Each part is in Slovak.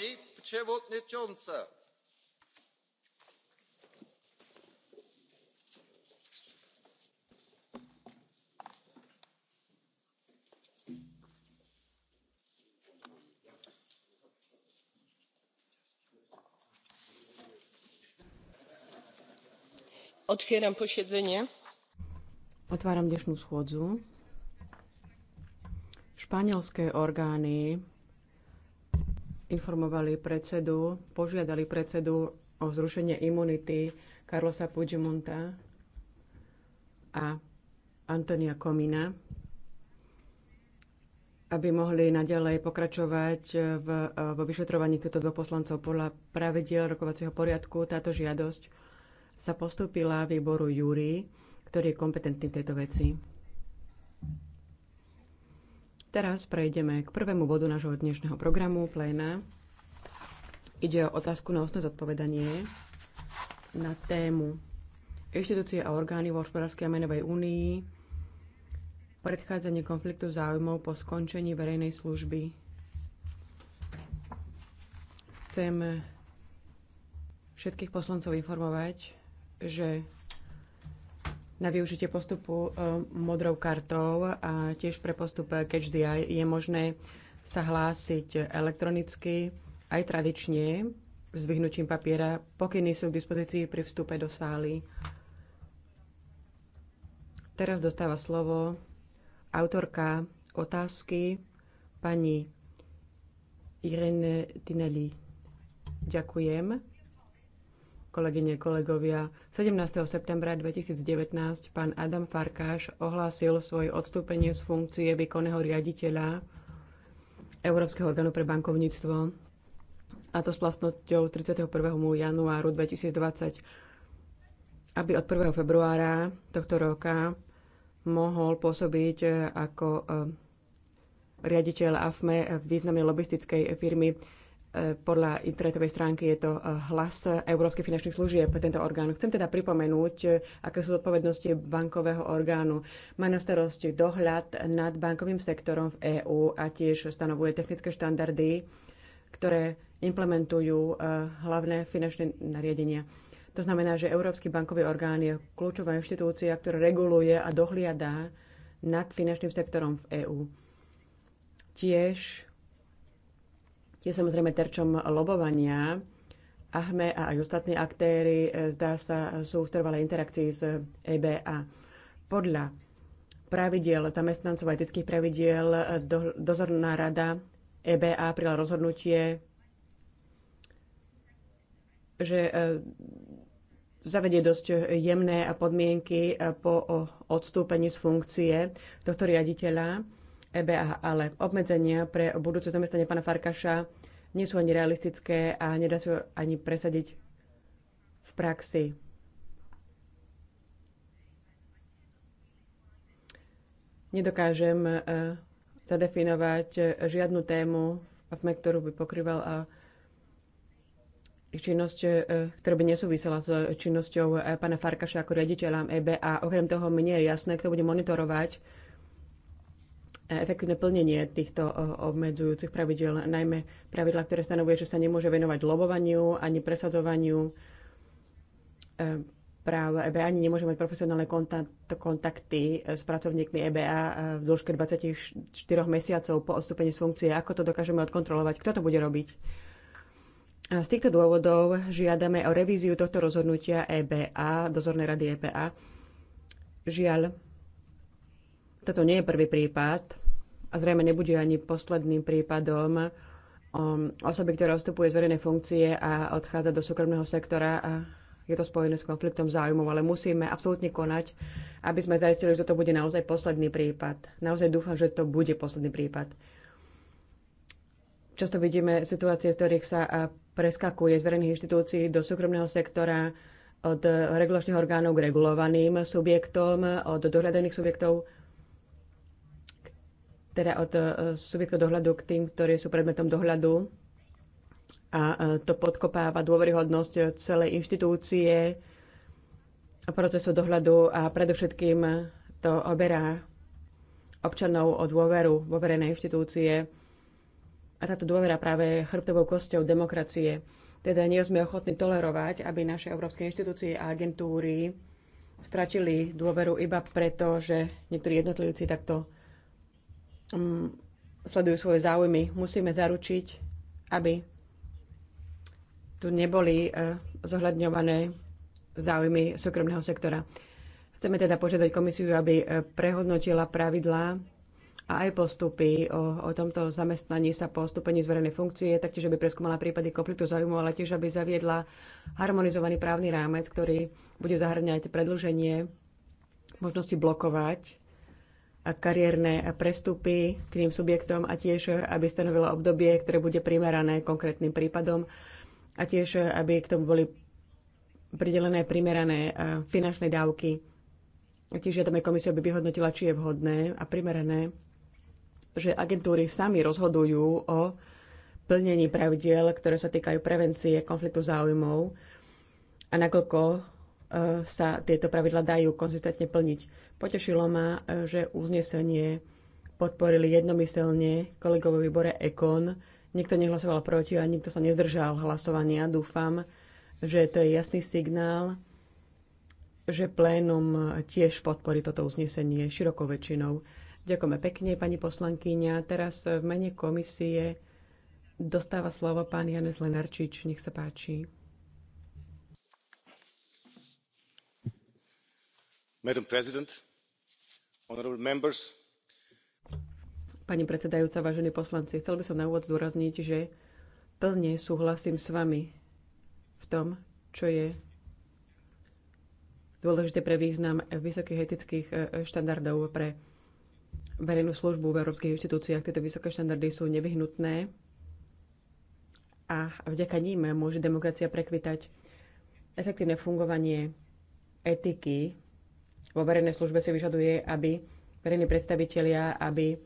pani otwieram posiedzenie. otváram dnešnú schôdzu. španielske orgány informovali predsedu, požiadali predsedu o zrušenie imunity Carlosa Puigdemonta a Antonia Komina, aby mohli naďalej pokračovať v, vo vyšetrovaní týchto dvoch poslancov podľa pravidiel rokovacieho poriadku. Táto žiadosť sa postúpila výboru Júri, ktorý je kompetentný v tejto veci. Teraz prejdeme k prvému bodu nášho dnešného programu pléna. Ide o otázku na osné zodpovedanie na tému inštitúcie a orgány v hospodárskej a menovej únii, predchádzanie konfliktu záujmov po skončení verejnej služby. Chcem všetkých poslancov informovať, že na využitie postupu e, modrou kartou a tiež pre postup e, Catch the Eye je možné sa hlásiť elektronicky aj tradične s vyhnutím papiera. Pokyny sú k dispozícii pri vstupe do sály. Teraz dostáva slovo autorka otázky pani Irene Tinelli. Ďakujem kolegyne, kolegovia. 17. septembra 2019 pán Adam Farkáš ohlásil svoje odstúpenie z funkcie výkonného riaditeľa Európskeho orgánu pre bankovníctvo a to s vlastnosťou 31. januáru 2020, aby od 1. februára tohto roka mohol pôsobiť eh, ako eh, riaditeľ AFME významnej lobistickej firmy E, podľa internetovej stránky je to e, hlas e, Európskej finančných služieb, tento orgán. Chcem teda pripomenúť, aké sú zodpovednosti bankového orgánu. Má na starosti dohľad nad bankovým sektorom v EÚ a tiež stanovuje technické štandardy, ktoré implementujú hlavné finančné nariadenia. To znamená, že Európsky bankový orgán je kľúčová inštitúcia, ktorá reguluje a dohliada nad finančným sektorom v EÚ. Tiež je samozrejme terčom lobovania. Ahme a aj ostatní aktéry, e, zdá sa, sú v trvalej interakcii s EBA. Podľa pravidiel zamestnancov a etických pravidiel e, do, dozorná rada EBA prijala rozhodnutie, že e, zavedie dosť jemné podmienky po odstúpení z funkcie tohto riaditeľa EBA, ale obmedzenia pre budúce zamestnanie pána Farkaša nie sú ani realistické a nedá sa ani presadiť v praxi. Nedokážem e, zadefinovať e, žiadnu tému, e, ktorú by pokryval a činnosť, ktorá by nesúvisela s činnosťou pána Farkaša ako riaditeľa EBA. Okrem toho, mne je jasné, kto bude monitorovať efektívne plnenie týchto obmedzujúcich pravidel, najmä pravidla, ktoré stanovuje, že sa nemôže venovať lobovaniu ani presadzovaniu e, práv EBA, ani nemôže mať profesionálne kontakt, kontakty e, s pracovníkmi EBA e, v dĺžke 24 mesiacov po odstúpení z funkcie. Ako to dokážeme odkontrolovať? Kto to bude robiť? A z týchto dôvodov žiadame o revíziu tohto rozhodnutia EBA, dozornej rady EBA. Žiaľ, toto nie je prvý prípad, a zrejme nebude ani posledným prípadom um, osoby, ktorá odstupuje z verejnej funkcie a odchádza do súkromného sektora a je to spojené s konfliktom záujmov, ale musíme absolútne konať, aby sme zaistili, že to bude naozaj posledný prípad. Naozaj dúfam, že to bude posledný prípad. Často vidíme situácie, v ktorých sa preskakuje z verejných inštitúcií do súkromného sektora od regulačných orgánov k regulovaným subjektom, od dohľadaných subjektov teda od e, subjektu dohľadu k tým, ktorí sú predmetom dohľadu. A e, to podkopáva dôveryhodnosť celej inštitúcie, procesu dohľadu a predovšetkým to oberá občanov o dôveru vo verejné inštitúcie. A táto dôvera práve chrbtovou kosťou demokracie. Teda nie sme ochotní tolerovať, aby naše európske inštitúcie a agentúry stratili dôveru iba preto, že niektorí jednotlivci takto Mm, sledujú svoje záujmy. Musíme zaručiť, aby tu neboli e, zohľadňované záujmy súkromného sektora. Chceme teda požiadať komisiu, aby e, prehodnotila pravidlá a aj postupy o, o tomto zamestnaní sa po stupení z verejnej funkcie, taktiež aby preskúmala prípady konfliktu záujmu, ale tiež aby zaviedla harmonizovaný právny rámec, ktorý bude zahrňať predlženie možnosti blokovať a kariérne prestupy k tým subjektom a tiež, aby stanovila obdobie, ktoré bude primerané konkrétnym prípadom a tiež, aby k tomu boli pridelené primerané e, finančné dávky. A tiež žiadame komisiu, aby vyhodnotila, či je vhodné a primerané, že agentúry sami rozhodujú o plnení pravidiel, ktoré sa týkajú prevencie konfliktu záujmov a nakoľko E, sa tieto pravidla dajú konzistentne plniť. Potešilo ma, e, že uznesenie podporili jednomyselne kolegov výbore EKON. Nikto nehlasoval proti a nikto sa nezdržal hlasovania. Dúfam, že to je jasný signál, že plénum tiež podporí toto uznesenie širokou väčšinou. Ďakujeme pekne, pani poslankyňa. Teraz v mene komisie dostáva slovo pán Janes Lenarčič. Nech sa páči. Pani predsedajúca, vážení poslanci, chcel by som na úvod zdôrazniť, že plne súhlasím s vami v tom, čo je dôležité pre význam vysokých etických e, štandardov pre verejnú službu v európskych inštitúciách. Tieto vysoké štandardy sú nevyhnutné a vďaka ním môže demokracia prekvitať. Efektívne fungovanie etiky vo verejnej službe si vyžaduje, aby verejní predstavitelia, aby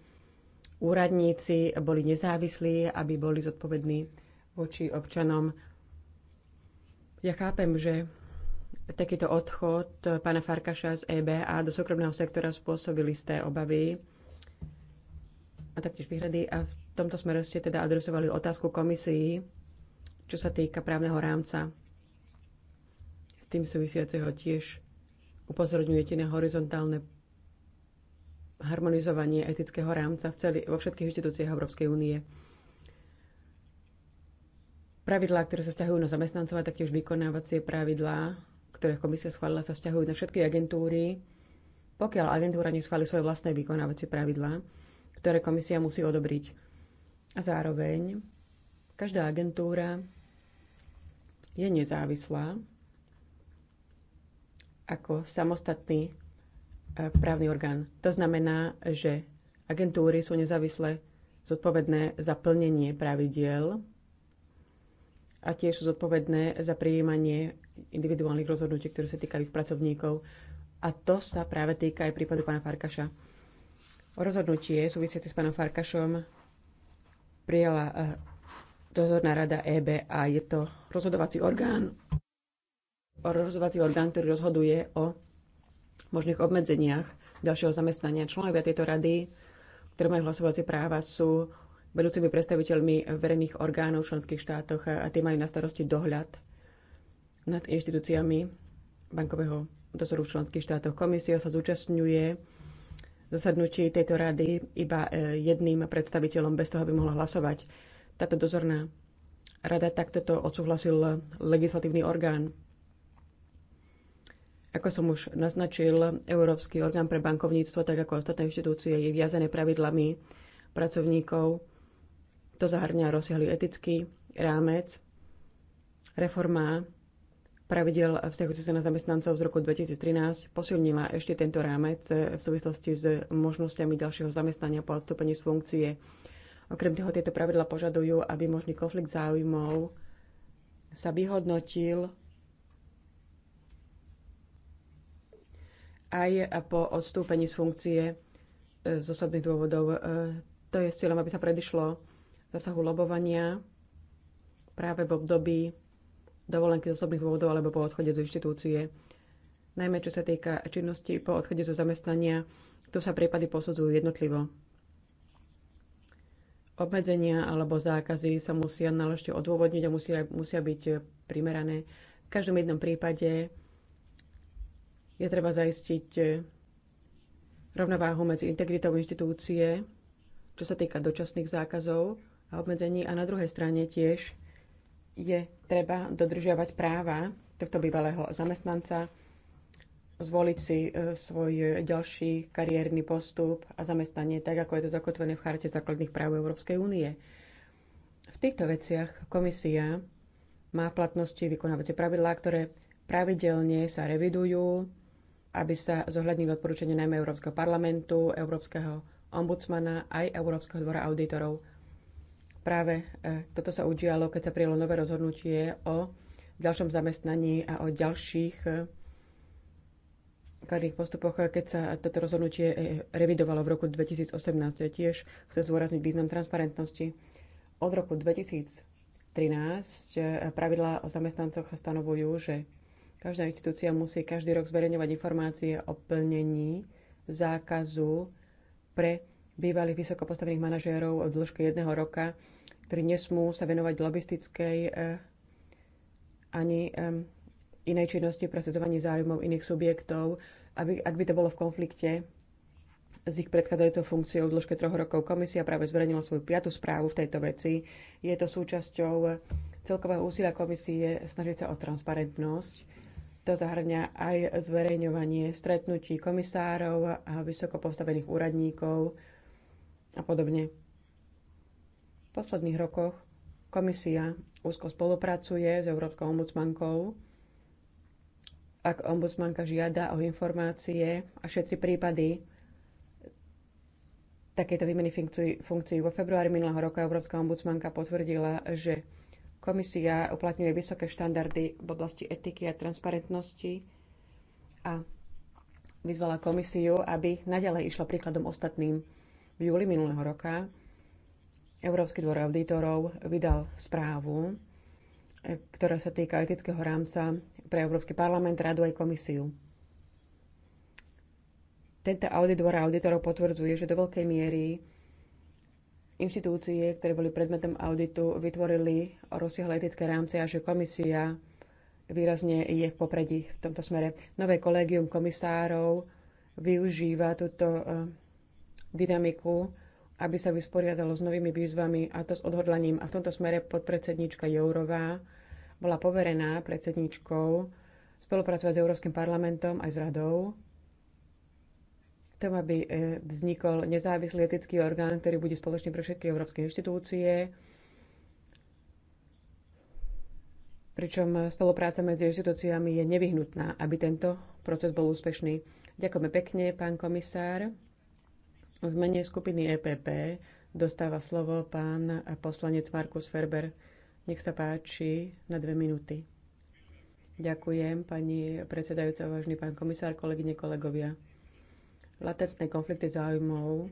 úradníci boli nezávislí, aby boli zodpovední voči občanom. Ja chápem, že takýto odchod pána Farkaša z EBA do súkromného sektora spôsobil isté obavy a taktiež výhrady a v tomto smere ste teda adresovali otázku komisii, čo sa týka právneho rámca s tým súvisiaceho tiež upozorňujete na horizontálne harmonizovanie etického rámca v celi, vo všetkých inštitúciách Európskej únie. Pravidlá, ktoré sa vzťahujú na zamestnancov a taktiež vykonávacie pravidlá, ktoré komisia schválila, sa vzťahujú na všetky agentúry, pokiaľ agentúra neschváli svoje vlastné vykonávacie pravidlá, ktoré komisia musí odobriť. A zároveň každá agentúra je nezávislá ako samostatný e, právny orgán. To znamená, že agentúry sú nezávisle zodpovedné za plnenie pravidiel a tiež sú zodpovedné za prijímanie individuálnych rozhodnutí, ktoré sa týkajú ich pracovníkov. A to sa práve týka aj prípadu pána Farkaša. Rozhodnutie súvisiace s pánom Farkašom prijala e, dozorná rada EBA. Je to rozhodovací orgán rozhodovací orgán, ktorý rozhoduje o možných obmedzeniach ďalšieho zamestnania. Členovia tejto rady, ktoré majú hlasovacie práva, sú vedúcimi predstaviteľmi verejných orgánov v členských štátoch a tie majú na starosti dohľad nad inštitúciami bankového dozoru v členských štátoch. Komisia sa zúčastňuje zasadnutí tejto rady iba e, jedným predstaviteľom bez toho, aby mohla hlasovať. Táto dozorná rada takto to odsúhlasil legislatívny orgán. Ako som už naznačil, Európsky orgán pre bankovníctvo, tak ako ostatné inštitúcie, je viazané pravidlami pracovníkov. To zahrňa rozsiahly etický rámec, reforma pravidel vzťahujúci sa na zamestnancov z roku 2013 posilnila ešte tento rámec e, v súvislosti s možnosťami ďalšieho zamestnania po odstúpení z funkcie. Okrem toho tieto pravidla požadujú, aby možný konflikt záujmov sa vyhodnotil aj po odstúpení z funkcie e, z osobných dôvodov. E, to je s cieľom, aby sa predišlo zasahu lobovania práve v období dovolenky z osobných dôvodov alebo po odchode z inštitúcie. Najmä čo sa týka činnosti po odchode zo zamestnania, tu sa prípady posudzujú jednotlivo. Obmedzenia alebo zákazy sa musia naložite odôvodniť a musia, musia byť primerané. V každom jednom prípade je treba zaistiť eh, rovnováhu medzi integritou inštitúcie, čo sa týka dočasných zákazov a obmedzení, a na druhej strane tiež je treba dodržiavať práva tohto bývalého zamestnanca, zvoliť si eh, svoj ďalší kariérny postup a zamestnanie, tak ako je to zakotvené v Charte základných práv Európskej únie. V týchto veciach komisia má platnosti vykonávacie pravidlá, ktoré pravidelne sa revidujú aby sa zohľadnili odporúčania najmä Európskeho parlamentu, Európskeho ombudsmana aj Európskeho dvora auditorov. Práve e, toto sa udialo, keď sa prijalo nové rozhodnutie o ďalšom zamestnaní a o ďalších e, kariérnych postupoch, keď sa toto rozhodnutie e, revidovalo v roku 2018. Tiež chcem zdôrazniť význam transparentnosti. Od roku 2013 pravidlá o zamestnancoch stanovujú, že Každá inštitúcia musí každý rok zverejňovať informácie o plnení zákazu pre bývalých vysokopostavených manažérov od dĺžke jedného roka, ktorí nesmú sa venovať lobistickej eh, ani inej činnosti sledovanie záujmov iných subjektov, aby, ak by to bolo v konflikte s ich predchádzajúcou funkciou v dĺžke troch rokov. Komisia práve zverejnila svoju piatu správu v tejto veci. Je to súčasťou eh, celkového úsilia komisie snažiť sa o transparentnosť to zahrňa aj zverejňovanie stretnutí komisárov a vysoko postavených úradníkov a podobne. V posledných rokoch komisia úzko spolupracuje s Európskou ombudsmankou. Ak ombudsmanka žiada o informácie a šetri prípady, takéto výmeny funkcií, funkcií. Vo februári minulého roka Európska ombudsmanka potvrdila, že Komisia uplatňuje vysoké štandardy v oblasti etiky a transparentnosti a vyzvala komisiu, aby naďalej išla príkladom ostatným. V júli minulého roka Európsky dvor auditorov vydal správu, ktorá sa týka etického rámca pre Európsky parlament, radu aj komisiu. Tento audit dvora auditorov potvrdzuje, že do veľkej miery inštitúcie, ktoré boli predmetom auditu, vytvorili rozsiahle etické rámce a že komisia výrazne je v popredí v tomto smere. Nové kolégium komisárov využíva túto eh, dynamiku, aby sa vysporiadalo s novými výzvami a to s odhodlaním. A v tomto smere podpredsednička Jourová bola poverená predsedničkou spolupracovať s Európskym parlamentom aj s radou tom, aby e, vznikol nezávislý etický orgán, ktorý bude spoločný pre všetky európske inštitúcie, pričom spolupráca medzi inštitúciami je nevyhnutná, aby tento proces bol úspešný. Ďakujeme pekne, pán komisár. V mene skupiny EPP dostáva slovo pán poslanec Markus Ferber. Nech sa páči na dve minúty. Ďakujem, pani predsedajúca, vážny pán komisár, kolegyne, kolegovia latentné konflikty záujmov,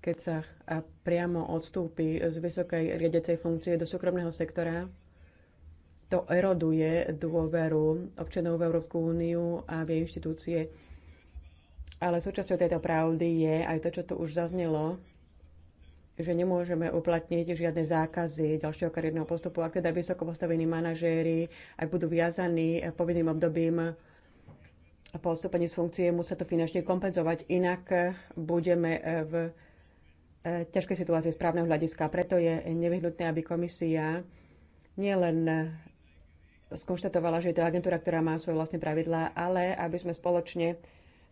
keď sa a priamo odstúpi z vysokej riadecej funkcie do súkromného sektora, to eroduje dôveru občanov v Európsku úniu a v jej inštitúcie. Ale súčasťou tejto pravdy je aj to, čo tu už zaznelo, že nemôžeme uplatniť žiadne zákazy ďalšieho kariérneho postupu. Ak teda vysoko postavení manažéri, ak budú viazaní povinným obdobím po odstúpení z funkcie musia to finančne kompenzovať, inak budeme eh, v eh, ťažkej situácii správneho hľadiska. Preto je nevyhnutné, aby komisia nielen eh, skonštatovala, že je to agentúra, ktorá má svoje vlastné pravidlá, ale aby sme spoločne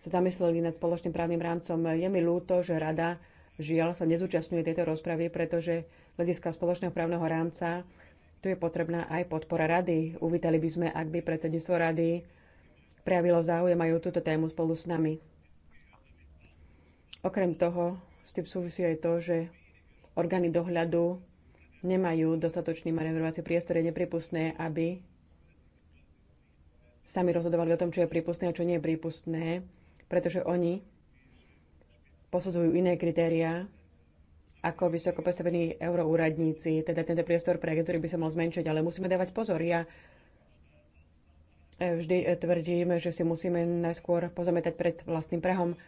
sa zamysleli nad spoločným právnym rámcom. Je mi ľúto, že rada žiaľ sa nezúčastňuje tejto rozpravy, pretože hľadiska spoločného právneho rámca tu je potrebná aj podpora rady. Uvítali by sme, ak by predsedníctvo rady prejavilo záujem aj o túto tému spolu s nami. Okrem toho, s tým súvisí aj to, že orgány dohľadu nemajú dostatočný manevrovací priestor, je nepripustné, aby sami rozhodovali o tom, čo je prípustné a čo nie je prípustné, pretože oni posudzujú iné kritériá ako vysoko postavení euroúradníci. Teda tento priestor pre agentúry by sa mal zmenšiť, ale musíme dávať pozor. Ja Vždy eh, tvrdíme, že si musíme najskôr pozametať pred vlastným prahom,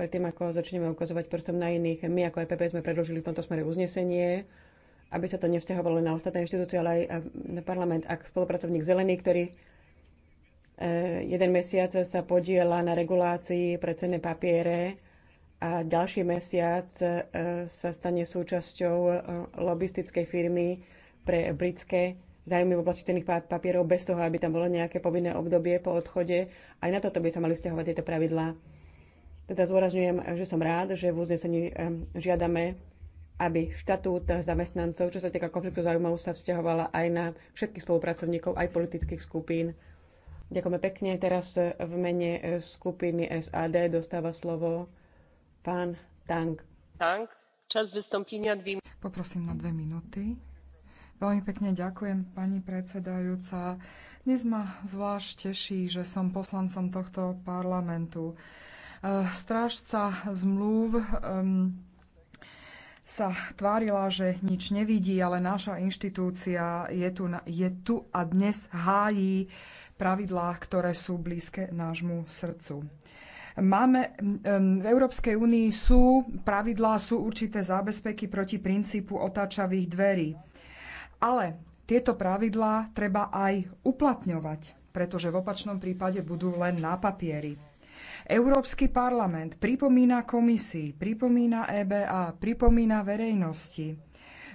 predtým ako začneme ukazovať prstom na iných. My ako EPP sme predložili v tomto smere uznesenie, aby sa to nevzťahovalo na ostatné inštitúcie, ale aj eh, na parlament. Ak spolupracovník zelený, ktorý eh, jeden mesiac sa podiela na regulácii pre cenné papiere a ďalší mesiac sa stane súčasťou lobistickej firmy pre britské zájmy v oblasti cených papierov bez toho, aby tam bolo nejaké povinné obdobie po odchode. Aj na toto by sa mali vzťahovať tieto pravidlá. Teda zúrazňujem, že som rád, že v uznesení žiadame, aby štatút zamestnancov, čo sa týka konfliktu záujmov, sa vzťahovala aj na všetkých spolupracovníkov, aj politických skupín. Ďakujeme pekne. Teraz v mene e, skupiny SAD dostáva slovo pán Tang. Tang. Čas vystąpienia dvím. Poprosím na dve minúty. Veľmi pekne ďakujem, pani predsedajúca. Dnes ma zvlášť teší, že som poslancom tohto parlamentu. E, strážca zmluv um, sa tvárila, že nič nevidí, ale naša inštitúcia je tu, je tu a dnes hájí pravidlá, ktoré sú blízke nášmu srdcu. Máme, v Európskej únii sú pravidlá, sú určité zábezpeky proti princípu otáčavých dverí. Ale tieto pravidlá treba aj uplatňovať, pretože v opačnom prípade budú len na papieri. Európsky parlament pripomína komisii, pripomína EBA, pripomína verejnosti,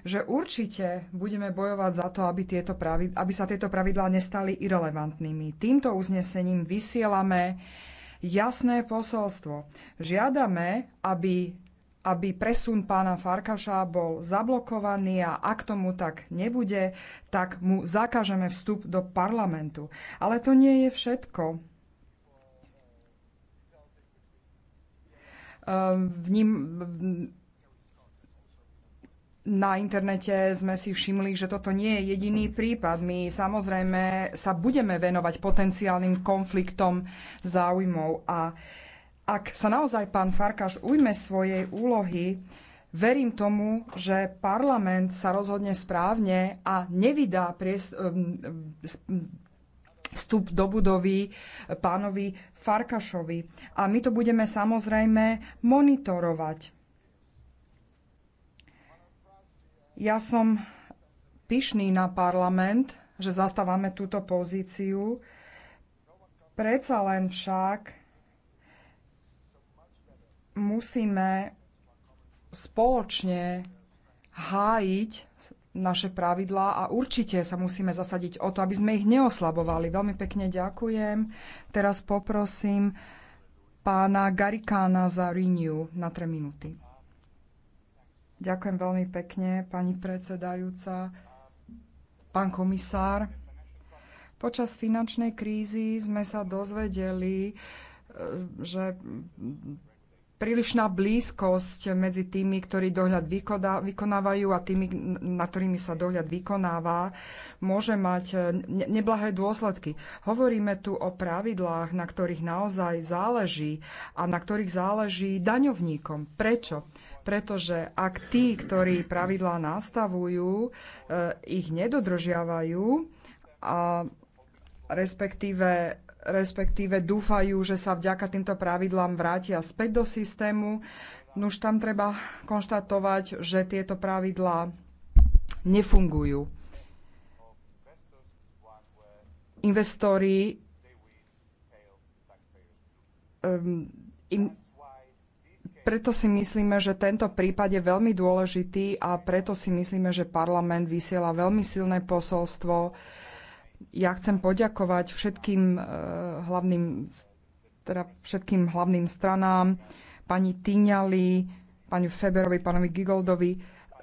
že určite budeme bojovať za to, aby, tieto pravid- aby sa tieto pravidlá nestali irrelevantnými. Týmto uznesením vysielame jasné posolstvo. Žiadame, aby aby presun pána Farkaša bol zablokovaný a ak tomu tak nebude, tak mu zakážeme vstup do parlamentu. Ale to nie je všetko. Ehm, v ním, na internete sme si všimli, že toto nie je jediný prípad. My samozrejme sa budeme venovať potenciálnym konfliktom záujmov a uh, ak sa naozaj pán Farkáš ujme svojej úlohy, verím tomu, že parlament sa rozhodne správne a nevydá um, um, vstup do budovy pánovi Farkašovi. A my to budeme samozrejme monitorovať. Ja som pyšný na parlament, že zastávame túto pozíciu. Predsa len však musíme spoločne hájiť naše pravidlá a určite sa musíme zasadiť o to, aby sme ich neoslabovali. Veľmi pekne ďakujem. Teraz poprosím pána Garikána za Renew na 3 minúty. Ďakujem veľmi pekne, pani predsedajúca, pán komisár. Počas finančnej krízy sme sa dozvedeli, e, že prílišná blízkosť medzi tými, ktorí dohľad vykonávajú a tými, na ktorými sa dohľad vykonáva, môže mať eh, neblahé dôsledky. Hovoríme tu o pravidlách, na ktorých naozaj záleží a na ktorých záleží daňovníkom. Prečo? Pretože ak tí, ktorí pravidlá nastavujú, eh, ich nedodržiavajú, a respektíve respektíve dúfajú, že sa vďaka týmto pravidlám vrátia späť do systému. No už tam treba konštatovať, že tieto pravidlá nefungujú. Investori um, im, preto si myslíme, že tento prípad je veľmi dôležitý a preto si myslíme, že parlament vysiela veľmi silné posolstvo ja chcem poďakovať všetkým eh, hlavným, teda všetkým hlavným stranám, pani Tyňali, pani Feberovi, pánovi Gigoldovi.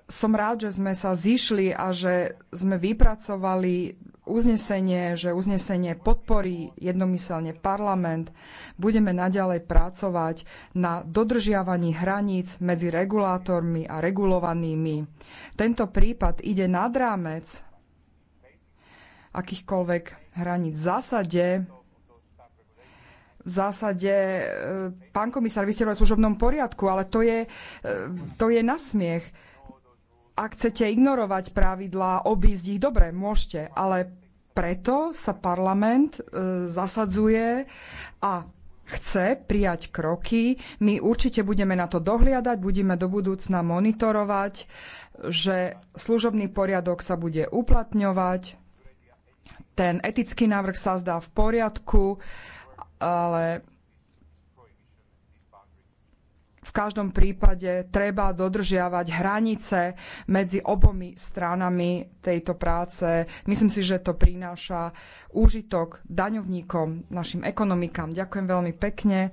Som rád, že sme sa zišli a že sme vypracovali uznesenie, že uznesenie podporí jednomyselne parlament. Budeme naďalej pracovať na dodržiavaní hraníc medzi regulátormi a regulovanými. Tento prípad ide nad rámec akýchkoľvek hraníc. V zásade v zásade, e, pán komisár, vy ste v služobnom poriadku, ale to je, e, to je nasmiech. Ak chcete ignorovať pravidlá, obísť ich, dobre, môžete, ale preto sa parlament e, zasadzuje a chce prijať kroky. My určite budeme na to dohliadať, budeme do budúcna monitorovať, že služobný poriadok sa bude uplatňovať ten etický návrh sa zdá v poriadku, ale v každom prípade treba dodržiavať hranice medzi obomi stranami tejto práce. Myslím si, že to prináša úžitok daňovníkom, našim ekonomikám. Ďakujem veľmi pekne.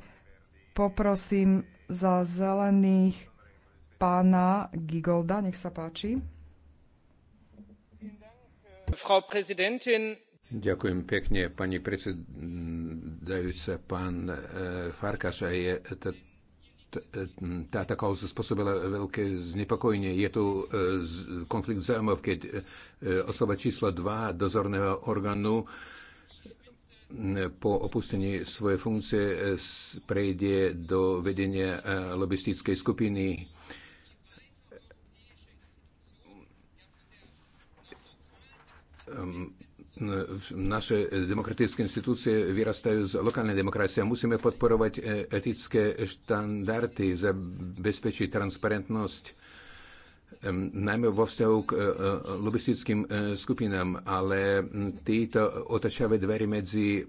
Poprosím za zelených pána Gigolda. Nech sa páči. Frau Präsidentin, Ďakujem pekne, pani predsedajúca, pán e, Farkaš. Je táto kauza spôsobila veľké znepokojenie. Je tu e, konflikt zájmov, keď e, osoba číslo 2 dozorného orgánu po opustení svojej funkcie prejde do vedenia lobistickej skupiny. Um, Hm, naše demokratické institúcie vyrastajú z lokálnej demokracie a musíme podporovať e, etické štandardy, zabezpečiť transparentnosť, hm, najmä vo vzťahu k e, e, lobistickým skupinám, ale hm, títo otačavé dvery medzi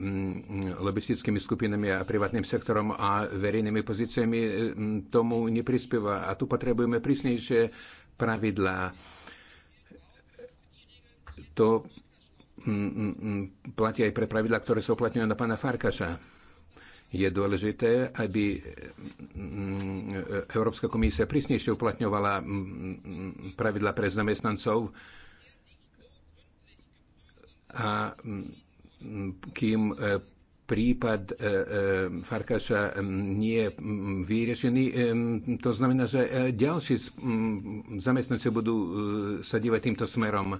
lobistickými skupinami a privátnym sektorom a verejnými pozíciami tomu neprispieva. A tu potrebujeme prísnejšie pravidlá to Mm, mm, mm, platí aj pre pravidla, ktoré sa uplatňujú na pána Farkaša. Je dôležité, aby Európska komisia prísnejšie uplatňovala pravidla pre zamestnancov a kým e, prípad e, e, Farkaša nie je vyriešený. To znamená, že ďalší zamestnanci budú sa dívať týmto smerom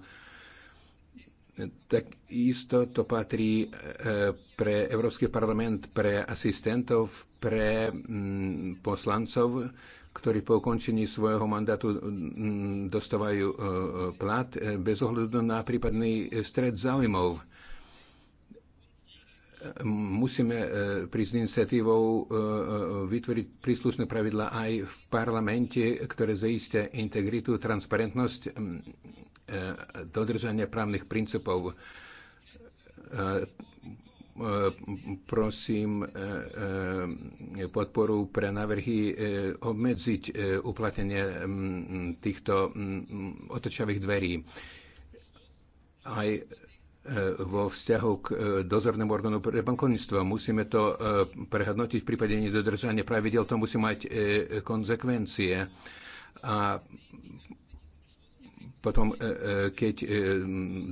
tak isto to patrí e, pre Európsky parlament, pre asistentov, pre mm, poslancov, ktorí po ukončení svojho mandátu mm, dostávajú e, plat e, bez ohľadu na prípadný stred záujmov. Musíme prísť s iniciatívou vytvoriť príslušné pravidla aj v parlamente, ktoré zaistia integritu, transparentnosť E, dodržania právnych princípov. E, e, prosím podporu pre návrhy obmedziť uplatnenie týchto otočavých dverí. Aj vo vzťahu k dozornému orgánu pre bankovníctvo. Musíme to prehodnotiť v prípade nedodržania pravidel, to musí mať konzekvencie. A potom, e, e, keď e,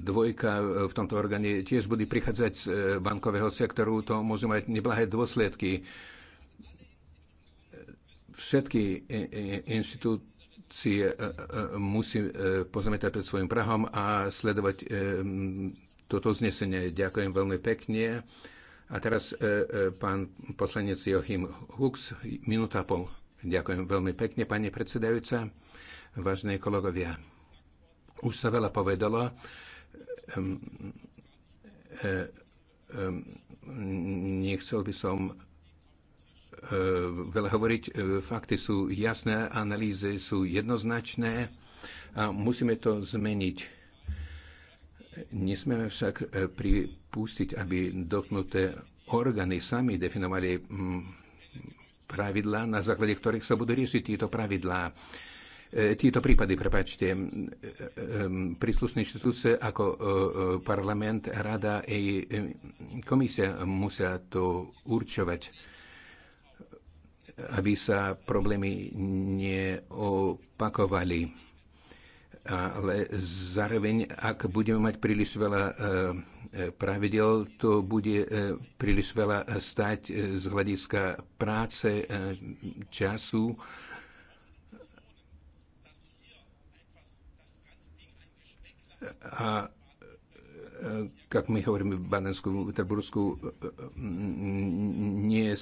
dvojka v tomto orgáne tiež bude prichádzať z bankového sektoru, to môže mať neblahé dôsledky. Všetky inštitúcie musí pozametať pred svojim prahom a sledovať toto znesenie. Ďakujem veľmi pekne. A teraz pán poslanec Joachim Hux, minúta a pol. Ďakujem veľmi pekne, pani predsedajúca, vážne kolegovia. Už sa veľa povedalo. Ehm, ehm, ehm, nechcel by som e, veľa hovoriť. E, fakty sú jasné, analýzy sú jednoznačné a musíme to zmeniť. Nesmieme však e, pripustiť, aby dotknuté orgány sami definovali mm, pravidlá, na základe ktorých sa budú riešiť tieto pravidlá. E, tieto prípady, prepačte, e, e, príslušné inštitúcie ako parlament, rada i komisia musia to určovať, aby sa problémy neopakovali. Ale zároveň, ak budeme mať príliš veľa pravidel, to bude príliš veľa stať z hľadiska práce, času, A как мы говорим в Баденскую, Петербургскую, не,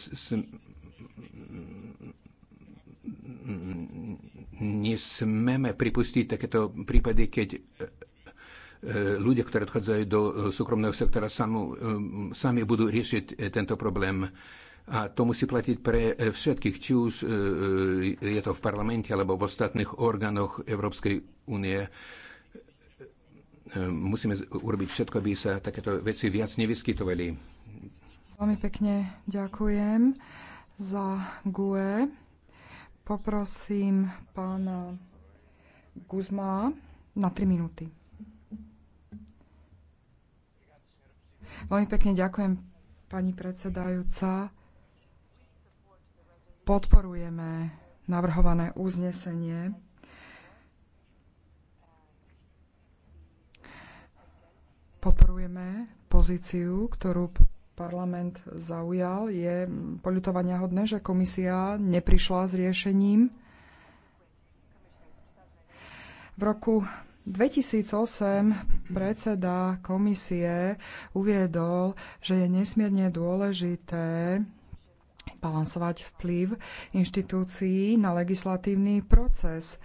nie smeme pripustiť takéto prípady, keď e, e, ľudia, ktorí odchádzajú do e, súkromného sektora, samu, sami budú riešiť tento problém. A to musí platiť pre všetkých, či už je to v parlamente alebo v ostatných orgánoch Európskej únie Ehm, musíme urobiť všetko, aby sa takéto veci viac nevyskytovali. Veľmi pekne ďakujem za GUE. Poprosím pána Guzma na 3 minúty. Veľmi pekne ďakujem, pani predsedajúca. Podporujeme navrhované uznesenie. Poprvujeme pozíciu, ktorú parlament zaujal. Je poľutovania hodné, že komisia neprišla s riešením. V roku 2008 predseda komisie uviedol, že je nesmierne dôležité balansovať vplyv inštitúcií na legislatívny proces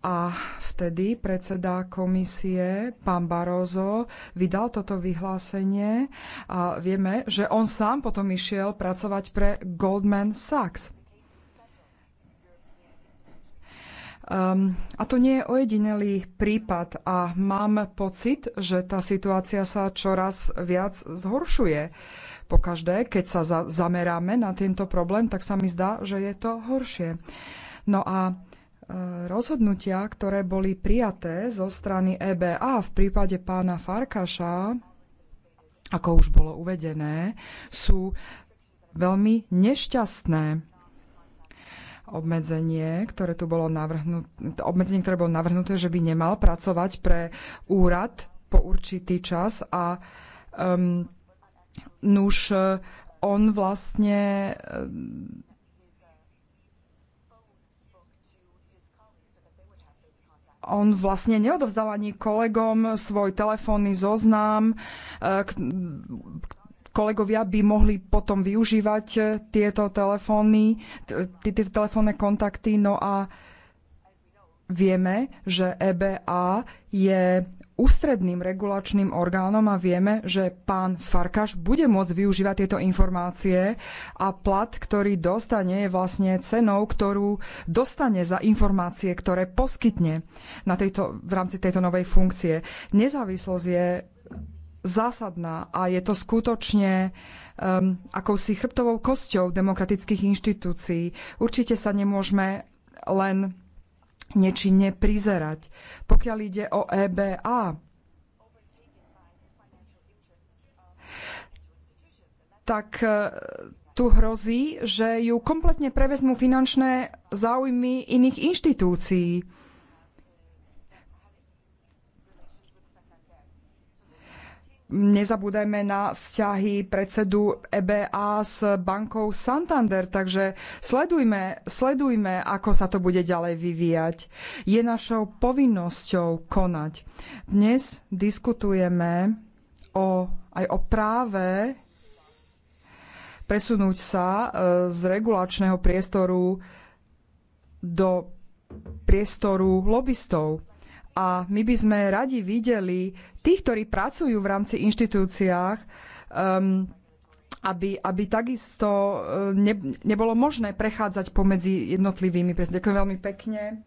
a vtedy predseda komisie, pán Barozo, vydal toto vyhlásenie a vieme, že on sám potom išiel pracovať pre Goldman Sachs. Um, a to nie je ojedinelý prípad a mám pocit, že tá situácia sa čoraz viac zhoršuje. Po každé, keď sa za- zameráme na tento problém, tak sa mi zdá, že je to horšie. No a rozhodnutia, ktoré boli prijaté zo strany EBA v prípade pána Farkaša, ako už bolo uvedené, sú veľmi nešťastné obmedzenie, ktoré tu bolo navrhnuté, obmedzenie, ktoré bolo navrhnuté, že by nemal pracovať pre úrad po určitý čas a um, nuž on vlastne um, on vlastne neodovzdal ani kolegom svoj telefónny zoznam, e, kolegovia by mohli potom využívať tieto telefóny, tieto telefónne kontakty. No a vieme, že EBA je ústredným regulačným orgánom a vieme, že pán Farkaš bude môcť využívať tieto informácie a plat, ktorý dostane, je vlastne cenou, ktorú dostane za informácie, ktoré poskytne na tejto, v rámci tejto novej funkcie. Nezávislosť je zásadná a je to skutočne um, akousi chrbtovou kosťou demokratických inštitúcií. Určite sa nemôžeme len nečinne prizerať. Pokiaľ ide o EBA, tak e, tu hrozí, že ju kompletne prevezmú finančné záujmy iných inštitúcií. nezabúdajme na vzťahy predsedu EBA s bankou Santander, takže sledujme, sledujme, ako sa to bude ďalej vyvíjať. Je našou povinnosťou konať. Dnes diskutujeme o, aj o práve presunúť sa e, z regulačného priestoru do priestoru lobbystov. A my by sme radi videli tých, ktorí pracujú v rámci inštitúciách, um, aby, aby takisto uh, ne, nebolo možné prechádzať pomedzi jednotlivými. Ďakujem veľmi pekne.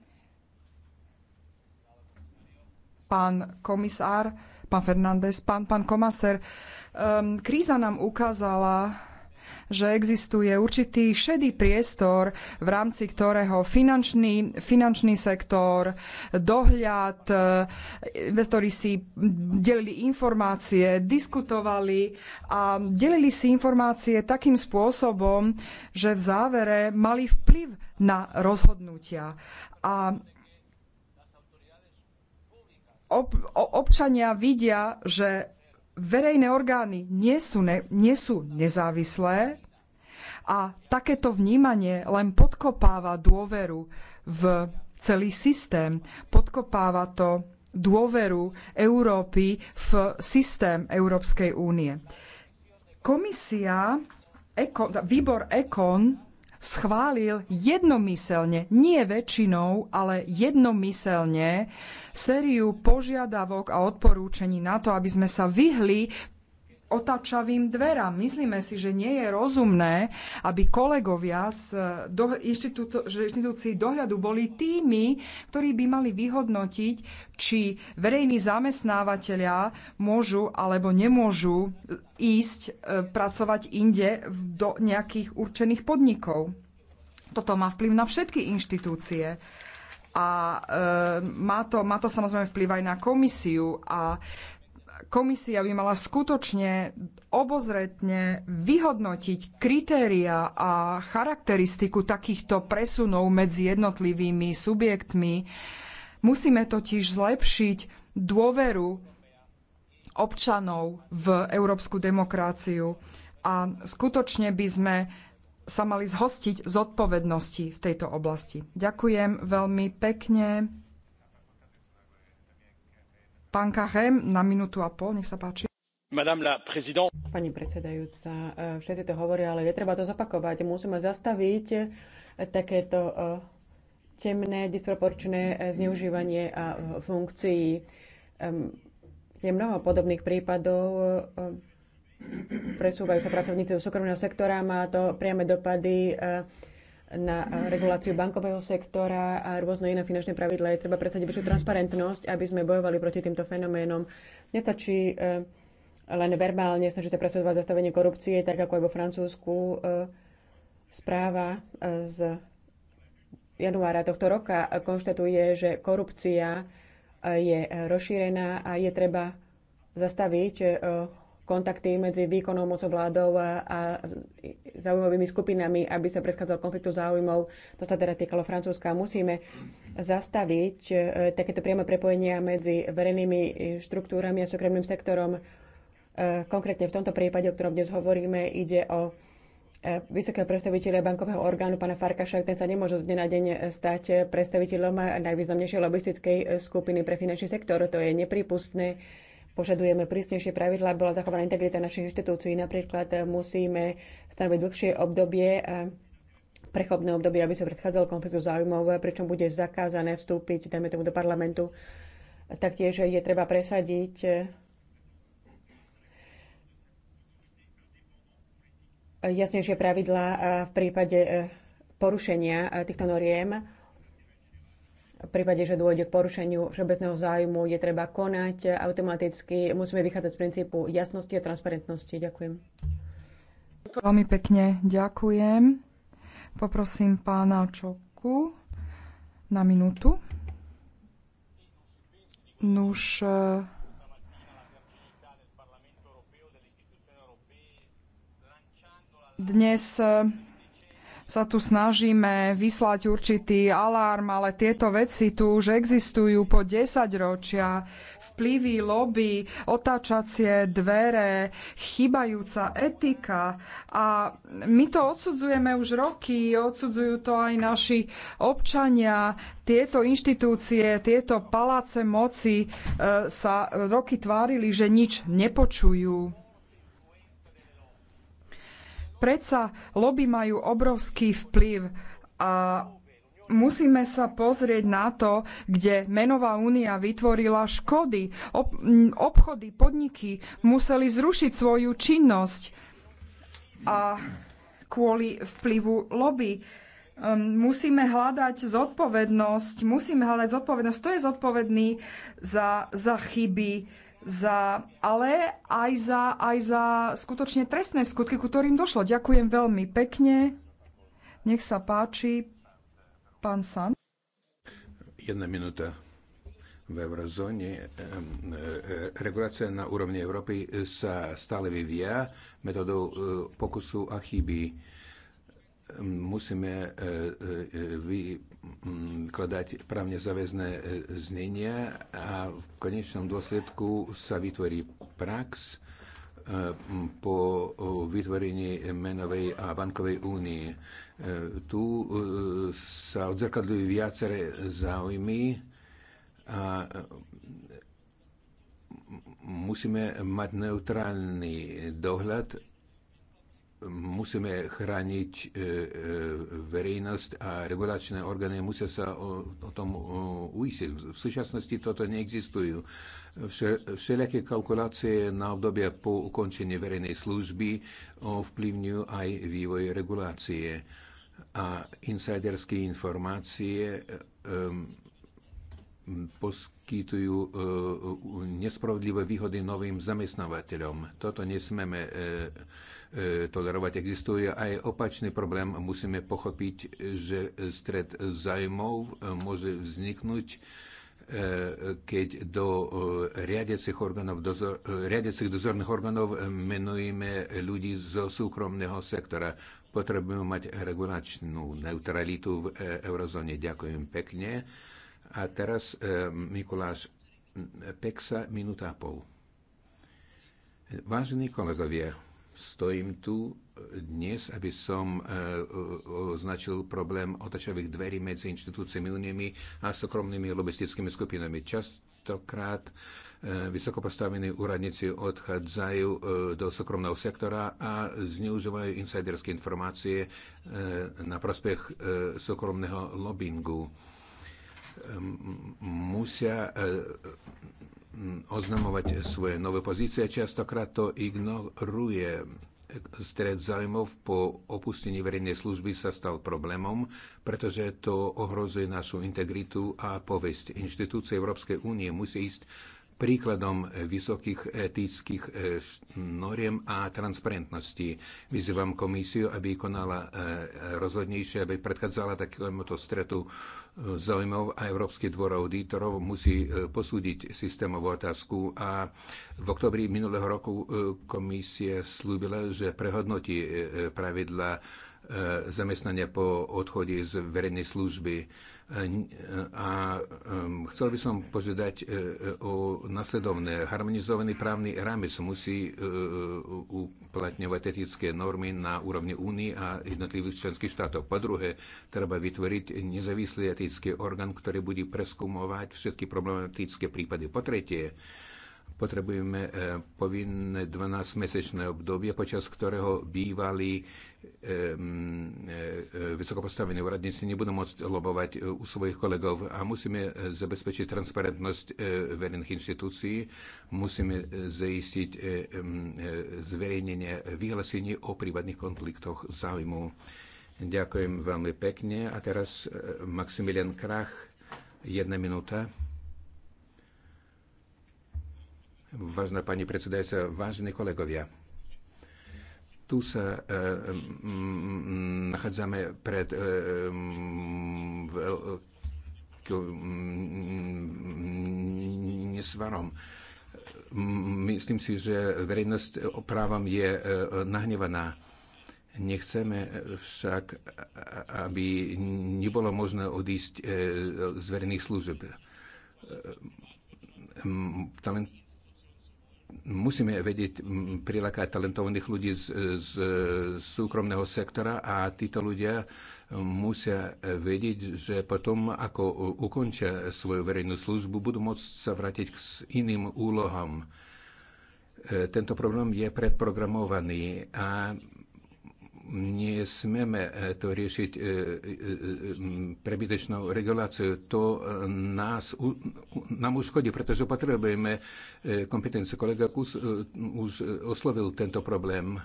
Pán komisár, pán Fernández, pán, pán Komaser, um, kríza nám ukázala, že existuje určitý šedý priestor, v rámci ktorého finančný, finančný sektor, dohľad, investori si delili informácie, diskutovali a delili si informácie takým spôsobom, že v závere mali vplyv na rozhodnutia. A občania vidia, že verejné orgány nie sú, ne, nie sú nezávislé a takéto vnímanie len podkopáva dôveru v celý systém, podkopáva to dôveru Európy v systém Európskej únie. Komisia, výbor Ekon schválil jednomyselne, nie väčšinou, ale jednomyselne sériu požiadavok a odporúčení na to, aby sme sa vyhli otáčavým dverám. Myslíme si, že nie je rozumné, aby kolegovia z eh, do, inštitúcií dohľadu boli tými, ktorí by mali vyhodnotiť, či verejní zamestnávateľia môžu alebo nemôžu eh, ísť eh, pracovať inde do nejakých určených podnikov. Toto má vplyv na všetky inštitúcie a e, má, to, má to samozrejme vplyv aj na komisiu a komisia by mala skutočne obozretne vyhodnotiť kritéria a charakteristiku takýchto presunov medzi jednotlivými subjektmi. Musíme totiž zlepšiť dôveru občanov v európsku demokráciu a skutočne by sme sa mali zhostiť zodpovednosti v tejto oblasti. Ďakujem veľmi pekne. Pán Kachem, na minútu a pol, nech sa páči. Pani predsedajúca, e, všetci to hovoria, ale netreba to zopakovať. Musíme zastaviť e, takéto e, temné, disproporčné zneužívanie a funkcií. Je mnoho podobných prípadov. Presúvajú sa pracovníci do súkromného sektora, má to priame dopady na reguláciu bankového sektora a rôzne iné finančné pravidla Je treba predsať väčšiu transparentnosť, aby sme bojovali proti týmto fenoménom. Netačí eh, len verbálne snažiť sa presvedovať zastavenie korupcie, tak ako aj vo Francúzsku eh, správa eh, z januára tohto roka konštatuje, že korupcia je rozšírená a je treba zastaviť kontakty medzi výkonnou mocou vládov a zaujímavými skupinami, aby sa predchádzal konfliktu záujmov. To sa teda týkalo Francúzska. Musíme zastaviť e, takéto priame prepojenia medzi verejnými e, štruktúrami a súkromným sektorom. E, konkrétne v tomto prípade, o ktorom dnes hovoríme, ide o vysokého predstaviteľa bankového orgánu pána Farkaša, ten sa nemôže z dňa na deň stať predstaviteľom najvýznamnejšej lobistickej skupiny pre finančný sektor. To je nepripustné Požadujeme prísnejšie pravidlá, bola zachovaná integrita našich inštitúcií. Napríklad eh, musíme stanoviť dlhšie obdobie, eh, prechodné obdobie, aby sa predchádzalo konfliktu záujmov, eh, pričom bude zakázané vstúpiť, dajme tomu, do parlamentu. Taktiež je treba presadiť jasnejšie pravidlá v prípade porušenia týchto noriem v prípade, že dôjde k porušeniu všeobecného záujmu, je treba konať automaticky. Musíme vychádzať z princípu jasnosti a transparentnosti. Ďakujem. Veľmi pekne ďakujem. Poprosím pána Čoku na minútu. Nuž, e, dnes e, sa tu snažíme vyslať určitý alarm, ale tieto veci tu už existujú po 10 ročia. Vplyvy, lobby, otáčacie dvere, chybajúca etika. A my to odsudzujeme už roky, odsudzujú to aj naši občania. Tieto inštitúcie, tieto paláce moci e, sa roky tvárili, že nič nepočujú. Predsa lobby majú obrovský vplyv a musíme sa pozrieť na to, kde menová únia vytvorila škody. Ob- obchody, podniky museli zrušiť svoju činnosť a kvôli vplyvu lobby. Um, musíme hľadať zodpovednosť, musíme hľadať zodpovednosť, to je zodpovedný za, za chyby za, ale aj za, aj za skutočne trestné skutky, ku ktorým došlo. Ďakujem veľmi pekne. Nech sa páči, pán San. Jedna minúta. V eurozóne regulácia na úrovni Európy sa stále vyvíja metodou e, pokusu a chyby musíme e, e, vkladať mm, právne záväzné e, znenia a v konečnom dôsledku sa vytvorí prax e, po vytvorení menovej a bankovej únie. E, tu sa odzrkadľujú viaceré záujmy a musíme mať neutrálny dohľad musíme chrániť e, e, verejnosť a regulačné orgány musia sa o, o tom e, uísiť. V súčasnosti toto neexistujú. Všelijaké kalkulácie na obdobie po ukončení verejnej služby ovplyvňujú aj vývoj regulácie a insiderské informácie poskytujú nespravodlivé výhody novým zamestnávateľom. Toto nesmeme E, tolerovať. Existuje aj opačný problém. Musíme pochopiť, že stred zájmov e, môže vzniknúť e, keď do riadiacich, orgánov, dozor, riadiacich dozorných orgánov menujeme ľudí zo súkromného sektora. Potrebujeme mať regulačnú neutralitu v eurozóne. Ďakujem pekne. A teraz Mikuláš Peksa, minúta a pol. Vážení kolegovia, Stojím tu dnes, aby som e, e, označil problém otačových dverí medzi inštitúciami úniemi a sokromnými lobistickými skupinami. Častokrát e, vysokopostavení úradníci odchádzajú do sokromného sektora a zneužívajú insiderské informácie na prospech sokromného lobbyingu musia oznamovať svoje nové pozície. Častokrát to ignoruje. Stred zájmov po opustení verejnej služby sa stal problémom, pretože to ohrozuje našu integritu a povesť. Inštitúcie Európskej únie musí ísť príkladom vysokých etických e, noriem a transparentnosti. Vyzývam komisiu, aby konala e, rozhodnejšie, aby predchádzala takémuto stretu e, zaujímav a Európsky dvor auditorov musí posúdiť systémovú otázku a v oktobri minulého roku komisia slúbila, že prehodnotí pravidla E, zamestnania po odchode z verejnej služby. E, a chcel by som požiadať e, o nasledovné. Harmonizovaný právny rámec musí uplatňovať etické normy na úrovni únie a jednotlivých členských štátov. Po druhé, treba vytvoriť nezávislý etický orgán, ktorý bude preskúmovať všetky problematické prípady. Po tretie, Potrebujeme e, povinné 12-mesečné obdobie, počas ktorého bývalí e, e, vysokopostavení úradníci nebudú môcť lobovať u svojich kolegov a musíme zabezpečiť transparentnosť verejných inštitúcií, musíme zaistiť zverejnenie vyhlásení o prípadných konfliktoch záujmu. Ďakujem veľmi pekne a teraz Maximilian Krach, jedna minúta. Vážna pani predsedajúca, vážení kolegovia, tu sa e, m, nachádzame pred e, veľkým nesvarom. Myslím si, že verejnosť právam je e, nahnevaná. Nechceme však, aby nebolo možné odísť e, z verejných služieb. E, talent musíme vedieť prilákať talentovaných ľudí z, z súkromného sektora a títo ľudia e, musia vedieť, že potom, ako ukončia svoju verejnú službu, budú môcť sa vrátiť k iným úlohám. E, tento problém je predprogramovaný a nesmieme eh, to riešiť eh, eh, prebytečnou reguláciou. To nás, nám uškodí, pretože potrebujeme kompetenciu. Kolega Kus už oslovil tento problém.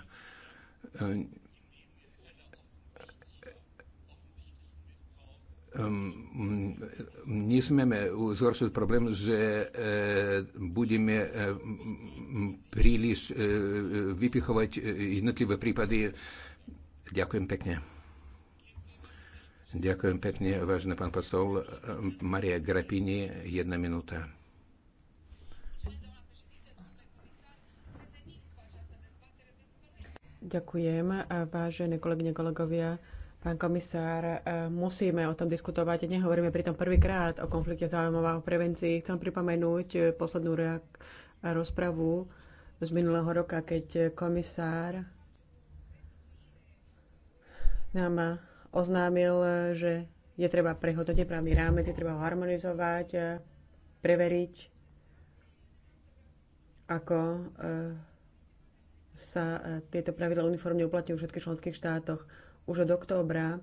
Ehm, nesmieme zhoršiť problém, že budeme príliš vypichovať jednotlivé prípady Ďakujem pekne. Ďakujem pekne, vážený pán postol. Maria Grapini, jedna minúta. Ďakujem, vážené kolegyne, kolegovia. Pán komisár, musíme o tom diskutovať. Nehovoríme pritom prvýkrát o konflikte záujmov a o prevencii. Chcem pripomenúť poslednú rozpravu z minulého roka, keď komisár nám oznámil, že je treba prehodnotiť právny rámec, je treba ho harmonizovať, eh, preveriť, ako eh, sa eh, tieto pravidla uniformne uplatňujú v všetkých členských štátoch. Už od októbra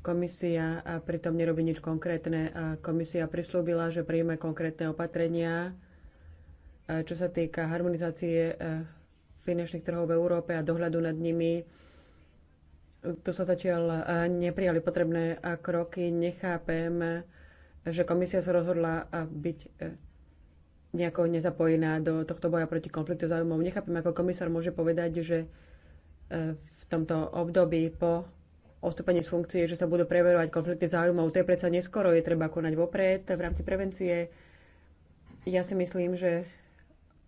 komisia pritom nerobí nič konkrétne. Komisia prislúbila, že príjme konkrétne opatrenia, čo sa týka harmonizácie finančných trhov v Európe a dohľadu nad nimi tu sa zatiaľ eh, neprijali potrebné eh, kroky. Nechápem, eh, že komisia sa rozhodla byť nejako nezapojená do tohto boja proti konfliktu záujmov. Nechápem, ako komisár môže povedať, že v tomto období po ostúpení z funkcie, že sa budú preverovať konflikty záujmov. To je predsa neskoro, je treba konať vopred v rámci prevencie. Ja si myslím, že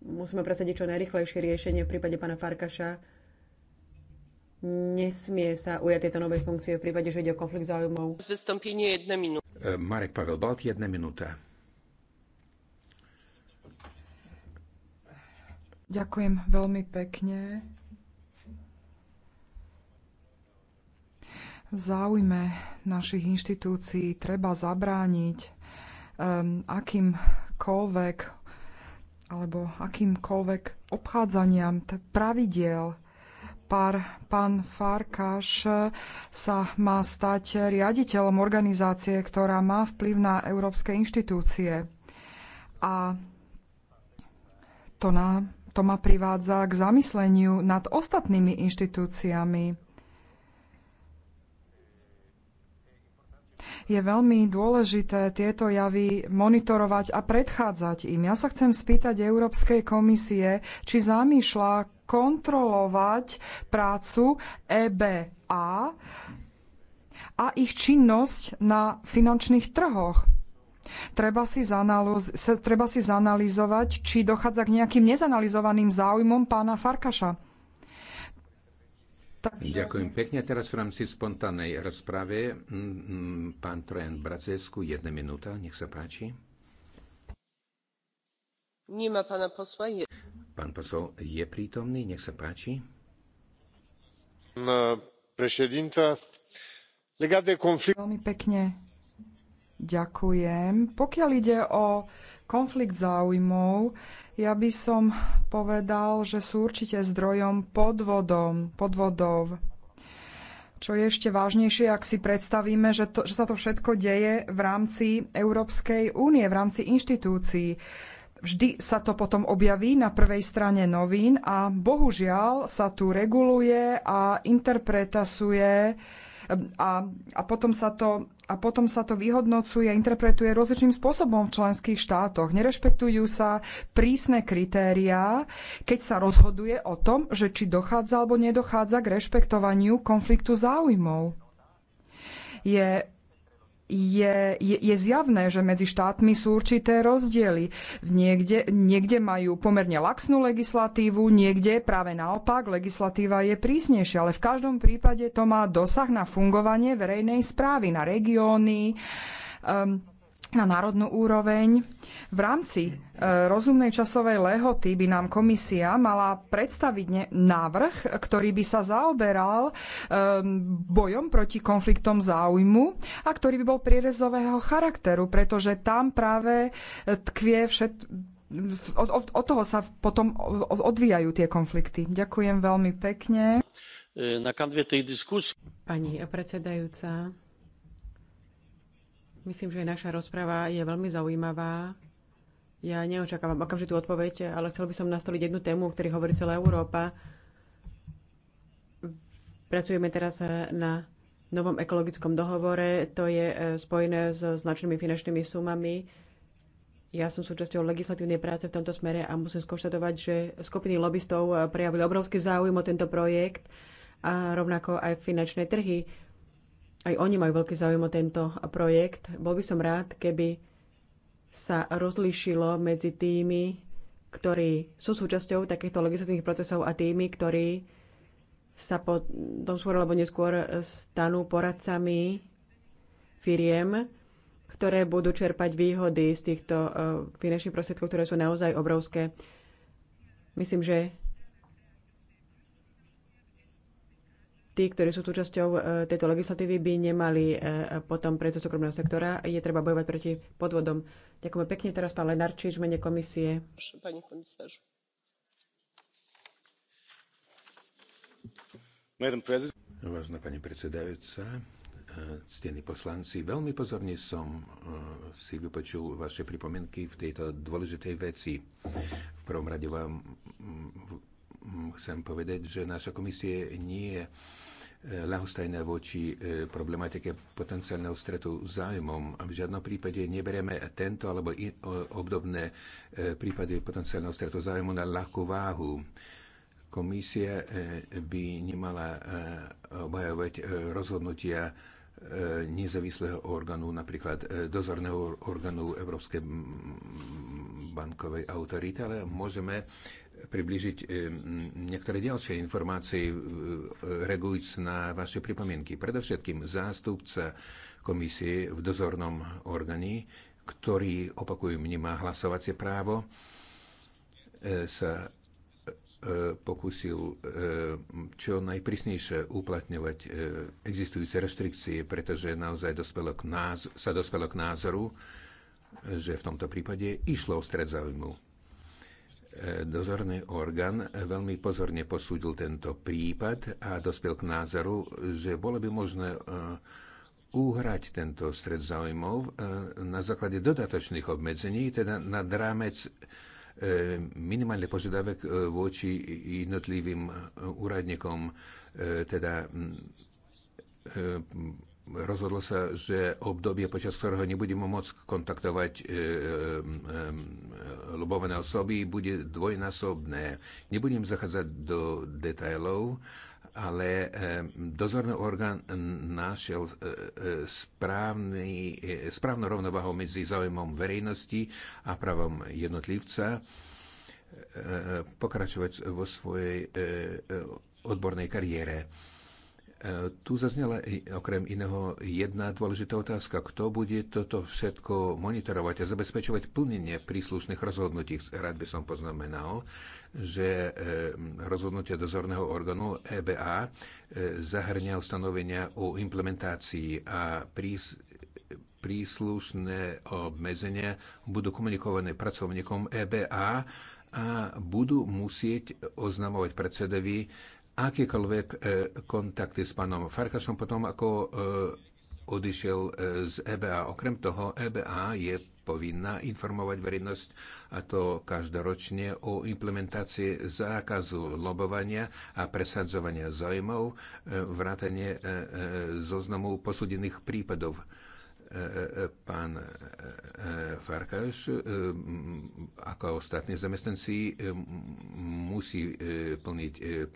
musíme presadiť čo najrychlejšie riešenie v prípade pána Farkaša nesmie sa ujať tejto novej funkcie v prípade, že ide o konflikt záujmov. Vystąpienie jedna minúta. E, Marek Pavel Balt, jedna minúta. Ďakujem veľmi pekne. V záujme našich inštitúcií treba zabrániť um, akýmkoľvek alebo akýmkoľvek obchádzaniam pravidiel pár, pán Farkáš sa má stať riaditeľom organizácie, ktorá má vplyv na európske inštitúcie. A to, na, to ma privádza k zamysleniu nad ostatnými inštitúciami. Je veľmi dôležité tieto javy monitorovať a predchádzať im. Ja sa chcem spýtať Európskej komisie, či zamýšľa kontrolovať prácu EBA a ich činnosť na finančných trhoch. Treba si, zanaluz- treba si zanalizovať, či dochádza k nejakým nezanalizovaným záujmom pána Farkaša. Takže... Ďakujem pekne. Teraz v rámci spontánnej rozprave pán Trojan Bracesku, jedna minúta, nech sa páči. ma pána posla. Je... Pán posol je prítomný, nech sa páči. Eh, Veľmi pekne ďakujem. Pokiaľ ide o konflikt záujmov, ja by som povedal, že sú určite zdrojom podvodom, podvodov. Čo je ešte vážnejšie, ak si predstavíme, že, to, že sa to všetko deje v rámci Európskej únie, v rámci inštitúcií vždy sa to potom objaví na prvej strane novín a bohužiaľ sa tu reguluje a interpretasuje ehm, a, a, potom sa to, a potom sa to vyhodnocuje a interpretuje rozličným spôsobom v členských štátoch. Nerešpektujú sa prísne kritériá, keď sa rozhoduje o tom, že či dochádza alebo nedochádza k rešpektovaniu konfliktu záujmov. Je je, je, je zjavné, že medzi štátmi sú určité rozdiely. Niekde, niekde majú pomerne laxnú legislatívu, niekde práve naopak legislatíva je prísnejšia, ale v každom prípade to má dosah na fungovanie verejnej správy, na regióny. Um, na národnú úroveň. V rámci e, rozumnej časovej lehoty by nám komisia mala predstaviť návrh, ktorý by sa zaoberal e, bojom proti konfliktom záujmu a ktorý by bol prierezového charakteru, pretože tam práve e, tkvie všet, od, od, od toho sa potom odvíjajú tie konflikty. Ďakujem veľmi pekne. Na tej diskusie. Pani predsedajúca, Myslím, že naša rozprava je veľmi zaujímavá. Ja neočakávam okamžitú odpoveď, ale chcel by som nastoliť jednu tému, o ktorej hovorí celá Európa. Pracujeme teraz na novom ekologickom dohovore. To je e, spojené so značnými finančnými sumami. Ja som súčasťou legislatívnej práce v tomto smere a musím skonštatovať, že skupiny lobbystov e, prejavili obrovský záujem o tento projekt a rovnako aj finančné trhy aj oni majú veľký záujem o tento projekt. Bol by som rád, keby sa rozlíšilo medzi tými, ktorí sú súčasťou takýchto legislatívnych procesov a tými, ktorí sa potom skôr alebo neskôr stanú poradcami firiem, ktoré budú čerpať výhody z týchto eh, finančných prostriedkov, ktoré sú naozaj obrovské. Myslím, že tí, ktorí sú súčasťou e, tejto legislatívy, by nemali e, potom prejsť do súkromného sektora. Je treba bojovať proti podvodom. Ďakujeme pekne. Teraz pán Lenarčič, mene komisie. Pani komisážu. Vážená pani predsedajúca, e, ctení poslanci, veľmi pozorne som si vypočul vaše pripomienky v tejto dôležitej veci. V prvom rade vám Mm, chcem povedať, že naša komisie nie je e, ľahostajné voči e, problematike potenciálneho stretu zájmom a v žiadnom prípade neberieme tento alebo obdobné e, prípady potenciálneho stretu zájmu na ľahkú váhu. Komisia by nemala obhajovať rozhodnutia nezávislého orgánu, napríklad dozorného orgánu Európskej bankovej autority, ale môžeme približiť eh, niektoré ďalšie informácie eh, reagujúc na vaše pripomienky. Predovšetkým zástupca komisie v dozornom orgáne, ktorý, opakujem, nemá hlasovacie právo, eh, sa pokusil čo najprísnejšie uplatňovať existujúce reštrikcie, pretože naozaj dospelo k sa dospelo k názoru, že v tomto prípade išlo o stred záujmu. Dozorný orgán veľmi pozorne posúdil tento prípad a dospel k názoru, že bolo by možné e, uhrať tento stred záujmov e, na základe dodatočných obmedzení, teda na rámec e, minimálnych požiadavek voči jednotlivým úradníkom, teda rozhodlo sa, že obdobie, počas ktorého nebudeme môcť kontaktovať e, e, e ľubované osoby, bude dvojnásobné. Nebudem zachádzať do detailov, ale e, dozorný orgán našiel e, e, správny, e, správnu rovnováhu medzi záujmom verejnosti a právom jednotlivca e, e pokračovať vo svojej e, odbornej kariére tu zaznela okrem iného jedna dôležitá otázka. Kto bude toto všetko monitorovať a zabezpečovať plnenie príslušných rozhodnutí? Rád by som poznamenal, že eh, rozhodnutie dozorného orgánu EBA eh, zahrňa ustanovenia o implementácii a prís príslušné obmedzenia budú komunikované pracovníkom EBA a budú musieť oznamovať predsedovi akékoľvek e, kontakty s pánom Farkasom potom, ako e, odišiel e, z EBA. Okrem toho, EBA je povinná informovať verejnosť, a to každoročne, o implementácii zákazu lobovania a presadzovania zájmov, vrátane zoznamu posúdených prípadov pán eh, eh, Farkáš, eh, ako ostatní zamestnanci, musí plniť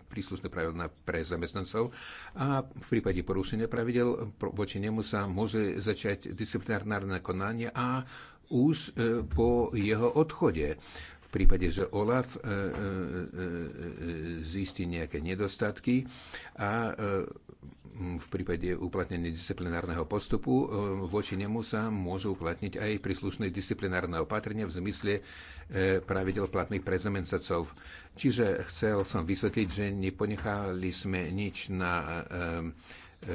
príslušné pravidla pre zamestnancov a v prípade porušenia pravidel voči nemu sa môže začať disciplinárne konanie a už po jeho odchode. V prípade, že OLAF zistí nejaké nedostatky a v prípade uplatnenia disciplinárneho postupu e, voči nemu sa môžu uplatniť aj príslušné disciplinárne opatrenia v zmysle e, pravidel platných pre zamestnancov. Čiže chcel som vysvetliť, že neponechali sme nič na e, E, e,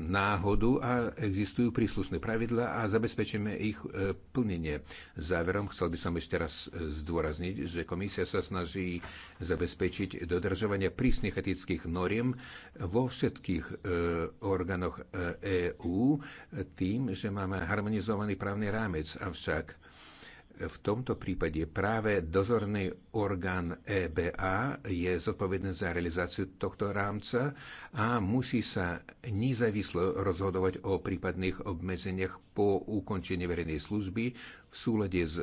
náhodu a existujú príslušné pravidla a zabezpečíme ich e, plnenie. Záverom chcel by som ešte raz zdôrazniť, že komisia sa snaží zabezpečiť dodržovanie prísnych etických noriem vo všetkých orgánoch EÚ tým, že máme harmonizovaný právny rámec. Avšak v tomto prípade práve dozorný orgán EBA je zodpovedný za realizáciu tohto rámca a musí sa nezávislo rozhodovať o prípadných obmedzeniach po ukončení verejnej služby v súlade s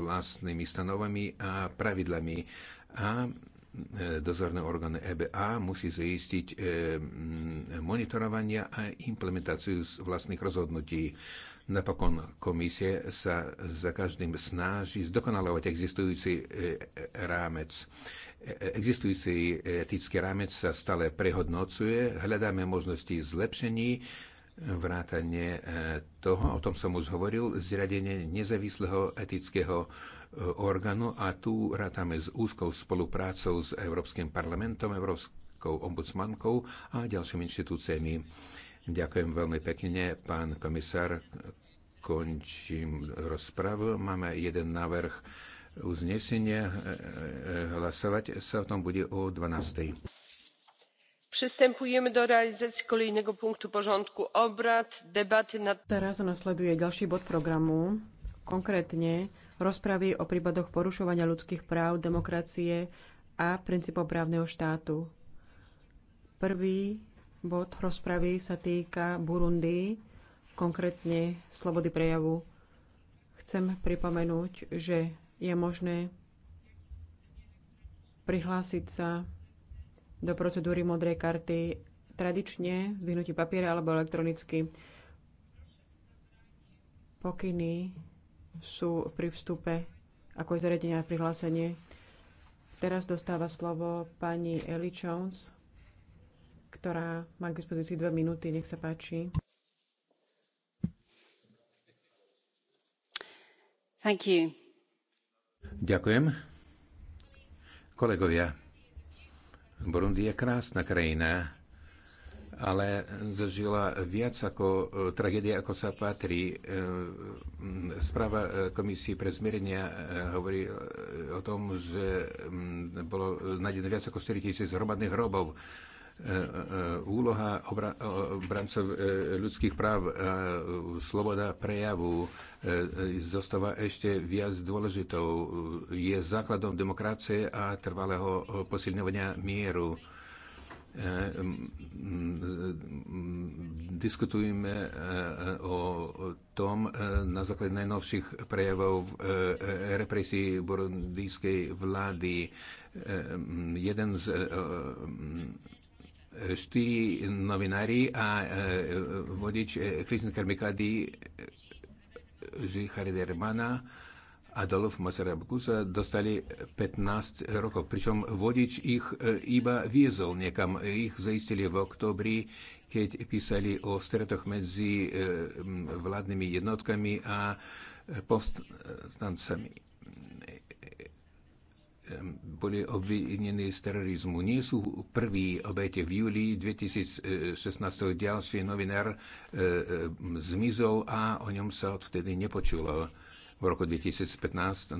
vlastnými stanovami a pravidlami a E, dozorné orgány EBA musí zaistiť e, monitorovanie a implementáciu z vlastných rozhodnutí. Napokon komisie sa za každým snaží zdokonalovať existujúci e, rámec. Existujúci etický rámec sa stále prehodnocuje, hľadáme možnosti zlepšení, vrátanie toho, o tom som už hovoril, zriadenie nezávislého etického orgánu a tu rátame s úzkou spoluprácou s Európskym parlamentom, Európskou ombudsmankou a ďalšími inštitúciami. Ďakujem veľmi pekne, pán komisár. Končím rozpravu. Máme jeden návrh uznesenia. E, e, hlasovať sa o tom bude o 12. Przystępujemy do realizacji kolejnego punktu porządku obrad, debaty nad... Teraz nasleduje ďalší bod programu, konkrétne rozpravy o prípadoch porušovania ľudských práv, demokracie a princípov právneho štátu. Prvý bod rozpravy sa týka Burundi, konkrétne slobody prejavu. Chcem pripomenúť, že je možné prihlásiť sa do procedúry modrej karty tradične vyhnutí papiera alebo elektronicky. Pokyny sú pri vstupe, ako je zariadenie na prihlásenie. Teraz dostáva slovo pani Ellie Jones, ktorá má k dispozícii dve minúty. Nech sa páči. Thank you. Ďakujem. Kolegovia, Burundi je krásna krajina, ale zažila viac ako e, tragédia, ako sa patrí. E, správa e, Komisie pre zmierenia hovorí o tom, že bolo nájdené viac ako 4 tisíc hromadných hrobov. Úloha obrancov ľudských práv, sloboda prejavu zostáva ešte viac dôležitou. Je základom demokracie a trvalého posilňovania mieru Eh, diskutujeme eh, o tom eh, na základe najnovších prejavov represí burundijskej vlády. Jeden z štyri novinári a vodič Kristin Karmikady Žiharidermana Adolf Mazera Bukusa dostali 15 rokov, pričom vodič ich e, iba viezol niekam. Ich zaistili v oktobri, keď písali o stretoch medzi e, vládnymi jednotkami a povstancami e, boli obvinení z terorizmu. Nie sú prví obete. V júli 2016 ďalší novinár zmizol a o ňom sa odvtedy nepočulo. V roku 2015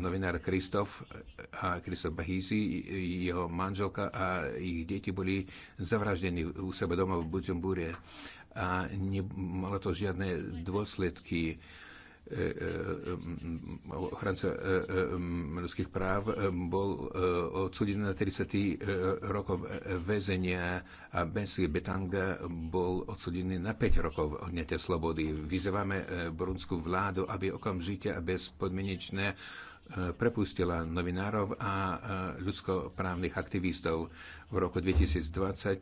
novinár Kristof a Kristof Bahisi, jeho manželka a ich deti boli zavraždení u seba doma v Budžumbúrie. a nemalo to žiadne dôsledky. E, e, e, ochranca ľudských práv, bol odsudený na 30 rokov väzenia a Bensi Betanga bol odsudený na 5 rokov odňatia slobody. Vyzývame brunskú vládu, aby okamžite a bezpodmienečne prepustila novinárov a e, ľudskoprávnych aktivistov. V roku 2020 e, e,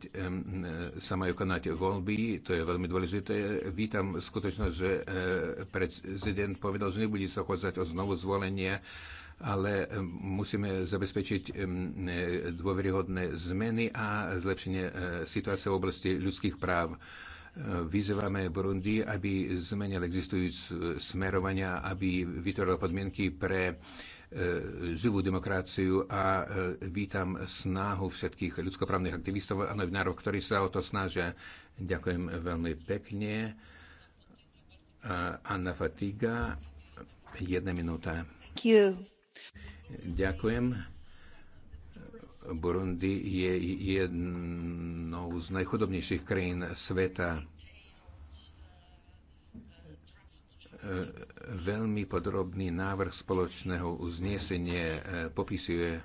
sa majú konať voľby, to je veľmi dôležité. Vítam skutočnosť, že prezident povedal, že nebude sa chodzať o znovu zvolenie ale musíme zabezpečiť dôveryhodné zmeny a zlepšenie situácie v oblasti ľudských práv. Vyzývame Burundi, aby zmenil existujúce smerovania, aby vytvoril podmienky pre e, živú demokraciu a e, vítam snahu všetkých ľudskoprávnych aktivistov a novinárov, ktorí sa o to snažia. Ďakujem veľmi pekne. Anna Fatiga, jedna minúta. Ďakujem. Burundi je jednou z najchudobnejších krajín sveta. E, veľmi podrobný návrh spoločného uznesenia e, popisuje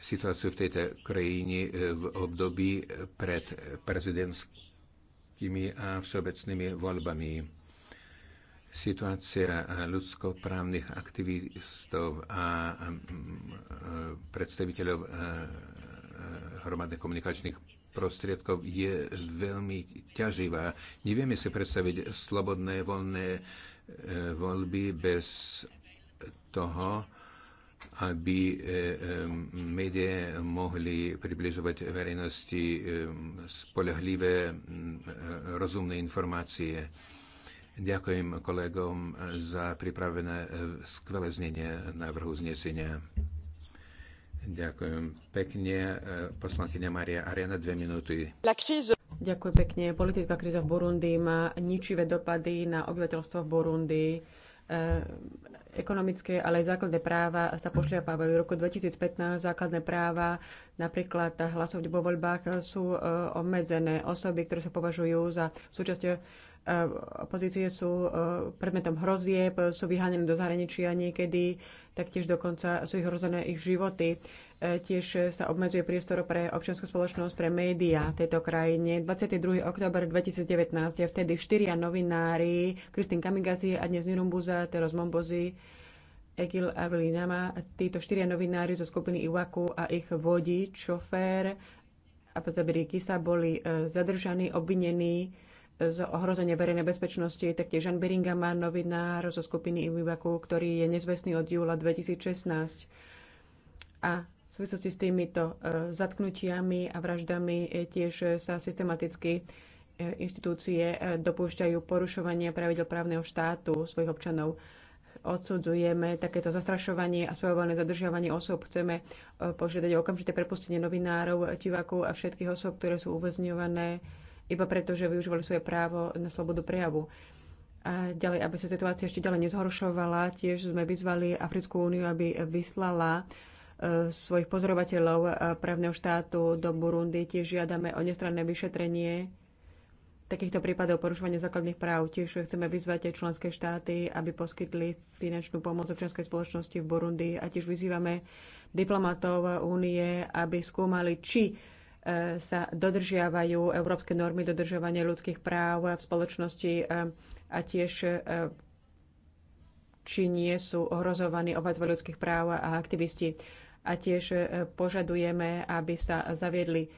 situáciu v tejto krajine e, v období pred prezidentskými a všeobecnými voľbami Situácia ľudskoprávnych aktivistov a e, predstaviteľov e, e, hromadných komunikačných prostriedkov je veľmi ťaživá. Nevieme si predstaviť slobodné, voľné voľby bez toho, aby médiá mohli približovať verejnosti spolehlivé, rozumné informácie Ďakujem kolegom za pripravené eh, skvelé znenie návrhu znesenia. Ďakujem pekne. Eh, poslankyňa Maria Ariana, dve minúty. Ďakujem pekne. Politická kríza v Burundi má ničivé dopady na obyvateľstvo v Burundi. Eh, ekonomické, ale aj základné práva sa pošliapávajú. V roku 2015 základné práva, napríklad hlasovať vo voľbách, sú obmedzené. Osoby, ktoré sa považujú za súčasťou Eh, opozície sú eh, predmetom hrozieb, sú vyháňané do zahraničia niekedy, taktiež dokonca sú ich hrozené ich životy. Eh, tiež sa obmedzuje priestor pre občianskú spoločnosť, pre médiá v tejto krajine. 22. október 2019 je vtedy štyria novinári, Kristin Kamigazi a dnes Nirumbuza, Teros Mombozi, Egil Avelinama, títo štyria novinári zo skupiny Iwaku a ich vodič, šofér a Zabiri sa boli zadržaní, obvinení z ohrozenia verejnej bezpečnosti. Taktiež Jan Beringama, novinár zo skupiny Imibaku, ktorý je nezvestný od júla 2016. A v súvislosti s týmito e, zatknutiami a vraždami e, tiež sa systematicky e, inštitúcie dopúšťajú porušovanie pravidel právneho štátu svojich občanov. Odsudzujeme takéto zastrašovanie a svojovoľné zadržiavanie osob. Chceme požiadať o okamžité prepustenie novinárov, tivaku a všetkých osob, ktoré sú uväzňované iba preto, že využívali svoje právo na slobodu prejavu. A ďalej, aby sa situácia ešte ďalej nezhoršovala, tiež sme vyzvali Africkú úniu, aby vyslala e, svojich pozorovateľov e, právneho štátu do Burundi. Tiež žiadame o nestranné vyšetrenie takýchto prípadov porušovania základných práv. Tiež chceme vyzvať aj členské štáty, aby poskytli finančnú pomoc občianskej spoločnosti v Burundi a tiež vyzývame diplomatov únie, aby skúmali, či E, sa dodržiavajú európske normy dodržovania ľudských práv v spoločnosti e, a tiež e, či nie sú ohrozovaní obhajcovia ľudských práv a aktivisti. A tiež požadujeme, aby sa zaviedli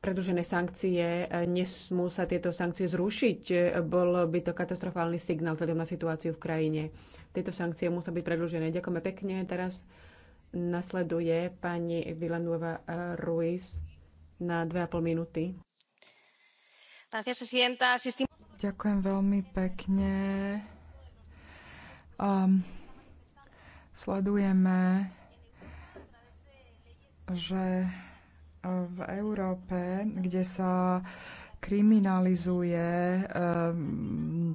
predlžené sankcie. Nesmú sa tieto sankcie zrušiť. Bol by to katastrofálny signál vzhľadom na situáciu v krajine. Tieto sankcie musia byť predlžené. Ďakujeme pekne. Teraz Nasleduje pani Villanueva eh, Ruiz na 2,5 minúty. Ďakujem veľmi pekne. Um, sledujeme, že eh, v Európe, kde sa kriminalizuje um,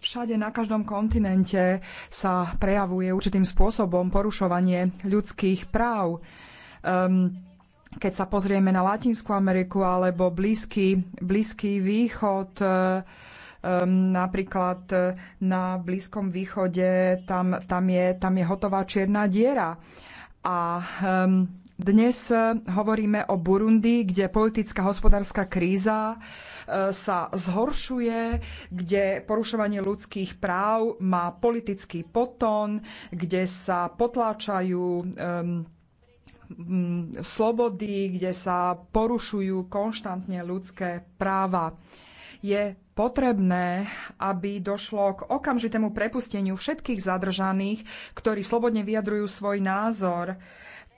všade na každom kontinente sa prejavuje určitým spôsobom porušovanie ľudských práv. Um, keď sa pozrieme na Latinskú Ameriku alebo Blízky, Blízky východ, Um, napríklad na Blízkom východe tam, tam, je, tam je hotová čierna diera. A um, dnes e, hovoríme o Burundi, kde politická hospodárska kríza e, sa zhoršuje, kde porušovanie ľudských práv má politický potón, kde sa potláčajú um, slobody, kde sa porušujú konštantne ľudské práva. Je potrebné, aby došlo k okamžitému prepusteniu všetkých zadržaných, ktorí slobodne vyjadrujú svoj názor.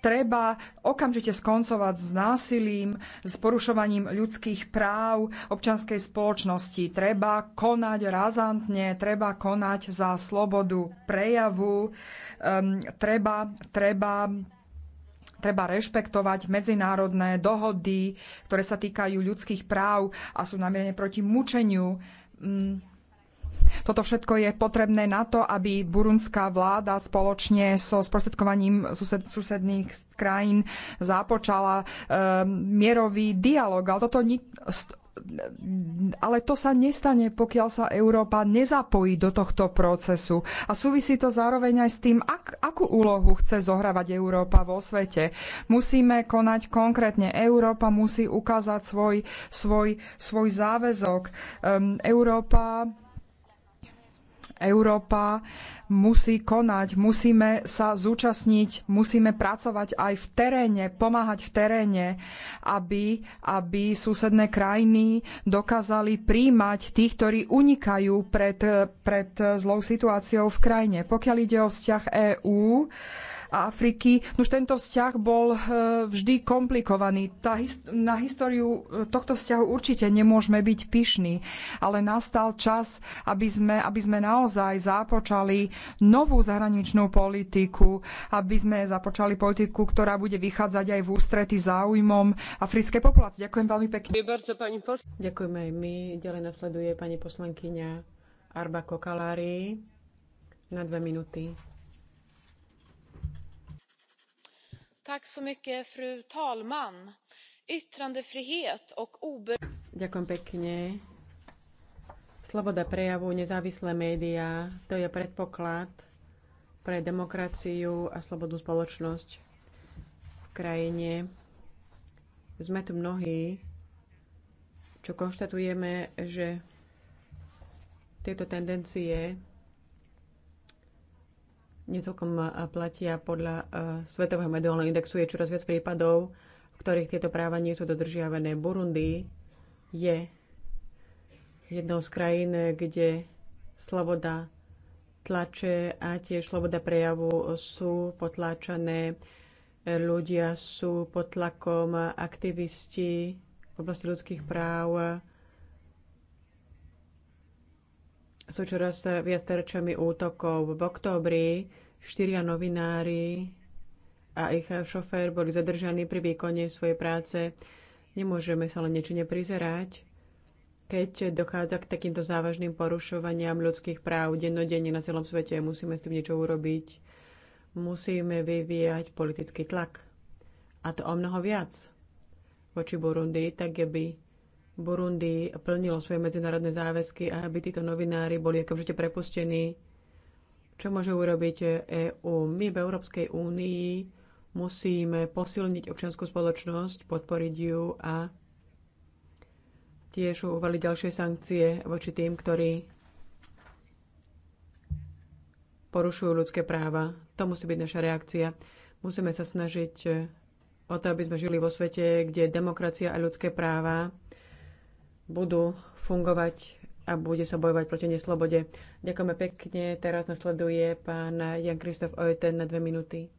Treba okamžite skoncovať s násilím, s porušovaním ľudských práv občanskej spoločnosti. Treba konať razantne, treba konať za slobodu prejavu, um, treba, treba treba rešpektovať medzinárodné dohody, ktoré sa týkajú ľudských práv a sú namierené proti mučeniu. Um, toto všetko je potrebné na to, aby burundská vláda spoločne so sprostredkovaním sused, susedných krajín započala eh, mierový dialog. Ale toto ni- ale to sa nestane, pokiaľ sa Európa nezapojí do tohto procesu. A súvisí to zároveň aj s tým, ak, akú úlohu chce zohrávať Európa vo svete. Musíme konať konkrétne. Európa musí ukázať svoj, svoj, svoj záväzok. Um, Európa Európa musí konať, musíme sa zúčastniť, musíme pracovať aj v teréne, pomáhať v teréne, aby, aby susedné krajiny dokázali príjmať tých, ktorí unikajú pred, pred zlou situáciou v krajine. Pokiaľ ide o vzťah EÚ, a Afriky. Už tento vzťah bol e, vždy komplikovaný. Tá, na históriu e, tohto vzťahu určite nemôžeme byť pyšní, ale nastal čas, aby sme, aby sme naozaj započali novú zahraničnú politiku, aby sme započali politiku, ktorá bude vychádzať aj v ústrety záujmom africkej populácie. Ďakujem veľmi pekne. Ďakujeme aj my. Ďalej nasleduje pani poslankyňa Arba Kokalári na dve minúty. fru talman! yttrandefrihet och Ďakujem pekne. Sloboda prejavu, nezávislé médiá, to je predpoklad pre demokraciu a slobodnú spoločnosť v krajine. Sme tu mnohí, čo konštatujeme, že tieto tendencie necelkom eh, platia. Podľa eh, Svetového mediálneho indexu je čoraz viac prípadov, v ktorých tieto práva nie sú dodržiavané. Burundi je jednou z krajín, kde sloboda tlače a tiež sloboda prejavu sú potláčané. Ľudia sú pod tlakom, aktivisti v oblasti ľudských práv sú čoraz viac terčami útokov. V októbri štyria novinári a ich šofér boli zadržaní pri výkone svojej práce. Nemôžeme sa len niečo neprizerať. keď dochádza k takýmto závažným porušovaniam ľudských práv dennodenne na celom svete. Musíme s tým niečo urobiť. Musíme vyvíjať politický tlak. A to o mnoho viac voči Burundi, tak aby Burundi plnilo svoje medzinárodné záväzky a aby títo novinári boli okamžite prepustení. Čo môže urobiť EÚ? My v Európskej únii musíme posilniť občianskú spoločnosť, podporiť ju a tiež uvali ďalšie sankcie voči tým, ktorí porušujú ľudské práva. To musí byť naša reakcia. Musíme sa snažiť o to, aby sme žili vo svete, kde demokracia a ľudské práva budú fungovať a bude sa bojovať proti neslobode. Ďakujeme pekne. Teraz nasleduje pán Jan Kristof Ojten na dve minúty.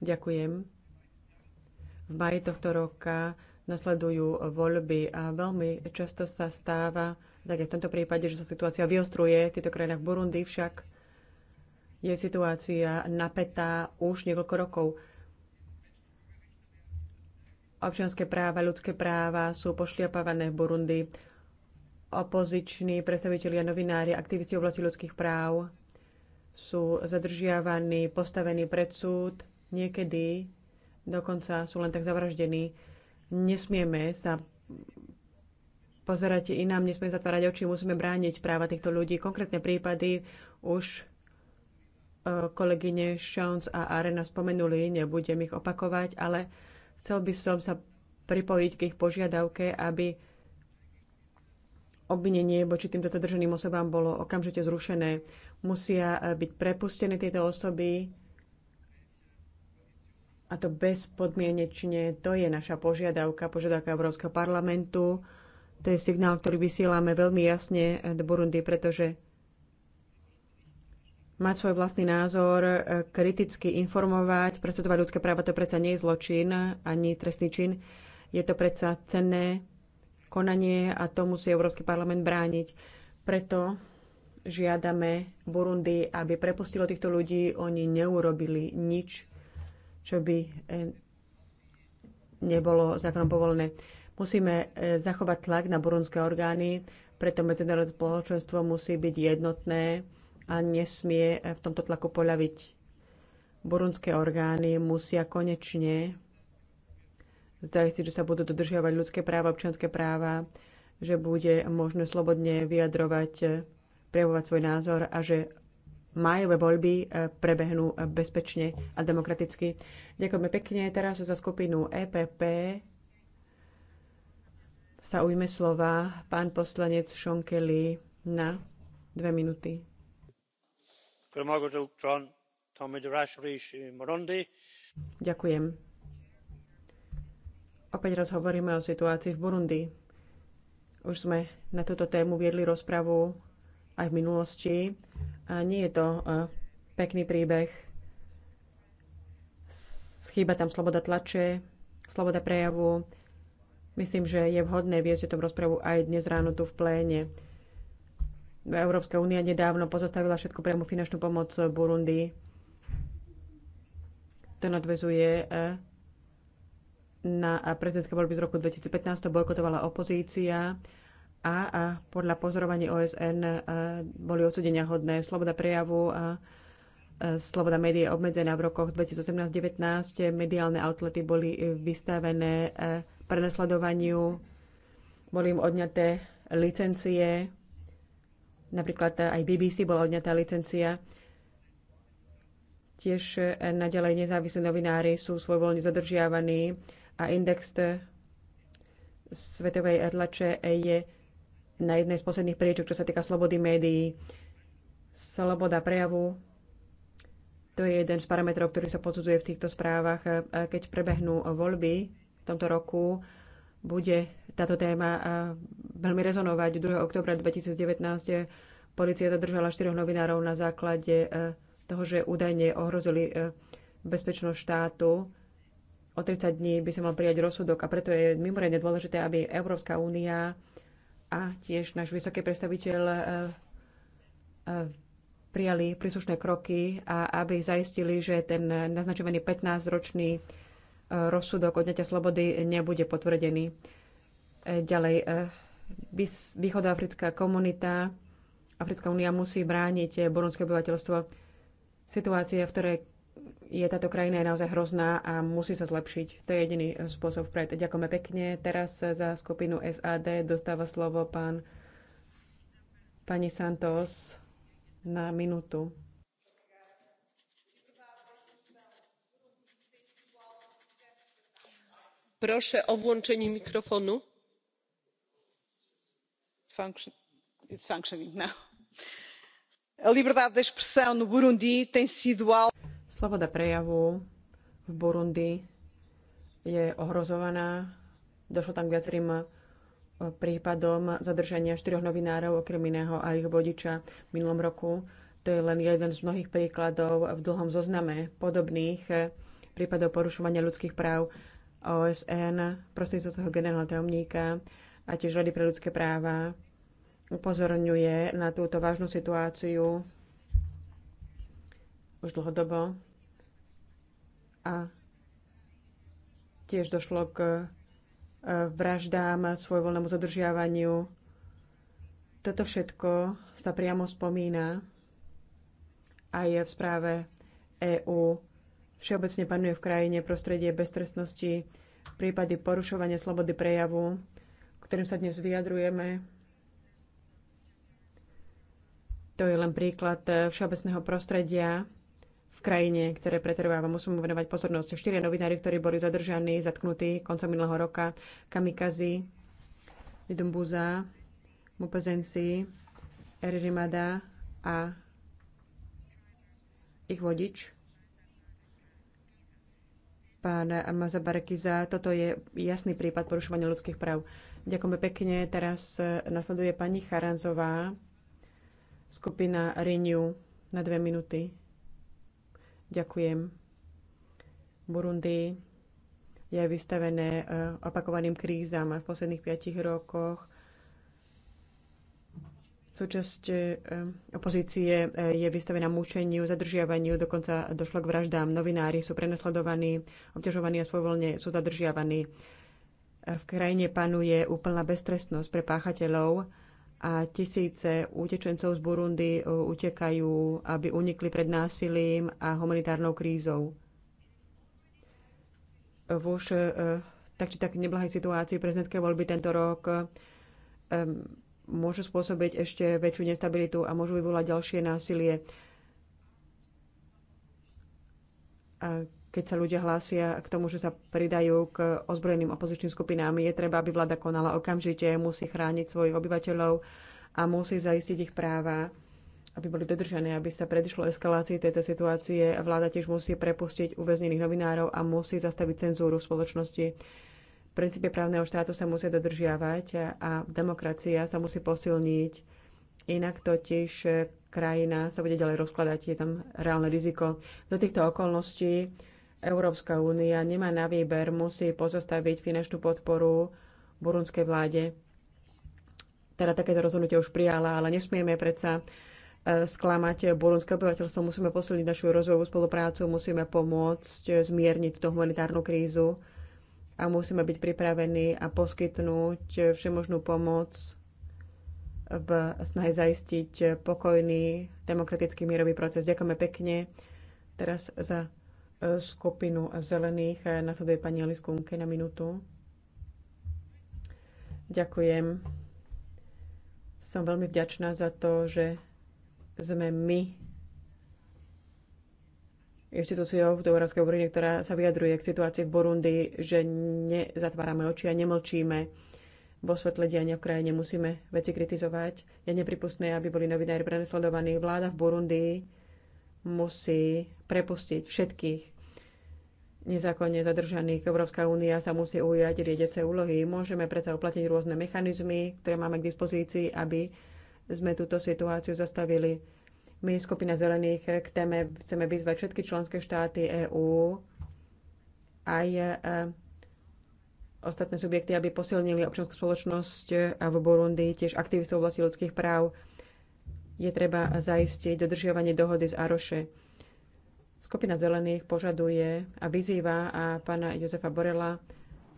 Ďakujem. V maji tohto roka nasledujú voľby a veľmi často sa stáva, tak aj v tomto prípade, že sa situácia vyostruje v týchto krajinách Burundi, však je situácia napätá už niekoľko rokov. Občianské práva, ľudské práva sú pošliapávané v Burundi. Opoziční predstavitelia, novinári, aktivisti v oblasti ľudských práv sú zadržiavaní, postavení pred súd, niekedy dokonca sú len tak zavraždení. Nesmieme sa pozerať inám, nesmieme zatvárať oči, musíme brániť práva týchto ľudí. Konkrétne prípady už e, kolegyne Šons a Arena spomenuli, nebudem ich opakovať, ale Chcel by som sa pripojiť k ich požiadavke, aby obvinenie voči týmto zadrženým osobám bolo okamžite zrušené. Musia eh, byť prepustené tieto osoby a to bezpodmienečne. To je naša požiadavka, požiadavka Európskeho parlamentu. To je signál, ktorý vysielame veľmi jasne eh, do Burundi, pretože mať svoj vlastný názor, e, kriticky informovať, predsudovať ľudské práva, to predsa nie je zločin ani trestný čin. Je to predsa cenné konanie a to musí Európsky parlament brániť. Preto žiadame Burundi, aby prepustilo týchto ľudí. Oni neurobili nič, čo by e, nebolo zákonom povolené. Musíme e, zachovať tlak na burundské orgány, preto medzinárodné spoločenstvo musí byť jednotné a nesmie eh, v tomto tlaku poľaviť. Burundské orgány musia konečne si, že sa budú dodržiavať ľudské práva, občianské práva, že bude možné slobodne vyjadrovať, eh, prejavovať svoj názor a že majové voľby eh, prebehnú bezpečne a demokraticky. Ďakujeme pekne. Teraz za skupinu EPP sa ujme slova pán poslanec Šonkeli na dve minúty. Ďakujem. Opäť raz hovoríme o situácii v Burundi. Už sme na túto tému viedli rozpravu aj v minulosti a nie je to e, pekný príbeh. Chýba tam sloboda tlače, sloboda prejavu. Myslím, že je vhodné viesť o tom rozpravu aj dnes ráno tu v pléne. Európska únia nedávno pozastavila všetku priamu finančnú pomoc Burundi. To nadvezuje e, na prezidentské voľby z roku 2015. To bojkotovala opozícia a, a podľa pozorovaní OSN e, boli odsudenia hodné. Sloboda prejavu a e, sloboda médií je obmedzená v rokoch 2018-19. Mediálne outlety boli vystavené prenasledovaniu, boli im odňaté licencie Napríklad eh, aj BBC bola odňatá licencia. Tiež eh, naďalej nezávislí novinári sú svojvoľne zadržiavaní a index eh, svetovej tlače je na jednej z posledných priečok, čo sa týka slobody médií. Sloboda prejavu, to je jeden z parametrov, ktorý sa podsudzuje v týchto správach. Keď prebehnú voľby v tomto roku, bude táto téma veľmi rezonovať. 2. oktobra 2019 e, policia zadržala štyroch novinárov na základe e, toho, že údajne ohrozili e, bezpečnosť štátu. O 30 dní by sa mal prijať rozsudok a preto je mimoriadne dôležité, aby Európska únia a tiež náš vysoký predstaviteľ prijali príslušné kroky a aby zaistili, že ten naznačovaný 15-ročný rozsudok odňatia slobody nebude potvrdený. E, ďalej, e, východoafrická komunita, Africká únia musí brániť e, burundské obyvateľstvo. Situácia, v ktorej je táto krajina je naozaj hrozná a musí sa zlepšiť. To je jediný spôsob vpred. Ďakujeme pekne. Teraz za skupinu SAD dostáva slovo pán pani Santos na minútu. Proszę o włączenie mikrofonu. No sloboda prejavu v burundi je ohrozovaná. Došlo tam k viacerým e, prípadom zadržania štyroch novinárov, okrem iného a ich vodiča v minulom roku. To je len jeden z mnohých príkladov v dlhom zozname podobných e, prípadov porušovania ľudských práv OSN, prostredníctvom svojho generálneho tajomníka a tiež Rady pre ľudské práva upozorňuje na túto vážnu situáciu už dlhodobo a tiež došlo k e, vraždám, svojvoľnému zadržiavaniu. Toto všetko sa priamo spomína a je v správe EÚ. Všeobecne panuje v krajine prostredie beztrestnosti, prípady porušovania slobody prejavu, ktorým sa dnes vyjadrujeme to je len príklad eh, všeobecného prostredia v krajine, ktoré pretrváva. Musím mu venovať pozornosť. Štyria novinári, ktorí boli zadržaní, zatknutí koncom minulého roka. Kamikazi, Idumbuza, Mupezenci, Eririmada a ich vodič, pán Mazabarkiza. Toto je jasný prípad porušovania ľudských práv. Ďakujeme pekne. Teraz eh, nasleduje pani Charanzová. Skupina Renew na dve minuty. Ďakujem. Burundi je vystavené e, opakovaným krízam v posledných piatich rokoch. Súčasť e, opozície e, je vystavená mučeniu, zadržiavaniu, dokonca došlo k vraždám. Novinári sú prenasledovaní, obťažovaní a svojvoľne sú zadržiavaní. V krajine panuje úplná beztrestnosť pre páchateľov a tisíce utečencov z Burundi e, utekajú, aby unikli pred násilím a humanitárnou krízou. V už e, tak či tak neblahej situácii prezidentské voľby tento rok e, môžu spôsobiť ešte väčšiu nestabilitu a môžu vyvolať ďalšie násilie keď sa ľudia hlásia k tomu, že sa pridajú k ozbrojeným opozičným skupinám. Je treba, aby vláda konala okamžite, musí chrániť svojich obyvateľov a musí zaistiť ich práva, aby boli dodržané, aby sa predišlo eskalácii tejto situácie. Vláda tiež musí prepustiť uväznených novinárov a musí zastaviť cenzúru v spoločnosti. V princípe právneho štátu sa musia dodržiavať a demokracia sa musí posilniť. Inak totiž krajina sa bude ďalej rozkladať, je tam reálne riziko. Za týchto okolností Európska únia nemá na výber, musí pozastaviť finančnú podporu burundskej vláde. Teda takéto rozhodnutie už prijala, ale nesmieme predsa e, sklamať burundské obyvateľstvo. Musíme posilniť našu rozvojovú spoluprácu, musíme pomôcť e, zmierniť tú humanitárnu krízu a musíme byť pripravení a poskytnúť všemožnú pomoc v snahe zaistiť pokojný demokratický mierový proces. Ďakujeme pekne teraz za skupinu zelených. Nasleduje pani Alice Kunke na minútu. Ďakujem. Som veľmi vďačná za to, že sme my inštitúciou v Európskej únie, ktorá sa vyjadruje k situácii v Burundi, že nezatvárame oči a nemlčíme vo svetle diania v krajine musíme veci kritizovať. Je nepripustné, aby boli novinári prenesledovaní. Vláda v Burundi musí prepustiť všetkých nezákonne zadržaných. Európska únia sa musí ujať riedece úlohy. Môžeme preto uplatniť rôzne mechanizmy, ktoré máme k dispozícii, aby sme túto situáciu zastavili. My, skupina zelených, k téme chceme vyzvať všetky členské štáty EÚ aj e, ostatné subjekty, aby posilnili občianskú spoločnosť v Burundi, tiež aktivistov v oblasti ľudských práv, je treba zaistiť dodržiavanie dohody z Aroše. Skupina zelených požaduje a vyzýva a pána Jozefa Borela,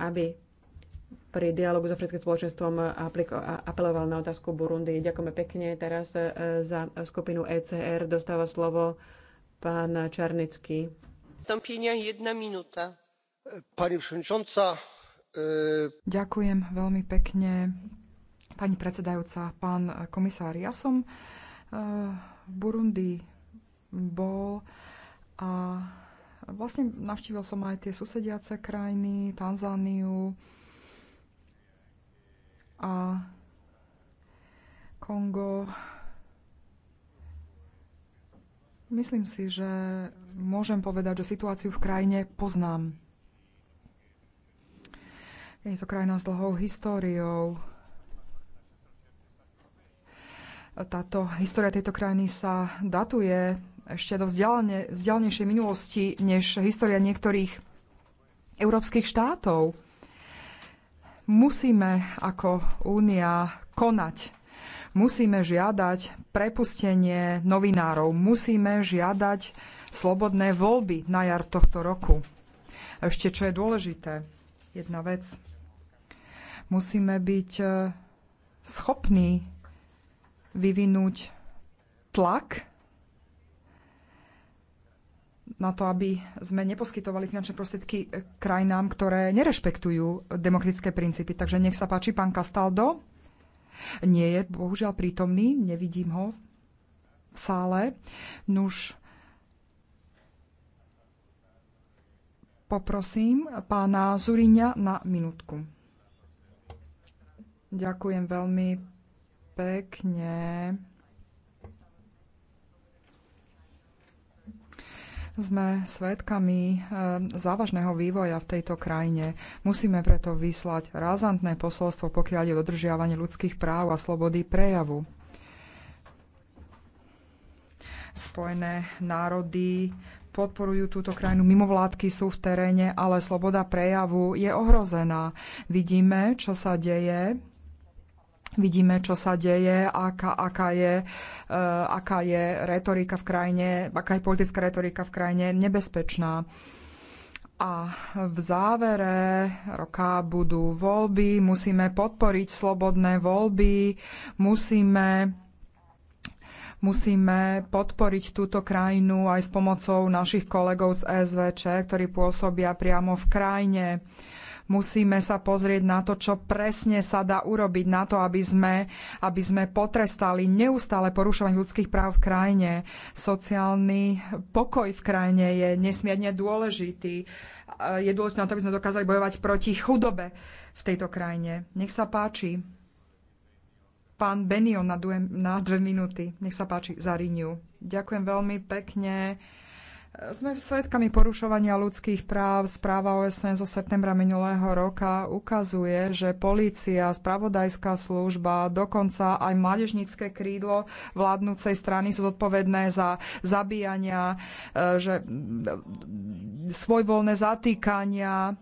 aby pri dialogu s africkým spoločenstvom apeloval na otázku Burundi. Ďakujeme pekne. Teraz e, za skupinu ECR dostáva slovo pán Čarnický. Vstąpienia jedna minúta. Pani przewodnicząca. E, Ďakujem veľmi pekne. Pani predsedajúca, pán komisár, ja som v eh, Burundi bol a vlastne navštívil som aj tie susediace krajiny, Tanzániu a Kongo. Myslím si, že môžem povedať, že situáciu v krajine poznám. Je to krajina s dlhou históriou, táto história tejto krajiny sa datuje ešte do vzdialne, vzdialnejšej minulosti než história niektorých európskych štátov. Musíme ako únia konať. Musíme žiadať prepustenie novinárov. Musíme žiadať slobodné voľby na jar tohto roku. A Ešte čo je dôležité, jedna vec. Musíme byť eh, schopní vyvinúť tlak na to, aby sme neposkytovali finančné prostriedky krajinám, ktoré nerešpektujú demokratické princípy. Takže nech sa páči, pán Castaldo. Nie je bohužiaľ prítomný, nevidím ho v sále. Nuž, poprosím pána Zuriňa na minútku. Ďakujem veľmi, pekne. Sme svedkami eh, závažného vývoja v tejto krajine. Musíme preto vyslať razantné posolstvo, pokiaľ je dodržiavanie ľudských práv a slobody prejavu. Spojené národy podporujú túto krajinu. Mimovládky sú v teréne, ale sloboda prejavu je ohrozená. Vidíme, čo sa deje Vidíme, čo sa deje, aká, aká, je, uh, aká je retorika v krajine, aká je politická retorika v krajine nebezpečná. A v závere roka budú voľby, musíme podporiť slobodné voľby, musíme musíme podporiť túto krajinu aj s pomocou našich kolegov z SVČ, ktorí pôsobia priamo v krajine. Musíme sa pozrieť na to, čo presne sa dá urobiť na to, aby sme, aby sme potrestali neustále porušovanie ľudských práv v krajine. Sociálny pokoj v krajine je nesmierne dôležitý. Je dôležité na to, aby sme dokázali bojovať proti chudobe v tejto krajine. Nech sa páči. Pán Benio na, dve, na dve minúty. Nech sa páči, za Riniu. Ďakujem veľmi pekne. Sme svedkami porušovania ľudských práv. Správa OSN zo septembra minulého roka ukazuje, že polícia, spravodajská služba, dokonca aj mládežnícke krídlo vládnúcej strany sú zodpovedné za zabíjania, e, že svojvoľné zatýkania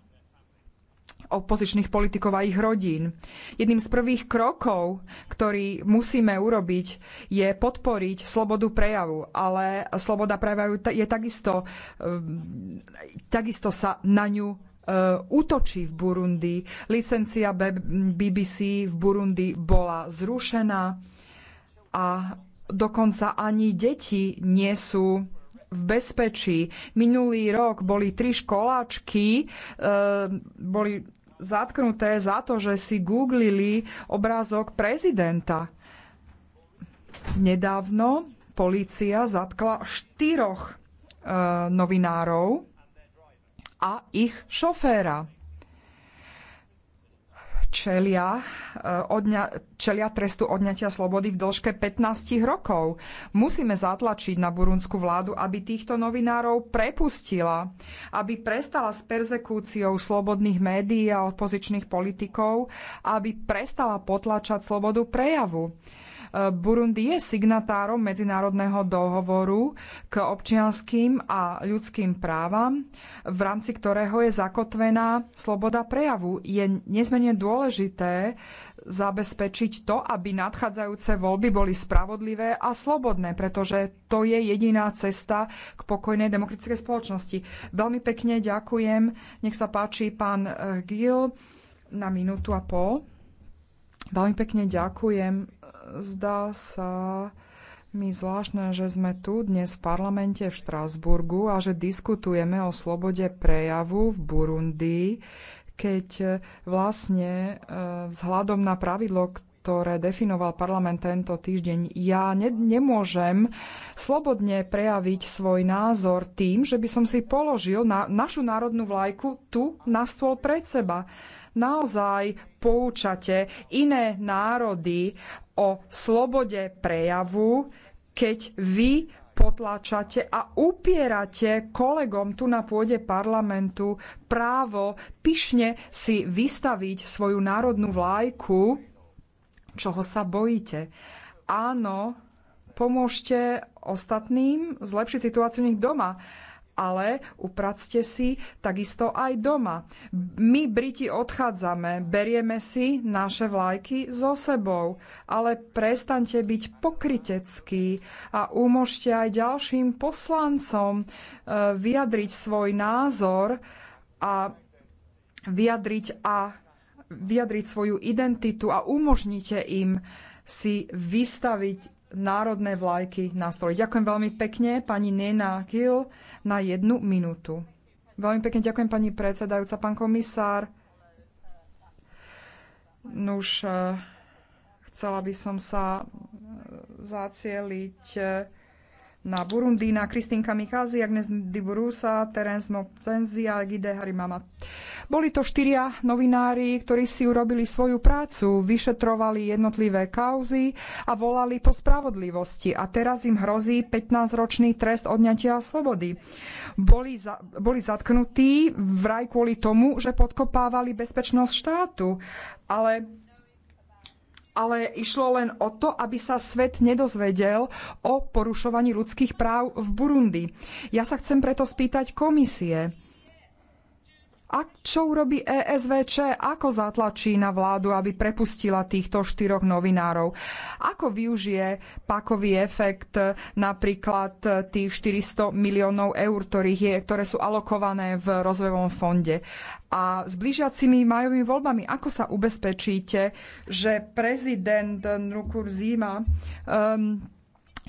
opozičných politikov a ich rodín. Jedným z prvých krokov, ktorý musíme urobiť, je podporiť slobodu prejavu, ale sloboda prejavu je takisto, ehm, takisto sa na ňu ehm, útočí v Burundi. Licencia BBC v Burundi bola zrušená a dokonca ani deti nie sú v bezpečí. Minulý rok boli tri školáčky, ehm, boli zatknuté za to, že si googlili obrázok prezidenta. Nedávno policia zatkla štyroch e, novinárov a ich šoféra čelia, e, odňa, čelia trestu odňatia slobody v dĺžke 15 rokov. Musíme zatlačiť na burundskú vládu, aby týchto novinárov prepustila, aby prestala s perzekúciou slobodných médií a opozičných politikov, aby prestala potlačať slobodu prejavu. Burundi je signatárom medzinárodného dohovoru k občianským a ľudským právam, v rámci ktorého je zakotvená sloboda prejavu. Je nezmene dôležité zabezpečiť to, aby nadchádzajúce voľby boli spravodlivé a slobodné, pretože to je jediná cesta k pokojnej demokratickej spoločnosti. Veľmi pekne ďakujem. Nech sa páči pán eh, Gil na minútu a pol. Veľmi pekne ďakujem zdá sa mi zvláštne, že sme tu dnes v parlamente v Štrásburgu a že diskutujeme o slobode prejavu v Burundi, keď vlastne e, vzhľadom na pravidlo, ktoré definoval parlament tento týždeň. Ja ne, nemôžem slobodne prejaviť svoj názor tým, že by som si položil na, našu národnú vlajku tu na stôl pred seba naozaj poučate iné národy o slobode prejavu, keď vy potláčate a upierate kolegom tu na pôde parlamentu právo pyšne si vystaviť svoju národnú vlajku, čoho sa bojíte. Áno, pomôžte ostatným zlepšiť situáciu nich doma ale upracte si takisto aj doma. My Briti odchádzame, berieme si naše vlajky so sebou, ale prestante byť pokriteckí a umožte aj ďalším poslancom eh, vyjadriť svoj názor a vyjadriť a vyjadriť svoju identitu a umožnite im si vystaviť národné vlajky na stoli. Ďakujem veľmi pekne pani Nena Gil na jednu minútu. Veľmi pekne ďakujem pani predsedajúca, pán komisár. Nuž, eh, chcela by som sa eh, zacieliť eh, na na Kristinka Mikázy, Agnes Diburusa, Terence a Gide Harimama. Boli to štyria novinári, ktorí si urobili svoju prácu, vyšetrovali jednotlivé kauzy a volali po spravodlivosti. A teraz im hrozí 15-ročný trest odňatia slobody. Boli, za, boli zatknutí vraj kvôli tomu, že podkopávali bezpečnosť štátu. Ale ale išlo len o to, aby sa svet nedozvedel o porušovaní ľudských práv v Burundi. Ja sa chcem preto spýtať komisie, a čo urobí ESVČ? Ako zatlačí na vládu, aby prepustila týchto štyroch novinárov? Ako využije pakový efekt napríklad tých 400 miliónov eur, ktorých je, ktoré sú alokované v rozvojovom fonde? A s blížiacimi majovými voľbami, ako sa ubezpečíte, že prezident Zima um,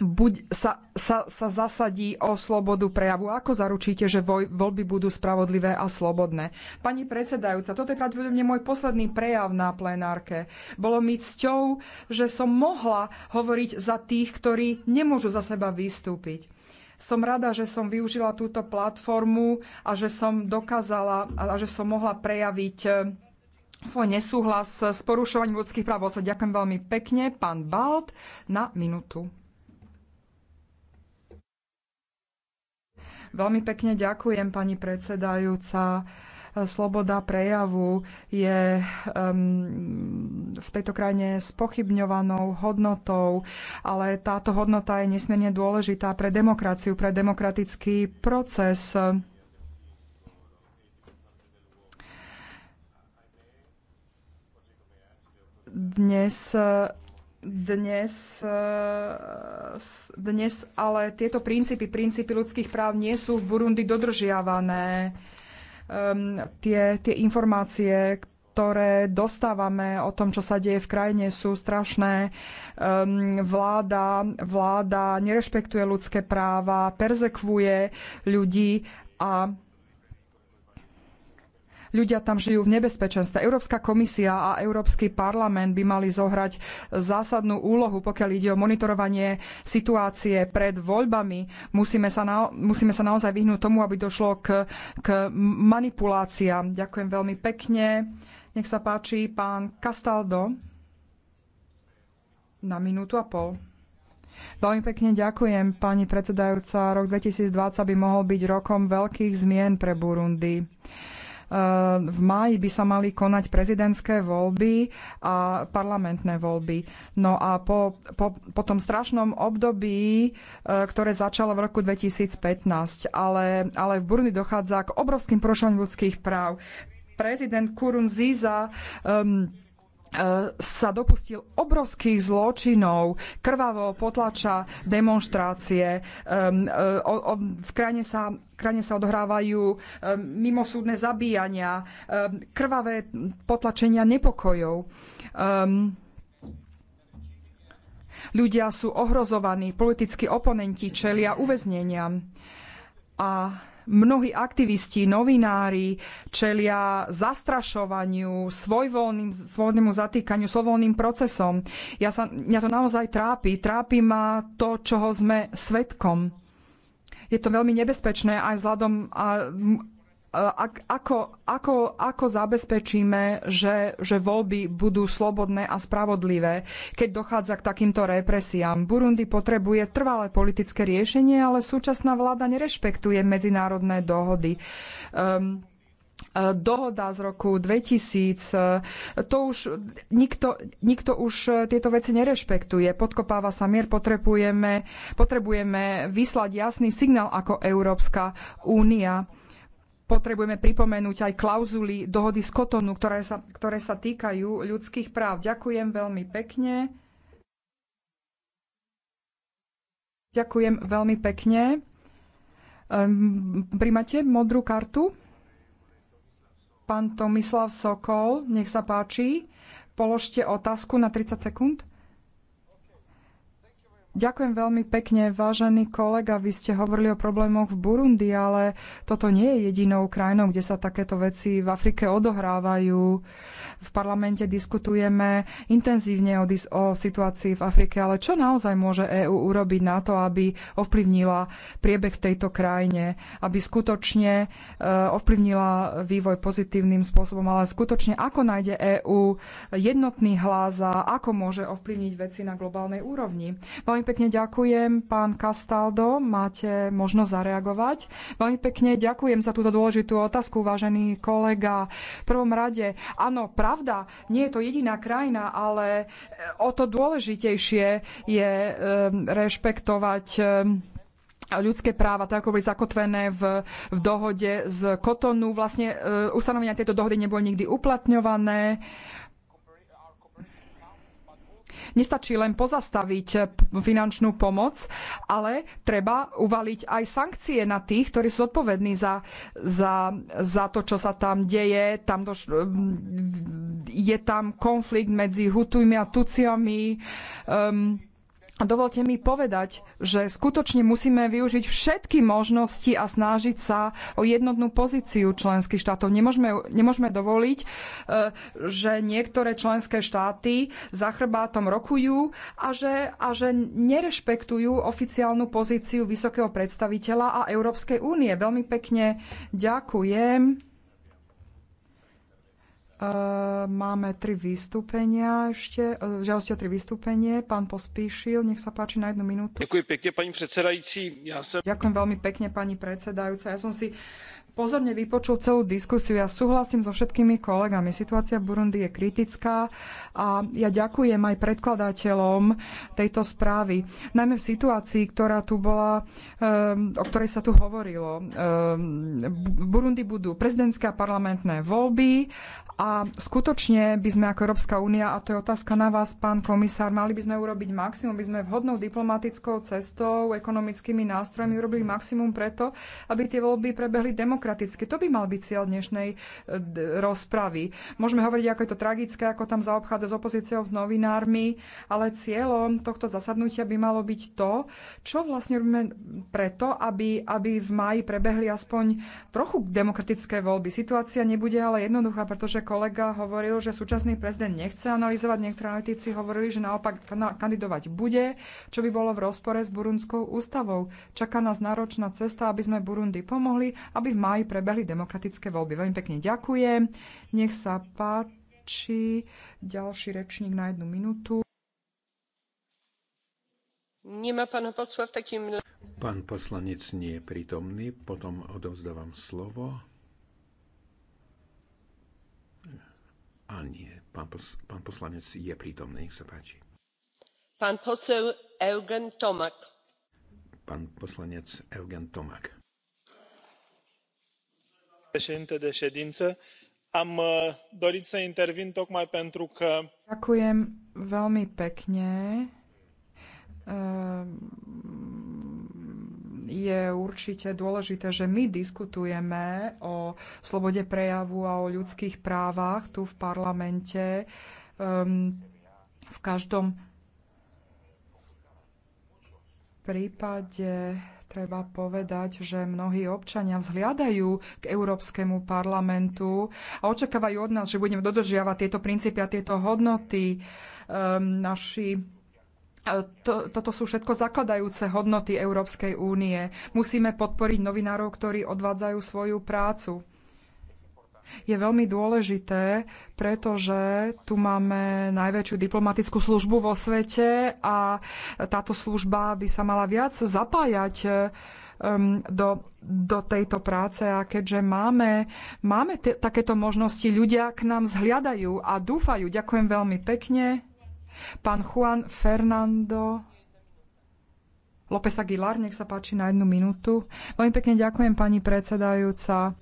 buď sa, sa, sa zasadí o slobodu prejavu? Ako zaručíte, že voj, voľby budú spravodlivé a slobodné? Pani predsedajúca, toto je pravdepodobne môj posledný prejav na plenárke. Bolo mi cťou, že som mohla hovoriť za tých, ktorí nemôžu za seba vystúpiť. Som rada, že som využila túto platformu a že som dokázala a že som mohla prejaviť e, svoj nesúhlas s porušovaním ľudských práv. Ďakujem veľmi pekne, pán Balt, na minútu. Veľmi pekne ďakujem, pani predsedajúca sloboda prejavu je um, v tejto krajine spochybňovanou hodnotou, ale táto hodnota je nesmierne dôležitá pre demokraciu, pre demokratický proces. Dnes dnes, eh, dnes ale tieto princípy, princípy ľudských práv nie sú v Burundi dodržiavané. Um, tie, tie informácie, ktoré dostávame o tom, čo sa deje v krajine, sú strašné. Um, vláda, vláda nerešpektuje ľudské práva, perzekvuje ľudí a Ľudia tam žijú v nebezpečenstve. Európska komisia a Európsky parlament by mali zohrať zásadnú úlohu, pokiaľ ide o monitorovanie situácie pred voľbami. Musíme sa, na, musíme sa naozaj vyhnúť tomu, aby došlo k, k manipuláciám. Ďakujem veľmi pekne. Nech sa páči pán Castaldo na minútu a pol. Veľmi pekne ďakujem, pani predsedajúca. Rok 2020 by mohol byť rokom veľkých zmien pre Burundi. V máji by sa mali konať prezidentské voľby a parlamentné voľby. No a po, po, po tom strašnom období, e, ktoré začalo v roku 2015, ale, ale v Burni dochádza k obrovským porušovaniu ľudských práv. Prezident Ziza um, E, sa dopustil obrovských zločinov, krvavo potlača demonstrácie, e, e, v krajine sa, krajine sa odohrávajú mimosúdne zabíjania, krvavé potlačenia nepokojov. Ehm, ľudia sú ohrozovaní, politickí oponenti čelia uväzneniam. A Mnohí aktivisti, novinári čelia zastrašovaniu, svojvoľným, svojvoľnému zatýkaniu, svojvoľným procesom. Ja sa, mňa to naozaj trápi. Trápi ma to, čoho sme svetkom. Je to veľmi nebezpečné aj vzhľadom a ako, ako, ako zabezpečíme, že, že voľby budú slobodné a spravodlivé, keď dochádza k takýmto represiám. Burundi potrebuje trvalé politické riešenie, ale súčasná vláda nerešpektuje medzinárodné dohody. Um, dohoda z roku 2000, e, to už nikto, nikto už e, tieto veci nerešpektuje. Podkopáva sa mier, potrebujeme, potrebujeme vyslať jasný signál ako Európska únia potrebujeme pripomenúť aj klauzuly dohody z Kotonu, ktoré sa, ktoré sa týkajú ľudských práv. Ďakujem veľmi pekne. Ďakujem veľmi pekne. Um, ehm, primate modrú kartu? Pán Tomislav Sokol, nech sa páči. Položte otázku na 30 sekúnd. Ďakujem veľmi pekne, vážený kolega. Vy ste hovorili o problémoch v Burundi, ale toto nie je jedinou krajinou, kde sa takéto veci v Afrike odohrávajú. V parlamente diskutujeme intenzívne o, o situácii v Afrike, ale čo naozaj môže EÚ urobiť na to, aby ovplyvnila priebeh tejto krajine, aby skutočne e, ovplyvnila vývoj pozitívnym spôsobom, ale skutočne ako nájde EÚ jednotný hlas a ako môže ovplyvniť veci na globálnej úrovni. Veľmi pekne ďakujem, pán Castaldo. Máte možnosť zareagovať. Veľmi pekne ďakujem za túto dôležitú otázku, vážený kolega. V prvom rade, áno, pravda, nie je to jediná krajina, ale e, o to dôležitejšie je e, rešpektovať e, ľudské práva, tak ako boli zakotvené v, v dohode z Kotonu. Vlastne e, ustanovenia tejto dohody neboli nikdy uplatňované. E, Nestačí len pozastaviť finančnú pomoc, ale treba uvaliť aj sankcie na tých, ktorí sú odpovední za, za, za to, čo sa tam deje. Tam doš- je tam konflikt medzi Hutujmi a Tuciami. Um, a Dovolte mi povedať, že skutočne musíme využiť všetky možnosti a snažiť sa o jednotnú pozíciu členských štátov. Nemôžeme, nemôžeme dovoliť, eh, že niektoré členské štáty za chrbátom rokujú a že, a že nerešpektujú oficiálnu pozíciu vysokého predstaviteľa a Európskej únie. Veľmi pekne ďakujem. Ehm, máme tri vystúpenia ešte, e, žiadosti o tri vystúpenie. Pán Pospíšil, nech sa páči na jednu minútu. Ďakujem pekne, pani predsedajúci. Ja som... Ďakujem veľmi pekne, pani predsedajúca. Ja som si pozorne vypočul celú diskusiu. Ja súhlasím so všetkými kolegami. Situácia v Burundi je kritická a ja ďakujem aj predkladateľom tejto správy. Najmä v situácii, ktorá tu bola, ehm, o ktorej sa tu hovorilo. Ehm, Burundi budú prezidentské a parlamentné voľby a skutočne by sme ako Európska únia, a to je otázka na vás, pán komisár, mali by sme urobiť maximum, by sme vhodnou diplomatickou cestou, ekonomickými nástrojmi urobili maximum preto, aby tie voľby prebehli demokraticky demokratické. To by mal byť cieľ dnešnej e, rozpravy. Môžeme hovoriť, ako je to tragické, ako tam zaobchádza s opozíciou, s novinármi, ale cieľom tohto zasadnutia by malo byť to, čo vlastne robíme preto, aby, aby v maji prebehli aspoň trochu demokratické voľby. Situácia nebude ale jednoduchá, pretože kolega hovoril, že súčasný prezident nechce analyzovať. Niektorí analytici hovorili, že naopak kandidovať bude, čo by bolo v rozpore s burundskou ústavou. Čaká nás náročná cesta, aby sme Burundi pomohli, aby v maji máji prebehli demokratické voľby. Veľmi pekne ďakujem. Nech sa páči. Ďalší rečník na jednu minútu. Nemá pána posla v takým... Pán poslanec nie je prítomný, potom odovzdávam slovo. A nie, pán, pos, pán poslanec je prítomný, nech sa páči. Pán posel Eugen Tomak. Pán poslanec Eugen Tomak președintă de ședință am uh, dorit să intervin tocmai pentru că. Ďakujem veľmi pekne. Ehm, je určite dôležité, že my diskutujeme o slobode prejavu a o ľudských právach tu v parlamente. Ehm, v každom prípade treba povedať, že mnohí občania vzhliadajú k Európskemu parlamentu a očakávajú od nás, že budeme dodržiavať tieto princípy a tieto hodnoty. Um, naši e, to, toto sú všetko zakladajúce hodnoty Európskej únie. Musíme podporiť novinárov, ktorí odvádzajú svoju prácu je veľmi dôležité, pretože tu máme najväčšiu diplomatickú službu vo svete a táto služba by sa mala viac zapájať um, do, do tejto práce a keďže máme, máme te, takéto možnosti, ľudia k nám zhliadajú a dúfajú. Ďakujem veľmi pekne. Pán Juan Fernando. López Aguilar, nech sa páči na jednu minútu. Veľmi pekne ďakujem, pani predsedajúca.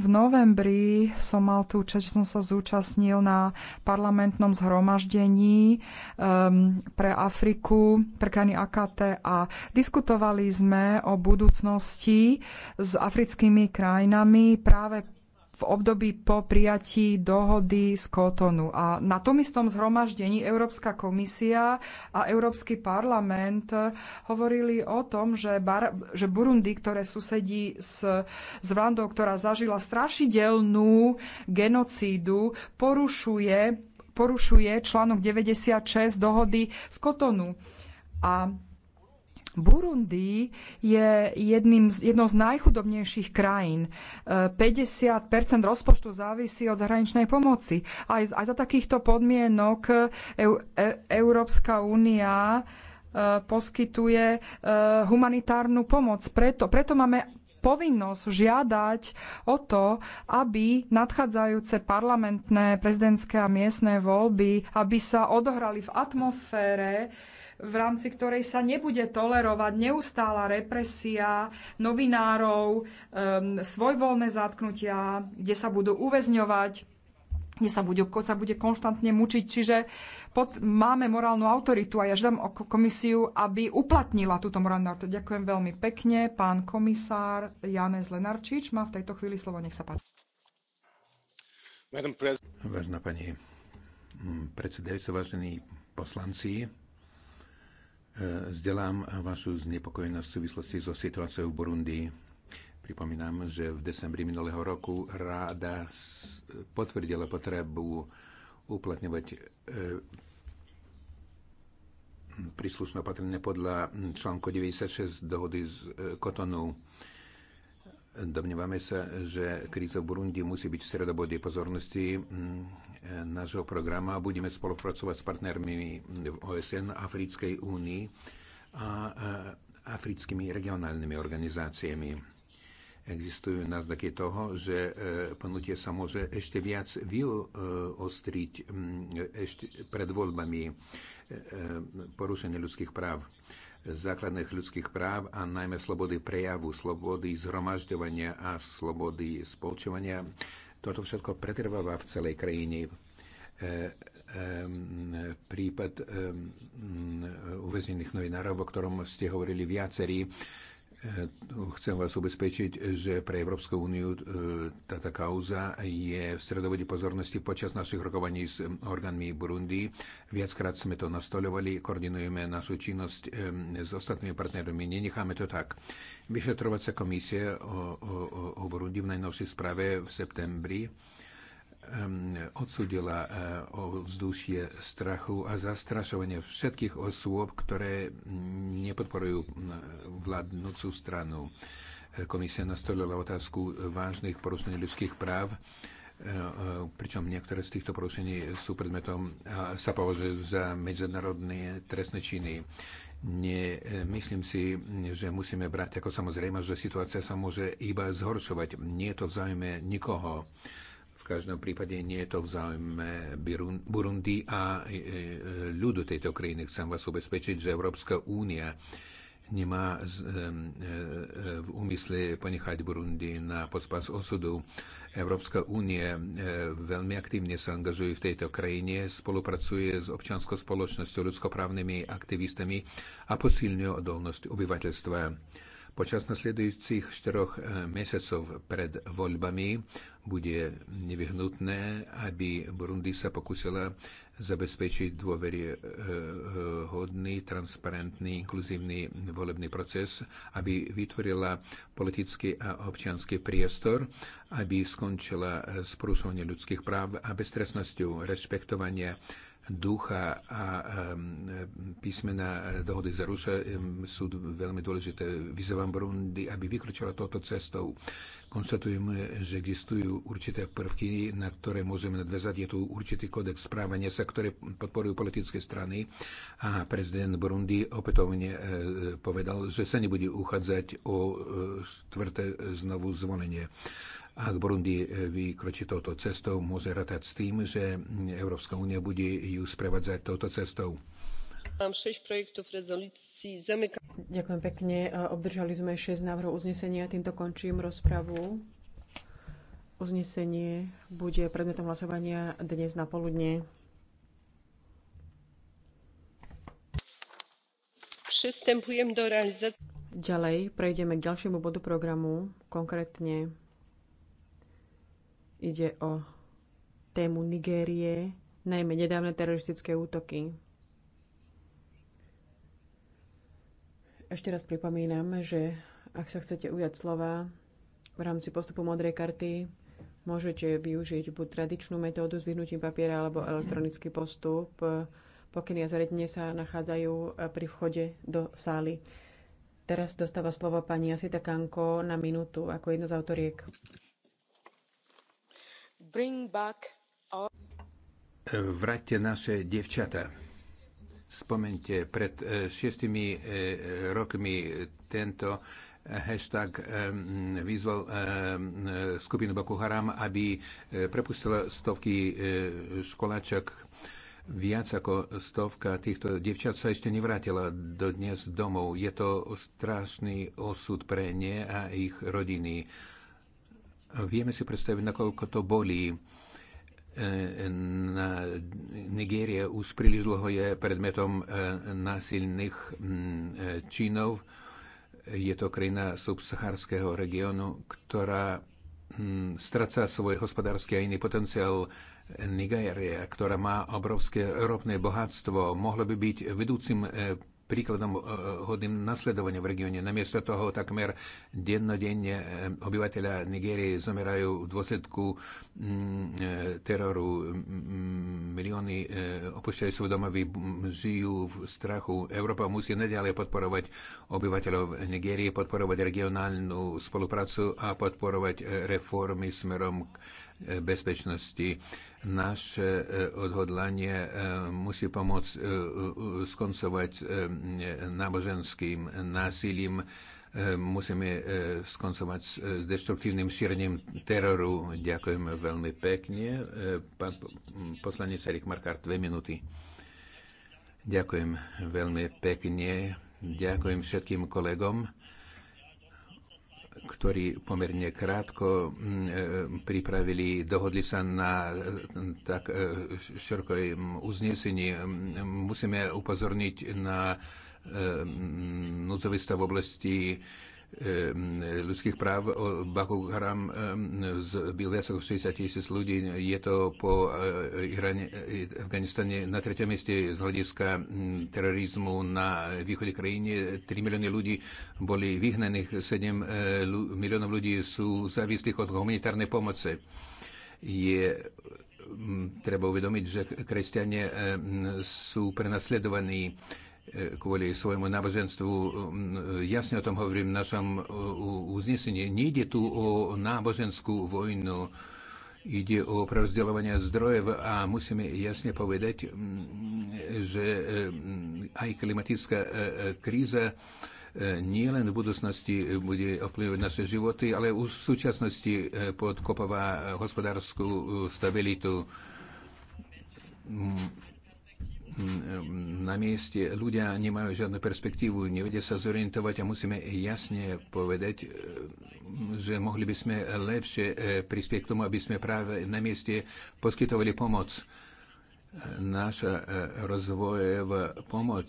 V novembri som mal tú čas, že som sa zúčastnil na parlamentnom zhromaždení um, pre Afriku, pre krajiny AKT a diskutovali sme o budúcnosti s africkými krajinami práve v období po prijatí dohody z Kotonu. A na tom istom zhromaždení Európska komisia a Európsky parlament hovorili o tom, že, Bar- že Burundi, ktoré susedí s, s Rwandou, ktorá zažila strašidelnú genocídu, porušuje, porušuje článok 96 dohody z Kotonu. A Burundi je jedným z, jednou z najchudobnejších krajín. 50 e, rozpočtu závisí od zahraničnej pomoci. Aj, aj za takýchto podmienok e, e, Európska únia poskytuje humanitárnu pomoc. Preto, preto máme povinnosť žiadať o to, aby nadchádzajúce parlamentné, prezidentské a miestne voľby, aby sa odohrali v atmosfére, v rámci ktorej sa nebude tolerovať neustála represia novinárov, um, svojvoľné zatknutia, kde sa budú uväzňovať kde sa bude, sa bude konštantne mučiť. Čiže pod, máme morálnu autoritu a ja žiadam o komisiu, aby uplatnila túto morálnu autoritu. Ďakujem veľmi pekne. Pán komisár Janez Lenarčič má v tejto chvíli slovo. Nech sa páči. Vážená pani mm, predsedajúca, vážení poslanci, Zdelám vašu znepokojenosť v súvislosti so situáciou v Burundi. Pripomínam, že v decembri minulého roku ráda potvrdila potrebu uplatňovať e, príslušné opatrenie podľa článku 96 dohody z e, Kotonu. Domnievame sa, že kríza v Burundi musí byť v stredobode pozornosti nášho programu a budeme spolupracovať s partnermi v OSN, Africkej únii a africkými regionálnymi organizáciami. Existujú náznaky toho, že e, ponutie sa môže ešte viac vyostriť ešte pred voľbami e, e, porušenie ľudských práv základných ľudských práv a najmä slobody prejavu, slobody zhromažďovania a slobody spolčovania toto všetko pretrváva v celej krajine. E, e, Prípad e, uväznených novinárov, o ktorom ste hovorili viacerí, Chcem vás ubezpečiť, že pre Európsku úniu e, táto kauza je v stredovode pozornosti počas našich rokovaní s orgánmi Burundi. Viackrát sme to nastoľovali, koordinujeme našu činnosť e, s ostatnými partnermi, nenecháme to tak. Vyšetrovacia komisia o, o, o Burundi v najnovšej správe v septembri odsudila e, o vzdušie strachu a zastrašovanie všetkých osôb, ktoré nepodporujú vládnúcu stranu. E, komisia nastolila otázku vážnych porušení ľudských práv, e, pričom niektoré z týchto porušení sú predmetom sa považujú za medzinárodné trestné činy. Nie, myslím si, že musíme brať ako samozrejme, že situácia sa môže iba zhoršovať. Nie je to v záujme nikoho. V každom prípade nie je to v záujme Burundi a e, e, ľudu tejto krajiny. Chcem vás ubezpečiť, že Európska únia nemá e, v úmysle ponechať Burundi na pospas osudu. Európska únie veľmi aktívne sa angažuje v tejto krajine, spolupracuje s občianskou spoločnosťou, ľudskoprávnymi aktivistami a posilňuje odolnosť obyvateľstva. Počas nasledujúcich štyroch mesiacov pred voľbami bude nevyhnutné, aby Burundi sa pokusila zabezpečiť dôveryhodný, eh, eh, transparentný, inkluzívny volebný proces, aby vytvorila politický a občianský priestor, aby skončila s prúsovanie ľudských práv a beztrestnosťou rešpektovania ducha a písmena e, dohody z Ruša sú veľmi dôležité. Vyzývam Burundi, aby vykročila touto cestou. Konštatujeme, že existujú určité prvky, na ktoré môžeme nadvezať. Je tu určitý kódex správania sa, ktoré podporujú politické strany. A prezident Burundi opätovne e, povedal, že sa nebude uchádzať o e, štvrté znovu zvolenie. Ak Burundi e, vykročí touto cestou, môže ratať s tým, že Európska únia bude ju sprevádzať touto cestou. Ďakujem pekne. E, obdržali sme 6 návrhov uznesenia. Týmto končím rozpravu. Uznesenie bude predmetom hlasovania dnes na poludne. Ďalej prejdeme k ďalšiemu bodu programu, konkrétne Ide o tému Nigérie, najmä nedávne teroristické útoky. Ešte raz pripomínam, že ak sa chcete ujať slova v rámci postupu modrej karty, môžete využiť buď tradičnú metódu s vyhnutím papiera alebo elektronický postup. Pokyny a zariadenie sa nachádzajú e, pri vchode do sály. Teraz dostáva slovo pani Asita Kanko na minútu ako jedna z autoriek. Vráťte naše devčata. Spomente, pred e, šiestimi e, e, rokmi tento hashtag vyzval skupinu Boko Haram, aby prepustila stovky školáčok. Viac ako stovka týchto devčat sa ešte nevrátila do dnes domov. Je to strašný osud pre ne a ich rodiny. Vieme si predstaviť, nakoľko to bolí. E, na Nigéria už príliš dlho je predmetom e, násilných e, činov. Je to krajina subsahárskeho regiónu, ktorá straca svoj hospodársky a iný potenciál Nigérie, ktorá má obrovské ropné bohatstvo, mohlo by byť vedúcim príkladom eh, hodným nasledovania v regióne. Namiesto toho takmer dennodenne eh, obyvateľa Nigérie zomerajú v dôsledku mm, eh, teroru. Mm, milióny opúšťajú svoj domovy, žijú v strachu. Európa musí naďalej podporovať obyvateľov Nigérie, podporovať regionálnu spoluprácu a podporovať reformy smerom k bezpečnosti. Naše e, odhodlanie e, musí pomôcť e, skoncovať náboženským násilím, musíme skoncovať s destruktívnym šírením teroru. Ďakujeme veľmi pekne. Pán poslanec Erik Markár, dve minúty. Ďakujem veľmi pekne. Ďakujem všetkým kolegom ktorí pomerne krátko mm, e, pripravili, dohodli sa na e, tak e, širokej uznesení. Musíme upozorniť na núdzový stav v oblasti Ehm, ľudských práv. Baku Haram ehm, byl viac ako 60 tisíc ľudí. Je to po eh, Irane, eh, Afganistane na tretom mieste z hľadiska hm, terorizmu na východe krajiny. 3 milióny ľudí boli vyhnaných, 7 eh, miliónov ľudí sú závislých od humanitárnej pomoci. Je hm, treba uvedomiť, že kresťania ehm, sú prenasledovaní kvôli svojmu náboženstvu. Mm, jasne o tom hovorím v našom uznesení. Nejde tu o náboženskú vojnu, ide o prerozdeľovanie zdrojev a musíme jasne povedať, mm, že mm, aj klimatická e, e, kríza e, nie len v budúcnosti bude ovplyvňovať naše životy, ale už v súčasnosti podkopová hospodárskú stabilitu na mieste ľudia nemajú žiadnu perspektívu, nevedia sa zorientovať a musíme jasne povedať, e, že mohli by sme lepšie e, prispieť k tomu, aby sme práve na mieste poskytovali pomoc naša e, rozvojová pomoc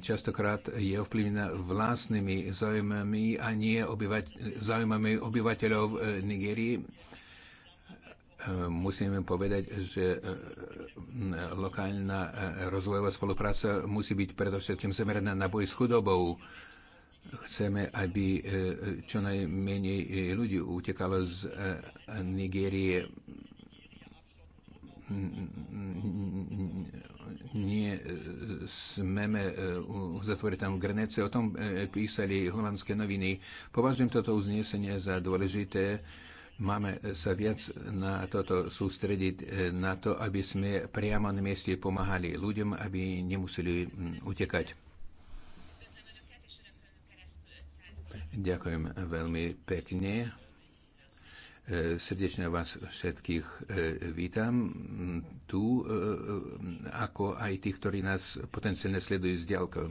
častokrát je ovplyvnená vlastnými zaujímami a nie obyvať, záujmami obyvateľov Nigérii musíme povedať, že e, e, lokálna e, rozvojová spolupráca musí byť predovšetkým zameraná na boj s chudobou. Chceme, aby čo najmenej ľudí utekalo z Nigérie nie smeme uzatvoriť tam granice. O tom písali holandské noviny. Považujem toto uznesenie za dôležité Máme sa viac na toto sústrediť, e, na to, aby sme priamo na mieste pomáhali ľuďom, aby nemuseli utekať. Ďakujem veľmi pekne. E, srdečne vás všetkých e, vítam tu, ako aj tých, ktorí nás potenciálne sledujú z diálka.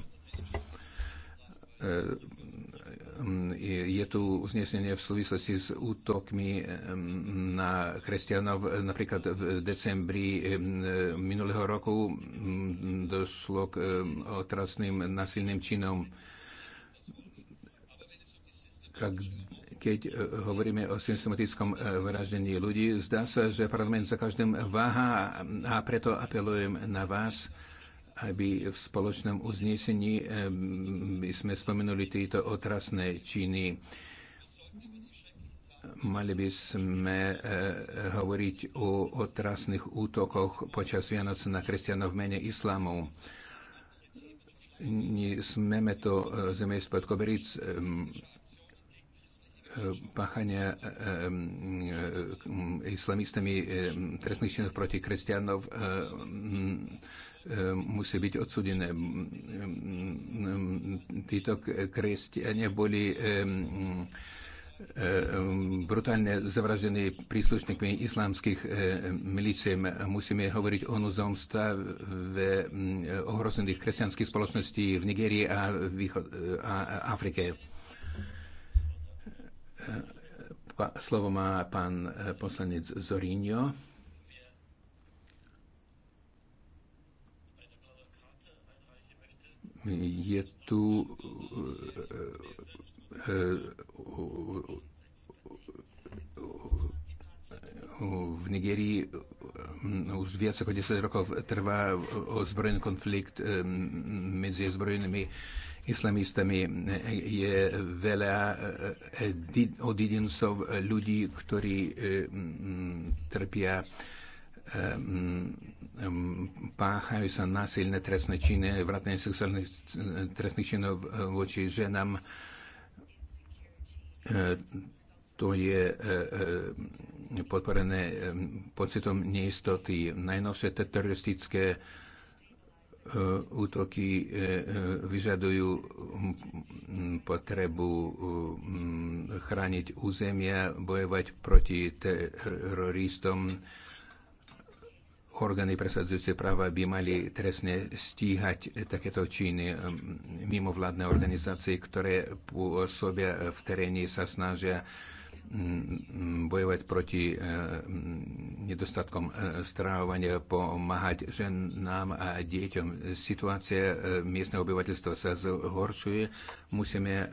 Mm, je tu uznesenie v súvislosti s útokmi na kresťanov. Napríklad v decembri minulého roku mm, došlo k otrasným nasilným činom. Keď e, hovoríme o systematickom e, vraždení ľudí, zdá sa, že parlament za každým váha a preto apelujem na vás, aby v spoločnom uznesení by sme spomenuli tieto otrasné činy. Mali by sme e, hovoriť o otrasných útokoch počas Vianoc na kresťanov v mene islámu. Smeme to e, zemej spod koberec páchania islamistami trestných činov proti kresťanov E, musí byť odsudené. Títo kresťania boli e, e, brutálne zavraždení príslušníkmi islámskych milícií. Musíme hovoriť o núzom stave ohrozených kresťanských spoločností v Nigerii a, východ, Afrike. Slovo má pán poslanec Zorinho. je tu e, e, e, v Nigerii už viac ako 10 rokov trvá ozbrojený konflikt medzi ozbrojenými islamistami. Je veľa odidencov ľudí, ktorí trpia Ehm, ehm, páchajú sa násilné trestné činy, vrátanie sexuálnych eh, trestných činov eh, voči ženám. Eh, to je podporené ehm, pocitom neistoty. Najnovšie teroristické útoky vyžadujú hm, potrebu hm, chrániť územia, bojovať proti teroristom orgány presadzujúce práva by mali trestne stíhať takéto činy. Mimovládne organizácie, ktoré pôsobia v teréne, sa snažia bojovať proti nedostatkom strávania, pomáhať ženám a deťom. Situácia miestneho obyvateľstva sa zhoršuje. Musíme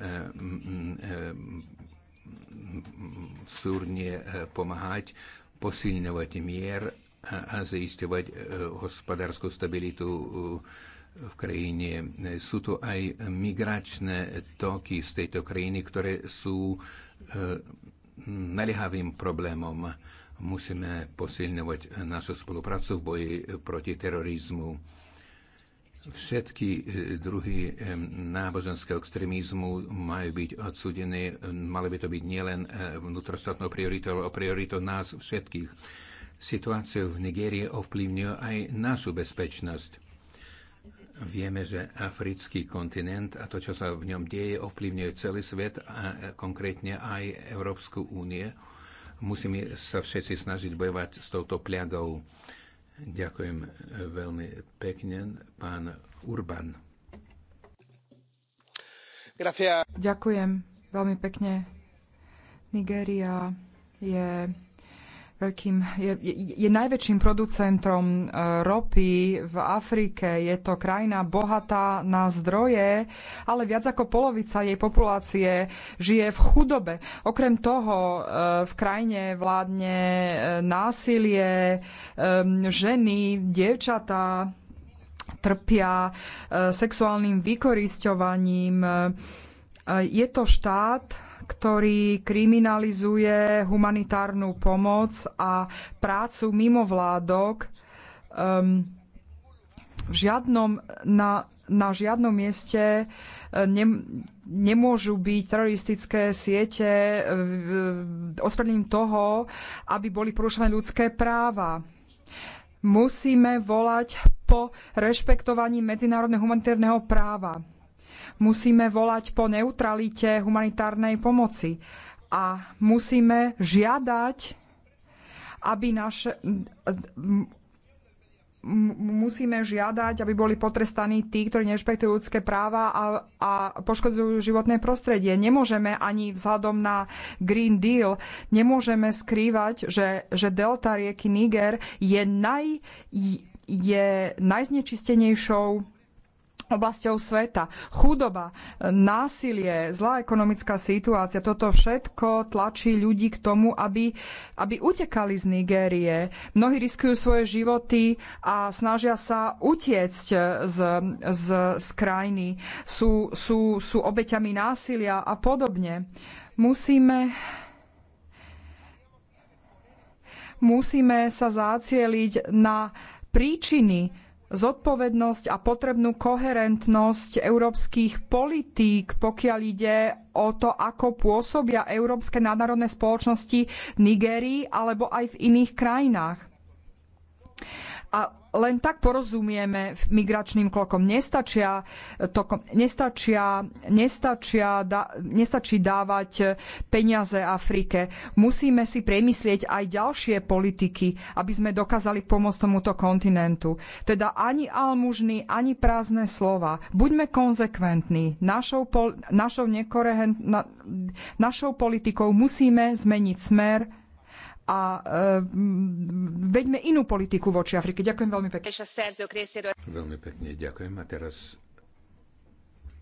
súrne pomáhať, posilňovať mier a, a e, hospodárskú stabilitu e, v krajine. Sú to aj migračné toky z tejto krajiny, ktoré sú e, naliehavým problémom. Musíme posilňovať našu spoluprácu v boji proti terorizmu. Všetky druhy náboženského extrémizmu majú byť odsudené. Malo by to byť nielen vnútroštátnou prioritou, ale prioritou nás všetkých Situáciu v Nigérie ovplyvňuje aj našu bezpečnosť. Vieme, že africký kontinent a to, čo sa v ňom deje, ovplyvňuje celý svet a konkrétne aj Európsku únie. Musíme sa všetci snažiť bojovať s touto pliagou. Ďakujem veľmi pekne, pán Urban. Ďakujem veľmi pekne. Nigéria je veľkým, je, je, je najväčším producentom e, ropy v Afrike. Je to krajina bohatá na zdroje, ale viac ako polovica jej populácie žije v chudobe. Okrem toho e, v krajine vládne e, násilie, ženy, dievčatá trpia sexuálnym vykorisťovaním. Je to štát, ktorý kriminalizuje humanitárnu pomoc a prácu mimo vládok. Um, v žiadnom, na, na žiadnom mieste eh, ne, nemôžu byť teroristické siete eh, ospravedlním toho, aby boli porušované ľudské práva. Musíme volať po rešpektovaní medzinárodného humanitárneho práva Musíme volať po neutralite humanitárnej pomoci a musíme žiadať, aby naše musíme žiadať, aby boli potrestaní tí, ktorí nerešpektujú ľudské práva a, a poškodzujú životné prostredie. Nemôžeme ani vzhľadom na Green Deal, nemôžeme skrývať, že, že delta rieky Niger je, naj, je najznečistenejšou oblasťou sveta. Chudoba, e, násilie, zlá ekonomická situácia, toto všetko tlačí ľudí k tomu, aby, aby utekali z Nigérie. Mnohí riskujú svoje životy a snažia sa utiecť z, z, z krajiny. Sú, sú, sú obeťami násilia a podobne. Musíme musíme sa zacieliť na príčiny zodpovednosť a potrebnú koherentnosť európskych politík, pokiaľ ide o to, ako pôsobia európske nadnárodné spoločnosti v Nigérii alebo aj v iných krajinách. A len tak porozumieme migračným klokom. Nestačia, to, nestačia, nestačia, da, nestačí dávať peniaze Afrike. Musíme si premyslieť aj ďalšie politiky, aby sme dokázali pomôcť tomuto kontinentu. Teda ani almužny, ani prázdne slova. Buďme konzekventní. Našou, pol, našou, našou politikou musíme zmeniť smer a e, veďme inú politiku voči Afrike. Ďakujem veľmi pekne. Veľmi pekne ďakujem. A teraz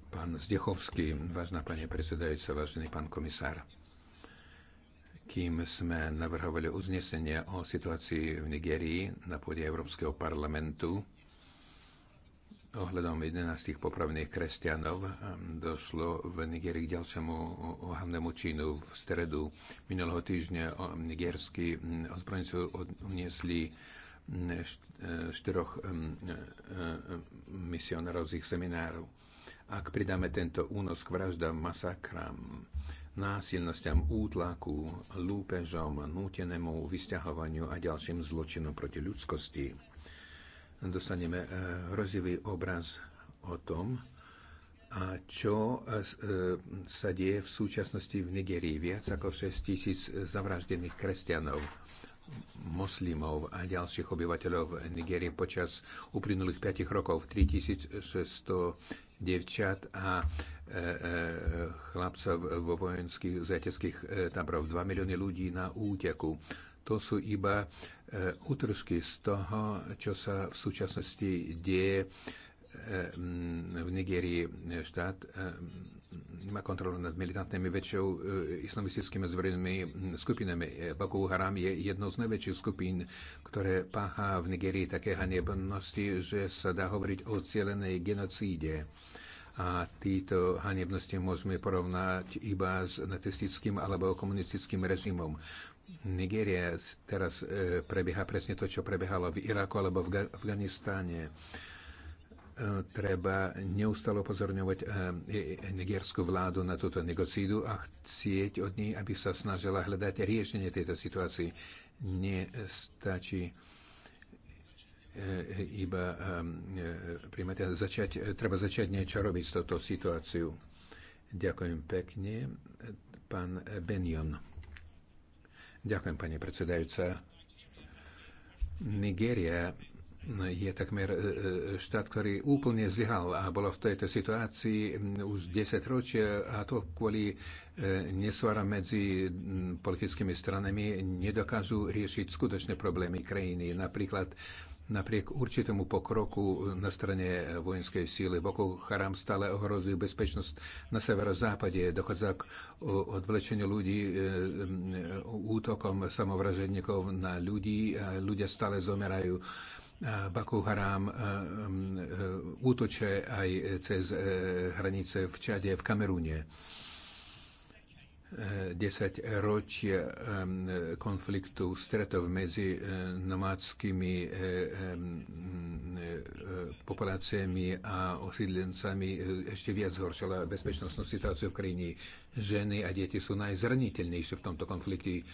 pán Zdechovský, vážna pani predsedajúca, vážený pán komisár. Kým sme navrhovali uznesenie o situácii v Nigerii na pôde Európskeho parlamentu, ohľadom 11 popravených kresťanov ehm, došlo v Nigerii k ďalšiemu ohavnému činu. V stredu minulého týždňa nigerskí ehm, ozbrojenci uniesli ehm, štyroch misionárov z ich seminárov. Ak pridáme tento únos k vraždám, masakram, násilnostiam, útlaku, lúpežom, nútenému vysťahovaniu a ďalším zločinom proti ľudskosti, dostaneme eh, hrozivý obraz o tom, a čo eh, eh, sa deje v súčasnosti v Nigerii. Viac ako 6 tisíc zavraždených kresťanov, moslimov a ďalších obyvateľov Nigérie počas uplynulých 5 rokov. 3600 devčat a chlapcov vo vojenských zajateckých táborov. 2 milióny ľudí na úteku. To sú iba e, E, útržky z toho, čo sa v súčasnosti deje e, v Nigerii e, štát nemá kontrolu nad militantnými väčšou islamistickými zbrojnými skupinami. Boko Haram je jednou z najväčších skupín, ktoré páha v Nigerii také hanebnosti, že sa dá hovoriť o cielenej genocíde. A títo hanebnosti môžeme porovnať iba s nacistickým alebo komunistickým režimom. Nigéria teraz e, prebieha presne to, čo prebiehalo v Iraku alebo v Afganistáne. E, treba neustále upozorňovať e, nigerskú vládu na túto negocídu a chcieť od nej, aby sa snažila hľadať riešenie tejto situácii. Nestačí iba um, Začať, treba začať niečo robiť s touto situáciou. Ďakujem pekne. Pán Benjon. Ďakujem, pani predsedajúca. Nigéria je takmer e, e, štát, ktorý úplne zlyhal a bolo v tejto situácii už 10 ročia a to kvôli e, nesvara medzi politickými stranami nedokážu riešiť skutočné problémy krajiny. Napríklad Napriek určitému pokroku na strane vojenskej síly Boko Haram stále ohrozí bezpečnosť na severozápade. Dochádza k odvlečeniu ľudí e, e, útokom samovražedníkov na ľudí. Ľudia stále zomerajú. E, Baku Haram útoče aj cez hranice v Čade, v Kamerúne. 10 ročia konfliktu, stretov medzi nomádskymi populáciami a osídlencami e, ešte viac zhoršila bezpečnostnú situáciu v krajine. Ženy a deti sú najzraniteľnejšie v tomto konflikte.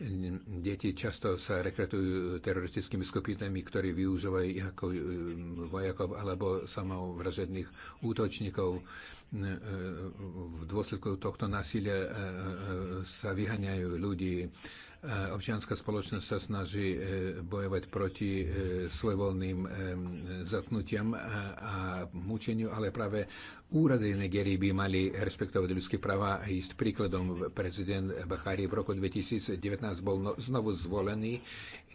Deti často sa rekretujú teroristickými skupinami, ktorí využívajú ako e, vojakov alebo samovražedných útočníkov. E, e, v dôsledku tohto násilia sa vyhaňajú ľudí Občianská spoločnosť sa snaží e, bojovať proti e, svojvoľným e, zatnutiam a mučeniu, ale práve úrady Nigerii by mali rešpektovať ľudské práva a ísť príkladom. Prezident Bahari v roku 2019 bol no, znovu zvolený,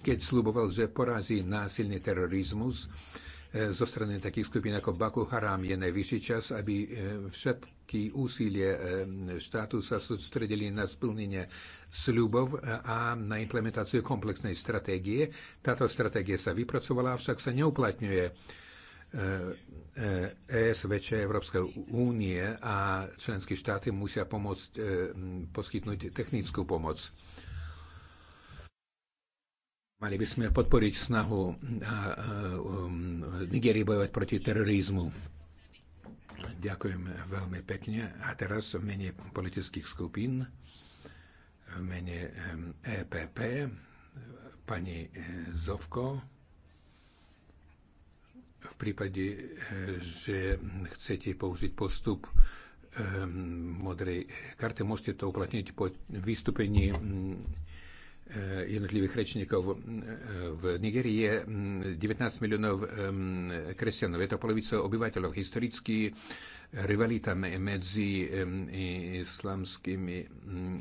keď sluboval, že porazí násilný terorizmus E, zo strany takých skupín ako Baku Haram. Je najvyšší čas, aby e, všetky úsilie e, štátu sa sústredili na splnenie sľubov a na implementáciu komplexnej stratégie. Táto stratégia sa vypracovala, avšak sa neuplatňuje. ESVČ Európskej únie a členské štáty musia pomôcť, poskytnúť technickú pomoc. Mali by sme podporiť snahu um, Nigerii bojovať proti terorizmu. Ďakujem veľmi pekne. A teraz v mene politických skupín, v mene EPP, e pani e, Zovko. V prípade, e, že chcete použiť postup modrej karty, môžete to uplatniť po vystúpení Eh, jednotlivých rečníkov. Eh, v Nigerii je 19 mm, miliónov eh, kresťanov. Je to polovica obyvateľov. Historicky rivalita medzi islamským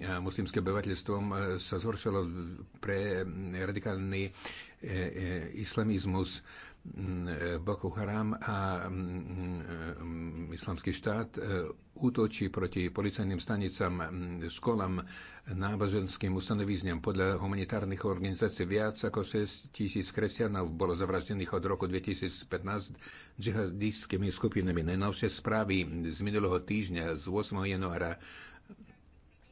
a muslimským obyvateľstvom sa zhoršilo pre radikálny islamizmus Mm, Boko Haram a mm, islamský štát e, útočí proti policajným stanicám, školám, náboženským ustanovizňam. Podľa humanitárnych organizácií viac ako 6 tisíc kresťanov bolo zavraždených od roku 2015 džihadistskými skupinami. Najnovšie správy z minulého týždňa, z 8. januára,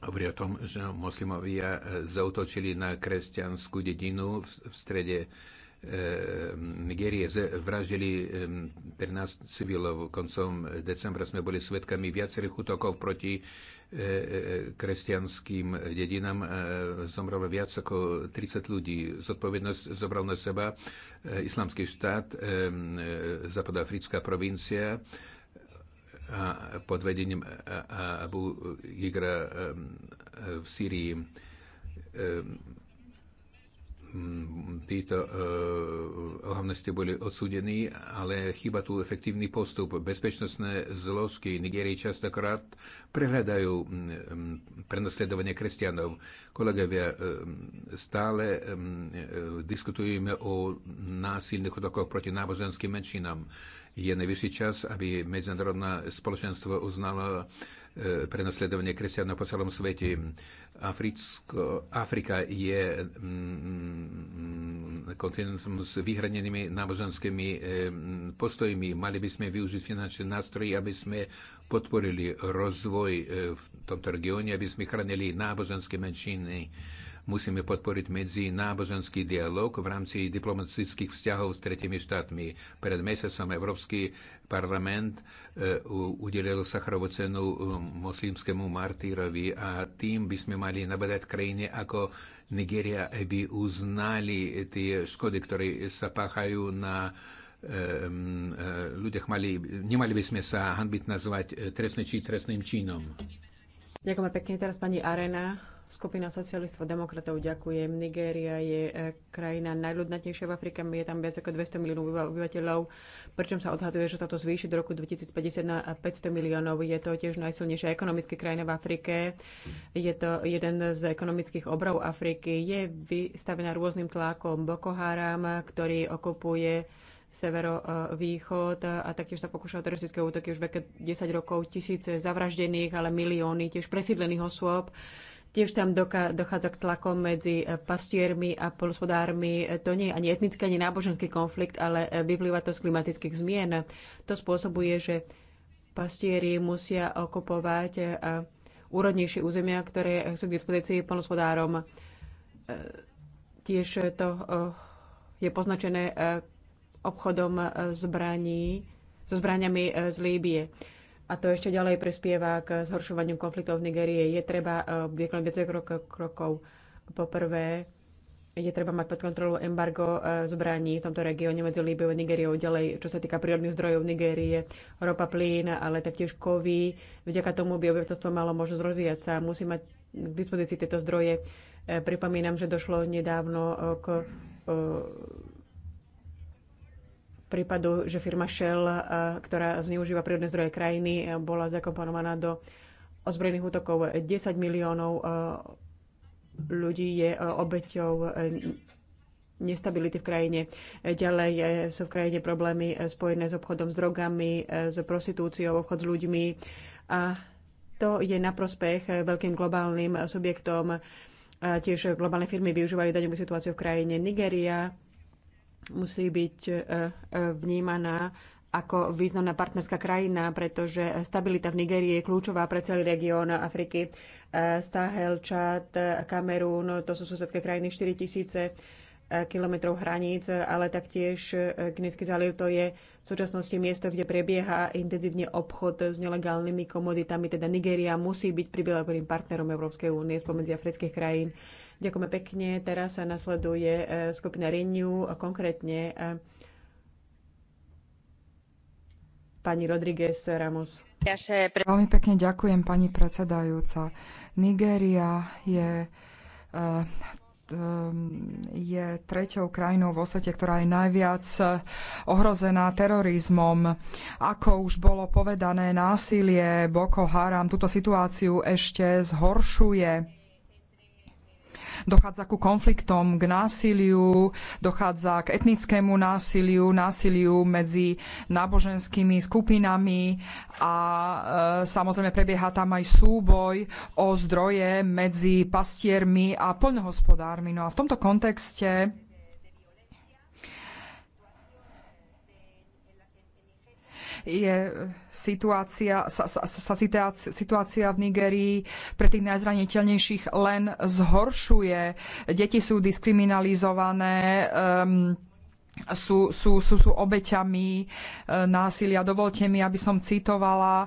hovorí o tom, že moslimovia e, zautočili na kresťanskú dedinu v strede Ehm, Nigérie vraždili 13 ehm, civilov. Koncom decembra sme boli svedkami viacerých útokov proti e, e, kresťanským dedinám. E, zomrelo viac ako 30 ľudí. Zodpovednosť zobral na seba Islamský štát, ehm, západoafrická provincia a pod vedením Abu Igra v Sýrii Mm, títo e, ohavnosti boli odsúdení, ale chýba tu efektívny postup. Bezpečnostné zložky Nigerii častokrát prehľadajú mm, prenasledovanie kresťanov. Kolegovia, e, stále e, diskutujeme o násilných útokoch proti náboženským menšinám. Je najvyšší čas, aby medzinárodné spoločenstvo uznalo E, prenasledovanie kresťanov po celom svete. Africko, Afrika je mm, mm, kontinentom s vyhranenými náboženskými e, mm, postojmi. Mali by sme využiť finančné nástroje, aby sme podporili rozvoj e, v tomto regióne, aby sme chránili náboženské menšiny Musíme podporiť medzi náboženský dialog v rámci diplomatických vzťahov s tretimi štátmi. Pred mesiacom Európsky parlament e, udelil Sacharovú cenu e, moslimskému martýrovi a tým by sme mali nabadať krajiny ako Nigeria, aby uznali tie škody, ktoré sa páchajú na e, ľuďach mali, nemali by sme sa hanbiť nazvať trestným či trestným činom. Ďakujem pekne. Teraz pani Arena. Skupina socialistov demokratov ďakujem. Nigéria je e, krajina najľudnatejšia v Afrike, je tam viac ako 200 miliónov obyvateľov, pričom sa odhaduje, že sa to zvýši do roku 2050 na 500 e, miliónov. Je to tiež najsilnejšia ekonomická krajina v Afrike. Je to jeden z ekonomických obrov Afriky. Je vystavená rôznym tlakom Boko Haram, ktorý okupuje severovýchod e, a taktiež sa pokúšajú teroristické útoky už veke 10 rokov, tisíce zavraždených, ale milióny tiež presídlených osôb Tiež tam dochádza k tlakom medzi e, pastiermi a polospodármi. E, to nie je ani etnický, ani náboženský konflikt, ale e, vyplýva to z klimatických zmien. To spôsobuje, že pastieri musia okupovať úrodnejšie územia, ktoré sú k dispozícii polospodárom. Tiež to je poznačené obchodom zbraní, so zbraniami z Líbie a to ešte ďalej prispieva k zhoršovaniu konfliktov v Nigerii. Je treba eh, vykonať viacej krok, krokov. Poprvé, je treba mať pod kontrolou embargo eh, zbraní v tomto regióne medzi Líbiou a Nigériou ďalej, čo sa týka prírodných zdrojov Nigérie, ropa, plyn, ale taktiež kovy. Vďaka tomu by obyvateľstvo malo možnosť rozvíjať sa. Musí mať k dispozícii tieto zdroje. Eh, pripomínam, že došlo nedávno k prípadu, že firma Shell, ktorá zneužíva prírodné zdroje krajiny, bola zakomponovaná do ozbrojených útokov. 10 miliónov ľudí je obeťou nestability v krajine. Ďalej sú v krajine problémy spojené s obchodom s drogami, s prostitúciou, obchod s ľuďmi. A to je na prospech veľkým globálnym subjektom. Tiež globálne firmy využívajú daňovú situáciu v krajine. Nigeria musí byť e, e, vnímaná ako významná partnerská krajina, pretože stabilita v Nigerii je kľúčová pre celý región Afriky. E, Sahel, Čad, Kamerún, to sú susedské krajiny 4000 kilometrov hraníc, ale taktiež Gnisky záliv to je v súčasnosti miesto, kde prebieha intenzívne obchod s nelegálnymi komoditami, teda Nigéria musí byť privilegovaným partnerom Európskej únie spomedzi afrických krajín. Ďakujeme pekne. Teraz sa nasleduje e, skupina Renew, konkrétne e, pani Rodriguez Ramos. Veľmi pekne ďakujem, pani predsedajúca. Nigéria je e, je treťou krajinou vo svete, ktorá je najviac ohrozená terorizmom. Ako už bolo povedané, násilie Boko Haram túto situáciu ešte zhoršuje Dochádza ku konfliktom, k násiliu, dochádza k etnickému násiliu, násiliu medzi náboženskými skupinami a e, samozrejme prebieha tam aj súboj o zdroje medzi pastiermi a poľnohospodármi. No a v tomto kontexte je situácia, sa, sa, sa situácia, situácia v Nigerii pre tých najzraniteľnejších len zhoršuje. Deti sú diskriminalizované. Um, sú, sú, sú, sú obeťami e, násilia. Dovolte mi, aby som citovala e,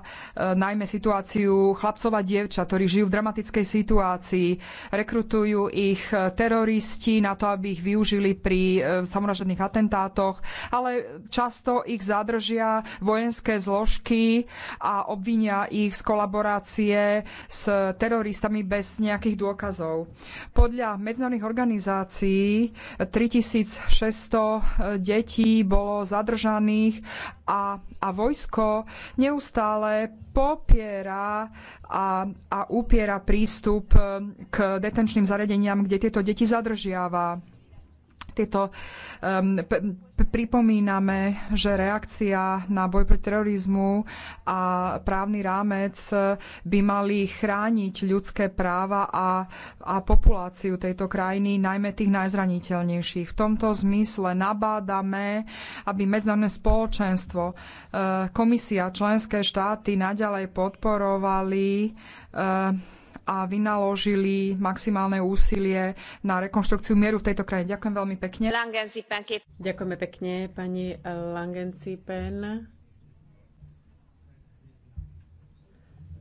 najmä situáciu chlapcov a dievčat, ktorí žijú v dramatickej situácii. Rekrutujú ich e, teroristi na to, aby ich využili pri samovražedných atentátoch, ale často ich zadržia vojenské zložky a obvinia ich z kolaborácie s teroristami bez nejakých dôkazov. Podľa medzinárodných organizácií 3600 detí bolo zadržaných a, a vojsko neustále popiera a, a upiera prístup k detenčným zariadeniam, kde tieto deti zadržiava tieto um, pripomíname, že reakcia na boj proti terorizmu a právny rámec by mali chrániť ľudské práva a, a populáciu tejto krajiny, najmä tých najzraniteľnejších. V tomto zmysle nabádame, aby medzinárodné spoločenstvo, uh, komisia, členské štáty naďalej podporovali uh, a vynaložili maximálne úsilie na rekonštrukciu mieru v tejto krajine. Ďakujem veľmi pekne. Ďakujeme pekne, pani eh, Langensipen.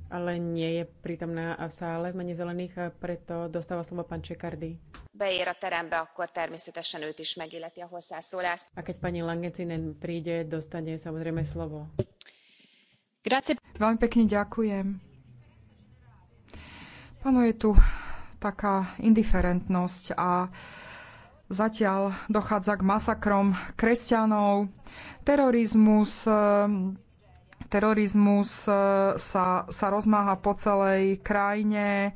ale nie je prítomná v sále v mene zelených, a eh, preto dostáva slovo pán Čekardy. a terembe, akkor természetesen őt is megilleti a hozzászólás. A keď pani Langecinen príde, dostane samozrejme slovo. Grazie. Veľmi pekne ďakujem. Je tu taká indiferentnosť a zatiaľ dochádza k masakrom kresťanov. Terorizmus, eh, terorizmus eh, sa, sa rozmáha po celej krajine.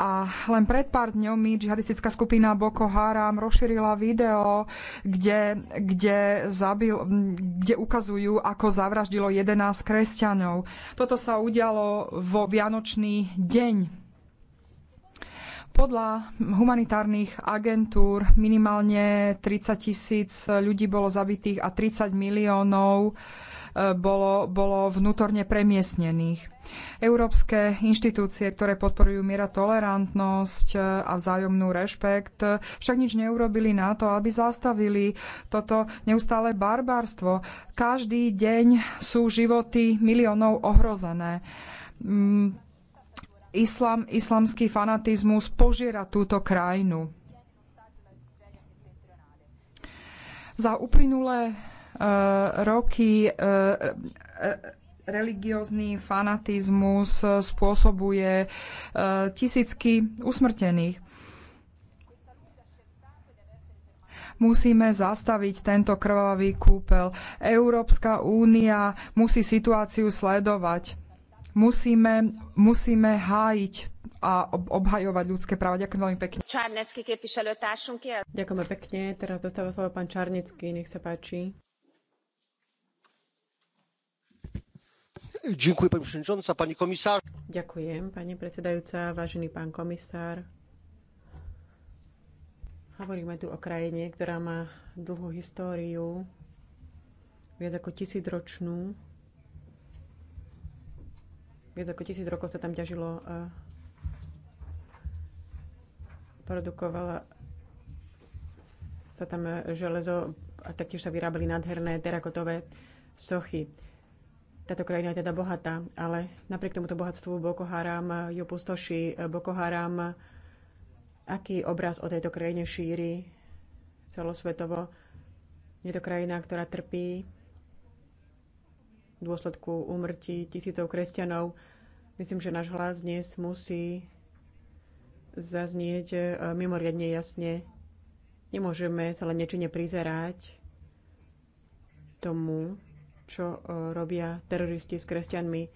A len pred pár dňami džihadistická skupina Boko Haram rozšírila video, kde, kde, zabil, kde ukazujú, ako zavraždilo 11 kresťanov. Toto sa udialo vo Vianočný deň podľa humanitárnych agentúr minimálne 30 tisíc ľudí bolo zabitých a 30 miliónov e, bolo, bolo vnútorne premiesnených. Európske inštitúcie, ktoré podporujú miera tolerantnosť e, a vzájomnú rešpekt, e, však nič neurobili na to, aby zastavili toto neustále barbárstvo. Každý deň sú životy miliónov ohrozené mm, islam, islamský fanatizmus požiera túto krajinu. Za uplynulé uh, roky uh, religiózny fanatizmus spôsobuje uh, tisícky usmrtených. musíme zastaviť tento krvavý kúpel. Európska únia musí situáciu sledovať. Musíme, musíme hájiť a obhajovať ľudské práva. Ďakujem veľmi pekne. Ďakujeme pekne. Teraz dostáva slovo pán Čarnecký. Nech sa páči. Ďakujem, pani predsedajúca, pani komisár. Ďakujem, pani predsedajúca, vážený pán komisár. Hovoríme tu o krajine, ktorá má dlhú históriu, viac ako tisícročnú, Viac ako tisíc rokov sa tam ťažilo a eh, produkovala sa tam eh, železo a taktiež sa vyrábali nádherné terakotové sochy. Táto krajina je teda bohatá, ale napriek tomuto bohatstvu Boko Haram ju eh, pustoší. Boko Haram, aký obraz o tejto krajine šíri celosvetovo? Je to krajina, ktorá trpí v dôsledku úmrtí tisícov kresťanov. Myslím, že náš hlas dnes musí zaznieť e, mimoriadne jasne. Nemôžeme sa len nečine prizerať tomu, čo e, robia teroristi s kresťanmi.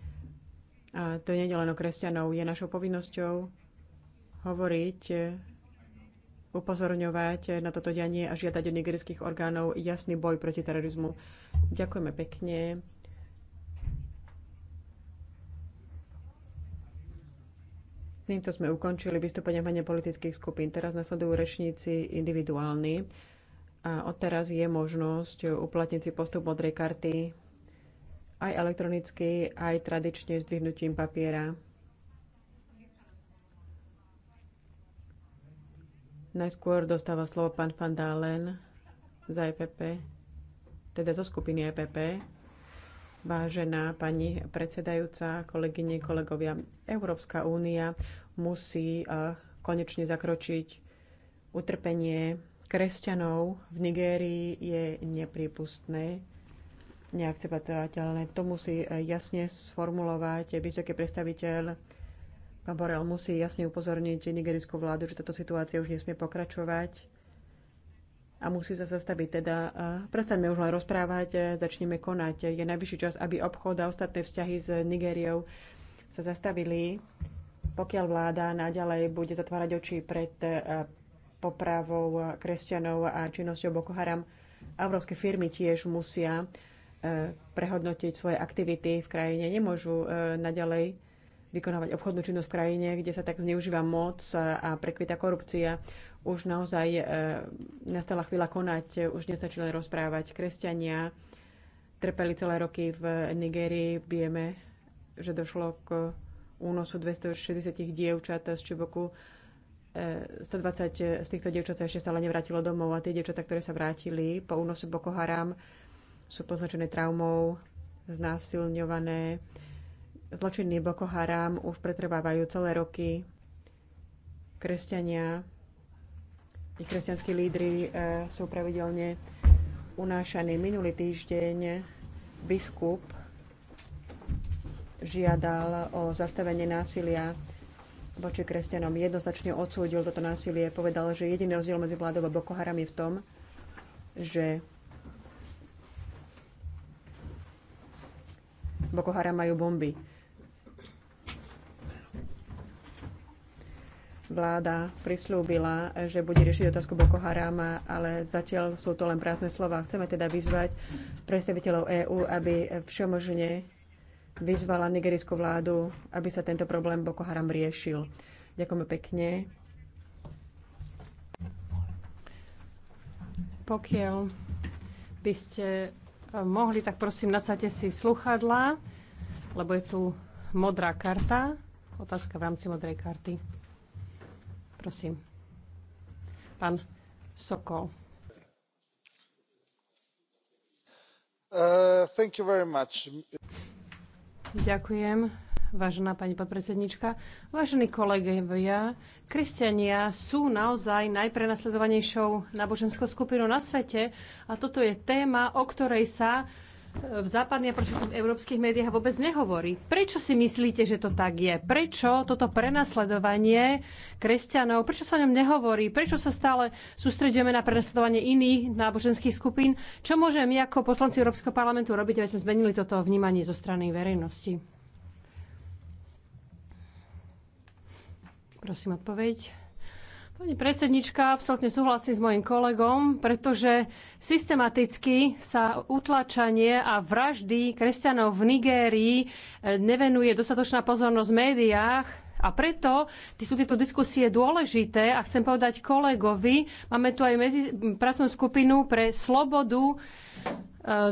A to nie je len o kresťanov. Je našou povinnosťou hovoriť, e, upozorňovať na toto dianie a žiadať od nigerijských orgánov jasný boj proti terorizmu. Ďakujeme pekne. Týmto sme ukončili vystúpenie politických skupín. Teraz nasledujú rečníci individuálni. A odteraz je možnosť uplatniť si postup modrej karty aj elektronicky, aj tradične s dvihnutím papiera. Najskôr dostáva slovo pán Van Dalen za EPP, teda zo skupiny EPP. Vážená pani predsedajúca, kolegyne, kolegovia, Európska únia musí eh, konečne zakročiť. Utrpenie kresťanov v Nigérii je neprípustné, neakceptovateľné. To musí eh, jasne sformulovať vysoký predstaviteľ. Pán Borel musí jasne upozorniť nigerijskú vládu, že táto situácia už nesmie pokračovať a musí sa zastaviť. Teda prestaňme už len rozprávať, začneme konať. Je najvyšší čas, aby obchod a ostatné vzťahy s Nigériou sa zastavili, pokiaľ vláda naďalej bude zatvárať oči pred popravou kresťanov a činnosťou Boko Haram. Európske firmy tiež musia prehodnotiť svoje aktivity v krajine. Nemôžu naďalej vykonávať obchodnú činnosť v krajine, kde sa tak zneužíva moc a prekvita korupcia už naozaj e, nastala chvíľa konať, e, už nestačí len rozprávať. Kresťania trpeli celé roky v Nigérii. Vieme, že došlo k únosu 260 dievčat z E, 120 z týchto dievčat sa ešte stále nevrátilo domov a tie dievčatá, ktoré sa vrátili po únosu Boko Haram, sú poznačené traumou, znásilňované. Zločiny Boko Haram už pretrvávajú celé roky. Kresťania kresťanskí lídry e, sú pravidelne unášaní. Minulý týždeň biskup žiadal o zastavenie násilia voči kresťanom. Jednoznačne odsúdil toto násilie. Povedal, že jediný rozdiel medzi vládou a Boko Haram je v tom, že Boko Haram majú bomby vláda prislúbila, že bude riešiť otázku Boko Harama, ale zatiaľ sú to len prázdne slova. Chceme teda vyzvať predstaviteľov EÚ, aby všemožne vyzvala nigerijskú vládu, aby sa tento problém Boko Haram riešil. Ďakujeme pekne. Pokiaľ by ste eh, mohli, tak prosím, nasadte si sluchadla, lebo je tu modrá karta. Otázka v rámci modrej karty. Prosím. Pán Sokol. Uh, thank you very much. Ďakujem, vážená pani podpredsednička. Vážení kolegovia, kresťania sú naozaj najprenasledovanejšou náboženskou skupinou na svete a toto je téma, o ktorej sa uh, v západných a v európskych médiách vôbec nehovorí. Prečo si myslíte, že to tak je? Prečo toto prenasledovanie kresťanov, prečo sa o ňom nehovorí? Prečo sa stále sústredujeme na prenasledovanie iných náboženských skupín? Čo môžeme my ako poslanci Európskeho parlamentu robiť, aby sme zmenili toto vnímanie zo strany verejnosti? Prosím, odpoveď. Pani predsednička, absolútne súhlasím s mojim kolegom, pretože systematicky sa utlačanie a vraždy kresťanov v Nigérii e, nevenuje dostatočná pozornosť v médiách. A preto sú tieto diskusie dôležité a chcem povedať kolegovi, máme tu aj medzi, pracovnú skupinu pre slobodu e,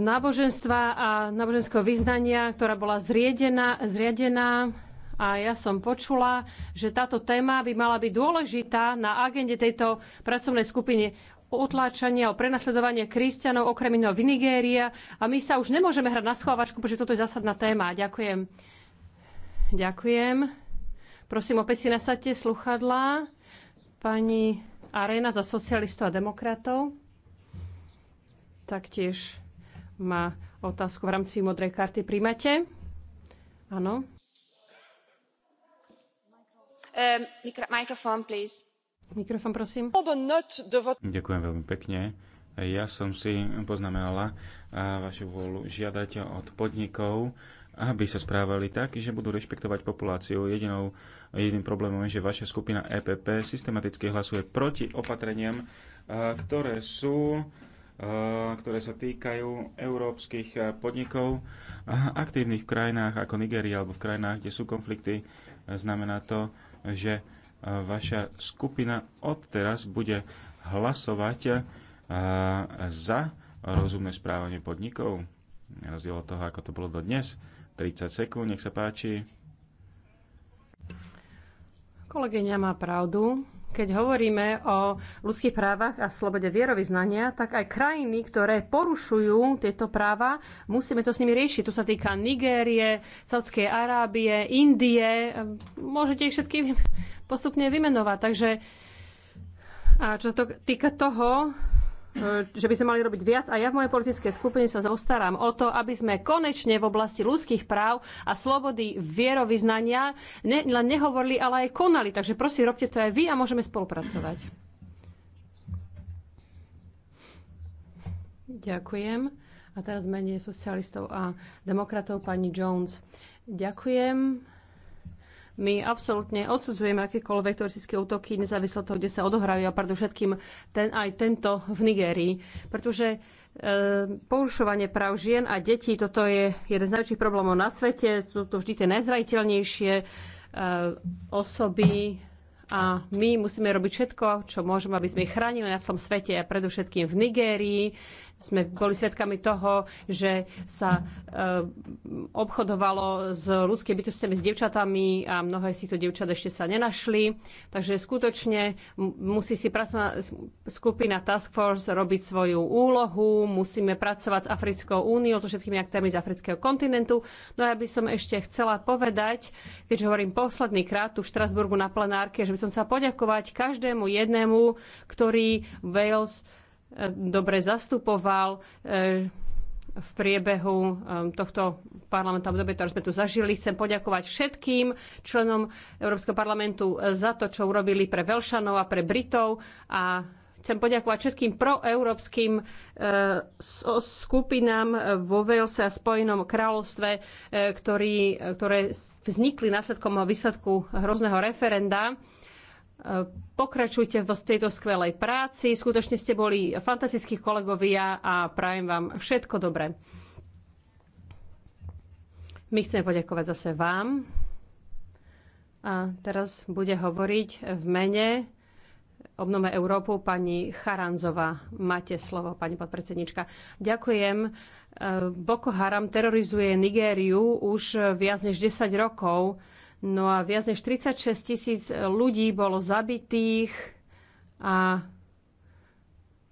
náboženstva a náboženského vyznania, ktorá bola zriedená, zriadená a ja som počula, že táto téma by mala byť dôležitá na agende tejto pracovnej skupine a o prenasledovanie kresťanov, okrem iného v Nigérii. A my sa už nemôžeme hrať na schovávačku, pretože toto je zásadná téma. Ďakujem. Ďakujem. Prosím, opäť si nasadte sluchadlá. Pani Arena za socialistov a demokratov. Taktiež má otázku v rámci modrej karty. Príjmate? Áno. Ehm, mikrofón, prosím. Ďakujem veľmi pekne. Ja som si poznamenala vašu vôľu žiadať od podnikov, aby sa správali tak, že budú rešpektovať populáciu. Jedinou, jediným problémom je, že vaša skupina EPP systematicky hlasuje proti opatreniam, ktoré sú ktoré sa týkajú európskych podnikov aktívnych v krajinách ako Nigéria alebo v krajinách, kde sú konflikty. Znamená to, že e, vaša skupina odteraz bude hlasovať e, za rozumné správanie podnikov. Rozdiel od toho, ako to bolo do dnes. 30 sekúnd, nech sa páči. Kolegyňa má pravdu. Keď hovoríme o ľudských právach a slobode vierovýznania, tak aj krajiny, ktoré porušujú tieto práva, musíme to s nimi riešiť. To sa týka Nigérie, Saudskej Arábie, Indie. Môžete ich všetky postupne vymenovať. Takže a čo to týka toho, E, že by sme mali robiť viac a ja v mojej politickej skupine sa zostaram o to, aby sme konečne v oblasti ľudských práv a slobody vierovýznania ne, len nehovorili, ale aj konali. Takže prosím, robte to aj vy a môžeme spolupracovať. Ďakujem. A teraz menej socialistov a demokratov pani Jones. Ďakujem. My absolútne odsudzujeme akékoľvek teroristické útoky, nezávisle toho, kde sa odohrajú a predovšetkým ten, aj tento v Nigérii. Pretože e, porušovanie práv žien a detí, toto je jeden z najväčších problémov na svete, sú to vždy tie najzraiteľnejšie e, osoby a my musíme robiť všetko, čo môžeme, aby sme ich chránili na celom svete a predovšetkým v Nigérii sme boli svedkami toho, že sa eh, obchodovalo s ľudskými bytostiami, s devčatami a mnohé z týchto devčat ešte sa nenašli. Takže skutočne musí si pracovná skupina Task Force robiť svoju úlohu, musíme pracovať s Africkou úniou, so všetkými aktérmi z afrického kontinentu. No a ja by som ešte chcela povedať, keďže hovorím posledný krát tu v Štrasburgu na plenárke, že by som chcela poďakovať každému jednému, ktorý Wales dobre zastupoval eh, v priebehu eh, tohto parlamentu, obdobia, ktoré sme tu zažili. Chcem poďakovať všetkým členom Európskeho parlamentu eh, za to, čo urobili pre Velšanov a pre Britov a chcem poďakovať všetkým proeurópskym skupinám vo Walese a Spojenom kráľovstve, ktorý, ktoré vznikli následkom výsledku hrozného referenda. Pokračujte v tejto skvelej práci. Skutočne ste boli fantastickí kolegovia a prajem vám všetko dobré. My chceme poďakovať zase vám. A teraz bude hovoriť v mene Obnome Európu pani Charanzová. Máte slovo, pani podpredsednička. Ďakujem. Boko Haram terorizuje Nigériu už viac než 10 rokov. No a viac než 36 tisíc ľudí bolo zabitých a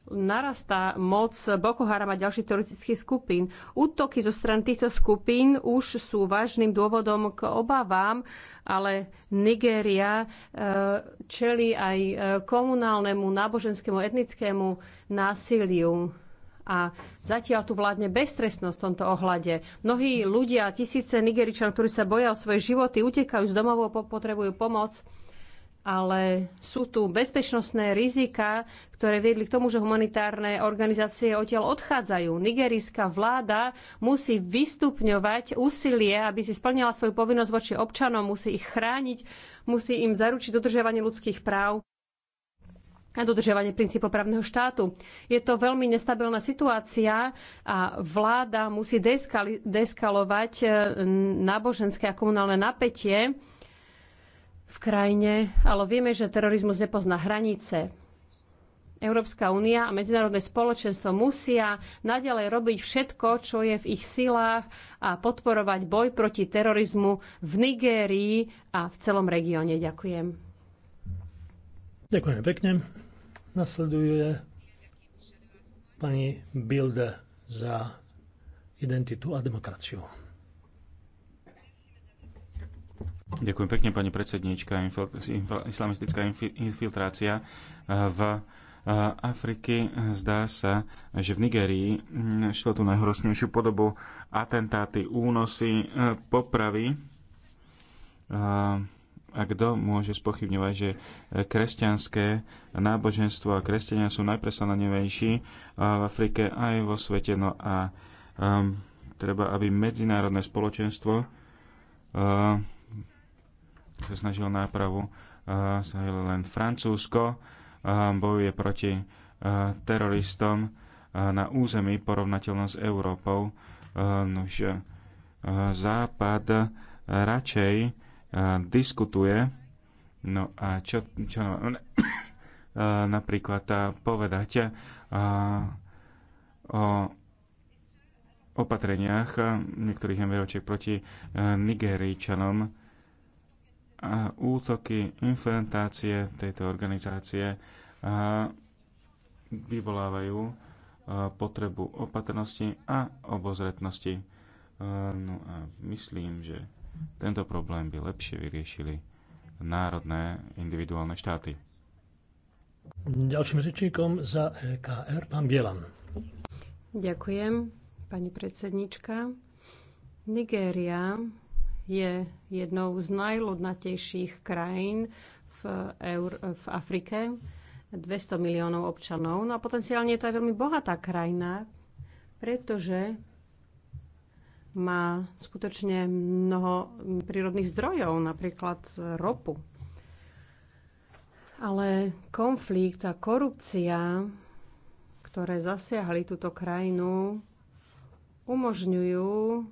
narastá moc Boko Haram a ďalších teroristických skupín. Útoky zo strany týchto skupín už sú vážnym dôvodom k obavám, ale Nigéria e, čeli aj e, komunálnemu, náboženskému, etnickému násiliu. A zatiaľ tu vládne beztrestnosť v tomto ohľade. Mnohí ľudia, tisíce Nigeričan, ktorí sa boja o svoje životy, utekajú z domov, potrebujú pomoc ale sú tu bezpečnostné rizika, ktoré viedli k tomu, že humanitárne organizácie odtiaľ odchádzajú. Nigerijská vláda musí vystupňovať úsilie, aby si splnila svoju povinnosť voči občanom, musí ich chrániť, musí im zaručiť dodržiavanie ľudských práv a dodržiavanie princípov právneho štátu. Je to veľmi nestabilná situácia a vláda musí deskalovať e, náboženské a komunálne napätie v krajine, ale vieme, že terorizmus nepozná hranice. Európska únia a medzinárodné spoločenstvo musia naďalej robiť všetko, čo je v ich silách a podporovať boj proti terorizmu v Nigérii a v celom regióne. Ďakujem. Ďakujem pekne. Nasleduje pani Bilde za identitu a demokraciu. Ďakujem pekne, pani predsednička, Islamistická infiltrácia eh, v eh, Afriky zdá sa, že v Nigerii hm, šlo tú najhrosnejšiu podobu atentáty, únosy, eh, popravy a kto môže spochybňovať, že e, kresťanské náboženstvo a kresťania sú najpresananejší e, v Afrike aj vo svete. No a um, treba, aby medzinárodné spoločenstvo uh, sa snažilo nápravu. Uh, sa len Francúzsko uh, bojuje proti uh, teroristom uh, na území porovnateľnom s Európou. Uh, nože, uh, západ radšej diskutuje. No a čo, čo no, napríklad povedať o opatreniach niektorých MVOčiek proti Nigeričanom a útoky, infantácie tejto organizácie vyvolávajú potrebu opatrnosti a obozretnosti. No a myslím, že tento problém by lepšie vyriešili národné individuálne štáty. Ďalším rečníkom za EKR, pán Bielan. Ďakujem, pani predsednička. Nigéria je jednou z najľudnatejších krajín v, Eur- v Afrike. 200 miliónov občanov. No a potenciálne je to aj veľmi bohatá krajina, pretože má skutočne mnoho prírodných zdrojov, napríklad ropu. Ale konflikt a korupcia, ktoré zasiahli túto krajinu, umožňujú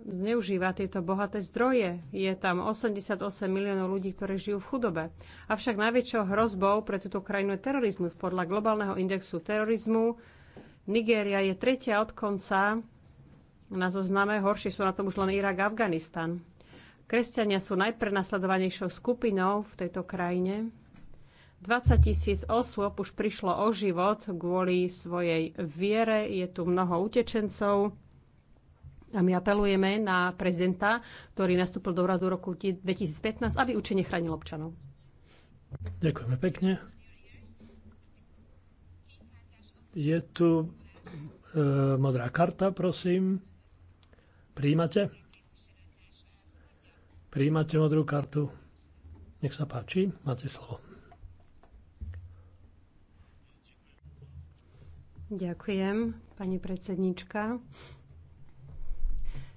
zneužíva tieto bohaté zdroje. Je tam 88 miliónov ľudí, ktorí žijú v chudobe. Avšak najväčšou hrozbou pre túto krajinu je terorizmus. Podľa globálneho indexu terorizmu Nigéria je tretia od konca na zozname, horší sú na tom už len Irak a Afganistan. Kresťania sú najprenasledovanejšou skupinou v tejto krajine. 20 tisíc osôb už prišlo o život kvôli svojej viere. Je tu mnoho utečencov. A my apelujeme na prezidenta, ktorý nastúpil do radu roku 2015, aby účinne chránil občanov. Ďakujeme pekne. Je tu e, modrá karta, prosím. Príjmate? Príjmate modrú kartu? Nech sa páči, máte slovo. Ďakujem, pani predsednička.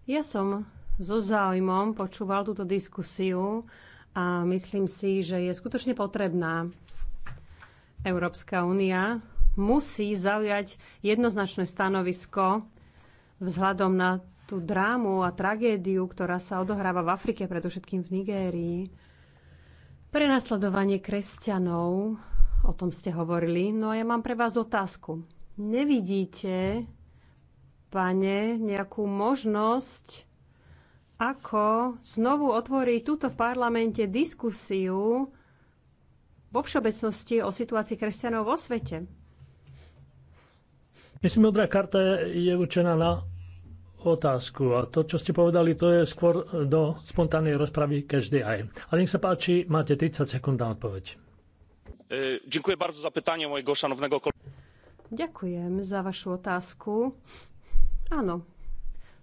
Ja som so záujmom počúval túto diskusiu a myslím si, že je skutočne potrebná. Európska únia musí zaujať jednoznačné stanovisko vzhľadom na tú drámu a tragédiu, ktorá sa odohráva v Afrike, predovšetkým v Nigérii. Prenasledovanie kresťanov, o tom ste hovorili, no a ja mám pre vás otázku. Nevidíte, pane, nejakú možnosť, ako znovu otvoriť túto v parlamente diskusiu vo všeobecnosti o situácii kresťanov vo svete? Myslím, modrá karta je určená na otázku a to, čo ste povedali, to je skôr do spontánnej rozpravy každý aj. Ale nech sa páči, máte 30 sekúnd na odpoveď. E, ďakujem bardzo za pytanie mojego šanovného Ďakujem za vašu otázku. Áno,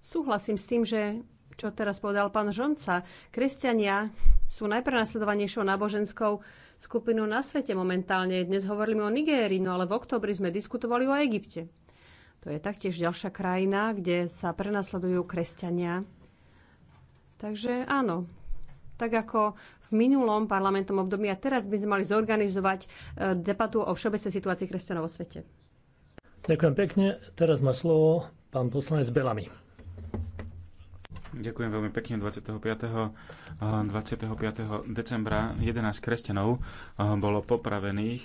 súhlasím s tým, že čo teraz povedal pán Žonca, kresťania sú najprenasledovanejšou náboženskou skupinou na svete momentálne. Dnes hovoríme o Nigérii, no ale v oktobri sme diskutovali o Egypte. To je taktiež ďalšia krajina, kde sa prenasledujú kresťania. Takže áno, tak ako v minulom parlamentom období a teraz by sme mali zorganizovať e, debatu o všeobecnej situácii kresťanov vo svete. Ďakujem pekne. Teraz má slovo pán poslanec Belami. Ďakujem veľmi pekne. 25. 25. decembra 11 kresťanov e, bolo popravených.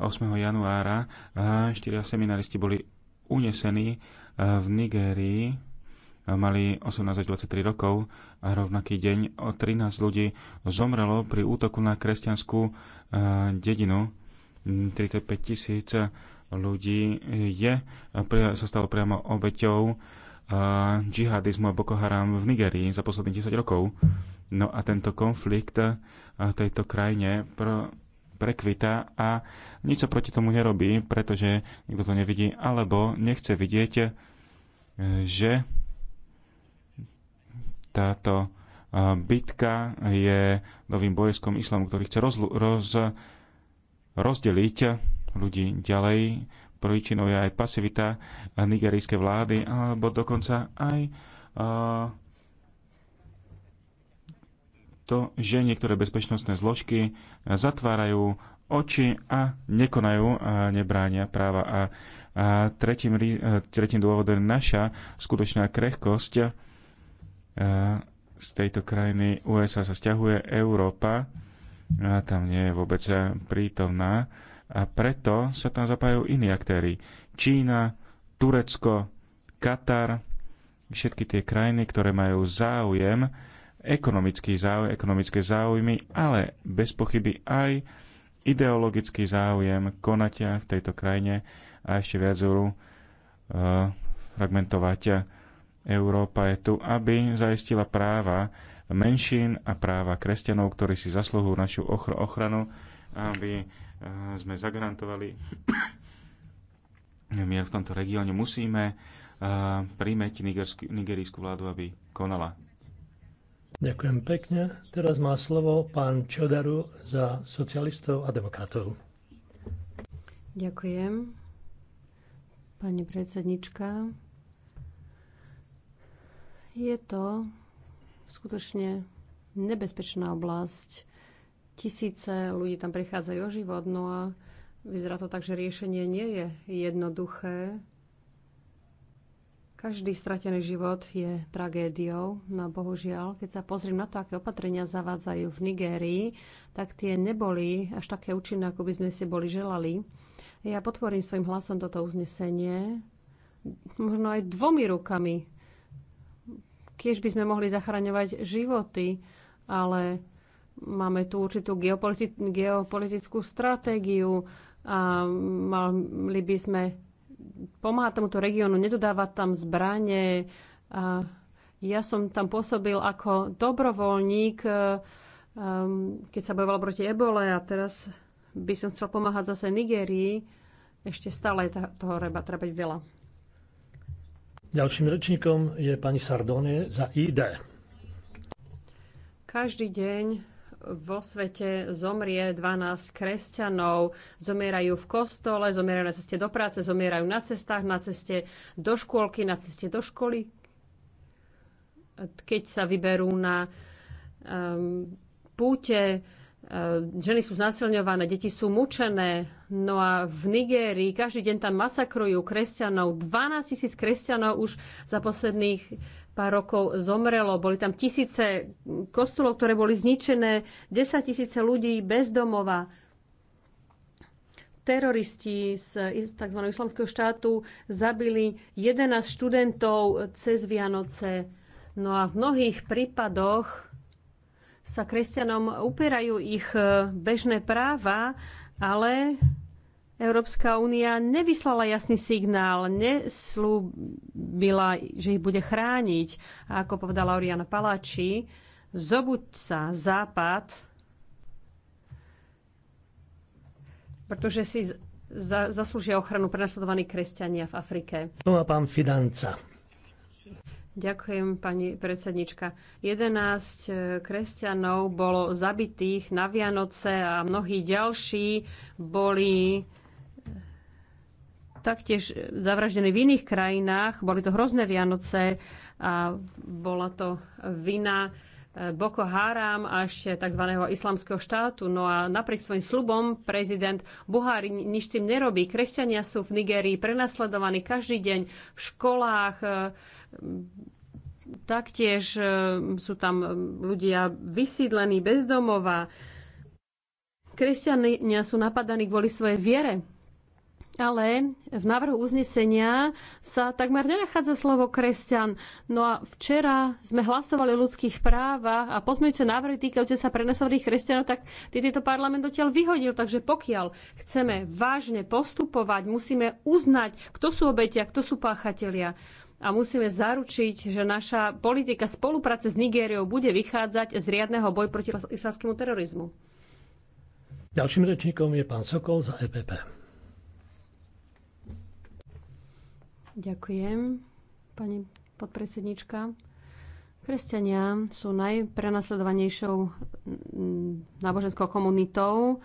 8. E, januára 4 seminaristi boli unesený eh, v Nigérii. Eh, mali 18-23 rokov a rovnaký deň o 13 ľudí zomrelo pri útoku na kresťanskú eh, dedinu. 35 tisíc ľudí je, sa stalo priamo obeťou džihadizmu a Boko Haram v Nigerii za posledných 10 rokov. No a tento konflikt v tejto krajine prekvita a nič sa proti tomu nerobí, pretože nikto to nevidí alebo nechce vidieť, e, že táto e, bitka je novým bojskom islamu, ktorý chce roz, roz, rozdeliť ľudí ďalej. Príčinou je aj pasivita nigerijskej vlády alebo dokonca aj uh, to, že niektoré bezpečnostné zložky zatvárajú oči a nekonajú a nebránia práva. A, a tretím, tretím dôvodom je naša skutočná krehkosť. Z tejto krajiny USA sa stiahuje Európa, a tam nie je vôbec prítomná a preto sa tam zapájajú iní aktéry. Čína, Turecko, Katar, všetky tie krajiny, ktoré majú záujem ekonomický záujem, ekonomické záujmy, ale bez pochyby aj ideologický záujem konatia v tejto krajine a ešte viac uh, fragmentovať. Európa je tu, aby zaistila práva menšín a práva kresťanov, ktorí si zasluhujú našu ochr- ochranu, aby eh, sme zagarantovali mier v tomto regióne. Musíme eh, príjmeť nigerijskú vládu, aby konala. Ďakujem pekne. Teraz má slovo pán Čodaru za socialistov a demokratov. Ďakujem. Pani predsednička, je to skutočne nebezpečná oblasť. Tisíce ľudí tam prichádzajú o život, no a vyzerá to tak, že riešenie nie je jednoduché. Každý stratený život je tragédiou, no bohužiaľ, keď sa pozriem na to, aké opatrenia zavádzajú v Nigérii, tak tie neboli až také účinné, ako by sme si boli želali. Ja podporím svojim hlasom toto uznesenie, možno aj dvomi rukami. Kiež by sme mohli zachraňovať životy, ale máme tu určitú geopolitickú stratégiu a mali by sme pomáha tomuto regiónu, nedodáva tam zbranie. A ja som tam pôsobil ako dobrovoľník, e, keď sa bojoval proti ebole a teraz by som chcel pomáhať zase Nigérii. Ešte stále toho reba treba veľa. Ďalším rečníkom je pani Sardone za ID. Každý deň vo svete zomrie 12 kresťanov. Zomierajú v kostole, zomierajú na ceste do práce, zomierajú na cestách, na ceste do škôlky, na ceste do školy. Keď sa vyberú na um, púte, ehm, ženy sú znásilňované, deti sú mučené. No a v Nigérii každý deň tam masakrujú kresťanov. 12 tisíc kresťanov už za posledných pár rokov zomrelo. Boli tam tisíce kostolov, ktoré boli zničené, 10 tisíce ľudí bez domova. Teroristi z tzv. islamského štátu zabili 11 študentov cez Vianoce. No a v mnohých prípadoch sa kresťanom upierajú ich eh, bežné práva, ale Európska únia nevyslala jasný signál, neslúbila, že ich bude chrániť. A ako povedala Oriana Palači, zobuď sa Západ, pretože si za, zaslúžia ochranu prenasledovaní kresťania v Afrike. No a pán Fidanca. Ďakujem, pani predsednička. 11 e, kresťanov bolo zabitých na Vianoce a mnohí ďalší boli taktiež e, zavraždení v iných krajinách. Boli to hrozné Vianoce a bola to vina e, Boko Haram a ešte tzv. islamského štátu. No a napriek svojim slubom prezident Buhari nič tým nerobí. Kresťania sú v Nigerii prenasledovaní každý deň v školách. E, taktiež sú tam ľudia vysídlení bezdomová. Kresťania sú napadaní kvôli svojej viere ale v návrhu uznesenia sa takmer nenachádza slovo kresťan. No a včera sme hlasovali o ľudských právach a pozmeňujúce návrhy týkajúce sa prenosovných kresťanov, tak tieto parlament dotiaľ vyhodil. Takže pokiaľ chceme vážne postupovať, musíme uznať, kto sú obetia, kto sú páchatelia. A musíme zaručiť, že naša politika spolupráce s Nigériou bude vychádzať z riadneho boj proti islamskému terorizmu. Ďalším rečníkom je pán Sokol za EPP. Ďakujem, pani podpredsednička. Kresťania sú najprenasledovanejšou mm, náboženskou komunitou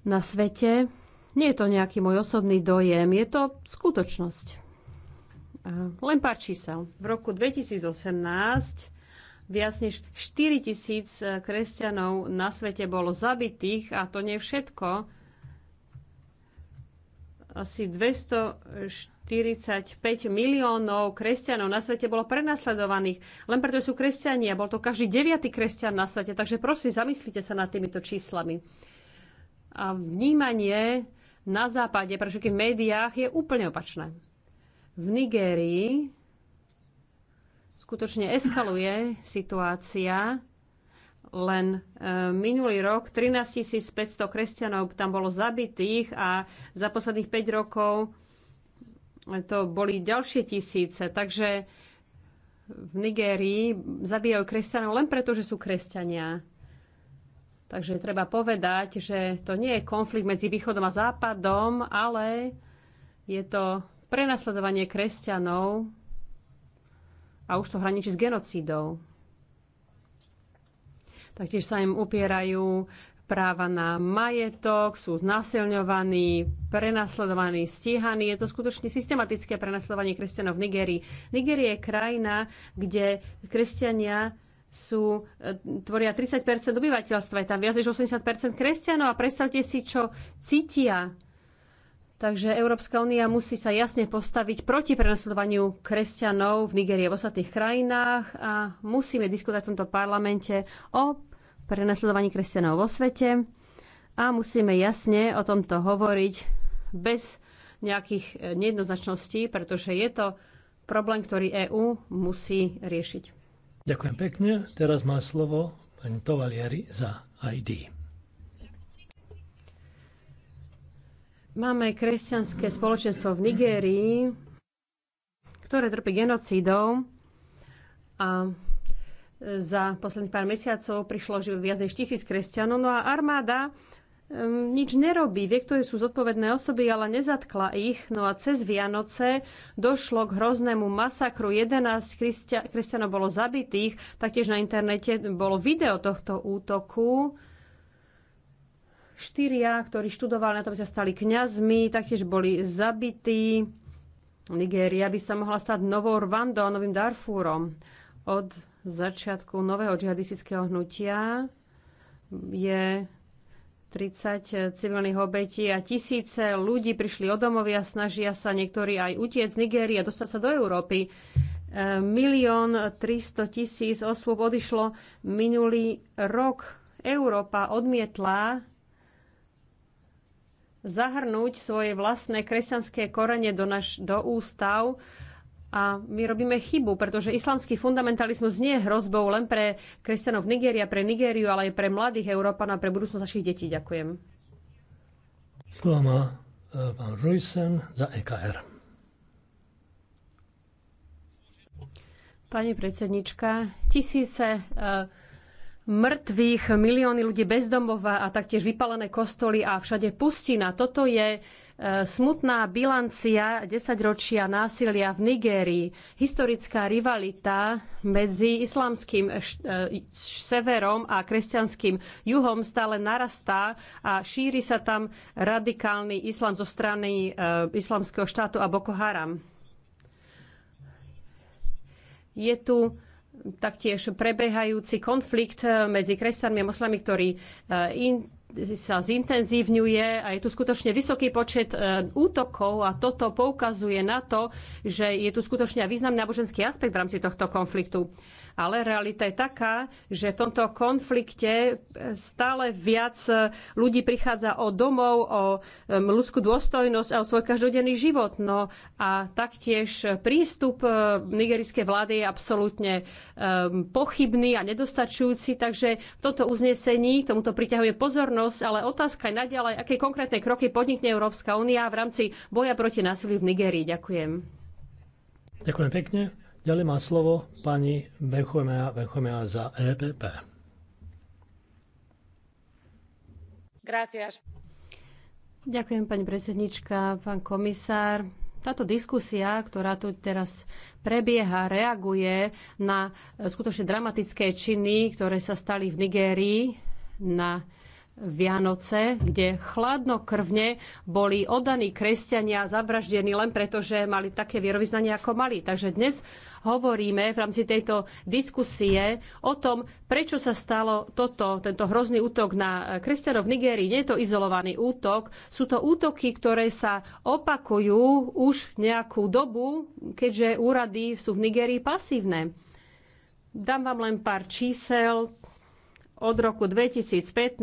na svete. Nie je to nejaký môj osobný dojem, je to skutočnosť. Len pár čísel. V roku 2018 viac než 4 tisíc kresťanov na svete bolo zabitých a to nie všetko. Asi 240 45 miliónov kresťanov na svete bolo prenasledovaných. Len preto sú kresťania. Bol to každý deviatý kresťan na svete. Takže prosím, zamyslite sa nad týmito číslami. A vnímanie na západe, pre všetkých médiách, je úplne opačné. V Nigérii skutočne eskaluje situácia. Len e, minulý rok 13 500 kresťanov tam bolo zabitých a za posledných 5 rokov to boli ďalšie tisíce. Takže v Nigérii zabíjajú kresťanov len preto, že sú kresťania. Takže treba povedať, že to nie je konflikt medzi východom a západom, ale je to prenasledovanie kresťanov a už to hraničí s genocídou. Taktiež sa im upierajú práva na majetok, sú znásilňovaní, prenasledovaní, stíhaní. Je to skutočne systematické prenasledovanie kresťanov v Nigerii. Nigerie je krajina, kde kresťania sú, e, tvoria 30 obyvateľstva, je tam viac než 80 kresťanov a predstavte si, čo cítia. Takže Európska únia musí sa jasne postaviť proti prenasledovaniu kresťanov v Nigerii a v ostatných krajinách a musíme diskutovať v tomto parlamente o prenasledovaní kresťanov vo svete a musíme jasne o tomto hovoriť bez nejakých e, nejednoznačností, pretože je to problém, ktorý EÚ musí riešiť. Ďakujem pekne. Teraz má slovo pani Tovaliari za ID. Máme kresťanské spoločenstvo v Nigérii, ktoré trpí genocídou a za posledných pár mesiacov prišlo život viac než tisíc kresťanov. No a armáda um, nič nerobí. Vie, ktoré sú zodpovedné osoby, ale nezatkla ich. No a cez Vianoce došlo k hroznému masakru. 11 kresťa- kresťanov bolo zabitých. Taktiež na internete bolo video tohto útoku. Štyria, ktorí študovali na to, aby sa stali kňazmi, taktiež boli zabití. Nigéria by sa mohla stať novou Rwandou, novým Darfúrom. Od začiatku nového džihadistického hnutia je 30 civilných obetí a tisíce ľudí prišli od domovia, snažia sa niektorí aj utiec z Nigérie a dostať sa do Európy. E, milión 300 tisíc osôb odišlo minulý rok. Európa odmietla zahrnúť svoje vlastné kresťanské korene do, naš, do ústav a my robíme chybu, pretože islamský fundamentalizmus nie je hrozbou len pre kresťanov v Nigérii a pre Nigériu, ale aj pre mladých Európanov a pre budúcnosť našich detí. Ďakujem. Slovo má e, pán Rujsen za EKR. Pani predsednička, tisíce e, mŕtvych, milióny ľudí bez domova a taktiež vypalené kostoly a všade pustina. Toto je Eh, smutná bilancia desaťročia násilia v Nigérii, historická rivalita medzi islamským eh, eh, severom a kresťanským juhom stále narastá a šíri sa tam radikálny islam zo strany islamského štátu a Boko Haram. Je tu taktiež prebehajúci konflikt medzi kresťanmi a moslami, ktorí in sa zintenzívňuje a je tu skutočne vysoký počet e, útokov a toto poukazuje na to, že je tu skutočne významný náboženský aspekt v rámci tohto konfliktu. Ale realita je taká, že v tomto konflikte eh, stále viac eh, ľudí prichádza o domov, o ľudskú dôstojnosť a o svoj každodenný život. No a taktiež prístup eh, nigerijskej vlády je absolútne pochybný a nedostačujúci, takže v tomto uznesení tomuto priťahuje pozornosť, ale otázka je naďalej, aké konkrétne kroky podnikne Európska únia v rámci boja proti násiliu v Nigerii. Ďakujem. Ďakujem pekne. Ďalej má slovo pani Bechomea, Bechomea za EPP. Gracias. Ďakujem, pani predsednička, pán komisár. Táto diskusia, ktorá tu teraz prebieha, reaguje na skutočne dramatické činy, ktoré sa stali v Nigérii na Vianoce, kde chladnokrvne boli oddaní kresťania zabraždení len preto, že mali také vierovýznanie, ako mali. Takže dnes hovoríme v rámci tejto diskusie o tom, prečo sa stalo toto, tento hrozný útok na kresťanov v Nigérii. Nie je to izolovaný útok, sú to útoky, ktoré sa opakujú už nejakú dobu, keďže úrady sú v Nigérii pasívne. Dám vám len pár čísel. Od roku 2015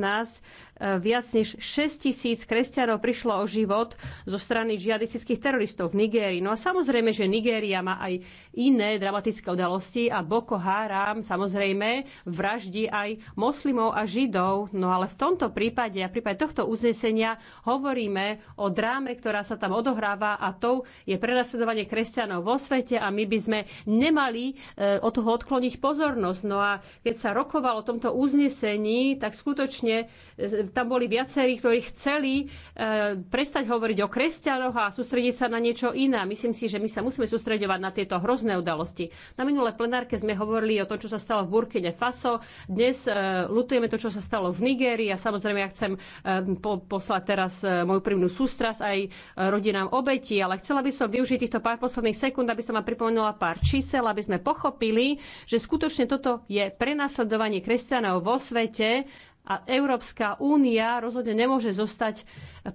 viac než 6 tisíc kresťanov prišlo o život zo strany žiadistických teroristov v Nigérii. No a samozrejme, že Nigéria má aj iné dramatické udalosti a Boko Haram samozrejme vraždí aj moslimov a židov. No ale v tomto prípade a v prípade tohto uznesenia hovoríme o dráme, ktorá sa tam odohráva a to je prenasledovanie kresťanov vo svete a my by sme nemali e, od toho odkloniť pozornosť. No a keď sa rokovalo o tomto uznesení, tak skutočne e, tam boli viacerí, ktorí chceli e, prestať hovoriť o kresťanoch a sústrediť sa na niečo iné. Myslím si, že my sa musíme sústredovať na tieto hrozné udalosti. Na minulé plenárke sme hovorili o tom, čo sa stalo v Burkine Faso. Dnes e, lutujeme to, čo sa stalo v Nigérii a samozrejme ja chcem e, poslať teraz moju prvnú sústras aj rodinám obetí, ale chcela by som využiť týchto pár posledných sekúnd, aby som vám pripomenula pár čísel, aby sme pochopili, že skutočne toto je prenasledovanie kresťanov vo svete a Európska únia rozhodne nemôže zostať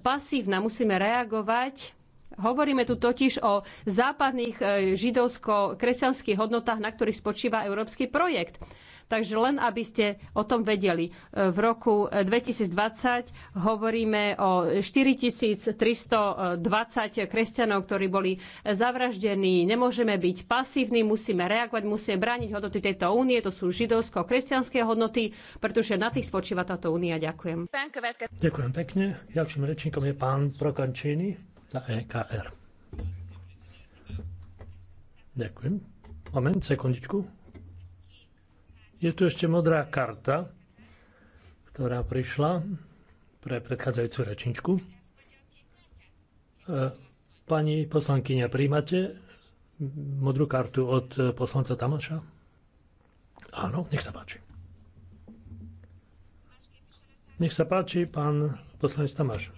pasívna. Musíme reagovať Hovoríme tu totiž o západných e, židovsko-kresťanských hodnotách, na ktorých spočíva európsky projekt. Takže len aby ste o tom vedeli, e, v roku 2020 e, hovoríme o 4320 kresťanov, ktorí boli zavraždení. Nemôžeme byť pasívni, musíme reagovať, musíme brániť hodnoty tejto únie. To sú židovsko-kresťanské hodnoty, pretože na tých spočíva táto únia. Ďakujem. Ďakujem pekne. Ďalším rečníkom je pán Prokančíny za EKR. Ďakujem. Moment, sekundičku. Je tu ešte modrá karta, ktorá prišla pre predchádzajúcu rečničku. E, pani poslankyňa, príjmate modrú kartu od poslanca Tamaša? Áno, nech sa páči. Nech sa páči, pán poslanec Tamáš.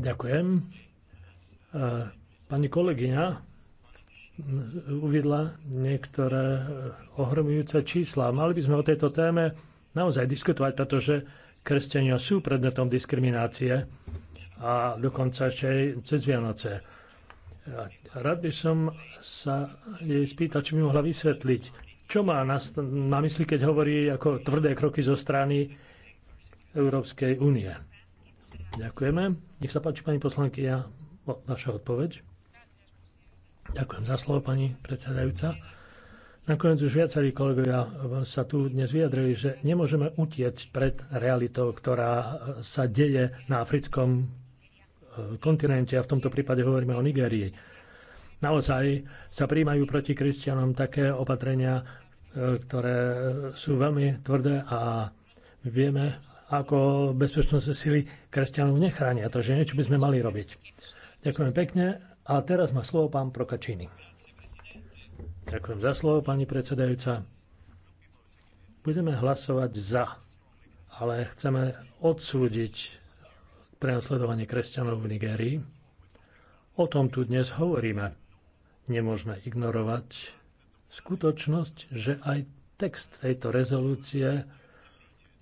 Ďakujem. E, pani kolegyňa uviedla niektoré ohromujúce čísla. Mali by sme o tejto téme naozaj diskutovať, pretože kresťania sú predmetom diskriminácie a dokonca ešte cez Vianoce. Rád by som sa jej spýtať, či by mohla vysvetliť, čo má na, na mysli, keď hovorí ako tvrdé kroky zo strany Európskej únie. Ďakujeme. Nech sa páči, pani poslanky, ja, vaša odpoveď. Ďakujem za slovo, pani predsedajúca. Nakoniec už viacerí kolegovia sa tu dnes vyjadrili, že nemôžeme utieť pred realitou, ktorá sa deje na africkom e, kontinente a v tomto prípade hovoríme o Nigérii. Naozaj sa príjmajú proti kresťanom také opatrenia, e, ktoré sú veľmi tvrdé a vieme ako bezpečnostné sily kresťanov nechránia. Takže niečo by sme mali robiť. Ďakujem pekne. A teraz má slovo pán Prokačiny. Ďakujem za slovo, pani predsedajúca. Budeme hlasovať za, ale chceme odsúdiť prenasledovanie kresťanov v Nigérii. O tom tu dnes hovoríme. Nemôžeme ignorovať skutočnosť, že aj text tejto rezolúcie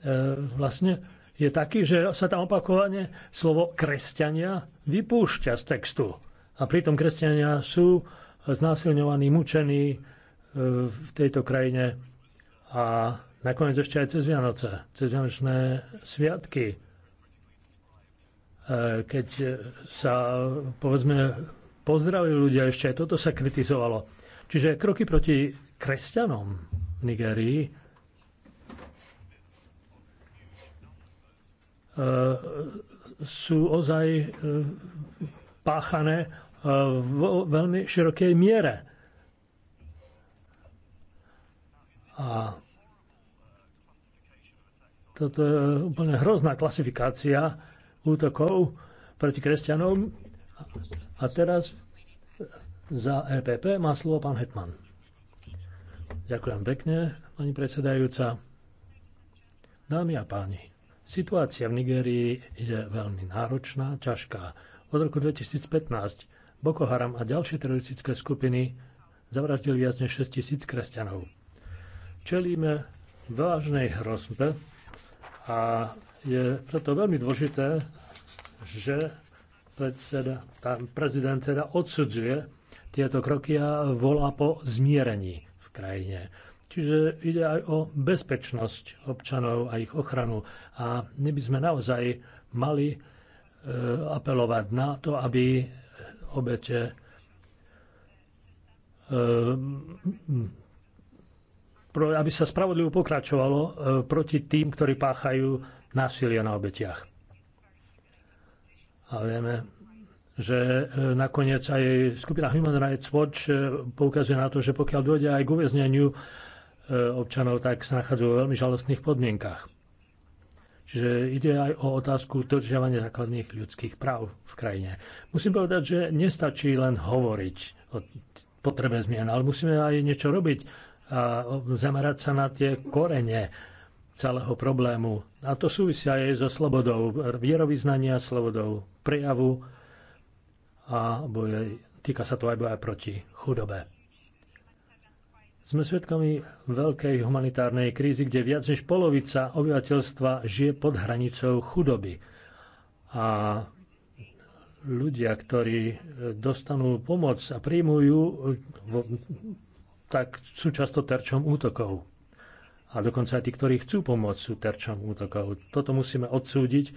E, vlastne je taký, že sa tam opakovane slovo kresťania vypúšťa z textu. A pritom kresťania sú znásilňovaní, mučení e, v tejto krajine a nakoniec ešte aj cez Vianoce, cez Vianočné sviatky, e, keď sa, povedzme, pozdravili ľudia, ešte aj toto sa kritizovalo. Čiže kroky proti kresťanom v Nigerii E, sú ozaj e, páchané e, v veľmi širokej miere. A toto je úplne hrozná klasifikácia útokov proti kresťanom. A teraz za EPP má slovo pán Hetman. Ďakujem pekne, pani predsedajúca. Dámy a páni, Situácia v Nigérii je veľmi náročná, ťažká. Od roku 2015 Boko Haram a ďalšie teroristické skupiny zavraždili viac než 6 tisíc kresťanov. Čelíme vážnej hrozbe a je preto veľmi dôležité, že predseda, prezident teda odsudzuje tieto kroky a volá po zmierení v krajine. Čiže ide aj o bezpečnosť občanov a ich ochranu. A my by sme naozaj mali e, apelovať na to, aby obete e, aby sa spravodlivo pokračovalo e, proti tým, ktorí páchajú násilie na obetiach. A vieme, že nakoniec aj skupina Human Rights Watch poukazuje na to, že pokiaľ dojde aj k uväzneniu E, občanov, tak sa nachádzajú v veľmi žalostných podmienkach. Čiže ide aj o otázku dodržiavania základných ľudských práv v krajine. Musím povedať, že nestačí len hovoriť o potrebe zmien, ale musíme aj niečo robiť a zamerať sa na tie korene celého problému. A to súvisia aj so slobodou vierovýznania, slobodou prejavu a boje, týka sa to aj boja proti chudobe. Sme svedkami veľkej humanitárnej krízy, kde viac než polovica obyvateľstva žije pod hranicou chudoby. A ľudia, ktorí dostanú pomoc a príjmu ju, tak sú často terčom útokov. A dokonca aj tí, ktorí chcú pomôcť, sú terčom útokov. Toto musíme odsúdiť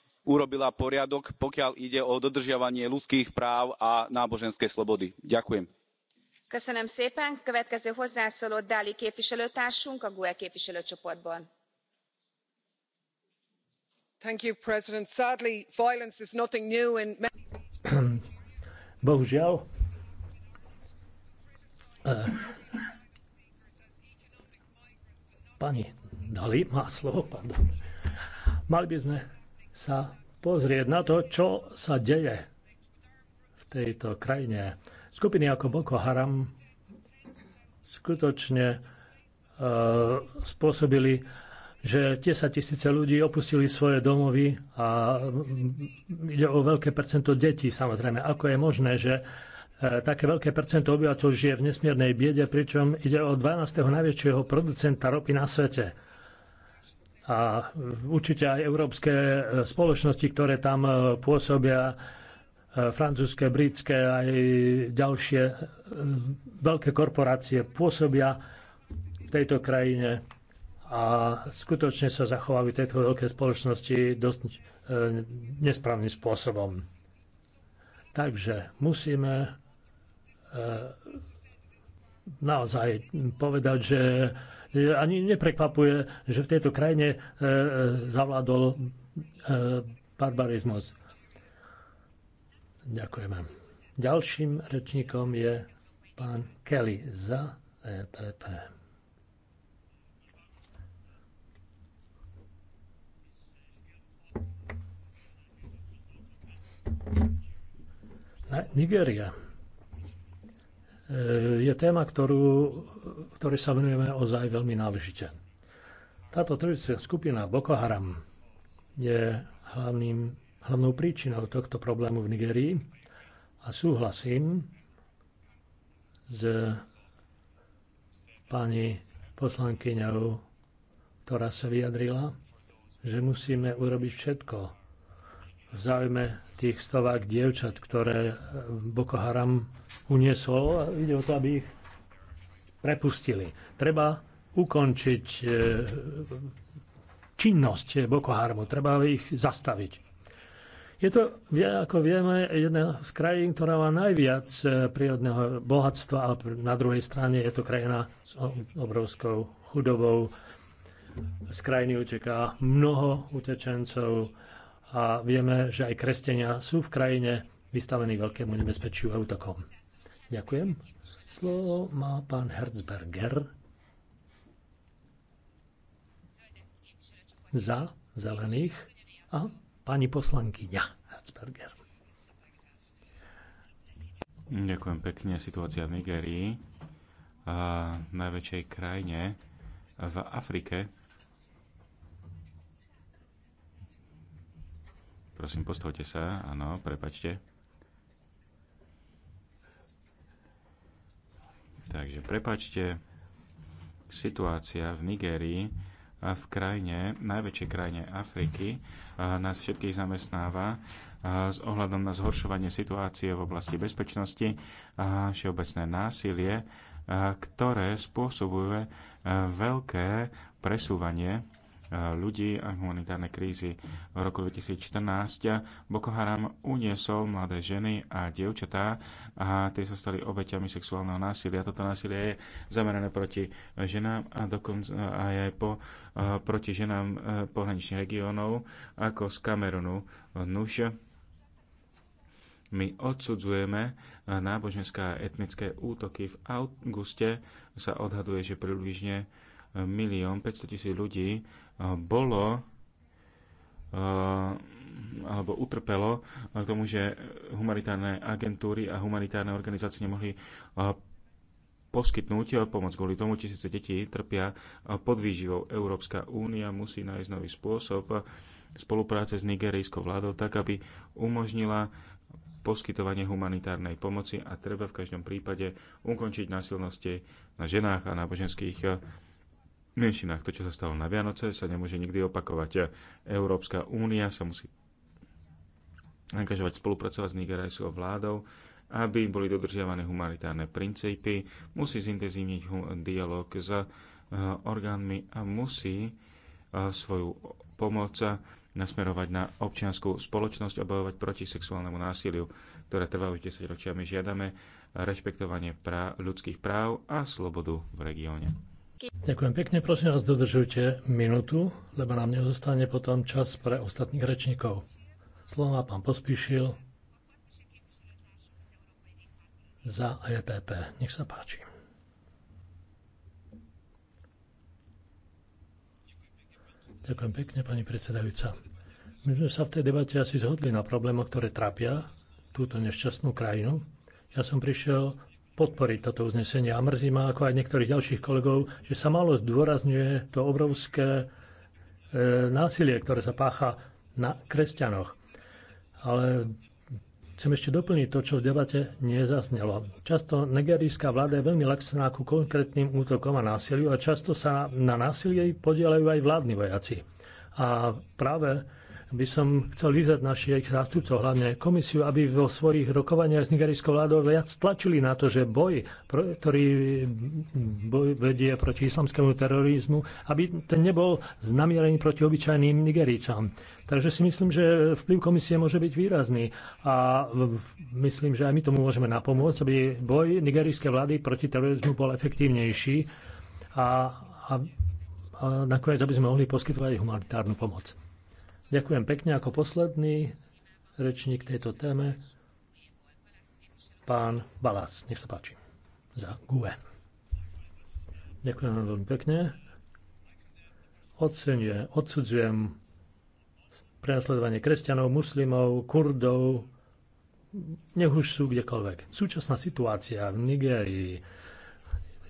urobila poriadok pokiaľ ide o dodržiavanie ľudských práv a náboženskej slobody. ďakujem. bohužiaľ eh, pani dalli má slovo pardon mali by sme sa pozrieť na to, čo sa deje v tejto krajine. Skupiny ako Boko Haram skutočne e, spôsobili, že 10 tisíce ľudí opustili svoje domovy a ide o veľké percento detí samozrejme. Ako je možné, že e, také veľké percento obyvateľov žije v nesmiernej biede, pričom ide o 12. najväčšieho producenta ropy na svete a určite aj európske e, spoločnosti, ktoré tam e, pôsobia, e, francúzske, britské aj ďalšie veľké korporácie pôsobia v tejto krajine a skutočne sa zachovajú tieto veľké spoločnosti dosť nesprávnym spôsobom. Takže musíme naozaj povedať, že ani neprekvapuje, že v tejto krajine e, e, zavládol e, barbarizmus. Ďakujeme. Ďalším rečníkom je pán Kelly za EPP. Nigeria E, je téma, ktorú, ktorej sa venujeme ozaj veľmi náležite. Táto teroristická skupina Boko Haram je hlavným, hlavnou príčinou tohto problému v Nigerii a súhlasím s pani poslankyňou, ktorá sa vyjadrila, že musíme urobiť všetko v záujme tých stovák dievčat, ktoré Boko Haram uniesol. Ide o to, aby ich prepustili. Treba ukončiť e, činnosť Boko Haramu. Treba ich zastaviť. Je to, ako vieme, jedna z krajín, ktorá má najviac e, prírodného bohatstva a na druhej strane je to krajina s obrovskou chudobou. Z krajiny uteká mnoho utečencov a vieme, že aj kresťania sú v krajine vystavení veľkému nebezpečiu a útokom. Ďakujem. Slovo má pán Herzberger. Za zelených a pani poslankyňa Herzberger. Ďakujem pekne. Situácia v Nigerii, a najväčšej krajine v Afrike, Prosím, postavte sa. Áno, prepačte. Takže prepačte. Situácia v Nigérii a v krajine, najväčšej krajine Afriky, nás všetkých zamestnáva s ohľadom na zhoršovanie situácie v oblasti bezpečnosti a všeobecné násilie, ktoré spôsobuje veľké presúvanie ľudí a humanitárnej krízy. V roku 2014 Boko Haram uniesol mladé ženy a dievčatá a tie sa stali obeťami sexuálneho násilia. Toto násilie je zamerané proti ženám a dokonca aj po, proti ženám e, pohraničných regiónov ako z Kamerunu. Nuž, my odsudzujeme e, náboženské a etnické útoky. V auguste sa odhaduje, že približne milión 500 tisíc ľudí Eh, bolo eh, alebo utrpelo eh, k tomu, že humanitárne agentúry a humanitárne organizácie nemohli poskytnúť pomoc. Kvôli tomu tisíce detí trpia pod výživou. Európska únia musí nájsť nový spôsob spolupráce s nigerijskou vládou tak, aby umožnila poskytovanie humanitárnej pomoci a treba v každom prípade ukončiť násilnosti na ženách a náboženských menšinách. To, čo sa stalo na Vianoce, sa nemôže nikdy opakovať. Európska únia sa musí angažovať, spolupracovať s nigerajskou vládou, aby boli dodržiavané humanitárne princípy, musí zintenzívniť dialog s eh, orgánmi a musí eh, svoju pomoc nasmerovať na občianskú spoločnosť a bojovať proti sexuálnemu násiliu, ktoré trvá už 10 ročia. My žiadame rešpektovanie prá- ľudských práv a slobodu v regióne. Ďakujem pekne, prosím vás, dodržujte minútu, lebo nám nezostane potom čas pre ostatných rečníkov. Slovo má pán Pospíšil za EPP. Nech sa páči. Ďakujem pekne, pani predsedajúca. My sme sa v tej debate asi zhodli na problémoch, ktoré trápia túto nešťastnú krajinu. Ja som prišiel podporiť toto uznesenie. A mrzí ma, ako aj niektorých ďalších kolegov, že sa málo zdôrazňuje to obrovské e, násilie, ktoré sa pácha na kresťanoch. Ale chcem ešte doplniť to, čo v debate nezaznelo. Často nigerijská vláda je veľmi laxná ku konkrétnym útokom a násiliu a často sa na násilie podielajú aj vládni vojaci. A práve by som chcel vyzvať našich zástupcov, hlavne komisiu, aby vo svojich rokovaniach s nigerijskou vládou viac tlačili na to, že boj, ktorý boj vedie proti islamskému terorizmu, aby ten nebol znamierený proti obyčajným Nigerijčom. Takže si myslím, že vplyv komisie môže byť výrazný a myslím, že aj my tomu môžeme napomôcť, aby boj nigerijskej vlády proti terorizmu bol efektívnejší a, a, a nakoniec, aby sme mohli poskytovať humanitárnu pomoc. Ďakujem pekne ako posledný rečník tejto téme, pán Balas. Nech sa páči. Za GUE. Ďakujem veľmi pekne. Oceňuje, odsudzujem prenasledovanie kresťanov, muslimov, kurdov, nech už sú kdekoľvek. Súčasná situácia v Nigérii,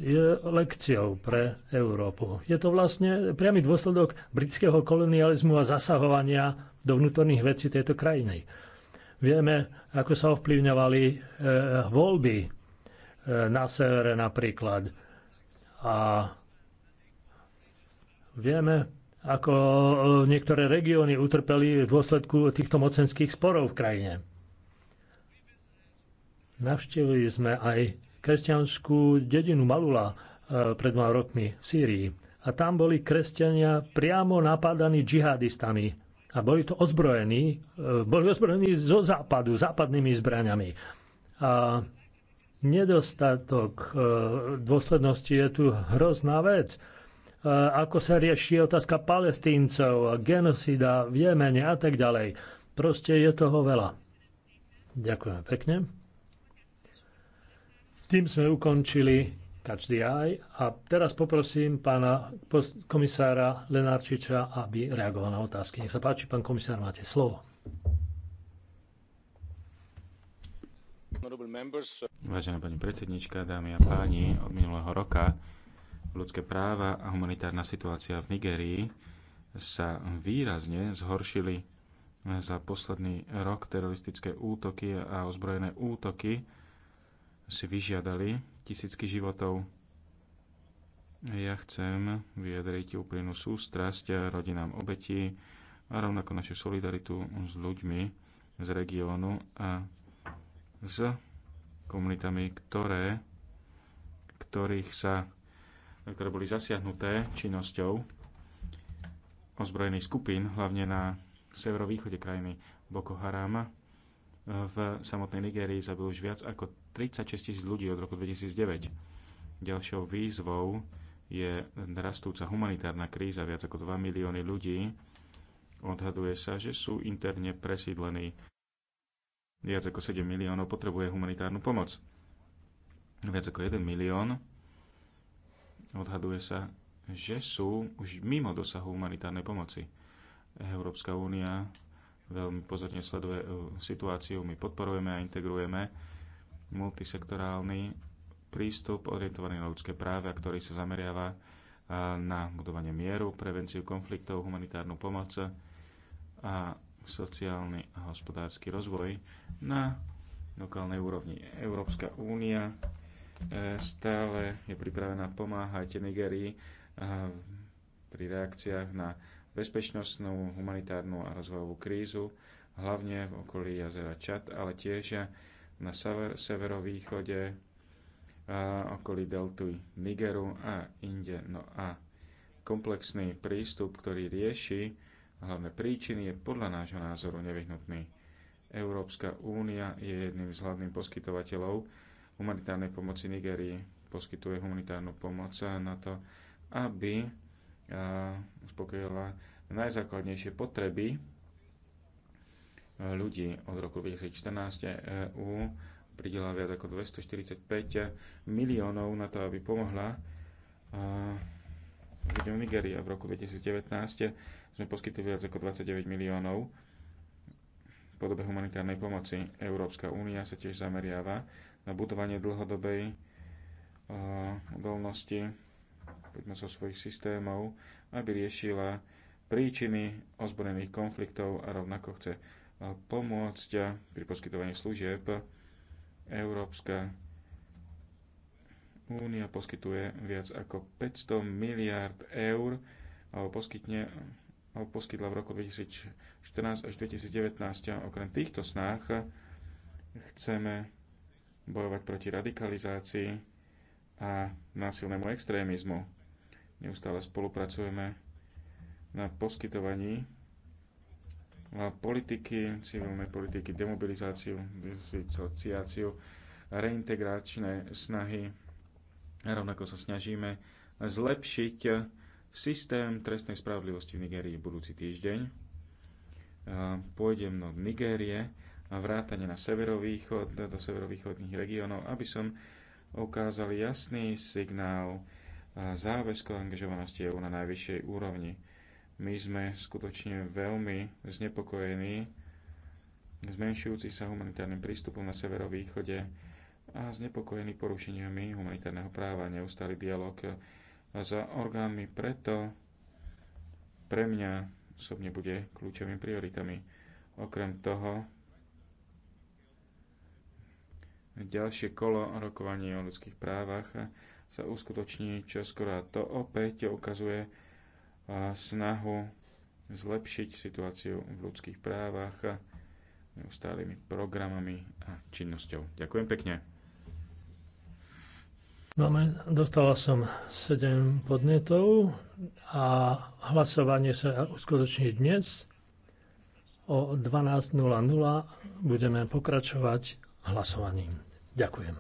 je lekciou pre Európu. Je to vlastne priamy dôsledok britského kolonializmu a zasahovania do vnútorných vecí tejto krajiny. Vieme, ako sa ovplyvňovali e, voľby e, na severe napríklad. A vieme, ako e, niektoré regióny utrpeli v dôsledku týchto mocenských sporov v krajine. Navštívili sme aj kresťanskú dedinu Malula e, pred dva rokmi v Sýrii. A tam boli kresťania priamo napádaní džihadistami. A boli to ozbrojení, e, boli ozbrojení zo západu, západnými zbraniami. A nedostatok e, dôslednosti je tu hrozná vec ako sa rieši otázka palestíncov, genocida v Jemene a tak ďalej. Proste je toho veľa. Ďakujem pekne. Tým sme ukončili každý aj a teraz poprosím pána komisára Lenarčiča, aby reagoval na otázky. Nech sa páči, pán komisár, máte slovo. Vážená pani predsednička, dámy a páni, od minulého roka ľudské práva a humanitárna situácia v Nigérii sa výrazne zhoršili za posledný rok teroristické útoky a ozbrojené útoky si vyžiadali tisícky životov. Ja chcem vyjadriť úplnú sústrasť rodinám obetí a rovnako našu solidaritu s ľuďmi z regiónu a s komunitami, ktoré, ktorých sa, ktoré boli zasiahnuté činnosťou ozbrojených skupín, hlavne na severovýchode krajiny Boko Harama v samotnej Nigérii zabil už viac ako 36 tisíc ľudí od roku 2009. Ďalšou výzvou je rastúca humanitárna kríza. Viac ako 2 milióny ľudí odhaduje sa, že sú interne presídlení. Viac ako 7 miliónov potrebuje humanitárnu pomoc. Viac ako 1 milión odhaduje sa, že sú už mimo dosahu humanitárnej pomoci. Európska únia veľmi pozorne sleduje e, situáciu. My podporujeme a integrujeme multisektorálny prístup orientovaný na ľudské práve, ktorý sa zameriava e, na budovanie mieru, prevenciu konfliktov, humanitárnu pomoc a sociálny a hospodársky rozvoj na lokálnej úrovni. Európska únia e, stále je pripravená pomáhať Nigerii pri reakciách na bezpečnostnú, humanitárnu a rozvojovú krízu, hlavne v okolí jazera Čad, ale tiež na sever, severovýchode, a okolí deltu Nigeru a inde. No a komplexný prístup, ktorý rieši hlavné príčiny, je podľa nášho názoru nevyhnutný. Európska únia je jedným z hlavných poskytovateľov humanitárnej pomoci Nigerii. Poskytuje humanitárnu pomoc na to, aby uspokojila najzákladnejšie potreby e, ľudí. Od roku 2014 EÚ pridela viac ako 245 miliónov na to, aby pomohla e, ľuďom Nigeria. V roku 2019 sme poskytli viac ako 29 miliónov podobe humanitárnej pomoci. Európska únia sa tiež zameriava na budovanie dlhodobej e, odolnosti jedno zo svojich systémov, aby riešila príčiny ozbrojených konfliktov a rovnako chce eh, pomôcť pri poskytovaní služieb. Európska únia poskytuje viac ako 500 miliard eur alebo poskytne alebo poskytla v roku 2014 až 2019. A okrem týchto snách chceme bojovať proti radikalizácii, a násilnému extrémizmu. Neustále spolupracujeme na poskytovaní politiky, civilnej politiky, demobilizáciu, disociáciu, reintegračné snahy. Rovnako sa snažíme zlepšiť systém trestnej spravodlivosti v Nigérii budúci týždeň. Pôjdem do Nigérie a vrátane na severovýchod, do severovýchodných regiónov, aby som ukázali jasný signál e, záväzku angažovanosti EÚ na najvyššej úrovni. My sme skutočne veľmi znepokojení zmenšujúci sa humanitárnym prístupom na severovýchode a znepokojení porušeniami humanitárneho práva. Neustály dialog za orgánmi preto pre mňa osobne bude kľúčovými prioritami. Okrem toho Ďalšie kolo rokovaní o ľudských právach sa uskutoční čoskoro a to opäť ukazuje snahu zlepšiť situáciu v ľudských právach neustálými programami a činnosťou. Ďakujem pekne. Máme, no, dostala som 7 podnetov a hlasovanie sa uskutoční dnes. O 12.00 budeme pokračovať hlasovaním. Ďakujem.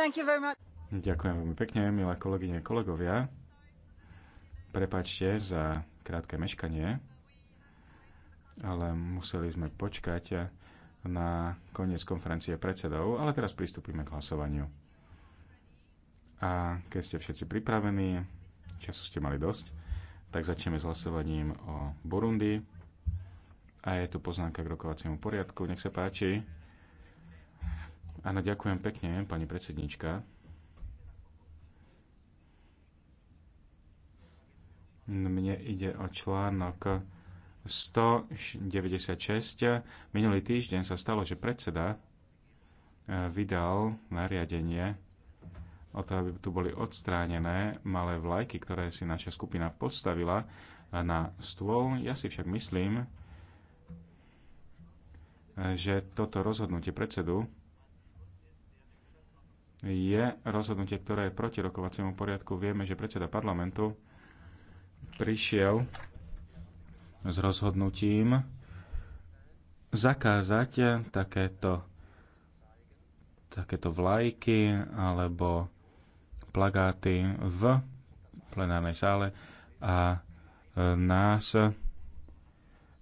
Ďakujem veľmi pekne, milé kolegyne, kolegovia. Prepačte za krátke meškanie, ale museli sme počkať na koniec konferencie predsedov, ale teraz pristúpime k hlasovaniu. A keď ste všetci pripravení, času ste mali dosť, tak začneme s hlasovaním o Burundi. A je tu poznámka k rokovaciemu poriadku. Nech sa páči. Áno, ďakujem pekne, pani predsednička. Mne ide o článok 196. Minulý týždeň sa stalo, že predseda eh, vydal nariadenie o to, aby tu boli odstránené malé vlajky, ktoré si naša skupina postavila eh, na stôl. Ja si však myslím, eh, že toto rozhodnutie predsedu je rozhodnutie, ktoré je proti rokovaciemu poriadku. Vieme, že predseda parlamentu prišiel s rozhodnutím zakázať takéto, takéto vlajky alebo plagáty v plenárnej sále a nás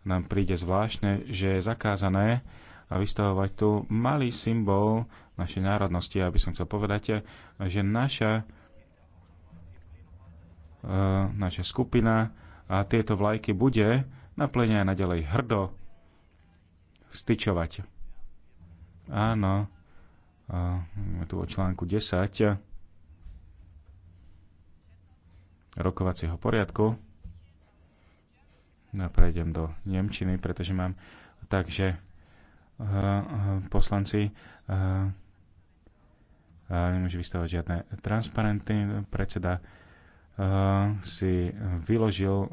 nám príde zvláštne, že je zakázané a vystavovať tu malý symbol našej národnosti. Aby som chcel povedať, že naša, e, naša skupina a tieto vlajky bude naplne aj naďalej hrdo styčovať. Áno, máme tu o článku 10 rokovacieho poriadku. No, prejdem do Nemčiny, pretože mám... Takže poslanci nemôže vystavať žiadne transparenty. Predseda si vyložil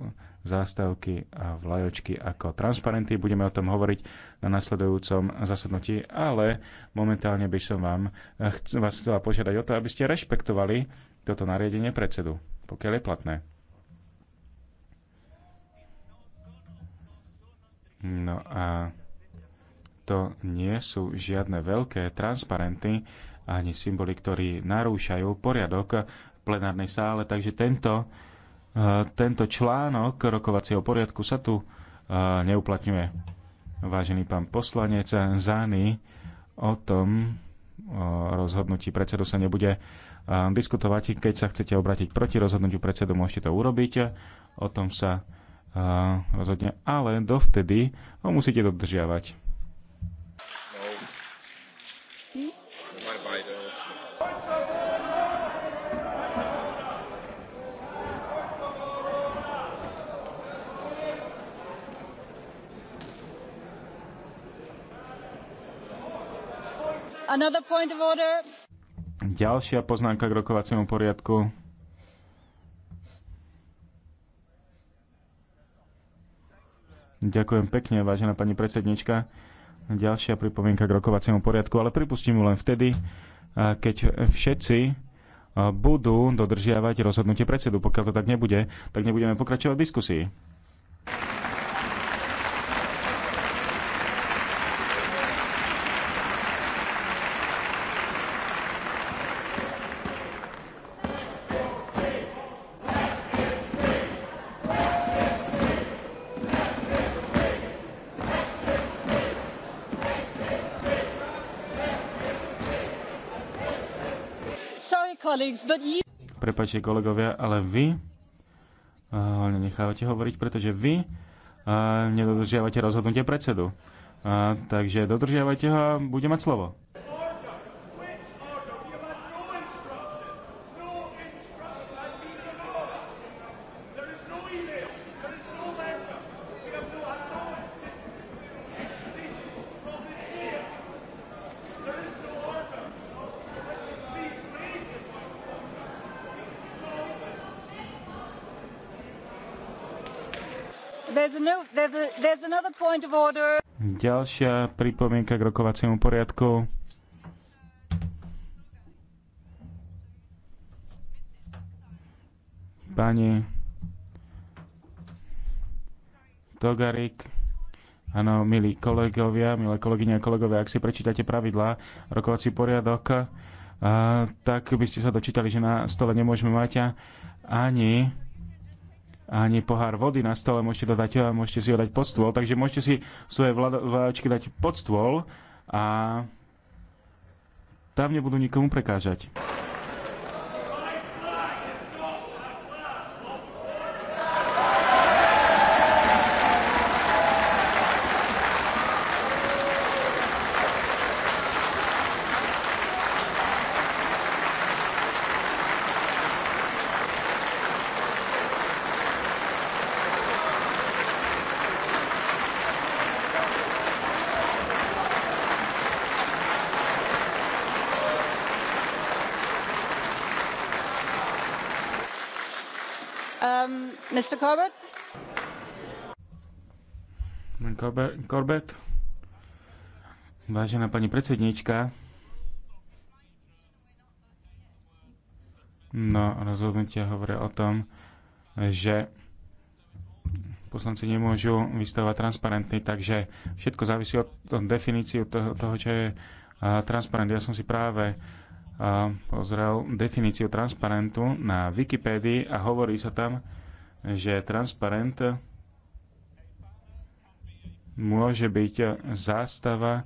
zástavky a vlajočky ako transparenty. Budeme o tom hovoriť na nasledujúcom zasadnutí, ale momentálne by som vám, vás chcela požiadať o to, aby ste rešpektovali toto nariadenie predsedu, pokiaľ je platné. No a to nie sú žiadne veľké transparenty ani symboly, ktorí narúšajú poriadok v plenárnej sále. Takže tento, eh, tento článok rokovacieho poriadku sa tu eh, neuplatňuje. Vážený pán poslanec Zány, o tom o rozhodnutí predsedu sa nebude eh, diskutovať. Keď sa chcete obratiť proti rozhodnutiu predsedu, môžete to urobiť. O tom sa rozhodne, ale dovtedy ho musíte dodržiavať. Ďalšia poznámka k rokovaciemu poriadku. Ďakujem pekne, vážená pani predsednička. Ďalšia pripomienka k rokovaciemu poriadku, ale pripustím ju len vtedy, keď všetci budú dodržiavať rozhodnutie predsedu. Pokiaľ to tak nebude, tak nebudeme pokračovať v diskusii. Prepačte kolegovia, ale vy uh, nechávate hovoriť, pretože vy uh, nedodržiavate rozhodnutie predsedu. Uh, takže dodržiavajte ho a bude mať slovo. Ďalšia pripomienka k rokovaciemu poriadku. Pani Togarik. Áno, milí kolegovia, milé kolegyne a kolegovia, ak si prečítate pravidlá, rokovací poriadok, a, tak by ste sa dočítali, že na stole nemôžeme mať ani ani pohár vody na stole môžete dať a môžete si ho dať pod stôl. Takže môžete si svoje vláčky dať pod stôl a tam nebudú nikomu prekážať. Korbet. Vážená pani predsedníčka, no rozhodnutia hovoria o tom, že poslanci nemôžu vystavovať transparentný, takže všetko závisí od, od toho, toho, čo je transparent. Ja som si práve pozrel definíciu transparentu na Wikipédii a hovorí sa tam, že transparent môže byť zástava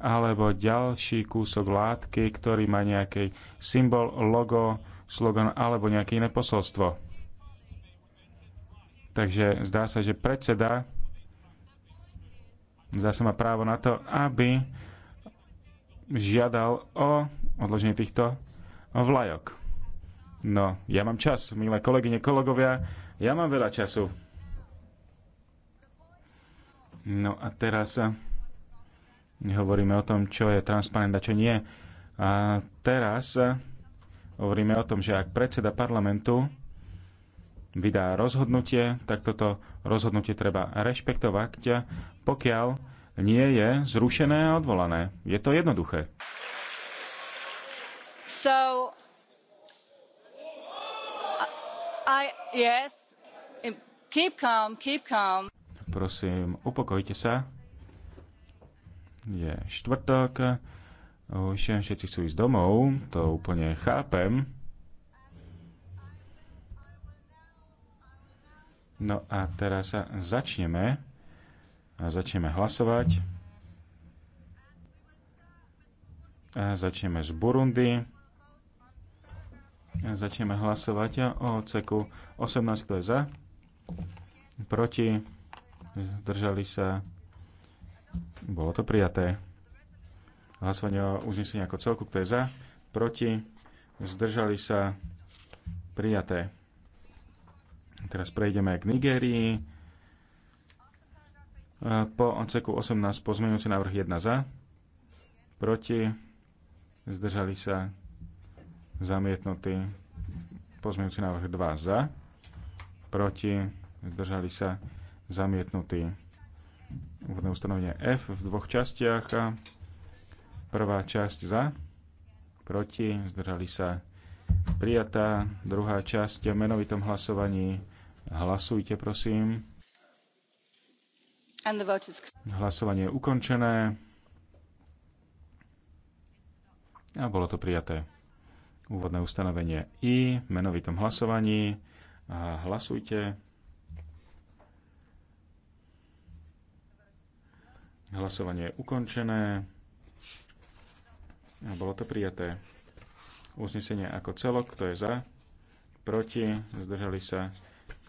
alebo ďalší kúsok látky, ktorý má nejaký symbol, logo, slogan alebo nejaké iné posolstvo. Takže zdá sa, že predseda zdá sa má právo na to, aby žiadal o odloženie týchto vlajok. No, ja mám čas, milé kolegyne, kolegovia, ja mám veľa času. No a teraz eh, hovoríme o tom, čo je transparent a čo nie. A teraz eh, hovoríme o tom, že ak predseda parlamentu vydá rozhodnutie, tak toto rozhodnutie treba rešpektovať, eh, pokiaľ nie je zrušené a odvolané. Je to jednoduché. So, I, yes, keep calm, keep calm. Prosím, upokojte sa. Je štvrtok. Už všetci chcú ísť domov, to úplne chápem. No a teraz sa začneme. Začneme hlasovať. A začneme z Burundi. A začneme hlasovať o ceku 18, kto je za, proti, zdržali sa, bolo to prijaté. Hlasovanie o uznesení ako celku, kto je za, proti, zdržali sa, prijaté. Teraz prejdeme k Nigérii. Po odseku 18 pozmeňujúci návrh 1 za, proti, zdržali sa, zamietnutý pozmeňujúci návrh 2 za, proti, zdržali sa, zamietnutý. Úvodné ustanovenie F v dvoch častiach. Prvá časť za, proti, zdržali sa prijatá. Druhá časť v menovitom hlasovaní. Hlasujte, prosím. Hlasovanie je ukončené. A bolo to prijaté. Úvodné ustanovenie I v menovitom hlasovaní. A hlasujte. Hlasovanie je ukončené. A bolo to prijaté. Uznesenie ako celok, kto je za, proti, zdržali sa,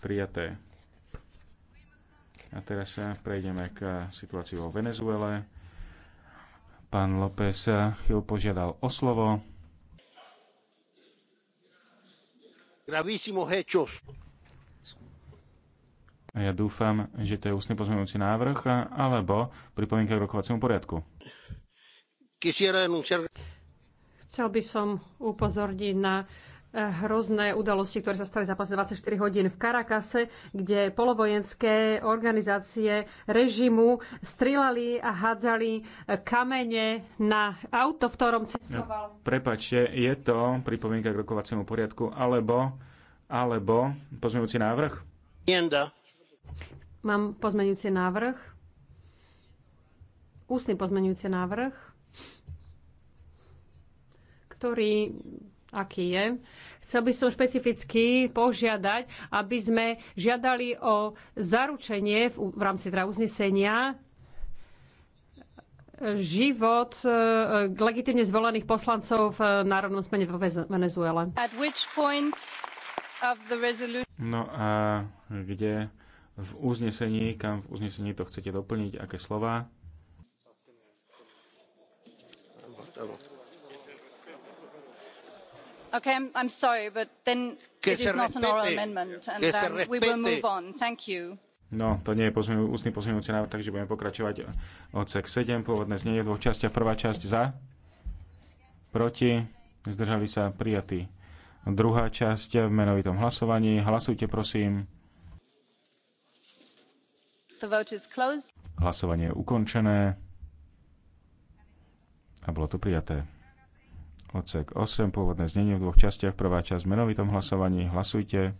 prijaté. A teraz sa prejdeme k situácii vo Venezuele. Pán López chvíľu požiadal o slovo. A ja dúfam, že to je ústne pozmeňujúci návrh alebo pripomienka k rokovaciemu poriadku. Chcel by som upozorniť na eh, hrozné udalosti, ktoré sa stali za 24 hodín v Karakase, kde polovojenské organizácie režimu strilali a hádzali eh, kamene na auto, v ktorom cestoval. Prepačte, je to pripomienka k rokovaciemu poriadku alebo, alebo pozmeňujúci návrh? Mám pozmenujúci návrh. Ústny pozmenujúci návrh, ktorý aký je. Chcel by som špecificky požiadať, aby sme žiadali o zaručenie v, v rámci teda uznesenia život e, e, legitimne zvolených poslancov v e, Národnom smene v Venezuele. No a kde v uznesení, kam v uznesení to chcete doplniť, aké slova. I'm, sorry, but then it is not an oral amendment and then we will move on. Thank you. No, to nie je pozmenu, ústny pozmeňujúci návrh, takže budeme pokračovať odsek 7, pôvodné znenie v dvoch častiach. Prvá časť za, proti, zdržali sa prijatí. Druhá časť v menovitom hlasovaní. Hlasujte prosím. Hlasovanie je ukončené. A bolo to prijaté. Odsek 8, pôvodné znenie v dvoch častiach. Prvá časť v menovitom hlasovaní. Hlasujte.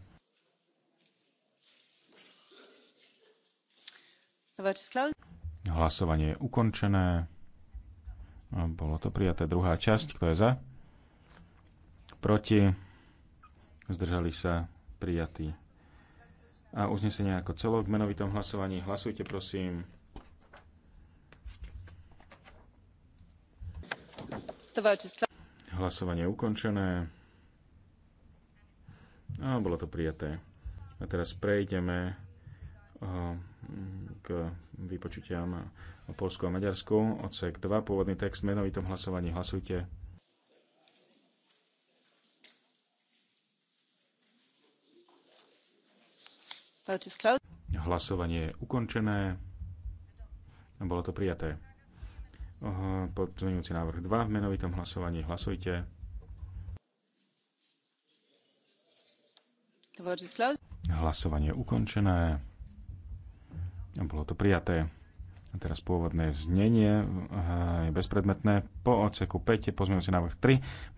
Hlasovanie je ukončené. A bolo to prijaté. Druhá časť. Kto je za? Proti? Zdržali sa prijatí a uznesenia ako celok v menovitom hlasovaní. Hlasujte prosím. Hlasovanie je ukončené. A bolo to prijaté. A teraz prejdeme eh, k vypočutiam o Polsku a Maďarsku. Odsek 2, pôvodný text, menovitom hlasovaní. Hlasujte. Hlasovanie je ukončené. Bolo to prijaté. Podzmenujúci návrh 2 v menovitom hlasovaní. Hlasujte. Hlasovanie je ukončené. Bolo to prijaté. A teraz pôvodné znenie je bezpredmetné. Po odseku 5 pozmeňujúci návrh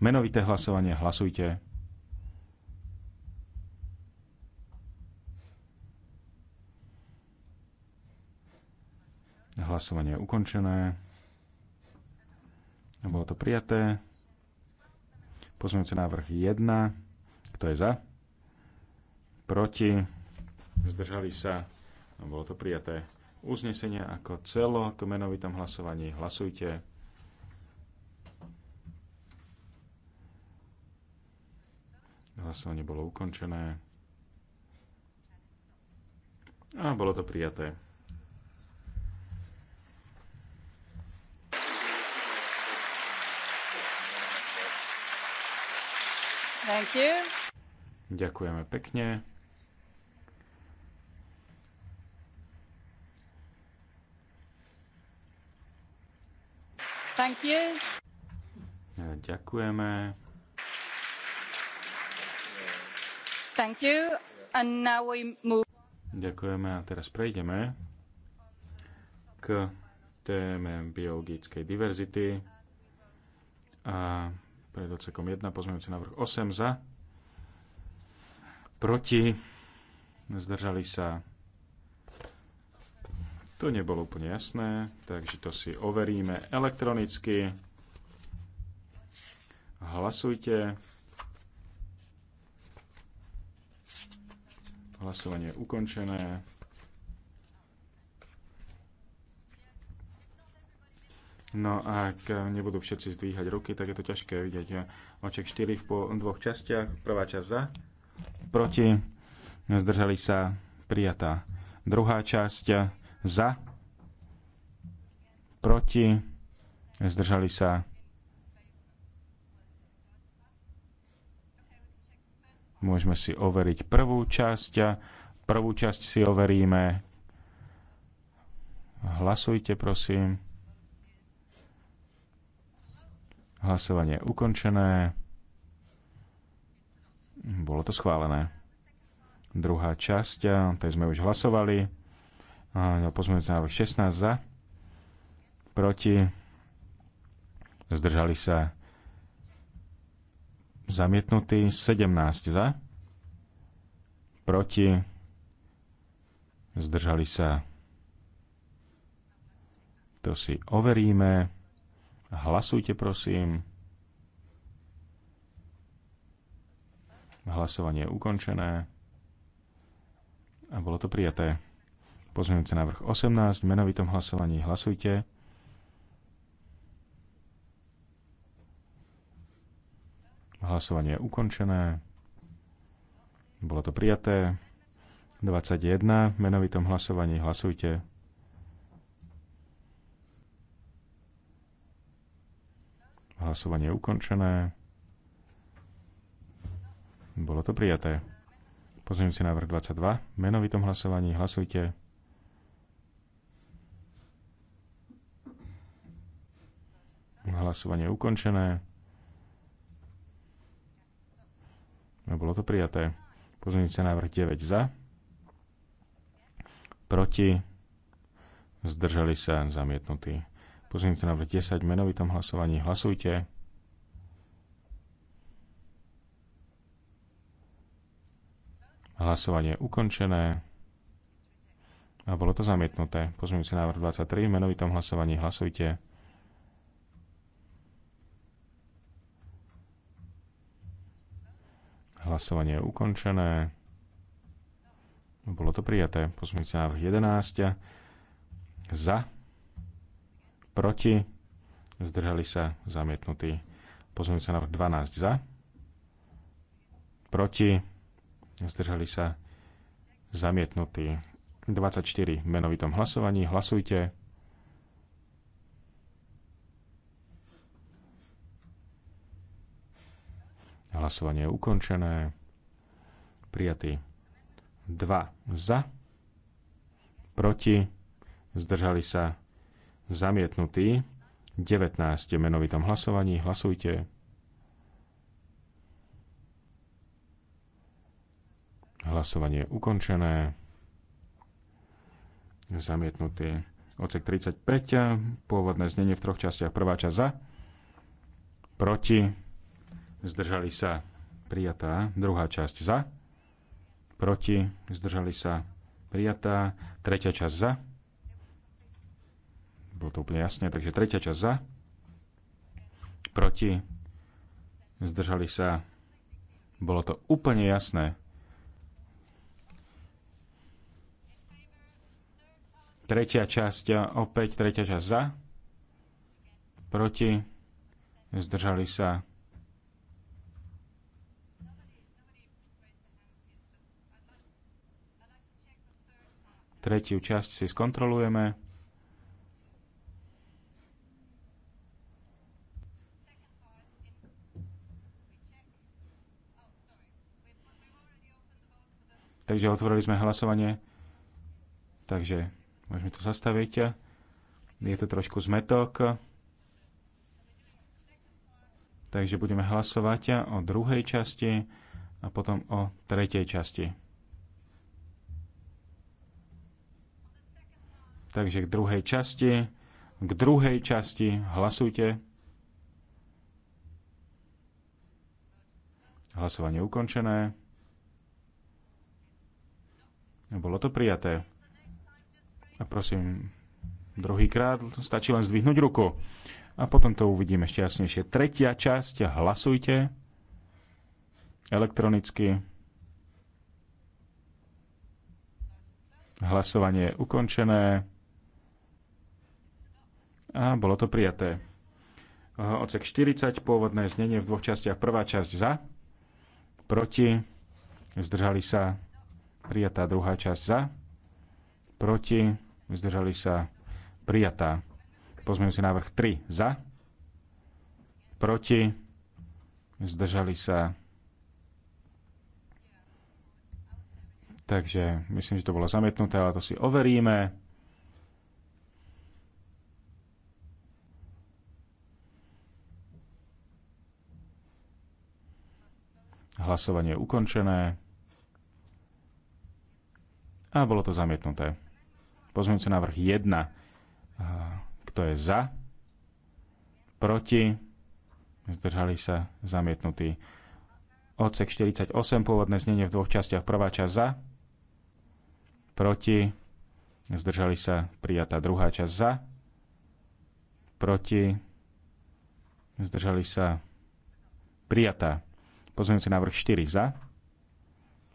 3. Menovité hlasovanie. Hlasujte. Hlasovanie je ukončené. Bolo to prijaté. Pozmeňujúci návrh 1. Kto je za? Proti? Zdržali sa? Bolo to prijaté. Uznesenie ako celo k menovitom hlasovaní. Hlasujte. Hlasovanie bolo ukončené. A bolo to prijaté. Thank you. Ďakujeme pekne. Thank you. Ďakujeme. Thank you. And now we move. Ďakujeme a teraz prejdeme k téme biologickej diverzity a pred odsekom 1, pozmeňujúci návrh 8 za, proti, zdržali sa. To nebolo úplne jasné, takže to si overíme elektronicky. Hlasujte. Hlasovanie je ukončené. No a ak nebudú všetci zdvíhať ruky, tak je to ťažké vidieť. Oček 4 v dvoch častiach. Prvá časť za, proti, zdržali sa, prijatá. Druhá časť za, proti, zdržali sa, Môžeme si overiť prvú časť. Prvú časť si overíme. Hlasujte, prosím. Hlasovanie je ukončené. Bolo to schválené. Druhá časť, tak sme už hlasovali. Pozmeňujúci návrh 16 za, proti, zdržali sa zamietnutí 17 za, proti, zdržali sa. To si overíme. Hlasujte, prosím. Hlasovanie je ukončené. A bolo to prijaté. Pozmeňujúce návrh 18, v menovitom hlasovaní hlasujte. Hlasovanie je ukončené. Bolo to prijaté. 21, v menovitom hlasovaní hlasujte. Hlasovanie je ukončené. Bolo to prijaté. Pozmeňujúci návrh 22. Menovitom hlasovaní hlasujte. Hlasovanie je ukončené. Bolo to prijaté. Pozmeňujúci návrh 9 za. Proti. Zdržali sa zamietnutí sa návrh 10 v menovitom hlasovaní. Hlasujte. Hlasovanie je ukončené. A bolo to zamietnuté. Pozmeňujúci návrh 23 v menovitom hlasovaní. Hlasujte. Hlasovanie je ukončené. Bolo to prijaté. Pozmeňujúci návrh 11. Za proti, zdržali sa zamietnutí. Pozmeňujúci návrh 12 za, proti, zdržali sa zamietnutí. 24 v menovitom hlasovaní. Hlasujte. Hlasovanie je ukončené. Prijatý 2 za, proti, zdržali sa zamietnutý. 19 menovitom hlasovaní. Hlasujte. Hlasovanie je ukončené. Zamietnutý odsek 35. Pôvodné znenie v troch častiach. Prvá časť za. Proti. Zdržali sa. Prijatá. Druhá časť za. Proti. Zdržali sa. Prijatá. Tretia časť za bolo to úplne jasné. Takže tretia časť za, proti, zdržali sa, bolo to úplne jasné. Tretia časť, opäť tretia časť za, proti, zdržali sa. Tretiu časť si skontrolujeme. Takže otvorili sme hlasovanie. Takže môžeme to zastaviť. Je to trošku zmetok. Takže budeme hlasovať o druhej časti a potom o tretej časti. Takže k druhej časti, k druhej časti hlasujte. Hlasovanie ukončené. Bolo to prijaté. A prosím, druhýkrát stačí len zdvihnúť ruku. A potom to uvidíme ešte jasnejšie. Tretia časť, hlasujte elektronicky. Hlasovanie je ukončené. A bolo to prijaté. Ocek 40, pôvodné znenie v dvoch častiach. Prvá časť za, proti, zdržali sa, prijatá druhá časť za, proti, zdržali sa, prijatá. si návrh 3 za, proti, zdržali sa. Takže myslím, že to bolo zamietnuté, ale to si overíme. Hlasovanie je ukončené a bolo to zamietnuté. Pozmeňujúci návrh 1. Kto je za? Proti? Zdržali sa zamietnutí. Odsek 48, pôvodné znenie v dvoch častiach. Prvá časť za, proti, zdržali sa prijatá druhá časť za, proti, zdržali sa prijatá. Pozmeňujúci návrh 4 za,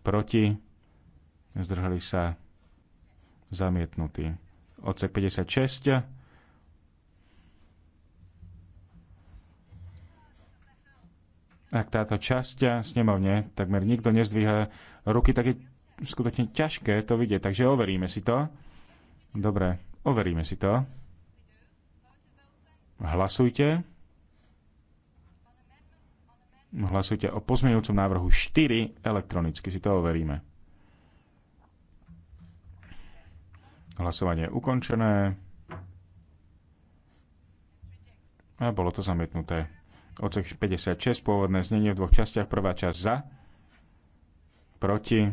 proti, zdržali sa zamietnutí. Odsek 56. Ak táto časť snemovne takmer nikto nezdvíha ruky, tak je skutočne ťažké to vidieť. Takže overíme si to. Dobre, overíme si to. Hlasujte. Hlasujte o pozmeňujúcom návrhu 4 elektronicky, si to overíme. Hlasovanie je ukončené. A bolo to zamietnuté. Odsek 56, pôvodné znenie v dvoch častiach. Prvá časť za, proti,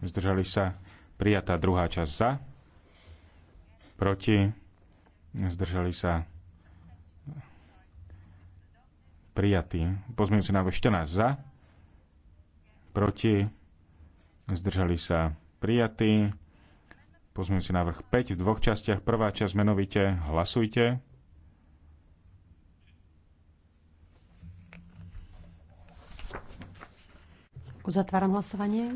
zdržali sa. Prijatá druhá časť za, proti, zdržali sa. Prijatý. Pozmeňujúci návrh 14 za, proti, zdržali sa. Prijatý. Pozmeňujúci návrh 5 v dvoch častiach. Prvá časť menovite hlasujte. Uzatváram hlasovanie.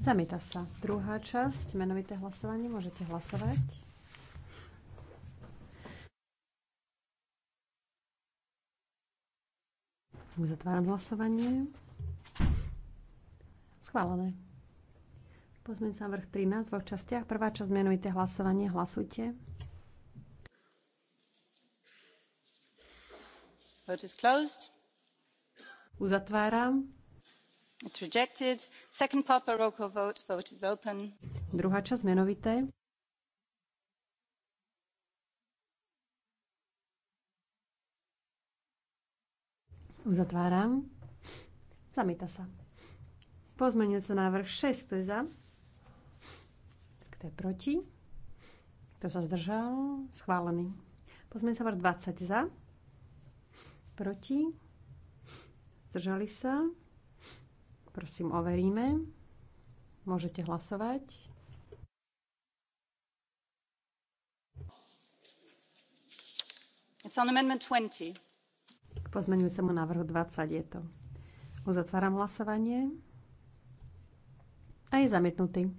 Zamieta sa. Druhá časť, menovité hlasovanie, môžete hlasovať. Uzatváram hlasovanie. Schválené. Pozmeň sa vrch 13 v dvoch častiach. Prvá časť menujte hlasovanie. Hlasujte. Vote is closed. Uzatváram. It's rejected. Second pop by roll call vote. Vote is open. Druhá časť menovité. Uzatváram. Zamieta sa. sa návrh 6, to je za. Kto je proti? Kto sa zdržal? Schválený. sa návrh 20 za. Proti? Zdržali sa? Prosím, overíme. Môžete hlasovať. It's on amendment 20. K pozmeňujúcemu návrhu 20 je to. Uzatváram hlasovanie. A je zamietnutý.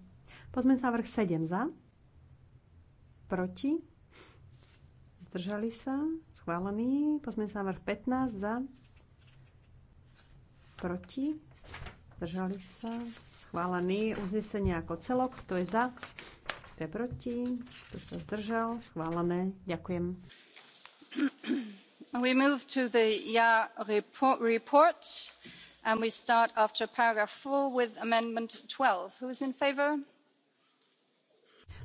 Pozme sa vrch 7 za. Proti. Zdržali sa. Schválený. Pozme sa vrch 15 za. Proti. Zdržali sa. Schválený. Uznesenie ako celok. Kto je za? Kto je proti? Kto sa zdržal? Schválené. Ďakujem. We move to the ja report, and we start after paragraph 4 with amendment 12. Who is in favor?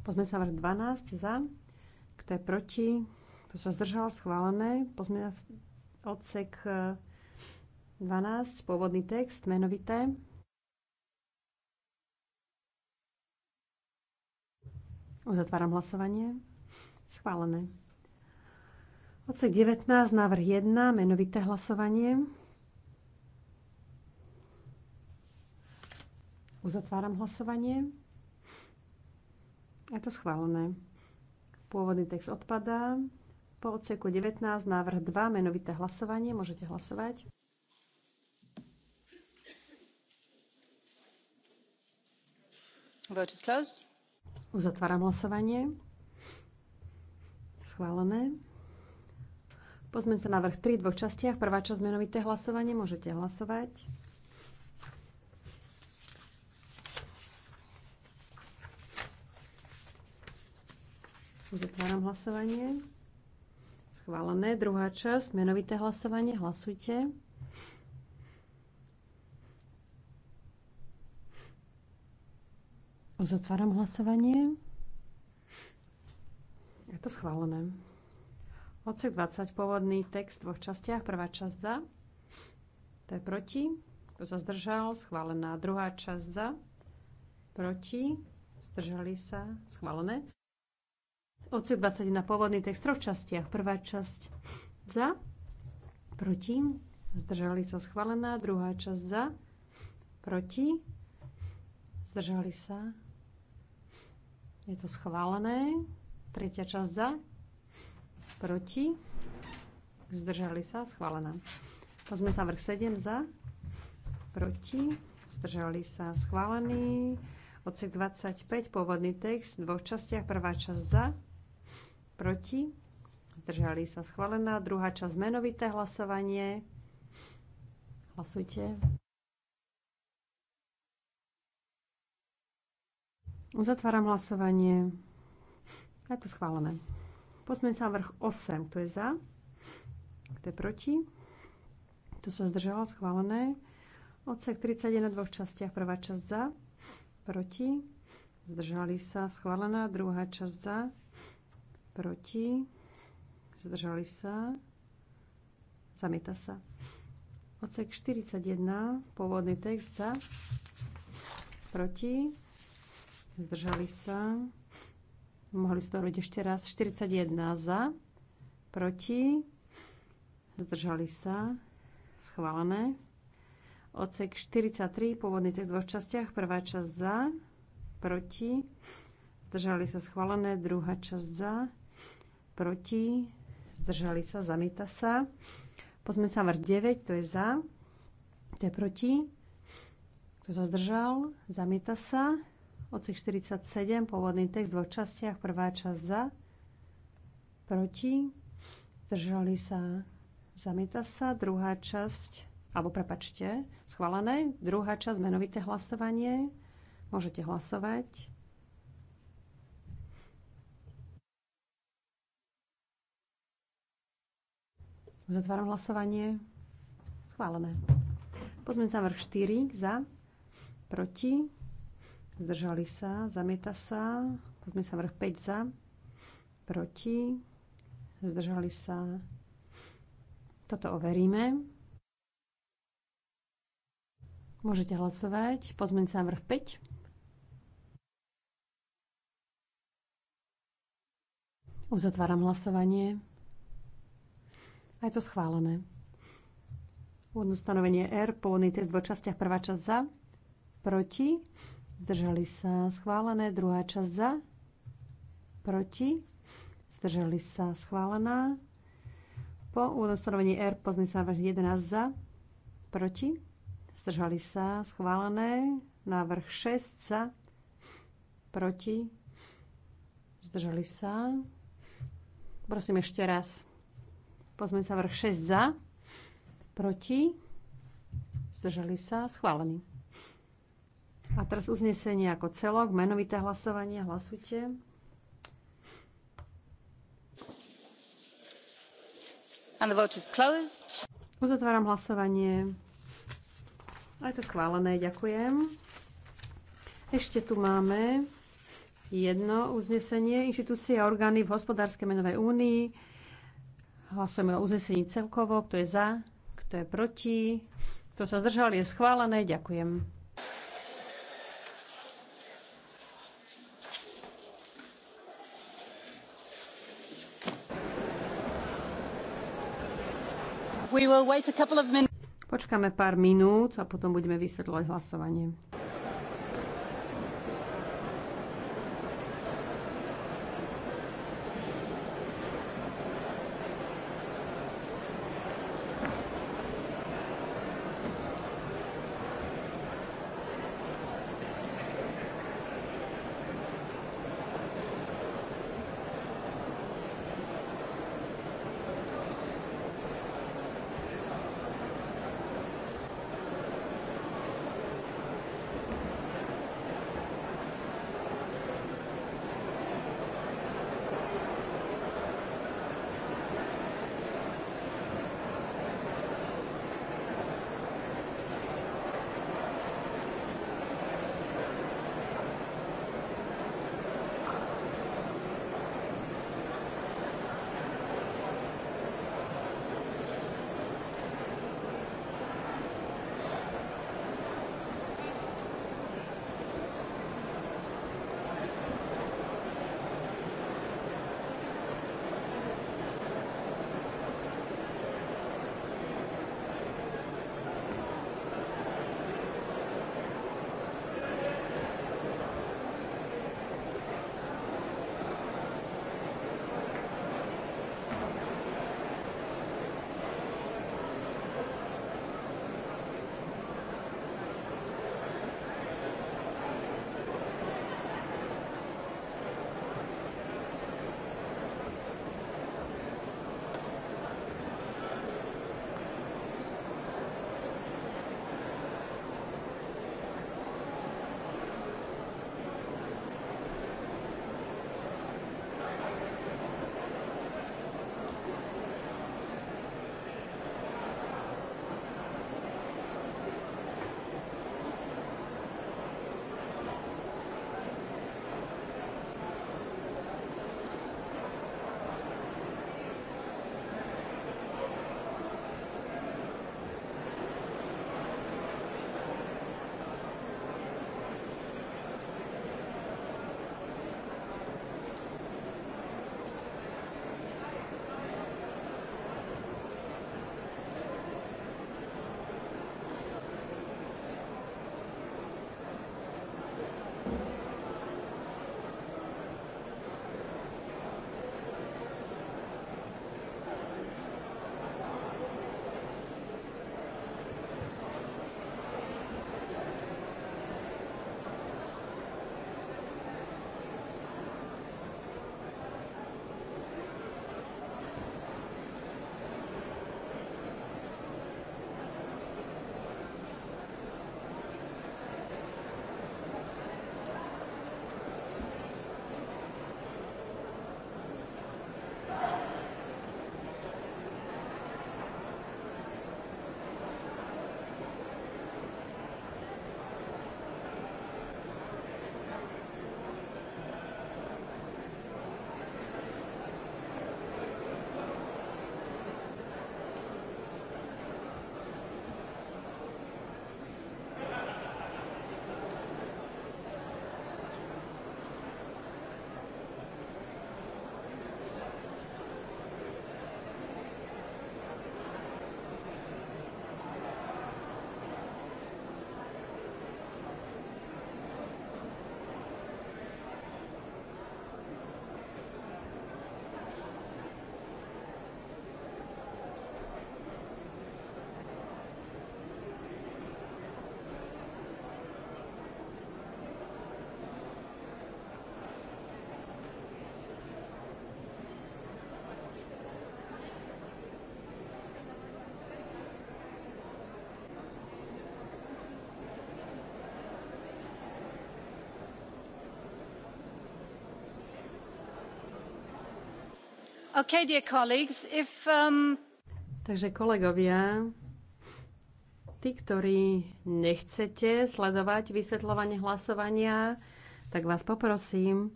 Pozmeň sa návrh 12 za. Kto je proti? Kto sa zdržal? Schválené. Pozmeň odsek 12, e, pôvodný text, menovité. Uzatváram hlasovanie. Schválené. Odsek 19, návrh 1, menovité hlasovanie. Uzatváram hlasovanie. Je to schválené. Pôvodný text odpadá. Po odseku 19, návrh 2, menovité hlasovanie. Môžete hlasovať. Uzatváram hlasovanie. Schválené. Pozmeňte návrh 3 v dvoch častiach. Prvá časť menovité hlasovanie. Môžete hlasovať. Uzatváram hlasovanie. Schválené. Druhá časť, menovité hlasovanie. Hlasujte. Uzatváram hlasovanie. Je to schválené. Odsek 20, pôvodný text v dvoch častiach. Prvá časť za, to je proti. Kto sa zdržal, schválená. Druhá časť za, proti, zdržali sa, schválené odsek 21 pôvodný text v troch častiach. Prvá časť za, proti, zdržali sa schválená. Druhá časť za, proti, zdržali sa. Je to schválené. Tretia časť za, proti, zdržali sa, schválená. Pozme sa vrch 7 za, proti, zdržali sa, schválený. Odsek 25, pôvodný text, v dvoch častiach, prvá časť za, proti, zdržali sa schválená. Druhá časť menovité hlasovanie. Hlasujte. Uzatváram hlasovanie. A je to schválené. Posmeň sa vrch 8. Kto je za? Kto je proti? Kto sa zdržalo? Schválené. Odsek 31 na dvoch častiach. Prvá časť za. Proti. Zdržali sa. Schválená. Druhá časť za proti, zdržali sa, zamieta sa. Odsek 41, pôvodný text za, proti, zdržali sa, mohli ste to robiť ešte raz, 41 za, proti, zdržali sa, schválené. Odsek 43, pôvodný text v dvoch častiach, prvá časť za, proti, zdržali sa schválené, druhá časť za, proti, zdržali sa, zamieta sa. Pozmeňujúci návrh 9, to je za, to je proti, kto sa zdržal, zamieta sa. Odsek 47, pôvodný text v dvoch častiach, prvá časť za, proti, zdržali sa, zamieta sa. Druhá časť, alebo prepačte, schválené. Druhá časť, menovité hlasovanie. Môžete hlasovať. Uzatváram hlasovanie. Schválené. sa vrch 4 za, proti, zdržali sa, zamieta sa. sa vrch 5 za, proti, zdržali sa. Toto overíme. Môžete hlasovať. sa vrch 5. Uzatváram hlasovanie. A je to schválené. Pôvodné stanovenie R, pôvodný test v častiach, prvá časť za, proti, zdržali sa schválené, druhá časť za, proti, zdržali sa schválená. Po úvodnom stanovení R, pozmeň sa návrh 11 za, proti, zdržali sa schválené, návrh 6 za, proti, zdržali sa. Prosím ešte raz. Pozme sa vrch 6 za, proti, zdržali sa, schválený. A teraz uznesenie ako celok, menovité hlasovanie, hlasujte. And the vote is closed. Uzatváram hlasovanie. A je to schválené, ďakujem. Ešte tu máme jedno uznesenie inštitúcie a orgány v hospodárskej menovej únii. Hlasujeme o uznesení celkovo. Kto je za? Kto je proti? Kto sa zdržal, je schválené. Ďakujem. Počkáme pár minút a potom budeme vysvetľovať hlasovanie. Okay, dear colleagues, if, um... Takže kolegovia, tí, ktorí nechcete sledovať vysvetľovanie hlasovania, tak vás poprosím,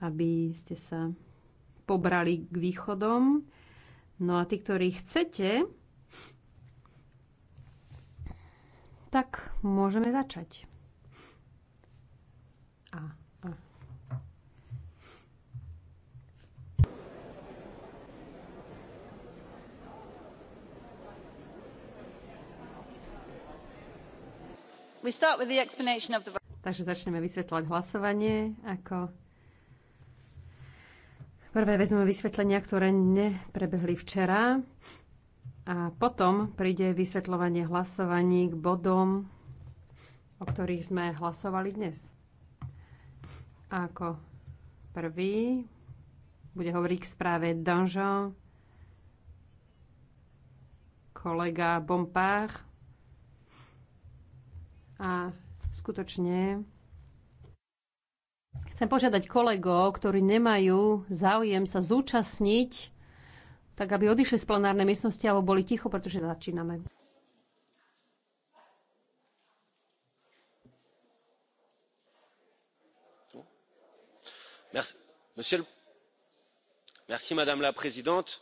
aby ste sa pobrali k východom. No a tí, ktorí chcete, tak môžeme začať. Takže začneme vysvetľovať hlasovanie. Ako prvé vezmeme vysvetlenia, ktoré neprebehli včera. A potom príde vysvetľovanie hlasovaní k bodom, o ktorých sme hlasovali dnes. A ako prvý bude hovoriť k správe Donjon kolega Bompard a skutočne chcem požiadať kolegov, ktorí nemajú záujem sa zúčastniť, tak aby odišli z plenárnej miestnosti alebo boli ticho, pretože začíname. Merci, monsieur, merci, madame la présidente.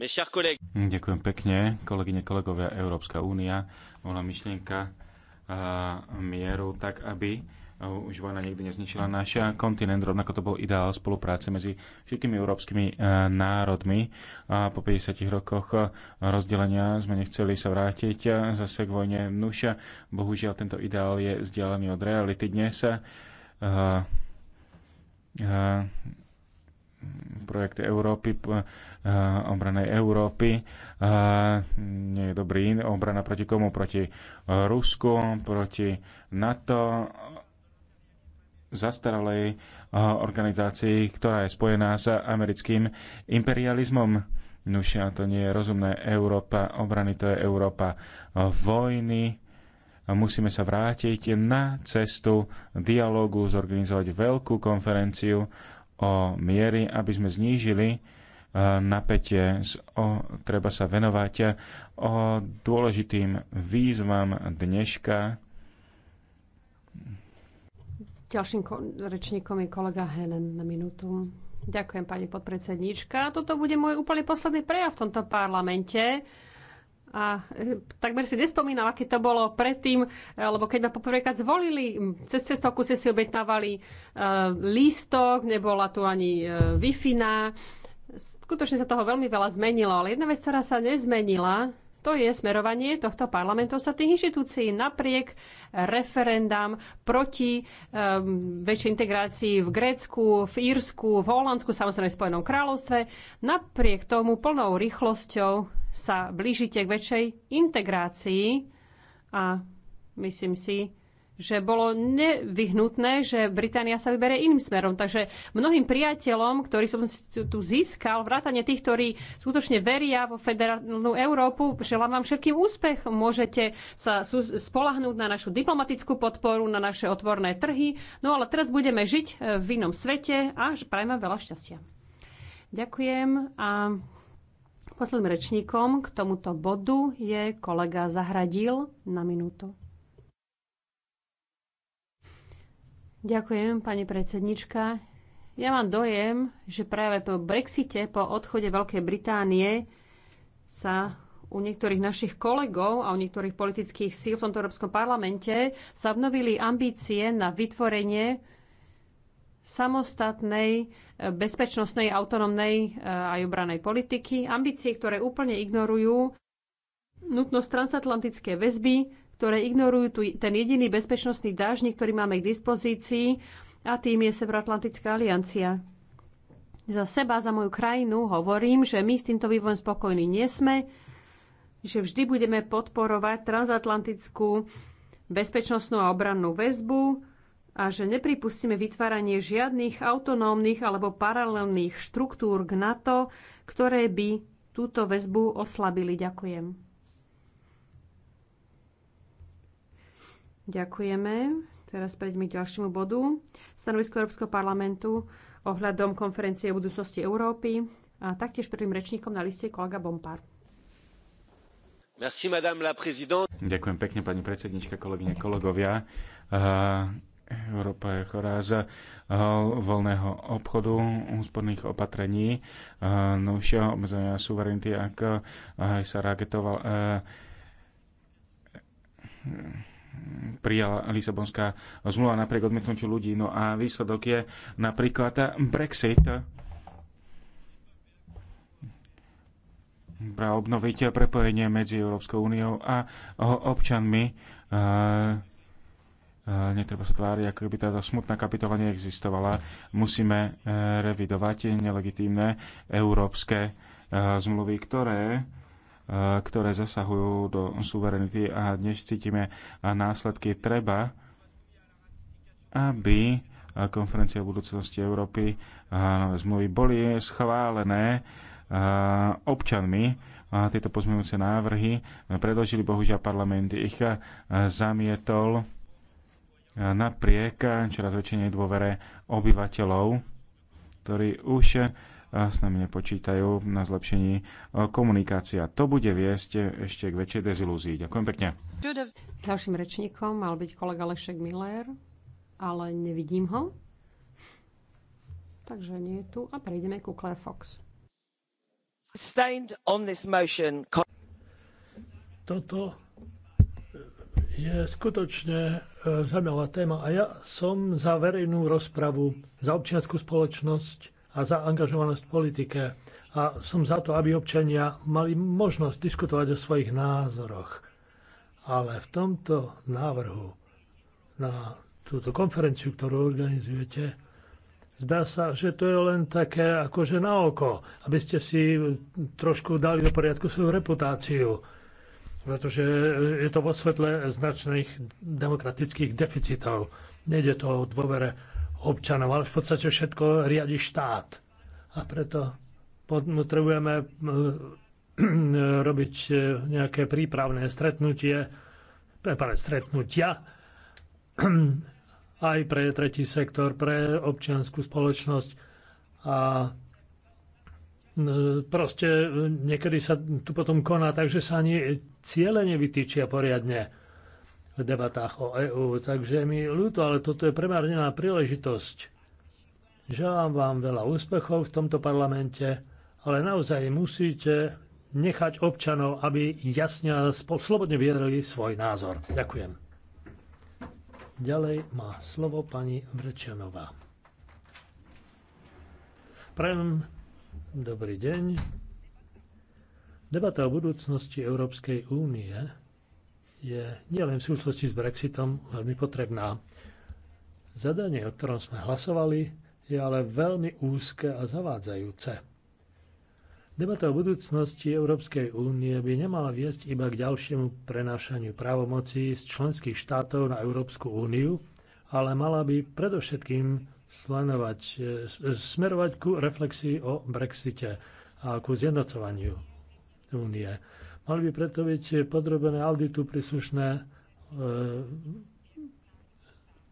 Mes chers collègues. Ďakujem pekne, kolegyne, kolegovia. Európska únia bola myšlienka mieru, tak aby e, už vojna nikdy nezničila náš kontinent, rovnako to bol ideál spolupráce medzi všetkými európskymi e, národmi. A po 50 rokoch e, rozdelenia sme nechceli sa vrátiť zase k vojne nuša. Bohužiaľ tento ideál je vzdialený od reality dnes projekt Európy, eh, obranej Európy. Eh, nie je dobrý obrana proti komu? Proti eh, Rusku, proti NATO, zastaralej organizácii, ktorá je spojená s americkým imperializmom. Nušia, to nie je rozumné. Európa obrany, to je Európa vojny. Musíme sa vrátiť na cestu dialogu, zorganizovať veľkú konferenciu o miery, aby sme znížili e, napätie. O, treba sa venovať e, o dôležitým výzvam dneška. Ďalším rečníkom je kolega Henen na minútu. Ďakujem, pani podpredsednička. Toto bude môj úplne posledný prejav v tomto parlamente. A e, takmer si nespomínal, aké to bolo predtým, lebo keď ma poprvýkrát zvolili, cez cestovku ste si objednávali e, lístok, nebola tu ani e, wi Skutočne sa toho veľmi veľa zmenilo, ale jedna vec, ktorá sa nezmenila, to je smerovanie tohto parlamentu sa tých inštitúcií napriek referendám proti um, väčšej integrácii v Grécku, v Írsku, v Holandsku, samozrejme v Spojenom kráľovstve. Napriek tomu plnou rýchlosťou sa blížite k väčšej integrácii a myslím si, že bolo nevyhnutné, že Británia sa vyberie iným smerom. Takže mnohým priateľom, ktorí som tu získal, vrátane tých, ktorí skutočne veria vo federálnu Európu, želám vám všetkým úspech. Môžete sa spolahnúť na našu diplomatickú podporu, na naše otvorné trhy. No ale teraz budeme žiť v inom svete a prajem vám veľa šťastia. Ďakujem a Posledným rečníkom k tomuto bodu je kolega Zahradil na minútu. Ďakujem, pani predsednička. Ja mám dojem, že práve po Brexite, po odchode Veľkej Británie sa u niektorých našich kolegov a u niektorých politických síl v tomto Európskom parlamente sa obnovili ambície na vytvorenie samostatnej bezpečnostnej, autonómnej e, aj obranej politiky, ambície, ktoré úplne ignorujú nutnosť transatlantické väzby, ktoré ignorujú tu, ten jediný bezpečnostný dážnik, ktorý máme k dispozícii, a tým je Severoatlantická aliancia. Za seba, za moju krajinu hovorím, že my s týmto vývojom spokojní nie sme, že vždy budeme podporovať transatlantickú bezpečnostnú a obrannú väzbu, a že nepripustíme vytváranie žiadnych autonómnych alebo paralelných štruktúr k NATO, ktoré by túto väzbu oslabili. Ďakujem. Ďakujeme. Teraz prejdeme k ďalšiemu bodu. Stanovisko Európskeho parlamentu ohľadom konferencie o budúcnosti Európy. A taktiež prvým rečníkom na liste je kolega Bompar. Ďakujem pekne, pani predsednička, kolegyne, kolegovia. Uh Európa je chorá z eh, voľného obchodu, úsporných opatrení, eh, novšieho obmedzenia suverenity, ak eh, aj sa raketoval prijala Lisabonská zmluva napriek odmietnutiu ľudí. No a výsledok je napríklad Brexit. Pra obnoviť prepojenie medzi Európskou úniou a občanmi E, netreba sa tváriť, ako by táto smutná kapitola neexistovala. Musíme e, revidovať nelegitímne európske e, zmluvy, ktoré ktoré zasahujú do suverenity a dnes cítime následky. Treba, aby konferencia o budúcnosti Európy a nové zmluvy boli schválené občanmi. Tieto pozmeňujúce návrhy predložili, bohužiaľ parlament ich zamietol napriek čoraz väčšej dôvere obyvateľov, ktorí už eh, s nami nepočítajú na zlepšení eh, komunikácia. To bude viesť ešte k väčšej dezilúzii. Ďakujem pekne. Ďalším rečníkom mal byť kolega Lešek Miller, ale nevidím ho. Takže nie je tu a prejdeme ku Claire Fox. Toto je skutočne e, zaujímavá téma a ja som za verejnú rozpravu, za občianskú spoločnosť a za angažovanosť v politike. A som za to, aby občania mali možnosť diskutovať o svojich názoroch. Ale v tomto návrhu na túto konferenciu, ktorú organizujete, zdá sa, že to je len také akože na oko, aby ste si trošku dali do poriadku svoju reputáciu pretože e, je to vo svetle značných demokratických deficitov. Nejde to o dôvere občanov, ale v podstate všetko riadi štát. A preto potrebujeme e, e, robiť nejaké prípravné stretnutie, prepáne, stretnutia aj pre tretí sektor, pre občianskú spoločnosť a proste niekedy sa tu potom koná, takže sa ani ciele nevytýčia poriadne v debatách o EÚ. Takže mi ľúto, ale toto je premárnená príležitosť. Želám vám veľa úspechov v tomto parlamente, ale naozaj musíte nechať občanov, aby jasne a slobodne vyjadrili svoj názor. Ďakujem. Ďalej má slovo pani Vrečanová. Prem, dobrý deň. Debata o budúcnosti Európskej únie je nielen v súvislosti s Brexitom veľmi potrebná. Zadanie, o ktorom sme hlasovali, je ale veľmi úzke a zavádzajúce. Debata o budúcnosti Európskej únie by nemala viesť iba k ďalšiemu prenášaniu právomocí z členských štátov na Európsku úniu, ale mala by predovšetkým slenovať e, smerovať ku reflexii o Brexite a ku zjednocovaniu únie. Mali by preto byť podrobené auditu príslušné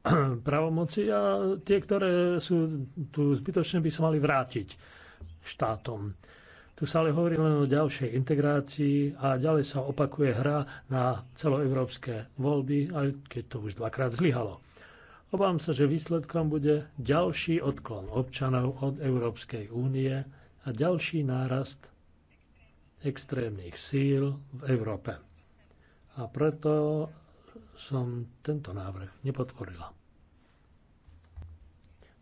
eh, pravomoci a tie, ktoré sú tu zbytočne, by sa mali vrátiť štátom. Tu sa ale hovorí len o ďalšej integrácii a ďalej sa opakuje hra na celoeurópske voľby, aj keď to už dvakrát zlyhalo. Obávam sa, že výsledkom bude ďalší odklon občanov od Európskej únie a ďalší nárast extrémnych síl v Európe. A preto som tento návrh nepodporila.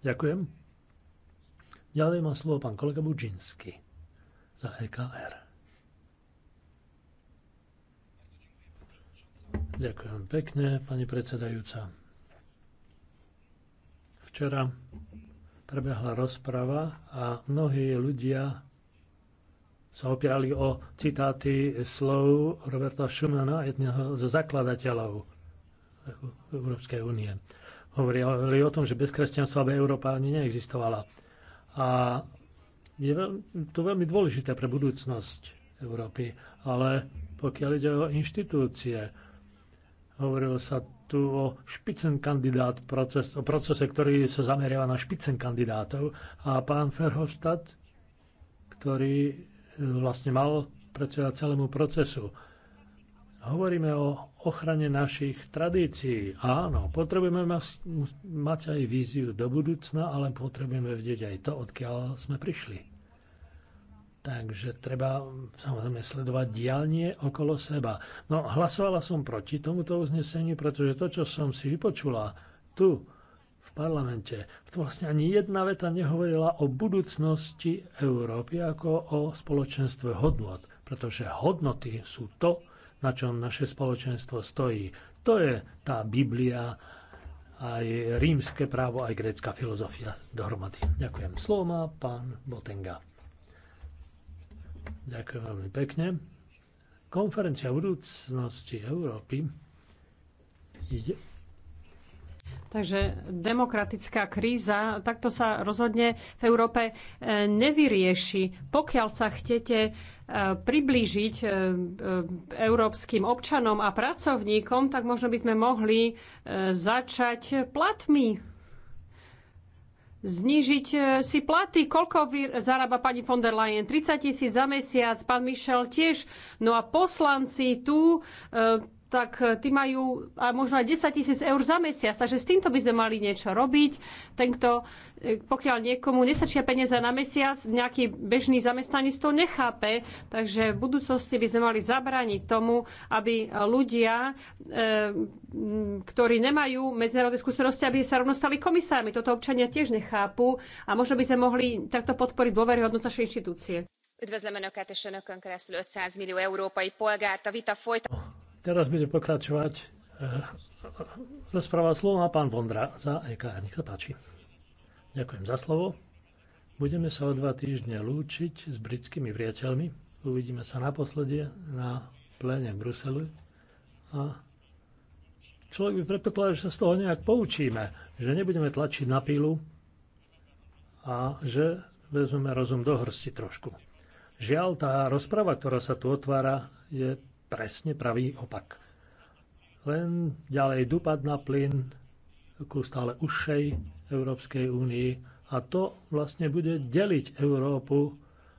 Ďakujem. Ďalej má slovo pán kolega Budžinsky za EKR. Ďakujem pekne, pani predsedajúca. Včera prebehla rozprava a mnohí ľudia sa opierali o citáty slov Roberta Schumana, jedného zo zakladateľov Európskej únie. Hovorili o tom, že bez kresťanstva by Európa ani neexistovala. A je to veľmi dôležité pre budúcnosť Európy. Ale pokiaľ ide o inštitúcie, hovorilo sa tu o špicen kandidát proces, o procese, ktorý sa zameriava na špicen kandidátov. A pán Ferhofstadt, ktorý vlastne mal predsedať celému procesu. Hovoríme o ochrane našich tradícií. Áno, potrebujeme mať aj víziu do budúcna, ale potrebujeme vedieť aj to, odkiaľ sme prišli. Takže treba samozrejme sledovať dialnie okolo seba. No, hlasovala som proti tomuto uzneseniu, pretože to, čo som si vypočula tu v parlamente. Vlastne ani jedna veta nehovorila o budúcnosti Európy ako o spoločenstve hodnot, pretože hodnoty sú to, na čom naše spoločenstvo stojí. To je tá Biblia, aj rímske právo, aj grécka filozofia dohromady. Ďakujem. Slovo má pán Botenga. Ďakujem veľmi pekne. Konferencia budúcnosti Európy je Takže demokratická kríza, takto sa rozhodne v Európe e, nevyrieši. Pokiaľ sa chcete e, priblížiť e, európskym občanom a pracovníkom, tak možno by sme mohli začať platmi. Znížiť si platy. Koľko zarába pani von der Leyen? 30 tisíc za mesiac, pán Michel tiež. No a poslanci tu tak eh, tí majú a možno aj 10 tisíc eur za mesiac. Takže s týmto by sme mali niečo robiť. kto, eh, pokiaľ niekomu nestačia peniaze na mesiac, nejaký bežný zamestnanec to nechápe. Takže v budúcnosti by sme mali zabrániť tomu, aby ľudia, eh, ktorí nemajú medzinárodné skúsenosti, aby sa rovno stali komisármi. Toto občania tiež nechápu a možno by sme mohli takto podporiť dôveryhodnosť našej inštitúcie. Üdvözlöm Önöket és Önökön keresztül 500 millió európai polgárt. A vita folytatódik. Teraz bude pokračovať eh, rozpráva slovo pán Vondra za EKR. Nech sa páči. Ďakujem za slovo. Budeme sa o dva týždne lúčiť s britskými priateľmi. Uvidíme sa naposledie na pléne v Bruselu. A človek by predpokladal, že sa z toho nejak poučíme, že nebudeme tlačiť na pílu a že vezmeme rozum do hrsti trošku. Žiaľ, tá rozprava, ktorá sa tu otvára, je presne pravý opak. Len ďalej dopad na plyn ku stále užšej Európskej únii a to vlastne bude deliť Európu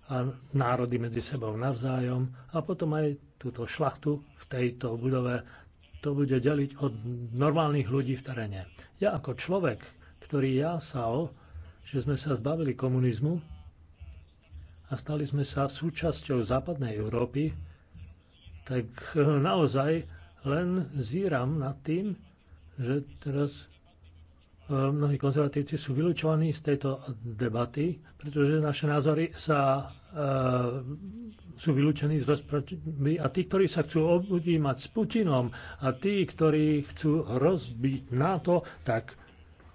a národy medzi sebou navzájom a potom aj túto šlachtu v tejto budove to bude deliť od normálnych ľudí v teréne. Ja ako človek, ktorý jásal, že sme sa zbavili komunizmu a stali sme sa súčasťou západnej Európy, tak e, naozaj len zíram nad tým, že teraz e, mnohí konzervatívci sú vylúčovaní z tejto debaty, pretože naše názory sa, e, sú vylúčení z rozpravy. A tí, ktorí sa chcú obudímať s Putinom a tí, ktorí chcú rozbiť NATO, tak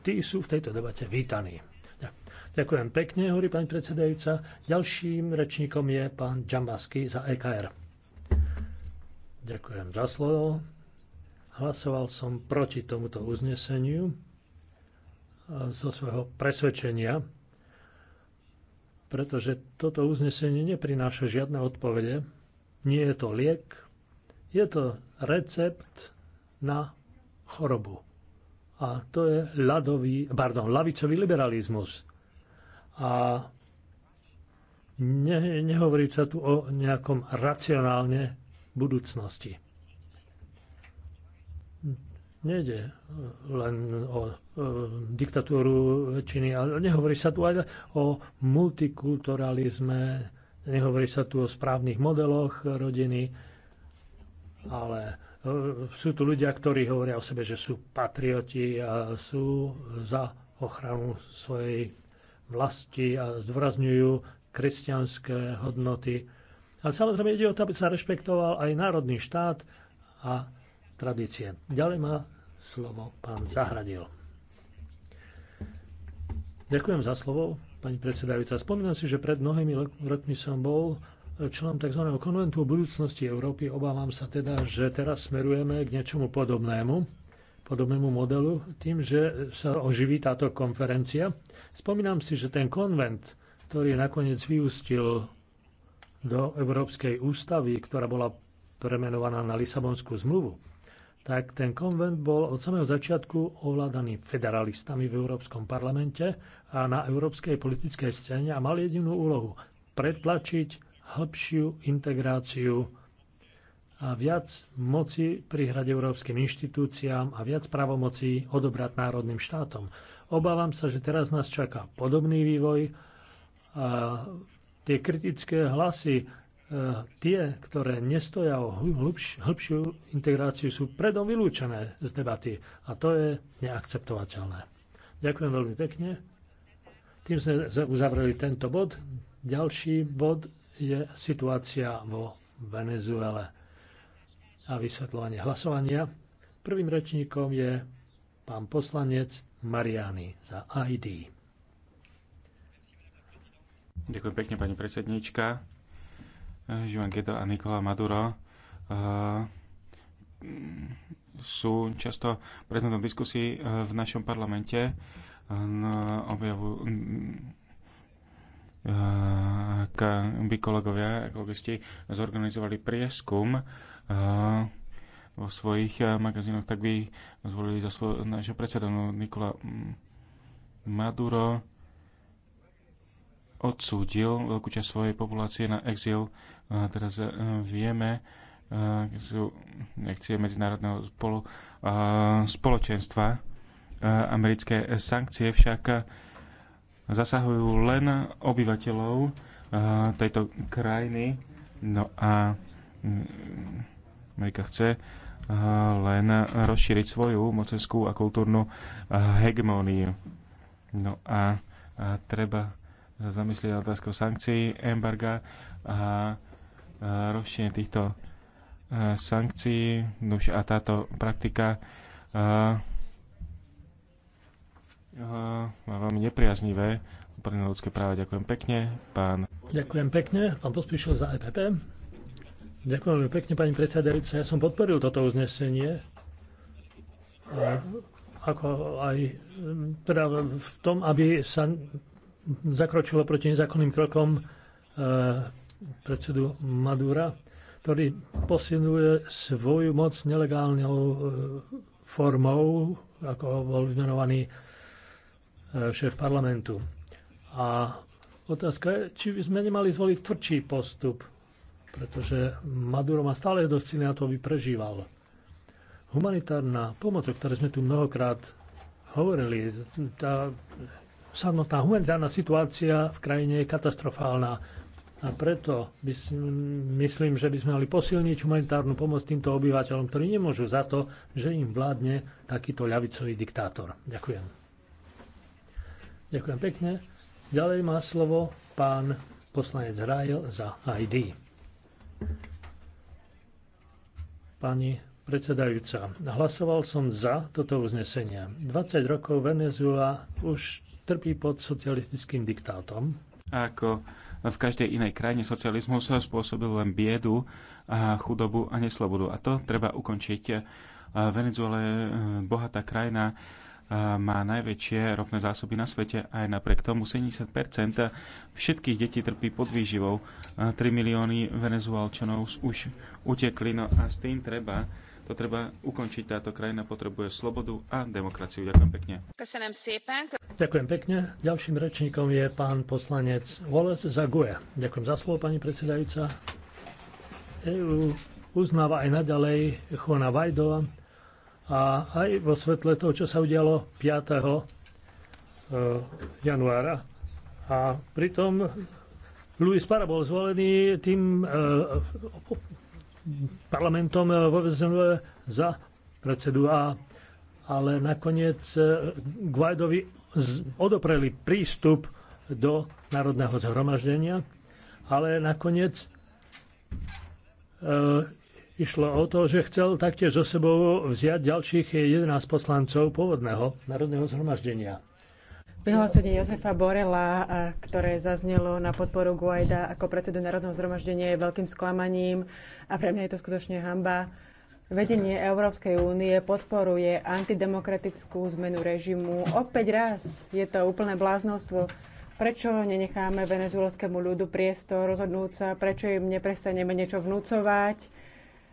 tí sú v tejto debate vítaní. Ďakujem pekne, hovorí pani predsedajúca. Ďalším rečníkom je pán Džambasky za EKR. Ďakujem za slovo. Hlasoval som proti tomuto uzneseniu zo svojho presvedčenia, pretože toto uznesenie neprináša žiadne odpovede. Nie je to liek, je to recept na chorobu. A to je ľadový, pardon, lavicový liberalizmus. A ne, nehovorí sa tu o nejakom racionálne budúcnosti. Nejde len o e, diktatúru väčšiny, ale nehovorí sa tu aj o multikulturalizme, nehovorí sa tu o správnych modeloch rodiny, ale e, sú tu ľudia, ktorí hovoria o sebe, že sú patrioti a sú za ochranu svojej vlasti a zdôrazňujú kresťanské hodnoty. A samozrejme ide o to, aby sa rešpektoval aj národný štát a tradície. Ďalej má slovo pán Zahradil. Ďakujem za slovo, pani predsedajúca. Spomínam si, že pred mnohými rokmi som bol členom tzv. konventu o budúcnosti Európy. Obávam sa teda, že teraz smerujeme k niečomu podobnému, podobnému modelu, tým, že sa oživí táto konferencia. Spomínam si, že ten konvent, ktorý nakoniec vyústil do Európskej ústavy, ktorá bola premenovaná na Lisabonskú zmluvu, tak ten konvent bol od samého začiatku ovládaný federalistami v Európskom parlamente a na európskej politickej scéne a mal jedinú úlohu pretlačiť hĺbšiu integráciu a viac moci prihrať európskym inštitúciám a viac právomocí odobrať národným štátom. Obávam sa, že teraz nás čaká podobný vývoj a tie kritické hlasy, e, tie, ktoré nestoja o hlbš, hlbšiu integráciu, sú predom vylúčené z debaty. A to je neakceptovateľné. Ďakujem veľmi pekne. Tým sme uzavreli tento bod. Ďalší bod je situácia vo Venezuele a vysvetľovanie hlasovania. Prvým rečníkom je pán poslanec Mariani za ID. Ďakujem pekne, pani predsednička. Eh, Joan Gedo a Nikola Maduro eh, sú často predmetom diskusí eh, v našom parlamente. Objavu ak by kolegovia, ekologisti zorganizovali prieskum vo svojich magazínoch, tak by zvolili za svoj, našu predsedu no, Nikola mm, Maduro odsúdil veľkú časť svojej populácie na exil. A teraz e, vieme, e, sú akcie medzinárodného spolu, e, spoločenstva. Americké sankcie však zasahujú len obyvateľov tejto krajiny. No a mm, Amerika chce len rozšíriť svoju mocenskú a kultúrnu hegemóniu. No a, a treba zamyslieť otázkou sankcií, embarga a rozšírenie týchto e, sankcií. Nuž a táto praktika e, e, má veľmi nepriaznivé pre ľudské práva. Ďakujem pekne, pán. Ďakujem pekne, pán Pospíšil za EPP. Ďakujem pekne, pani predsedajúca. Ja som podporil toto uznesenie. A ako aj teda v tom, aby sa zakročilo proti nezákonným krokom e, predsedu Madura, ktorý posiluje svoju moc nelegálnou e, formou, ako bol vymenovaný e, šéf parlamentu. A otázka je, či by sme nemali zvoliť tvrdší postup, pretože Maduro má stále dosť a to, by prežíval. Humanitárna pomoc, o ktorej sme tu mnohokrát hovorili, tá samotná humanitárna situácia v krajine je katastrofálna. A preto by, myslím, že by sme mali posilniť humanitárnu pomoc týmto obyvateľom, ktorí nemôžu za to, že im vládne takýto ľavicový diktátor. Ďakujem. Ďakujem pekne. Ďalej má slovo pán poslanec Rájel za ID. Pani predsedajúca, hlasoval som za toto uznesenie. 20 rokov Venezuela už trpí pod socialistickým diktátom. Ako v každej inej krajine socializmus spôsobil len biedu, a chudobu a neslobodu. A to treba ukončiť. Venezuela je e, bohatá krajina, má najväčšie ropné zásoby na svete aj napriek tomu 70 všetkých detí trpí pod výživou. 3 milióny venezuelčanov už utekli, no a s tým treba to treba ukončiť. Táto krajina potrebuje slobodu a demokraciu. Ďakujem pekne. Ďakujem pekne. Ďalším rečníkom je pán poslanec Wallace Zague. Ďakujem za slovo, pani predsedajúca. EU uznáva aj naďalej Chona Vajdova a aj vo svetle toho, čo sa udialo 5. E, januára. A pritom Luis Para bol zvolený tým e, parlamentom eh, vôbec za predsedu A, ale nakoniec eh, Guaidovi odopreli prístup do Národného zhromaždenia, ale nakoniec e, išlo o to, že chcel taktiež zo sebou vziať ďalších 11 poslancov pôvodného Národného zhromaždenia. Vyhlásenie Jozefa Borela, ktoré zaznelo na podporu Guaida ako predsedu Národného zhromaždenia, je veľkým sklamaním a pre mňa je to skutočne hamba. Vedenie Európskej únie podporuje antidemokratickú zmenu režimu. Opäť raz je to úplné bláznostvo. Prečo nenecháme venezuelskému ľudu priestor rozhodnúť sa? Prečo im neprestaneme niečo vnúcovať?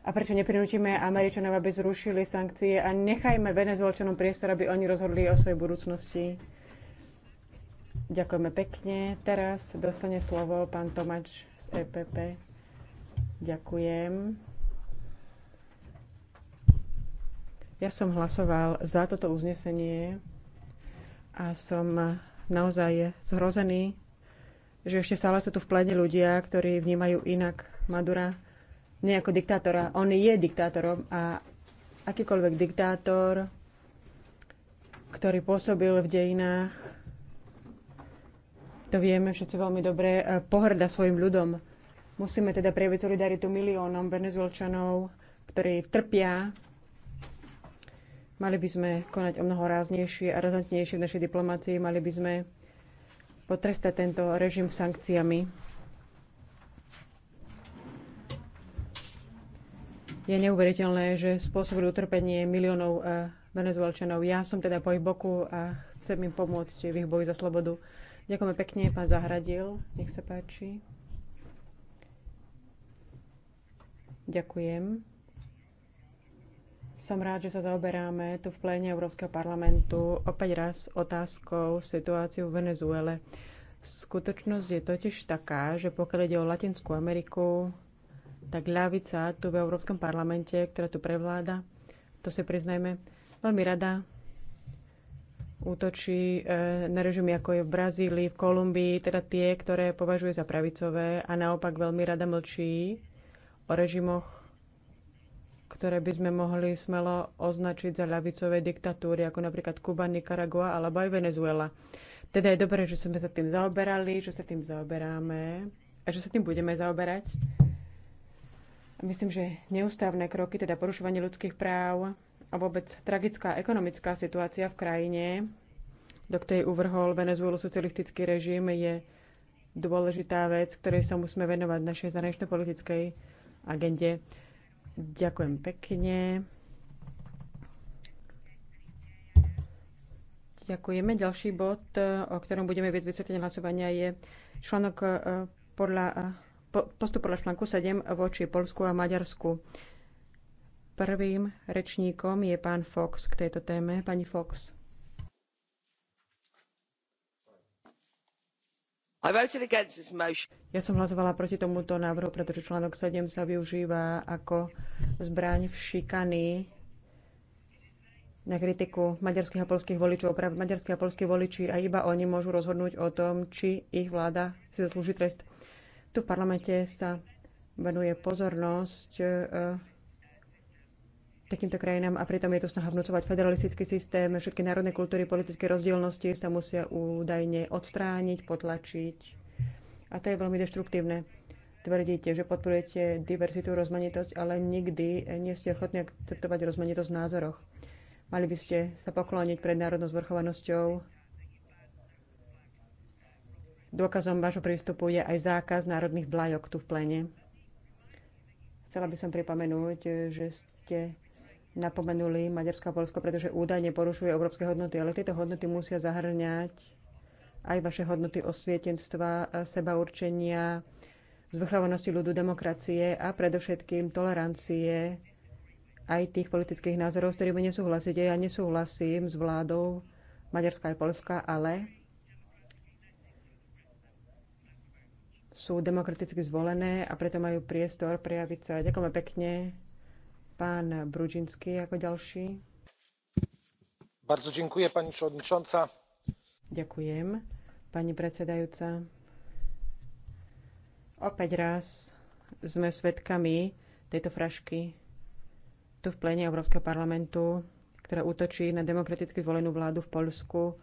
A prečo neprinútime Američanov, aby zrušili sankcie a nechajme Venezuelčanom priestor, aby oni rozhodli o svojej budúcnosti? Ďakujeme pekne. Teraz dostane slovo pán Tomáč z EPP. Ďakujem. Ja som hlasoval za toto uznesenie a som naozaj zhrozený, že ešte stále sú tu v plene ľudia, ktorí vnímajú inak Madura nie ako diktátora. On je diktátorom a akýkoľvek diktátor, ktorý pôsobil v dejinách, to vieme všetci veľmi dobre, e, pohrda svojim ľudom. Musíme teda prejaviť solidaritu miliónom venezuelčanov, ktorí trpia. Mali by sme konať o mnoho ráznejšie a razantnejšie v našej diplomácii. Mali by sme potrestať tento režim sankciami. Je neuveriteľné, že spôsobili utrpenie miliónov e, Venezuelčanov. Ja som teda po ich boku a chcem im pomôcť v ich boji za slobodu. Ďakujeme pekne, pán Zahradil. Nech sa páči. Ďakujem. Som rád, že sa zaoberáme tu v pléne Európskeho parlamentu opäť raz otázkou situáciu v Venezuele. Skutočnosť je totiž taká, že pokiaľ ide o Latinskú Ameriku, tak ľavica tu v Európskom parlamente, ktorá tu prevláda, to si priznajme, veľmi rada útočí e, na režimy ako je v Brazílii, v Kolumbii, teda tie, ktoré považuje za pravicové a naopak veľmi rada mlčí o režimoch, ktoré by sme mohli smelo označiť za ľavicové diktatúry, ako napríklad Kuba, Nikaragua alebo aj Venezuela. Teda je dobré, že sme sa tým zaoberali, že sa tým zaoberáme a že sa tým budeme zaoberať. Myslím, že neustávne kroky, teda porušovanie ľudských práv, a vôbec tragická ekonomická situácia v krajine, do ktorej uvrhol Venezuelu socialistický režim, je dôležitá vec, ktorej sa musíme venovať našej zahranično-politickej agende. Ďakujem pekne. Ďakujeme. Ďalší bod, o ktorom budeme viac vysvetlenie hlasovania, je článok eh, podľa, eh, postup podľa článku 7 voči Polsku a Maďarsku. Prvým rečníkom je pán Fox k tejto téme. Pani Fox. Ja som hlasovala proti tomuto návrhu, pretože článok 7 sa využíva ako zbraň v šikany na kritiku maďarských a polských voličov. Práve maďarských a polskí voliči a iba oni môžu rozhodnúť o tom, či ich vláda si zaslúži trest. Tu v parlamente sa venuje pozornosť eh, takýmto krajinám a pritom je to snaha vnúcovať federalistický systém. Všetky národné kultúry, politické rozdielnosti sa musia údajne odstrániť, potlačiť. A to je veľmi deštruktívne. Tvrdíte, že podporujete diverzitu, rozmanitosť, ale nikdy nie ste ochotní akceptovať rozmanitosť v názoroch. Mali by ste sa pokloniť pred národnou zvrchovanosťou. Dôkazom vášho prístupu je aj zákaz národných vlajok tu v plene. Chcela by som pripomenúť, že ste napomenuli Maďarsko a Polsko, pretože údajne porušuje európske hodnoty, ale tieto hodnoty musia zahrňať aj vaše hodnoty osvietenstva, sebaurčenia, zvrchovanosti ľudu, demokracie a predovšetkým tolerancie aj tých politických názorov, s ktorými nesúhlasíte. Ja nesúhlasím s vládou Maďarska aj Polska, ale sú demokraticky zvolené a preto majú priestor prejaviť sa. Ďakujem pekne. Pán Brudžinský ako ďalší. Bardzo dziękuję, pani przewodnicząca. Ďakujem, pani predsedajúca. Opäť raz sme svedkami tejto frašky tu v plene Európskeho parlamentu, ktorá útočí na demokraticky zvolenú vládu v Polsku,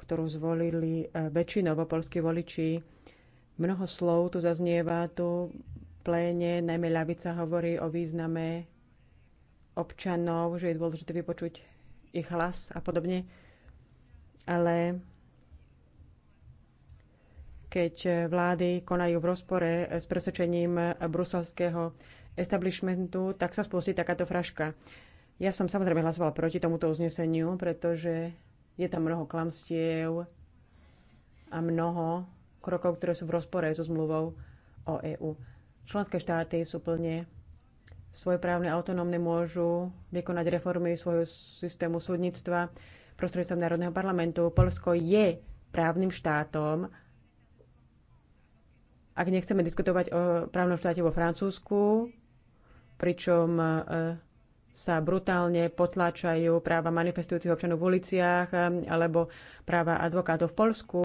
ktorú zvolili e, väčšinovo polskí voliči. Mnoho slov tu zaznieva, tu pléne, najmä ľavica hovorí o význame občanov, že je dôležité vypočuť ich hlas a podobne. Ale keď vlády konajú v rozpore s presvedčením bruselského establishmentu, tak sa spustí takáto fraška. Ja som samozrejme hlasovala proti tomuto uzneseniu, pretože je tam mnoho klamstiev a mnoho krokov, ktoré sú v rozpore so zmluvou o EÚ. Členské štáty sú plne svoje právne autonómne môžu vykonať reformy svojho systému súdnictva prostredstvom Národného parlamentu. Polsko je právnym štátom. Ak nechceme diskutovať o právnom štáte vo Francúzsku, pričom e, sa brutálne potláčajú práva manifestujúcich občanov v uliciach e, alebo práva advokátov v Polsku,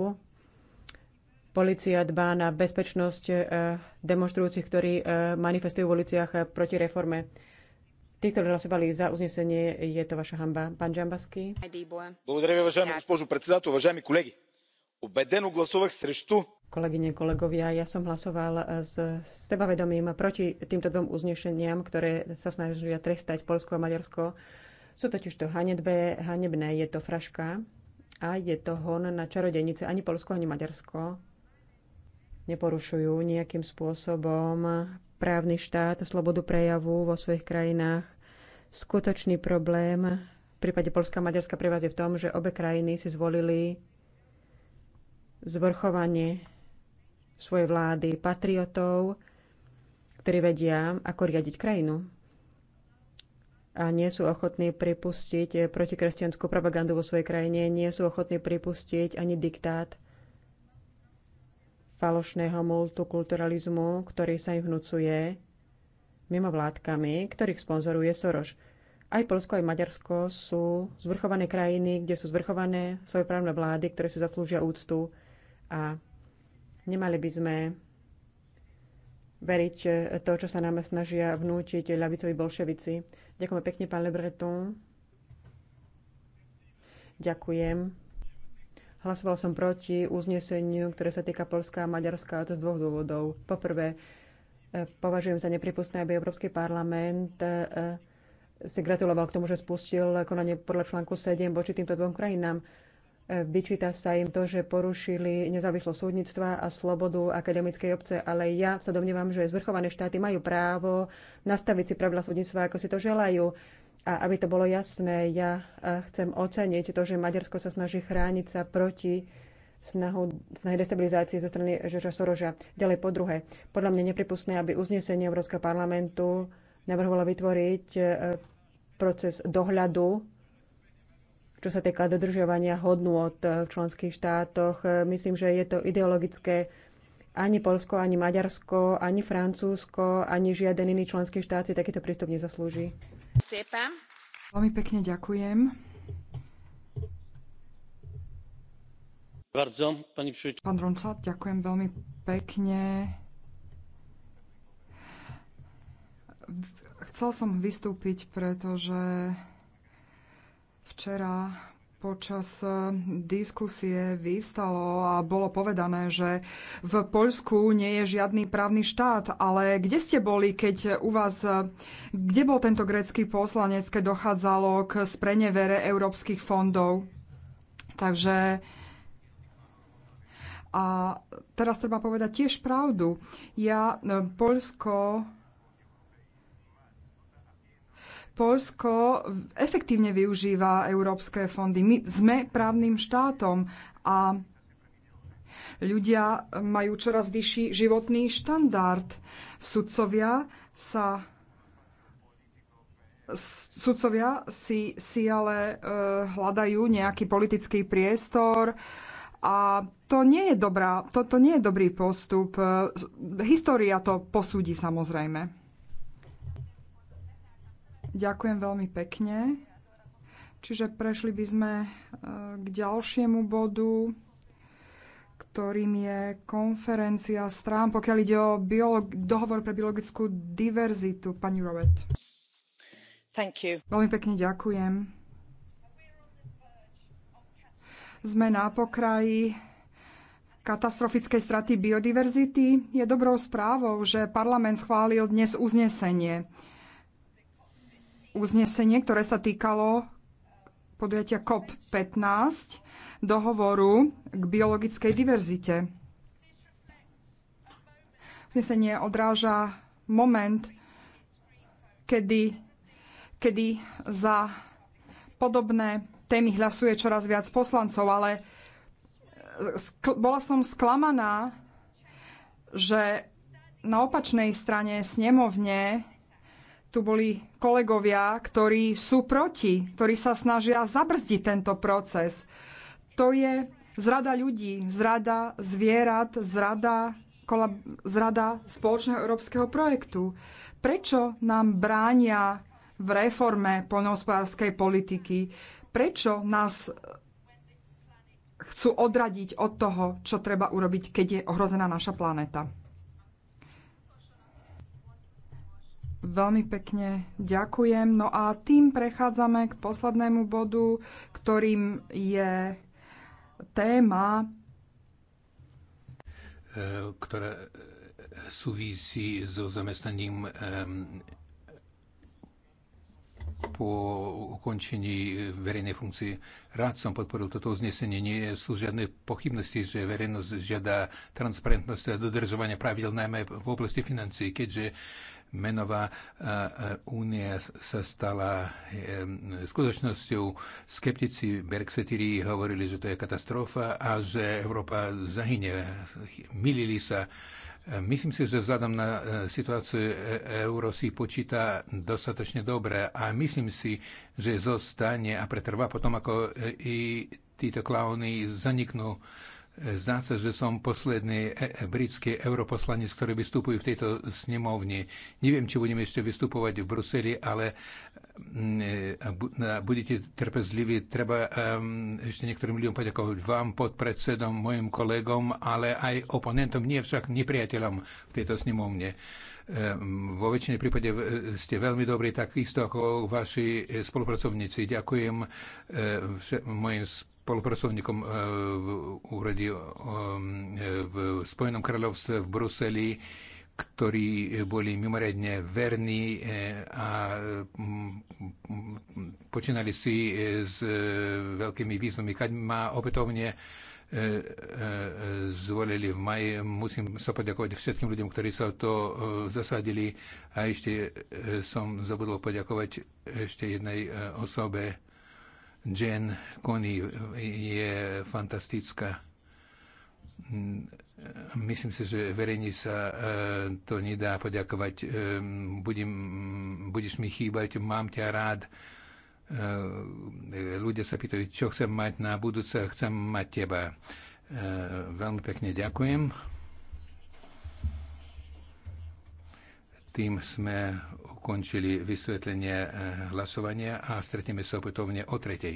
Polícia dbá na bezpečnosť eh, demonstrujúcich, ktorí eh, manifestujú v uliciach eh, proti reforme. Tí, ktorí hlasovali za uznesenie, je to vaša hamba. Pán Джамбаски. Благодаря ви, уважаема госпожо председател, kolegy. колеги. Убедено Kolegyne, kolegovia, ja som hlasoval s sebavedomím proti týmto dvom uznešeniam, ktoré sa snažia trestať Polsko a Maďarsko. Sú totiž to hanebné, hanebné je to fraška a je to hon na čarodenice. Ani Polsko, ani Maďarsko neporušujú nejakým spôsobom právny štát, slobodu prejavu vo svojich krajinách. Skutočný problém v prípade Polska a Maďarska pre vás je v tom, že obe krajiny si zvolili zvrchovanie svojej vlády patriotov, ktorí vedia, ako riadiť krajinu a nie sú ochotní pripustiť protikresťanskú propagandu vo svojej krajine, nie sú ochotní pripustiť ani diktát falošného multikulturalizmu, ktorý sa im vnúcuje vládkami, ktorých sponzoruje Soros. Aj Polsko, aj Maďarsko sú zvrchované krajiny, kde sú zvrchované svoje právne vlády, ktoré si zaslúžia úctu a nemali by sme veriť to, čo sa nám snažia vnútiť ľavicovi bolševici. Ďakujem pekne, pán Lebreton. Ďakujem. Hlasoval som proti uzneseniu, ktoré sa týka Polska a Maďarska, a to z dvoch dôvodov. Poprvé, e, považujem za nepripustné, aby Európsky parlament e, si gratuloval k tomu, že spustil konanie podľa článku 7 voči týmto dvom krajinám. E, vyčíta sa im to, že porušili nezávislosť súdnictva a slobodu akademickej obce, ale ja sa domnievam, že zvrchované štáty majú právo nastaviť si pravidla súdnictva, ako si to želajú. A aby to bolo jasné, ja e, chcem oceniť to, že Maďarsko sa snaží chrániť sa proti snahu, snahy destabilizácie zo strany Žoža Soroža. Ďalej po druhé, podľa mňa nepripustné, aby uznesenie Európskeho parlamentu navrhovalo vytvoriť e, proces dohľadu, čo sa týka dodržiavania hodnú e, v členských štátoch. Myslím, že je to ideologické ani Polsko, ani Maďarsko, ani Francúzsko, ani žiaden iný členský štát si takýto prístup nezaslúži. Veľmi pekne ďakujem. Pán Ronca, ďakujem veľmi pekne. Chcel som vystúpiť, pretože včera Počas e, diskusie vyvstalo a bolo povedané, že v Poľsku nie je žiadny právny štát, ale kde ste boli, keď u vás, e, kde bol tento grécky poslanec, keď dochádzalo k sprenevere európskych fondov? Takže a teraz treba povedať tiež pravdu. Ja, e, Poľsko Polsko efektívne využíva európske fondy. My sme právnym štátom a ľudia majú čoraz vyšší životný štandard. Sudcovia sa sudcovia si, si ale e, hľadajú nejaký politický priestor a to nie je, dobrá, to, to nie je dobrý postup. História to posúdi samozrejme. Ďakujem veľmi pekne. Čiže prešli by sme e, k ďalšiemu bodu, ktorým je konferencia strán, pokiaľ ide o dohovor pre biologickú diverzitu. Pani Robert. Thank you. Veľmi pekne ďakujem. Sme na pokraji katastrofickej straty biodiverzity. Je dobrou správou, že parlament schválil dnes uznesenie uznesenie, ktoré sa týkalo podujatia COP15, dohovoru k biologickej diverzite. Uznesenie odráža moment, kedy, kedy za podobné témy hlasuje čoraz viac poslancov, ale e, bola som sklamaná, že na opačnej strane snemovne tu boli kolegovia, ktorí sú proti, ktorí sa snažia zabrzdiť tento proces. To je zrada ľudí, zrada zvierat, zrada, kolab- zrada spoločného európskeho projektu. Prečo nám bránia v reforme poľnohospodárskej politiky? Prečo nás chcú odradiť od toho, čo treba urobiť, keď je ohrozená naša planéta? Veľmi pekne ďakujem. No a tým prechádzame k poslednému bodu, ktorým je téma, e, ktorá súvisí so zamestnaním e, po ukončení verejnej funkcie. Rád som podporil toto uznesenie. Nie sú žiadne pochybnosti, že verejnosť žiada transparentnosť a dodržovanie pravidel najmä v oblasti financií, keďže menová e, e, únia sa stala skutočnosťou. Skeptici Brexitiri hovorili, že to je katastrofa a že Európa zahynie. Milili sa. E, myslím si, že vzhľadom na situáciu euro si počíta dostatočne dobre a myslím si, že zostane a pretrvá potom, ako i títo klauny zaniknú. Zdá sa, že som posledný e, e, britský europoslanec, ktorý vystupuje v tejto snemovni. Neviem, či budeme ešte vystupovať v Bruseli, ale mm, e, budete trpezliví. Treba ešte niektorým ľuďom poďakovať vám, podpredsedom, mojim kolegom, ale aj oponentom, nie však nepriateľom v tejto snemovne vo väčšine prípade ste veľmi dobrí, takisto ako vaši spolupracovníci. Ďakujem mojim spolupracovníkom eh, v úrade eh, v Spojenom kráľovstve v Bruseli, ktorí boli mimoriadne verní eh, a mm, počínali si s veľkými výzvami. Keď ma opätovne zvolili v maji, musím sa poďakovať všetkým ľuďom, ktorí sa to zasadili a ešte som zabudol poďakovať ešte jednej osobe, Jen Kony je fantastická. Mm, myslím si, že verejne sa e, to nedá poďakovať. E, budem, budeš mi chýbať, mám ťa rád. E, ľudia sa pýtajú, čo chcem mať na budúce, chcem mať teba. Veľmi pekne ďakujem. Tým sme ukončili vysvetlenie eh, hlasovania a stretneme sa opätovne o tretej.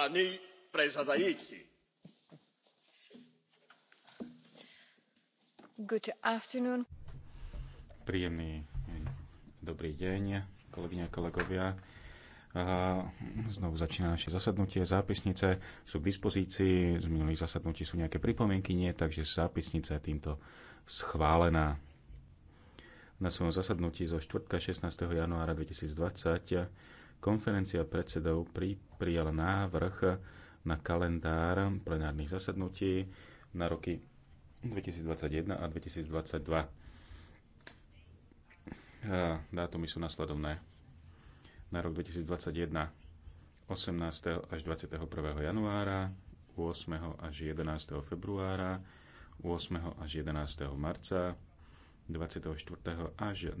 pani predsedajúca príjemný dobrý deň kolegyne a kolegovia. Znovu začína naše zasadnutie. Zápisnice sú k dispozícii. Z minulých zasadnutí sú nejaké pripomienky, nie, takže zápisnica je týmto schválená. Na svojom zasadnutí zo 4. 16. januára 2020 Konferencia predsedov prijala návrh na kalendár plenárnych zasadnutí na roky 2021 a 2022. Dátumy sú nasledovné. Na rok 2021 18. až 21. januára, 8. až 11. februára, 8. až 11. marca, 24. až 25.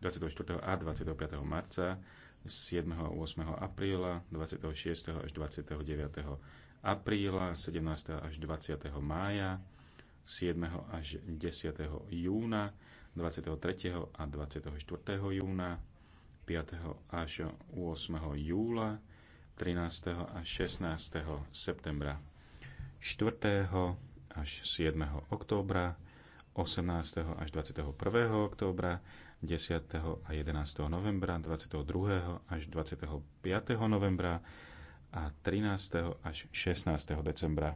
24. a 25. marca, 7. a 8. apríla, 26. až 29. apríla, 17. až 20. mája, 7. až 10. júna, 23. a 24. júna, 5. až 8. júla, 13. až 16. septembra, 4. až 7. októbra, 18. až 21. októbra 10. a 11. novembra, 22. až 25. novembra a 13. až 16. decembra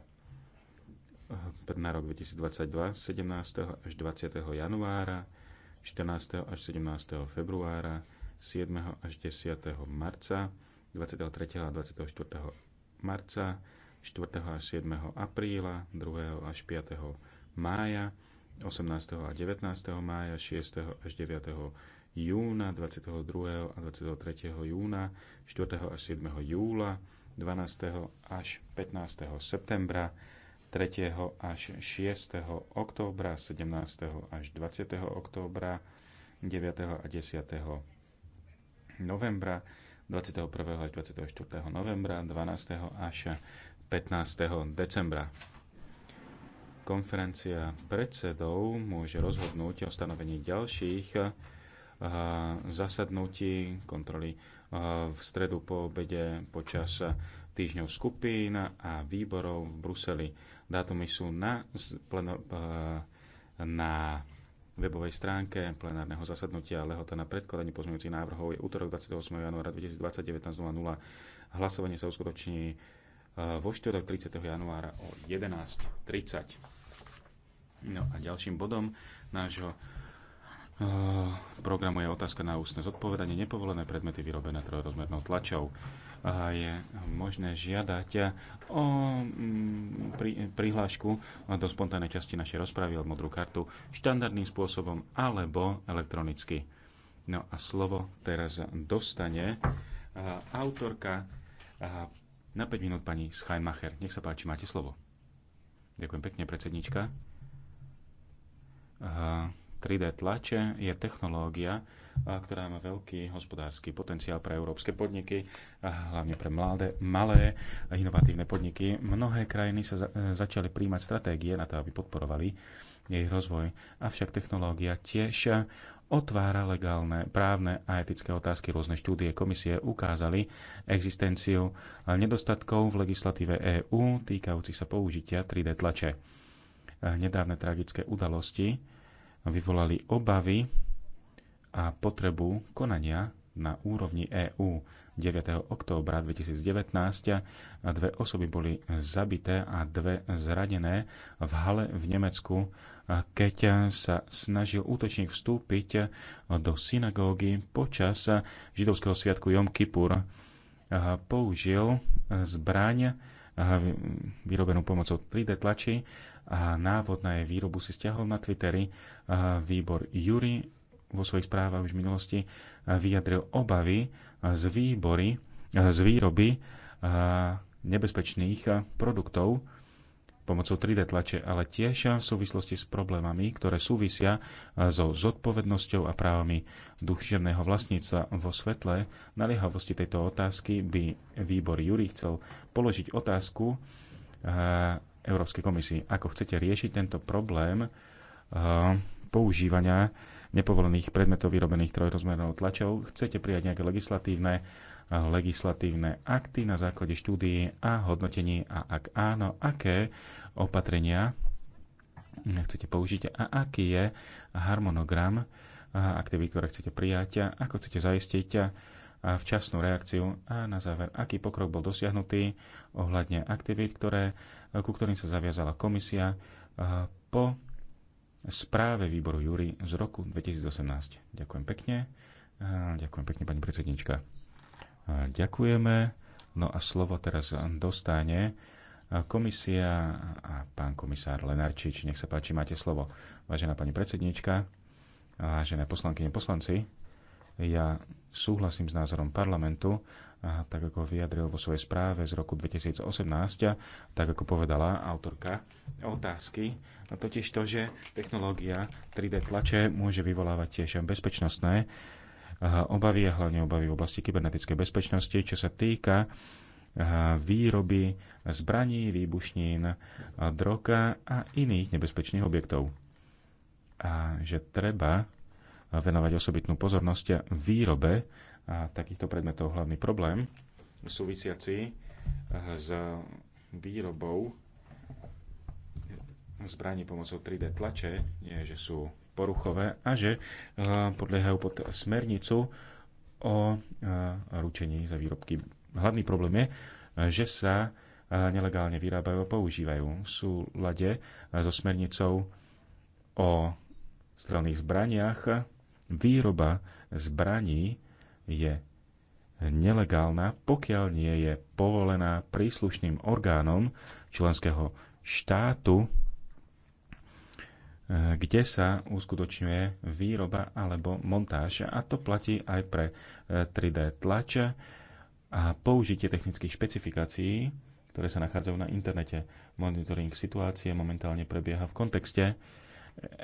na rok 2022, 17. až 20. januára, 14. až 17. februára, 7. až 10. marca, 23. a 24. marca, 4. až 7. apríla, 2. až 5. mája, 18. a 19. mája, 6. až 9. júna, 22. a 23. júna, 4. až 7. júla, 12. až 15. septembra, 3. až 6. októbra, 17. až 20. októbra, 9. a 10. novembra, 21. až 24. novembra, 12. až 15. decembra. Konferencia predsedov môže rozhodnúť o stanovení ďalších eh, zasadnutí kontroly eh, v stredu po obede počas týždňov skupín a výborov v Bruseli. Dátumy sú na, eh, na webovej stránke plenárneho zasadnutia lehota na predkladanie pozmeňujúcich návrhov je útorok 28. januára 2019.00. Hlasovanie sa uskutoční vo štvrtok 30. januára o 11.30. No a ďalším bodom nášho eh, programu je otázka na ústne zodpovedanie. Nepovolené predmety vyrobené trojrozmernou tlačou je možné žiadať o mm, pri, prihlášku do spontánnej časti našej rozpravy alebo modrú kartu štandardným spôsobom alebo elektronicky. No a slovo teraz dostane eh, autorka eh, na 5 minút pani Schajmacher. Nech sa páči, máte slovo. Ďakujem pekne, predsednička. 3D tlače je technológia, ktorá má veľký hospodársky potenciál pre európske podniky, hlavne pre mladé, malé a inovatívne podniky. Mnohé krajiny sa za, e, začali príjmať stratégie na to, aby podporovali jej rozvoj. Avšak technológia tiež otvára legálne, právne a etické otázky. Rôzne štúdie komisie ukázali existenciu e, nedostatkov v legislatíve EÚ týkajúcich sa použitia 3D tlače nedávne tragické udalosti vyvolali obavy a potrebu konania na úrovni EÚ. 9. októbra 2019 dve osoby boli zabité a dve zradené v hale v Nemecku, keď sa snažil útočník vstúpiť do synagógy počas židovského sviatku Jom Kippur. Použil zbraň vyrobenú pomocou 3D tlači a návod na jej výrobu si stiahol na Twittery. Výbor Jury vo svojich správach už v minulosti vyjadril obavy z výbory, z výroby nebezpečných produktov pomocou 3D tlače, ale tiež v súvislosti s problémami, ktoré súvisia so zodpovednosťou a právami duševného vlastníca. Vo svetle naliehavosti tejto otázky by výbor jury chcel položiť otázku, Európskej komisii. Ako chcete riešiť tento problém eh, používania nepovolených predmetov vyrobených trojrozmernou tlačou? Chcete prijať nejaké legislatívne, eh, legislatívne akty na základe štúdií a hodnotení? A ak áno, aké opatrenia chcete použiť a aký je harmonogram eh, aktivít, ktoré chcete prijať, ako chcete zaistiť včasnú reakciu a na záver, aký pokrok bol dosiahnutý ohľadne aktivít, ktoré ku ktorým sa zaviazala komisia po správe výboru júry z roku 2018. Ďakujem pekne. Ďakujem pekne, pani predsednička. Ďakujeme. No a slovo teraz dostane komisia a pán komisár Lenarčič. Nech sa páči, máte slovo. Vážená pani predsednička, vážené poslankyne, poslanci, ja súhlasím s názorom parlamentu a tak ako vyjadril vo svojej správe z roku 2018, tak ako povedala autorka otázky, a no totiž to, že technológia 3D tlače môže vyvolávať tiež bezpečnostné obavy a hlavne obavy v oblasti kybernetickej bezpečnosti, čo sa týka výroby zbraní, výbušnín, droga a iných nebezpečných objektov. A že treba venovať osobitnú pozornosť výrobe takýchto predmetov. Hlavný problém súvisiaci eh, s výrobou zbraní pomocou 3D tlače je, že sú poruchové a že eh, podliehajú pod smernicu o eh, ručení za výrobky. Hlavný problém je, že sa nelegálne vyrábajú a používajú. Sú lade so smernicou o strelných zbraniach výroba zbraní je nelegálna, pokiaľ nie je povolená príslušným orgánom členského štátu, eh, kde sa uskutočňuje výroba alebo montáž. A to platí aj pre 3D eh, tlače a použitie technických špecifikácií, ktoré sa nachádzajú na internete. Monitoring situácie momentálne prebieha v kontexte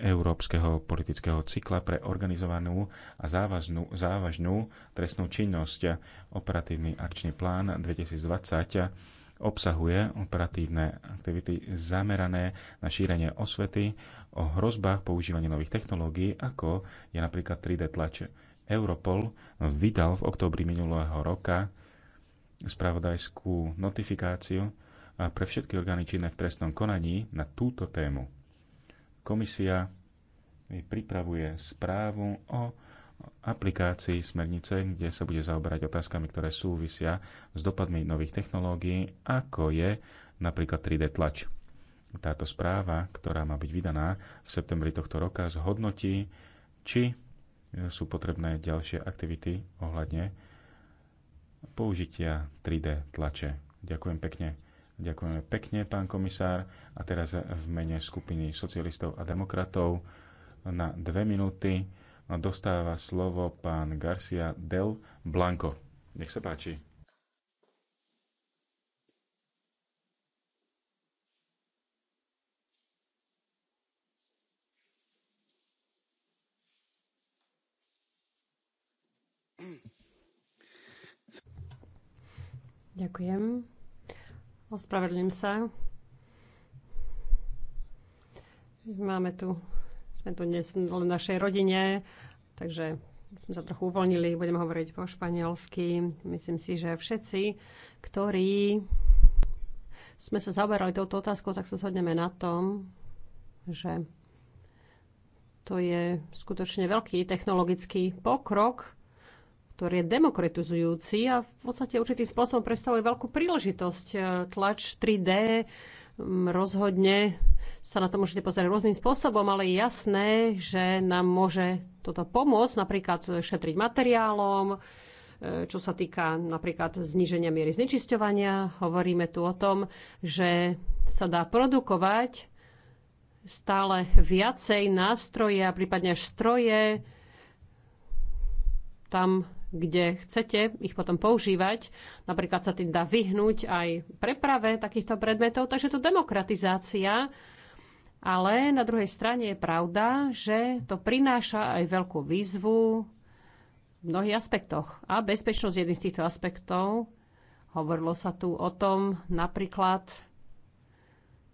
európskeho politického cykla pre organizovanú a závažnú, závažnú trestnú činnosť. Operatívny akčný plán 2020 obsahuje operatívne aktivity zamerané na šírenie osvety o hrozbách používania nových technológií, ako je napríklad 3D tlač. Europol vydal v októbri minulého roka spravodajskú notifikáciu pre všetky orgány činné v trestnom konaní na túto tému. Komisia pripravuje správu o aplikácii smernice, kde sa bude zaoberať otázkami, ktoré súvisia s dopadmi nových technológií, ako je napríklad 3D tlač. Táto správa, ktorá má byť vydaná v septembri tohto roka, zhodnotí, či sú potrebné ďalšie aktivity ohľadne použitia 3D tlače. Ďakujem pekne. Ďakujeme pekne, pán komisár. A teraz v mene skupiny socialistov a demokratov na dve minúty dostáva slovo pán Garcia del Blanco. Nech sa páči. Ďakujem. Ospravedlím sa. Máme tu, sme tu dnes len v našej rodine, takže sme sa trochu uvoľnili, budeme hovoriť po španielsky. Myslím si, že všetci, ktorí sme sa zaoberali touto otázkou, tak sa zhodneme na tom, že to je skutočne veľký technologický pokrok, ktorý je demokratizujúci a v podstate určitým spôsobom predstavuje veľkú príležitosť. E, tlač 3D rozhodne sa na to môžete pozerať rôznym spôsobom, ale je jasné, že nám môže toto pomôcť, napríklad šetriť materiálom, e, čo sa týka napríklad zníženia miery znečisťovania. Hovoríme tu o tom, že sa dá produkovať stále viacej nástroje a prípadne až stroje. Tam kde chcete ich potom používať. Napríklad sa tým dá vyhnúť aj preprave takýchto predmetov, takže to demokratizácia. Ale na druhej strane je pravda, že to prináša aj veľkú výzvu v mnohých aspektoch. A bezpečnosť jedným z týchto aspektov. Hovorilo sa tu o tom napríklad,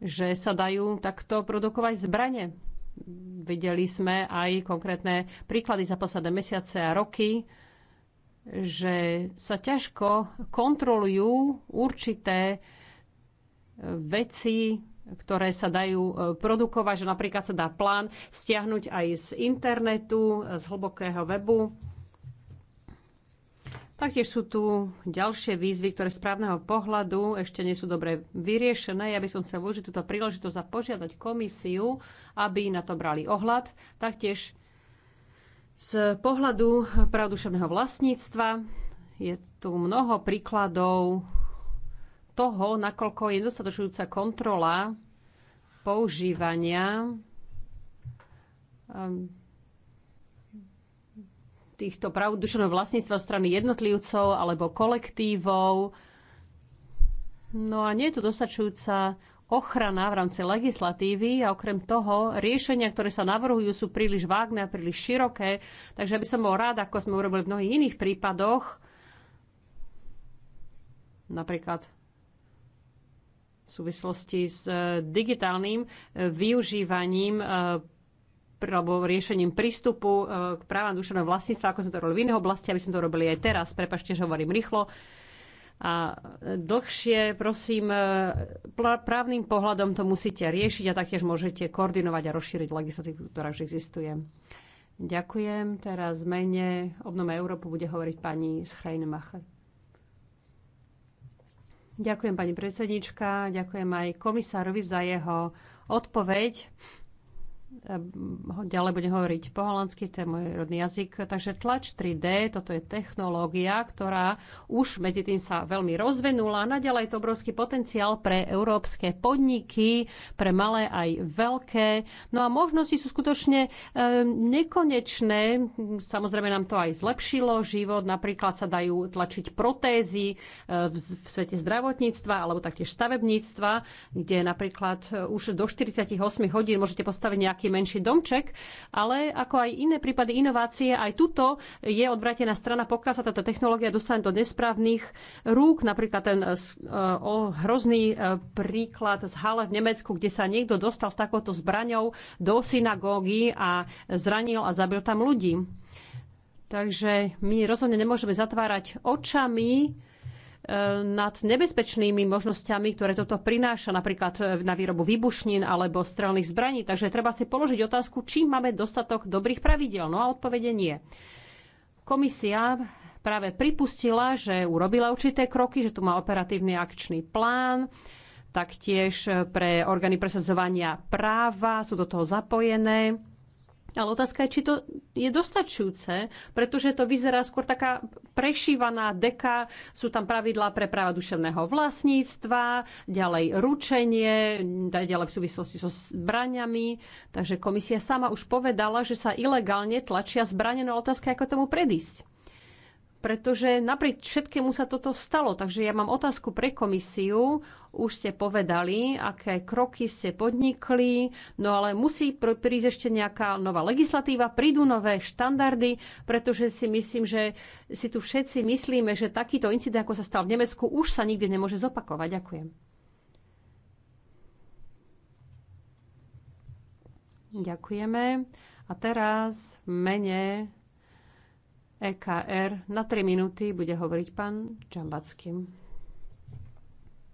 že sa dajú takto produkovať zbranie. Videli sme aj konkrétne príklady za posledné mesiace a roky, že sa ťažko kontrolujú určité e, veci, ktoré sa dajú e, produkovať, že napríklad sa dá plán stiahnuť aj z internetu, z hlbokého webu. Taktiež sú tu ďalšie výzvy, ktoré z právneho pohľadu ešte nie sú dobre vyriešené. Ja by som chcel využiť túto príležitosť a požiadať komisiu, aby na to brali ohľad. Taktiež z pohľadu pravdušovného vlastníctva je tu mnoho príkladov toho, nakoľko je dostatočujúca kontrola používania ehm, týchto pravdušovného vlastníctva strany jednotlivcov alebo kolektívov. No a nie je tu dostačujúca ochrana v rámci legislatívy a okrem toho riešenia, ktoré sa navrhujú, sú príliš vágne a príliš široké. Takže by som bol rád, ako sme urobili v mnohých iných prípadoch, napríklad v súvislosti s e, digitálnym e, využívaním e, alebo riešením prístupu k právam duševného vlastníctva, ako sme to robili v iných oblasti, aby sme to robili aj teraz. Prepačte, že hovorím rýchlo a dlhšie, prosím, e, právnym pohľadom to musíte riešiť a taktiež môžete koordinovať a rozšíriť legislatívu, ktorá už existuje. Ďakujem. Teraz mene Obnome Európu bude hovoriť pani Schreinemacher. Ďakujem pani predsednička, ďakujem aj komisárovi za jeho odpoveď. Ehm, ďalej budem hovoriť po holandsky, to je môj rodný jazyk. Takže tlač 3D, toto je technológia, ktorá už medzi tým sa veľmi rozvenula. Naďalej je to obrovský potenciál pre európske podniky, pre malé aj veľké. No a možnosti sú skutočne ehm, nekonečné. Samozrejme nám to aj zlepšilo život. Napríklad sa dajú tlačiť protézy ehm, v, v svete zdravotníctva alebo taktiež stavebníctva, kde napríklad eh, už do 48 hodín môžete postaviť nejaké taký menší domček, ale ako aj iné prípady inovácie, aj tuto je odvratená strana, pokiaľ sa táto technológia dostane do nesprávnych rúk. Napríklad ten e, hrozný e, príklad z Hale v Nemecku, kde sa niekto dostal s takouto zbraňou do synagógy a zranil a zabil tam ľudí. Takže my rozhodne nemôžeme zatvárať očami nad nebezpečnými možnosťami, ktoré toto prináša, napríklad e, na výrobu výbušnín alebo strelných zbraní. Takže treba si položiť otázku, či máme dostatok dobrých pravidel. No a odpovede nie. Komisia práve pripustila, že urobila určité kroky, že tu má operatívny akčný plán, taktiež e, pre orgány presadzovania práva sú do toho zapojené. Ale otázka je, či to je dostačujúce, pretože to vyzerá skôr taká prešívaná deka. Sú tam pravidlá pre práva duševného vlastníctva, ďalej ručenie, ďalej v súvislosti so zbraniami. Takže komisia sama už povedala, že sa ilegálne tlačia zbranie, no otázka, ako tomu predísť pretože napriek všetkému sa toto stalo. Takže ja mám otázku pre komisiu. Už ste povedali, aké kroky ste podnikli, no ale musí prísť ešte nejaká nová legislatíva, prídu nové štandardy, pretože si myslím, že si tu všetci myslíme, že takýto incident, ako sa stal v Nemecku, už sa nikdy nemôže zopakovať. Ďakujem. Ďakujeme. A teraz mene EKR. Na 3 minúty bude hovoriť pán Čambacký.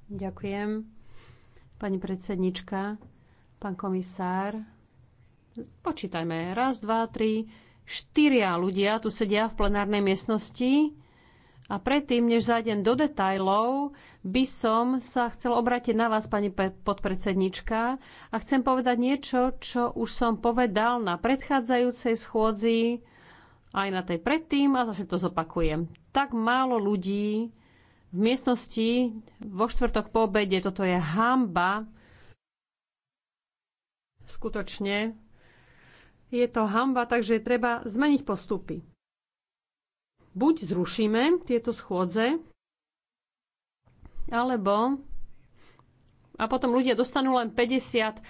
Ďakujem. Pani predsednička, pán komisár, počítajme. Raz, dva, tri, štyria ľudia tu sedia v plenárnej miestnosti. A predtým, než zájdem do detajlov, by som sa chcel obrátiť na vás, pani podpredsednička, a chcem povedať niečo, čo už som povedal na predchádzajúcej schôdzi aj na tej predtým a zase to zopakujem. Tak málo ľudí v miestnosti vo štvrtok po obede, toto je hamba. Skutočne je to hamba, takže treba zmeniť postupy. Buď zrušíme tieto schôdze, alebo a potom ľudia dostanú len 50%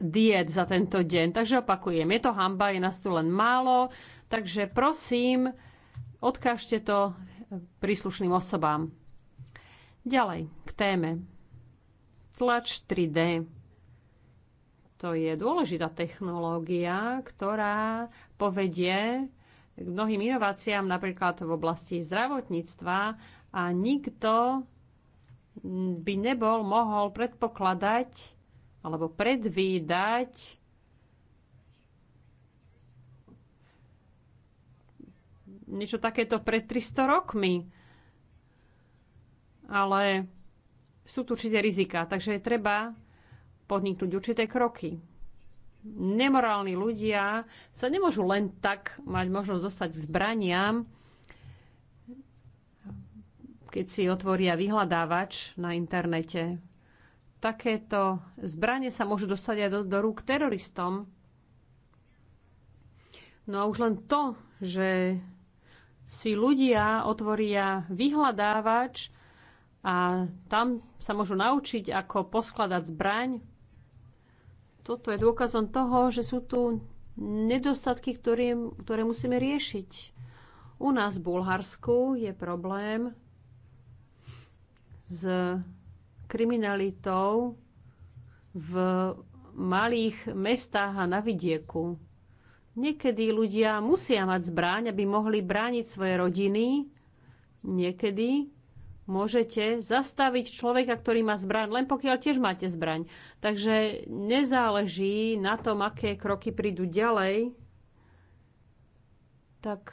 diet za tento deň. Takže opakujem, je to hamba, je nás tu len málo, Takže prosím, odkážte to príslušným osobám. Ďalej, k téme. Tlač 3D. To je dôležitá technológia, ktorá povedie k mnohým inováciám, napríklad v oblasti zdravotníctva a nikto by nebol mohol predpokladať alebo predvídať niečo takéto pred 300 rokmi. Ale sú tu určité rizika, takže je treba podniknúť určité kroky. Nemorálni ľudia sa nemôžu len tak mať možnosť dostať k zbraniam, keď si otvoria vyhľadávač na internete. Takéto zbranie sa môžu dostať aj do, do rúk teroristom. No a už len to, že si ľudia otvoria vyhľadávač a tam sa môžu naučiť, ako poskladať zbraň. Toto je dôkazom toho, že sú tu nedostatky, ktoré, ktoré musíme riešiť. U nás v Bulharsku je problém s kriminalitou v malých mestách a na vidieku. Niekedy ľudia musia mať zbraň, aby mohli brániť svoje rodiny. Niekedy môžete zastaviť človeka, ktorý má zbraň, len pokiaľ tiež máte zbraň. Takže nezáleží na tom, aké kroky prídu ďalej, tak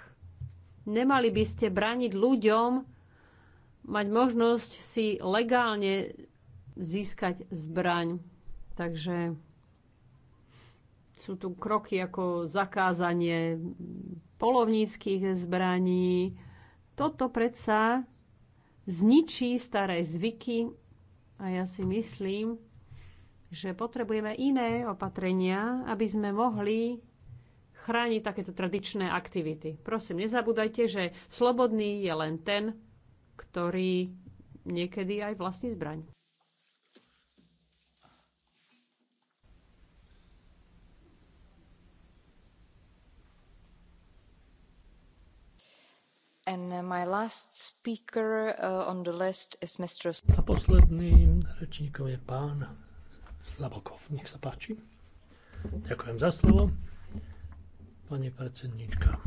nemali by ste brániť ľuďom mať možnosť si legálne získať zbraň. Takže sú tu kroky ako zakázanie polovníckých zbraní. Toto predsa zničí staré zvyky a ja si myslím, že potrebujeme iné opatrenia, aby sme mohli chrániť takéto tradičné aktivity. Prosím, nezabúdajte, že slobodný je len ten, ktorý niekedy aj vlastní zbraň. Uh, uh, posledným rečníkom je pán Slabokov. Nech sa páči. Ďakujem za slovo. Pani predsednička.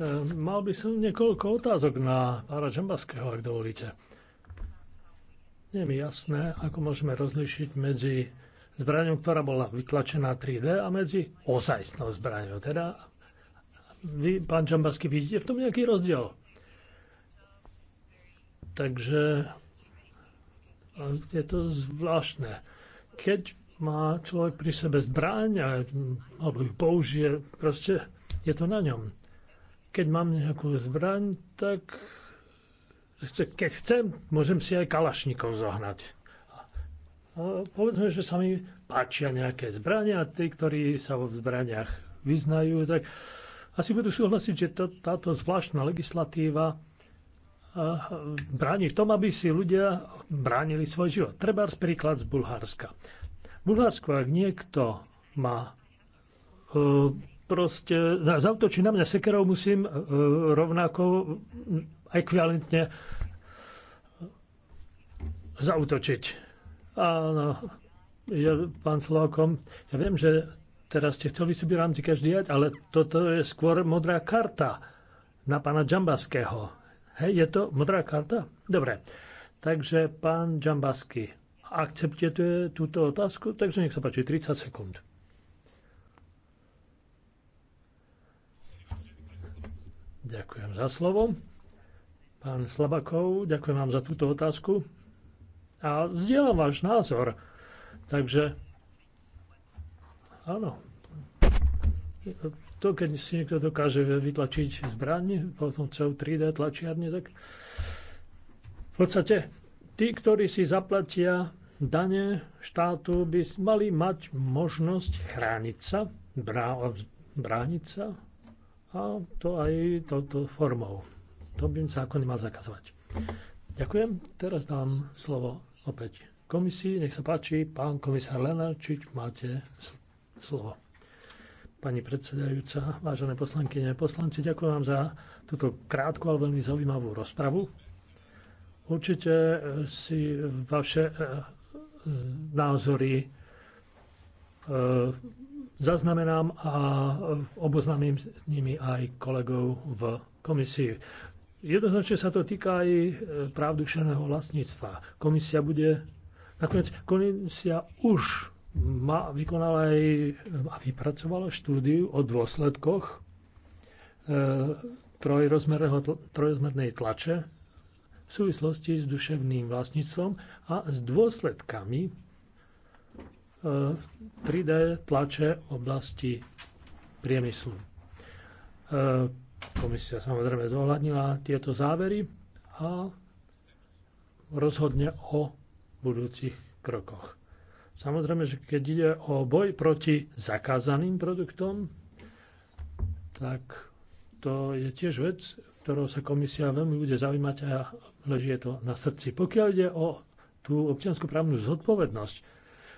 Ehm, mal by som niekoľko otázok na pána Čambaského, ak dovolíte. Nie je mi jasné, ako môžeme rozlišiť medzi zbraňou, ktorá bola vytlačená 3D a medzi ozajstnou zbraňou, teda vy, pán Čambasky, vidíte v tom nejaký rozdiel? Takže je to zvláštne. Keď má človek pri sebe zbraň a, alebo ju použije, proste je to na ňom. Keď mám nejakú zbraň, tak keď chcem, môžem si aj kalašníkov zohnať. A povedzme, že sa mi páčia nejaké zbrania a tí, ktorí sa vo zbraniach vyznajú, tak asi budú súhlasiť, že to, táto zvláštna legislatíva eh, bráni v tom, aby si ľudia bránili svoj život. Treba príklad z Bulharska. V Bulharsku, ak niekto má eh, proste zautočí na mňa sekerou, musím eh, rovnako mm, ekvivalentne zautočiť. Áno, ja, pán Slovakom, ja viem, že Teraz ste chceli si rámci každý, ale toto je skôr modrá karta na pána Džambaského. Hej, je to modrá karta? Dobre. Takže pán Džambasky, akceptujete túto otázku? Takže nech sa páči, 30 sekúnd. Ďakujem za slovo. Pán Slabakov, ďakujem vám za túto otázku. A zdieľam váš názor. Takže Áno. To, keď si niekto dokáže vytlačiť zbraň celú 3D tlačiarne, tak v podstate tí, ktorí si zaplatia dane štátu, by mali mať možnosť chrániť sa, brániť sa a to aj touto formou. To by zákon nemal zakazovať. Ďakujem. Teraz dám slovo opäť komisii. Nech sa páči, pán komisár Lenarčič, máte slovo. Pani predsedajúca, vážené poslankyne a poslanci, ďakujem vám za túto krátku, ale veľmi zaujímavú rozpravu. Určite eh, si vaše eh, názory eh, zaznamenám a oboznámim s nimi aj kolegov v komisii. Jednoznačne sa to týka aj právdušeného vlastníctva. Komisia bude, nakoniec komisia už ma, vykonala aj a vypracovala štúdiu o dôsledkoch e, trojrozmernej tlače v súvislosti s duševným vlastníctvom a s dôsledkami 3D e, tlače oblasti priemyslu. E, komisia samozrejme zohľadnila tieto závery a rozhodne o budúcich krokoch. Samozrejme, že keď ide o boj proti zakázaným produktom, tak to je tiež vec, ktorou sa komisia veľmi bude zaujímať a leží je to na srdci. Pokiaľ ide o tú právnu zodpovednosť,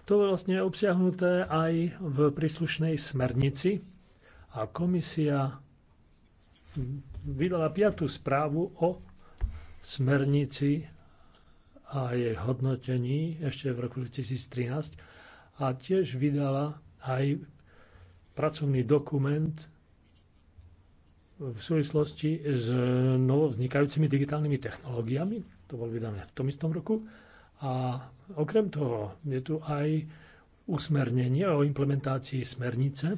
to je vlastne obsiahnuté aj v príslušnej smernici a komisia vydala piatú správu o smernici a jej hodnotení ešte v roku 2013 a tiež vydala aj pracovný dokument v súvislosti s novovznikajúcimi digitálnymi technológiami. To bol vydané v tom istom roku. A okrem toho je tu aj usmernenie o implementácii smernice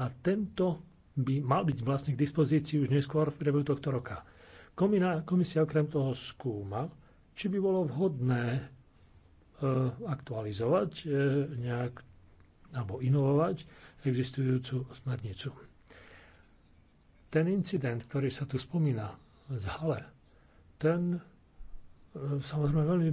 a tento by mal byť vlastne k dispozícii už neskôr v priebehu tohto roka. komisia okrem toho skúma či by bolo vhodné e, aktualizovať e, nejak alebo inovovať existujúcu smernicu. Ten incident, ktorý sa tu spomína z Hale, ten e, samozrejme veľmi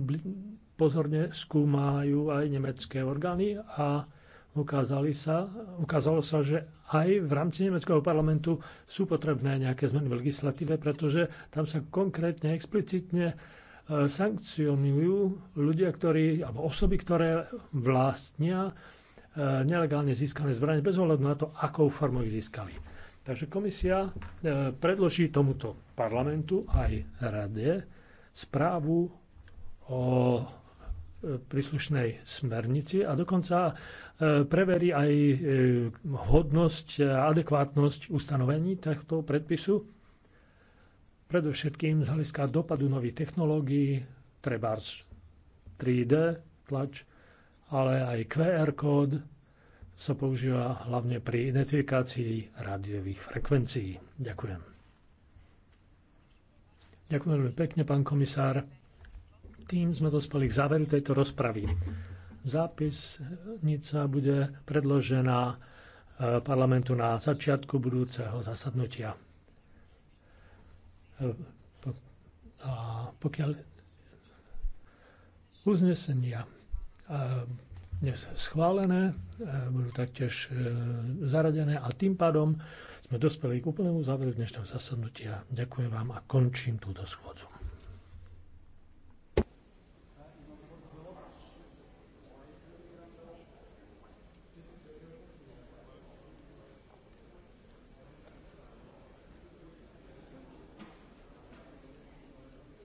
pozorne skúmajú aj nemecké orgány a ukázali sa, ukázalo sa, že aj v rámci nemeckého parlamentu sú potrebné nejaké zmeny v legislatíve, pretože tam sa konkrétne, explicitne sankcionujú ľudia, ktorí, alebo osoby, ktoré vlastnia e, nelegálne získané zbranie bez ohľadu na to, akou formou ich získali. Takže komisia e, predloží tomuto parlamentu aj rade správu o e, príslušnej smernici a dokonca preverí aj hodnosť a adekvátnosť ustanovení tohto predpisu Predovšetkým z hľadiska dopadu nových technológií, trebárs 3D tlač, ale aj QR kód sa používa hlavne pri identifikácii rádiových frekvencií. Ďakujem. Ďakujem veľmi pekne, pán komisár. Tým sme dospeli k záveru tejto rozpravy. Zápisnica bude predložená eh, parlamentu na začiatku budúceho zasadnutia a pokiaľ uznesenia e, dnes schválené, e, budú taktiež e, zaradené a tým pádom sme dospeli k úplnému záveru dnešného zasadnutia. Ďakujem vám a končím túto schôdzu.